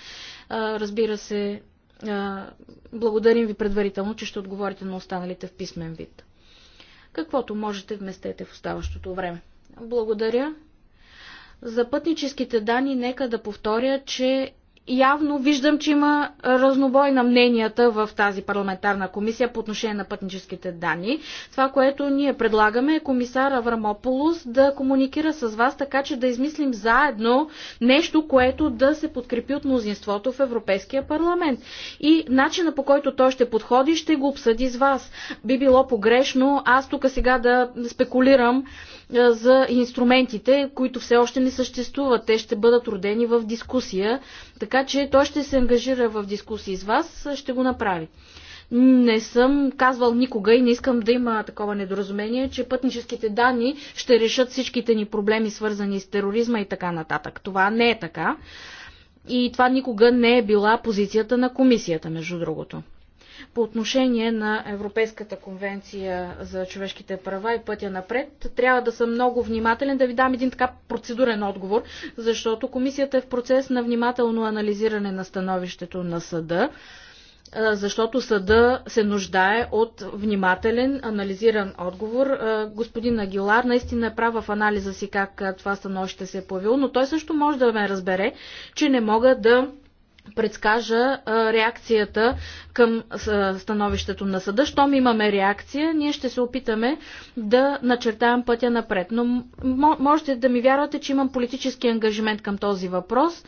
разбира се, благодарим ви предварително, че ще отговорите на останалите в писмен вид. Каквото можете, вместете в оставащото време. Благодаря. За пътническите данни нека да повторя, че явно виждам, че има разнобой на мненията в тази парламентарна комисия по отношение на пътническите данни. Това, което ние предлагаме е комисар Аврамополус да комуникира с вас, така че да измислим заедно нещо, което да се подкрепи от мнозинството в Европейския парламент. И начина по който той ще подходи, ще го обсъди с вас. Би било погрешно аз тук сега да спекулирам за инструментите, които все още не съществуват. Те ще бъдат родени в дискусия, така че той ще се ангажира в дискусии с вас, ще го направи. Не съм казвал никога и не искам да има такова недоразумение, че пътническите данни ще решат всичките ни проблеми, свързани с тероризма и така нататък. Това не е така. И това никога не е била позицията на комисията, между другото по отношение на Европейската конвенция за човешките права и пътя напред. Трябва да съм много внимателен да ви дам един така процедурен отговор, защото комисията е в процес на внимателно анализиране на становището на съда защото съда се нуждае от внимателен, анализиран отговор. Господин Агилар наистина е прав в анализа си как това становище се е появило, но той също може да ме разбере, че не мога да предскажа реакцията към становището на съда. Щом имаме реакция, ние ще се опитаме да начертаем пътя напред. Но можете да ми вярвате, че имам политически ангажимент към този въпрос.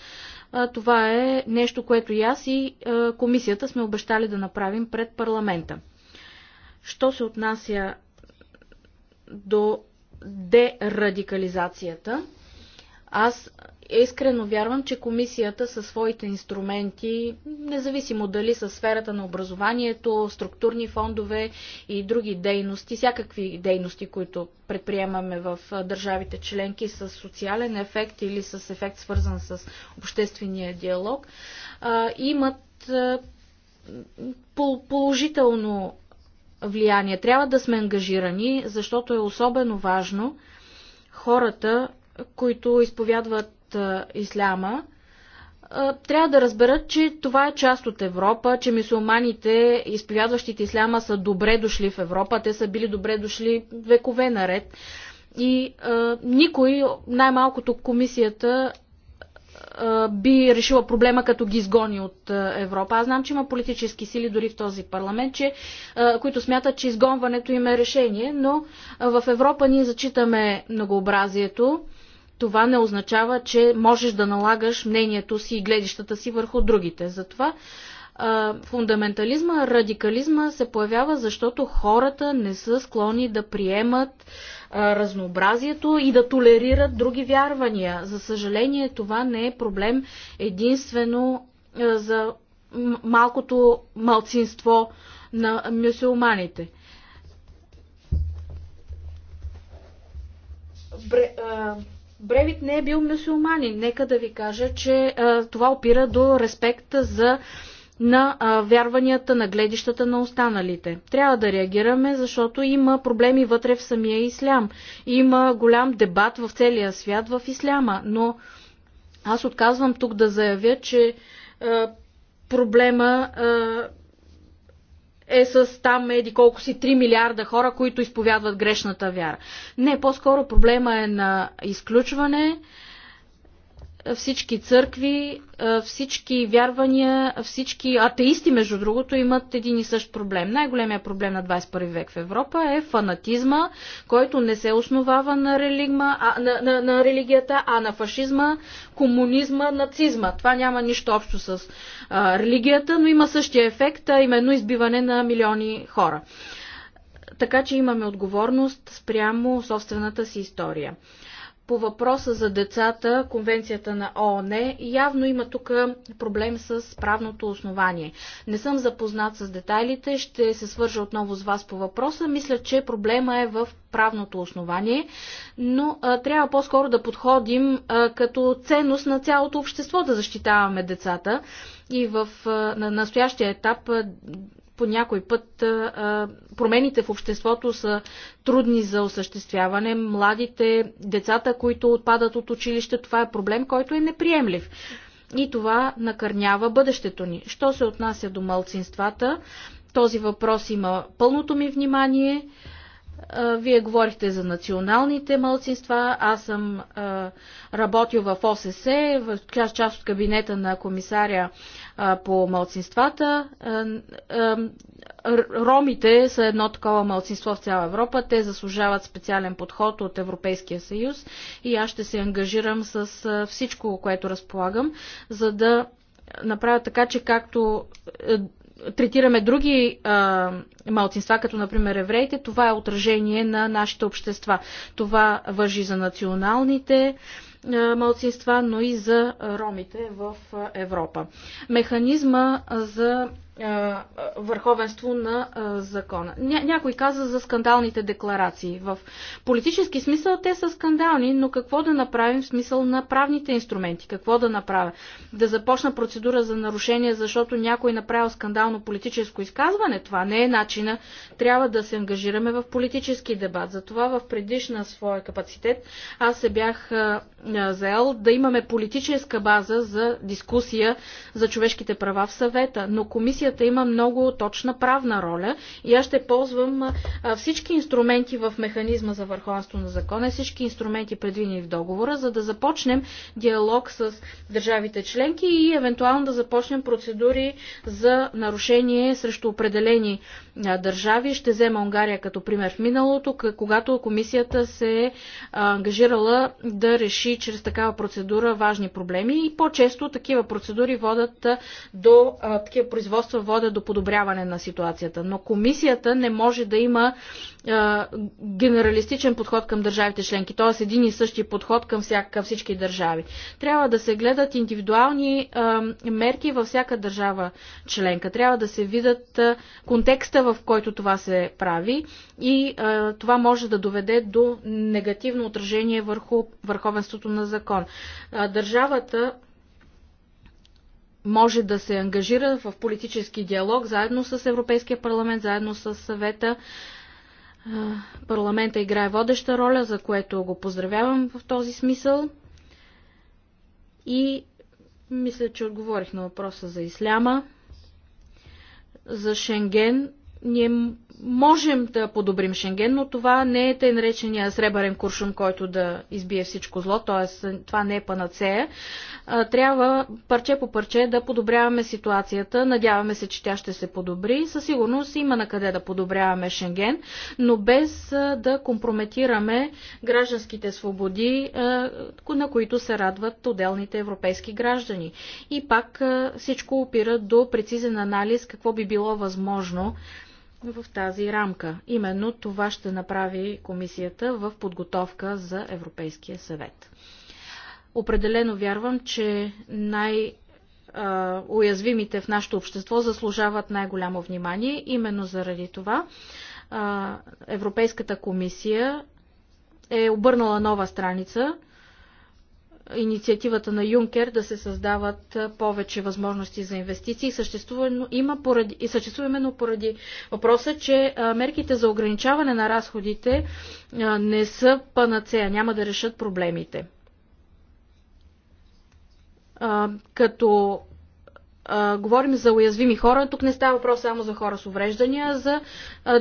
Това е нещо, което и аз и комисията сме обещали да направим пред парламента. Що се отнася до дерадикализацията, аз искрено вярвам, че комисията със своите инструменти, независимо дали са сферата на образованието, структурни фондове и други дейности, всякакви дейности, които предприемаме в държавите членки с социален ефект или с ефект свързан с обществения диалог, имат положително влияние. Трябва да сме ангажирани, защото е особено важно хората, които изповядват от исляма, трябва да разберат, че това е част от Европа, че мисулманите, изповядващите исляма са добре дошли в Европа, те са били добре дошли векове наред. И а, никой, най-малкото комисията, а, би решила проблема, като ги изгони от а, Европа. Аз знам, че има политически сили дори в този парламент, че, а, които смятат, че изгонването им е решение, но а, в Европа ние зачитаме многообразието това не означава, че можеш да налагаш мнението си и гледищата си върху другите. Затова фундаментализма, радикализма се появява, защото хората не са склонни да приемат разнообразието и да толерират други вярвания. За съжаление, това не е проблем единствено за малкото малцинство на мюсюлманите. Бре, а Бревит не е бил мюсулманин. Нека да ви кажа, че а, това опира до респекта за на а, вярванията, на гледищата на останалите. Трябва да реагираме, защото има проблеми вътре в самия ислям. Има голям дебат в целия свят в исляма, но аз отказвам тук да заявя, че а, проблема а, е с там еди колко си 3 милиарда хора, които изповядват грешната вяра. Не, по-скоро проблема е на изключване, всички църкви, всички вярвания, всички атеисти, между другото, имат един и същ проблем. Най-големия проблем на 21 век в Европа е фанатизма, който не се основава на, религма, а, на, на, на религията, а на фашизма, комунизма, нацизма. Това няма нищо общо с а, религията, но има същия ефект, а именно избиване на милиони хора. Така че имаме отговорност спрямо собствената си история. По въпроса за децата, конвенцията на ООН, явно има тук проблем с правното основание. Не съм запознат с детайлите, ще се свържа отново с вас по въпроса. Мисля, че проблема е в правното основание, но а, трябва по-скоро да подходим а, като ценност на цялото общество да защитаваме децата. И в, а, на настоящия етап а, по някой път промените в обществото са трудни за осъществяване. Младите, децата, които отпадат от училище, това е проблем, който е неприемлив. И това накърнява бъдещето ни. Що се отнася до малцинствата, този въпрос има пълното ми внимание. Вие говорихте за националните мълцинства. Аз съм работил в ОССЕ, в част от кабинета на комисаря по малцинствата. Ромите са едно такова малцинство в цяла Европа. Те заслужават специален подход от Европейския съюз и аз ще се ангажирам с всичко, което разполагам, за да направя така, че както е, третираме други а, малцинства, като например евреите, това е отражение на нашите общества. Това въжи за националните а, малцинства, но и за ромите в Европа. Механизма за върховенство на закона. Ня, някой каза за скандалните декларации. В политически смисъл те са скандални, но какво да направим в смисъл на правните инструменти? Какво да направя? Да започна процедура за нарушение, защото някой направил скандално политическо изказване? Това не е начина. Трябва да се ангажираме в политически дебат. Затова в предишна своя капацитет аз се бях заел да имаме политическа база за дискусия за човешките права в съвета. Но комисия комисията има много точна правна роля и аз ще ползвам всички инструменти в механизма за върховенство на закона, всички инструменти предвидени в договора, за да започнем диалог с държавите членки и евентуално да започнем процедури за нарушение срещу определени държави. Ще взема Унгария като пример в миналото, когато комисията се е ангажирала да реши чрез такава процедура важни проблеми и по-често такива процедури водят до такива производства водят до подобряване на ситуацията. Но комисията не може да има а, генералистичен подход към държавите членки, т.е. един и същи подход към, всяк, към всички държави. Трябва да се гледат индивидуални а, мерки във всяка държава членка. Трябва да се видят а, контекста, в който това се прави и а, това може да доведе до негативно отражение върху върховенството на закон. А, държавата може да се ангажира в политически диалог заедно с Европейския парламент, заедно с съвета. Парламента играе водеща роля, за което го поздравявам в този смисъл. И мисля, че отговорих на въпроса за исляма. За Шенген ние можем да подобрим Шенген, но това не е тъй наречения сребърен куршум, който да избие всичко зло, т.е. това не е панацея. Трябва парче по парче да подобряваме ситуацията. Надяваме се, че тя ще се подобри. Със сигурност има на къде да подобряваме Шенген, но без да компрометираме гражданските свободи, на които се радват отделните европейски граждани. И пак всичко опира до прецизен анализ какво би било възможно в тази рамка. Именно това ще направи комисията в подготовка за Европейския съвет. Определено вярвам, че най- уязвимите в нашето общество заслужават най-голямо внимание. Именно заради това Европейската комисия е обърнала нова страница инициативата на Юнкер да се създават повече възможности за инвестиции. Съществува, има поради, и съществува именно поради въпроса, че мерките за ограничаване на разходите не са панацея, няма да решат проблемите. Като говорим за уязвими хора, тук не става въпрос само за хора с увреждания, а за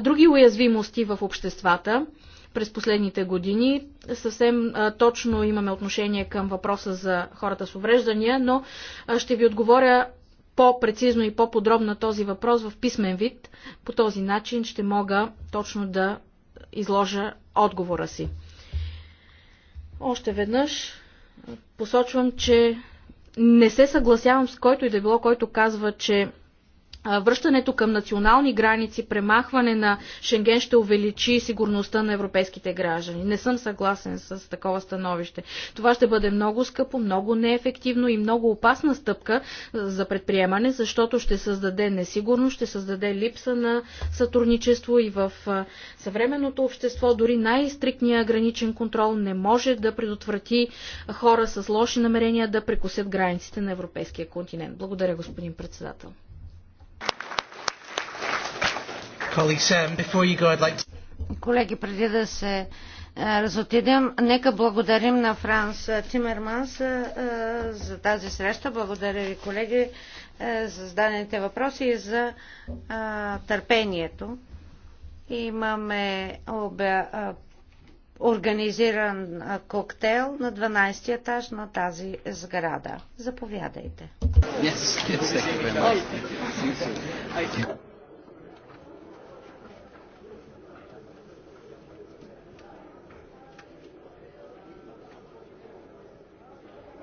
други уязвимости в обществата през последните години. Съвсем точно имаме отношение към въпроса за хората с увреждания, но ще ви отговоря по-прецизно и по-подробно на този въпрос в писмен вид. По този начин ще мога точно да изложа отговора си. Още веднъж посочвам, че не се съгласявам с който и да било, който казва, че връщането към национални граници, премахване на Шенген ще увеличи сигурността на европейските граждани. Не съм съгласен с такова становище. Това ще бъде много скъпо, много неефективно и много опасна стъпка за предприемане, защото ще създаде несигурност, ще създаде липса на сътрудничество и в съвременното общество дори най-стриктният граничен контрол не може да предотврати хора с лоши намерения да прекусят границите на европейския континент. Благодаря, господин председател. Um, колеги, преди да се е, разотидем, нека благодарим на Франс е, Тимерманс е, за тази среща. Благодаря ви, колеги, за зададените въпроси и за търпението. Имаме организиран коктейл на 12 етаж на тази сграда. Заповядайте. Yes, yes,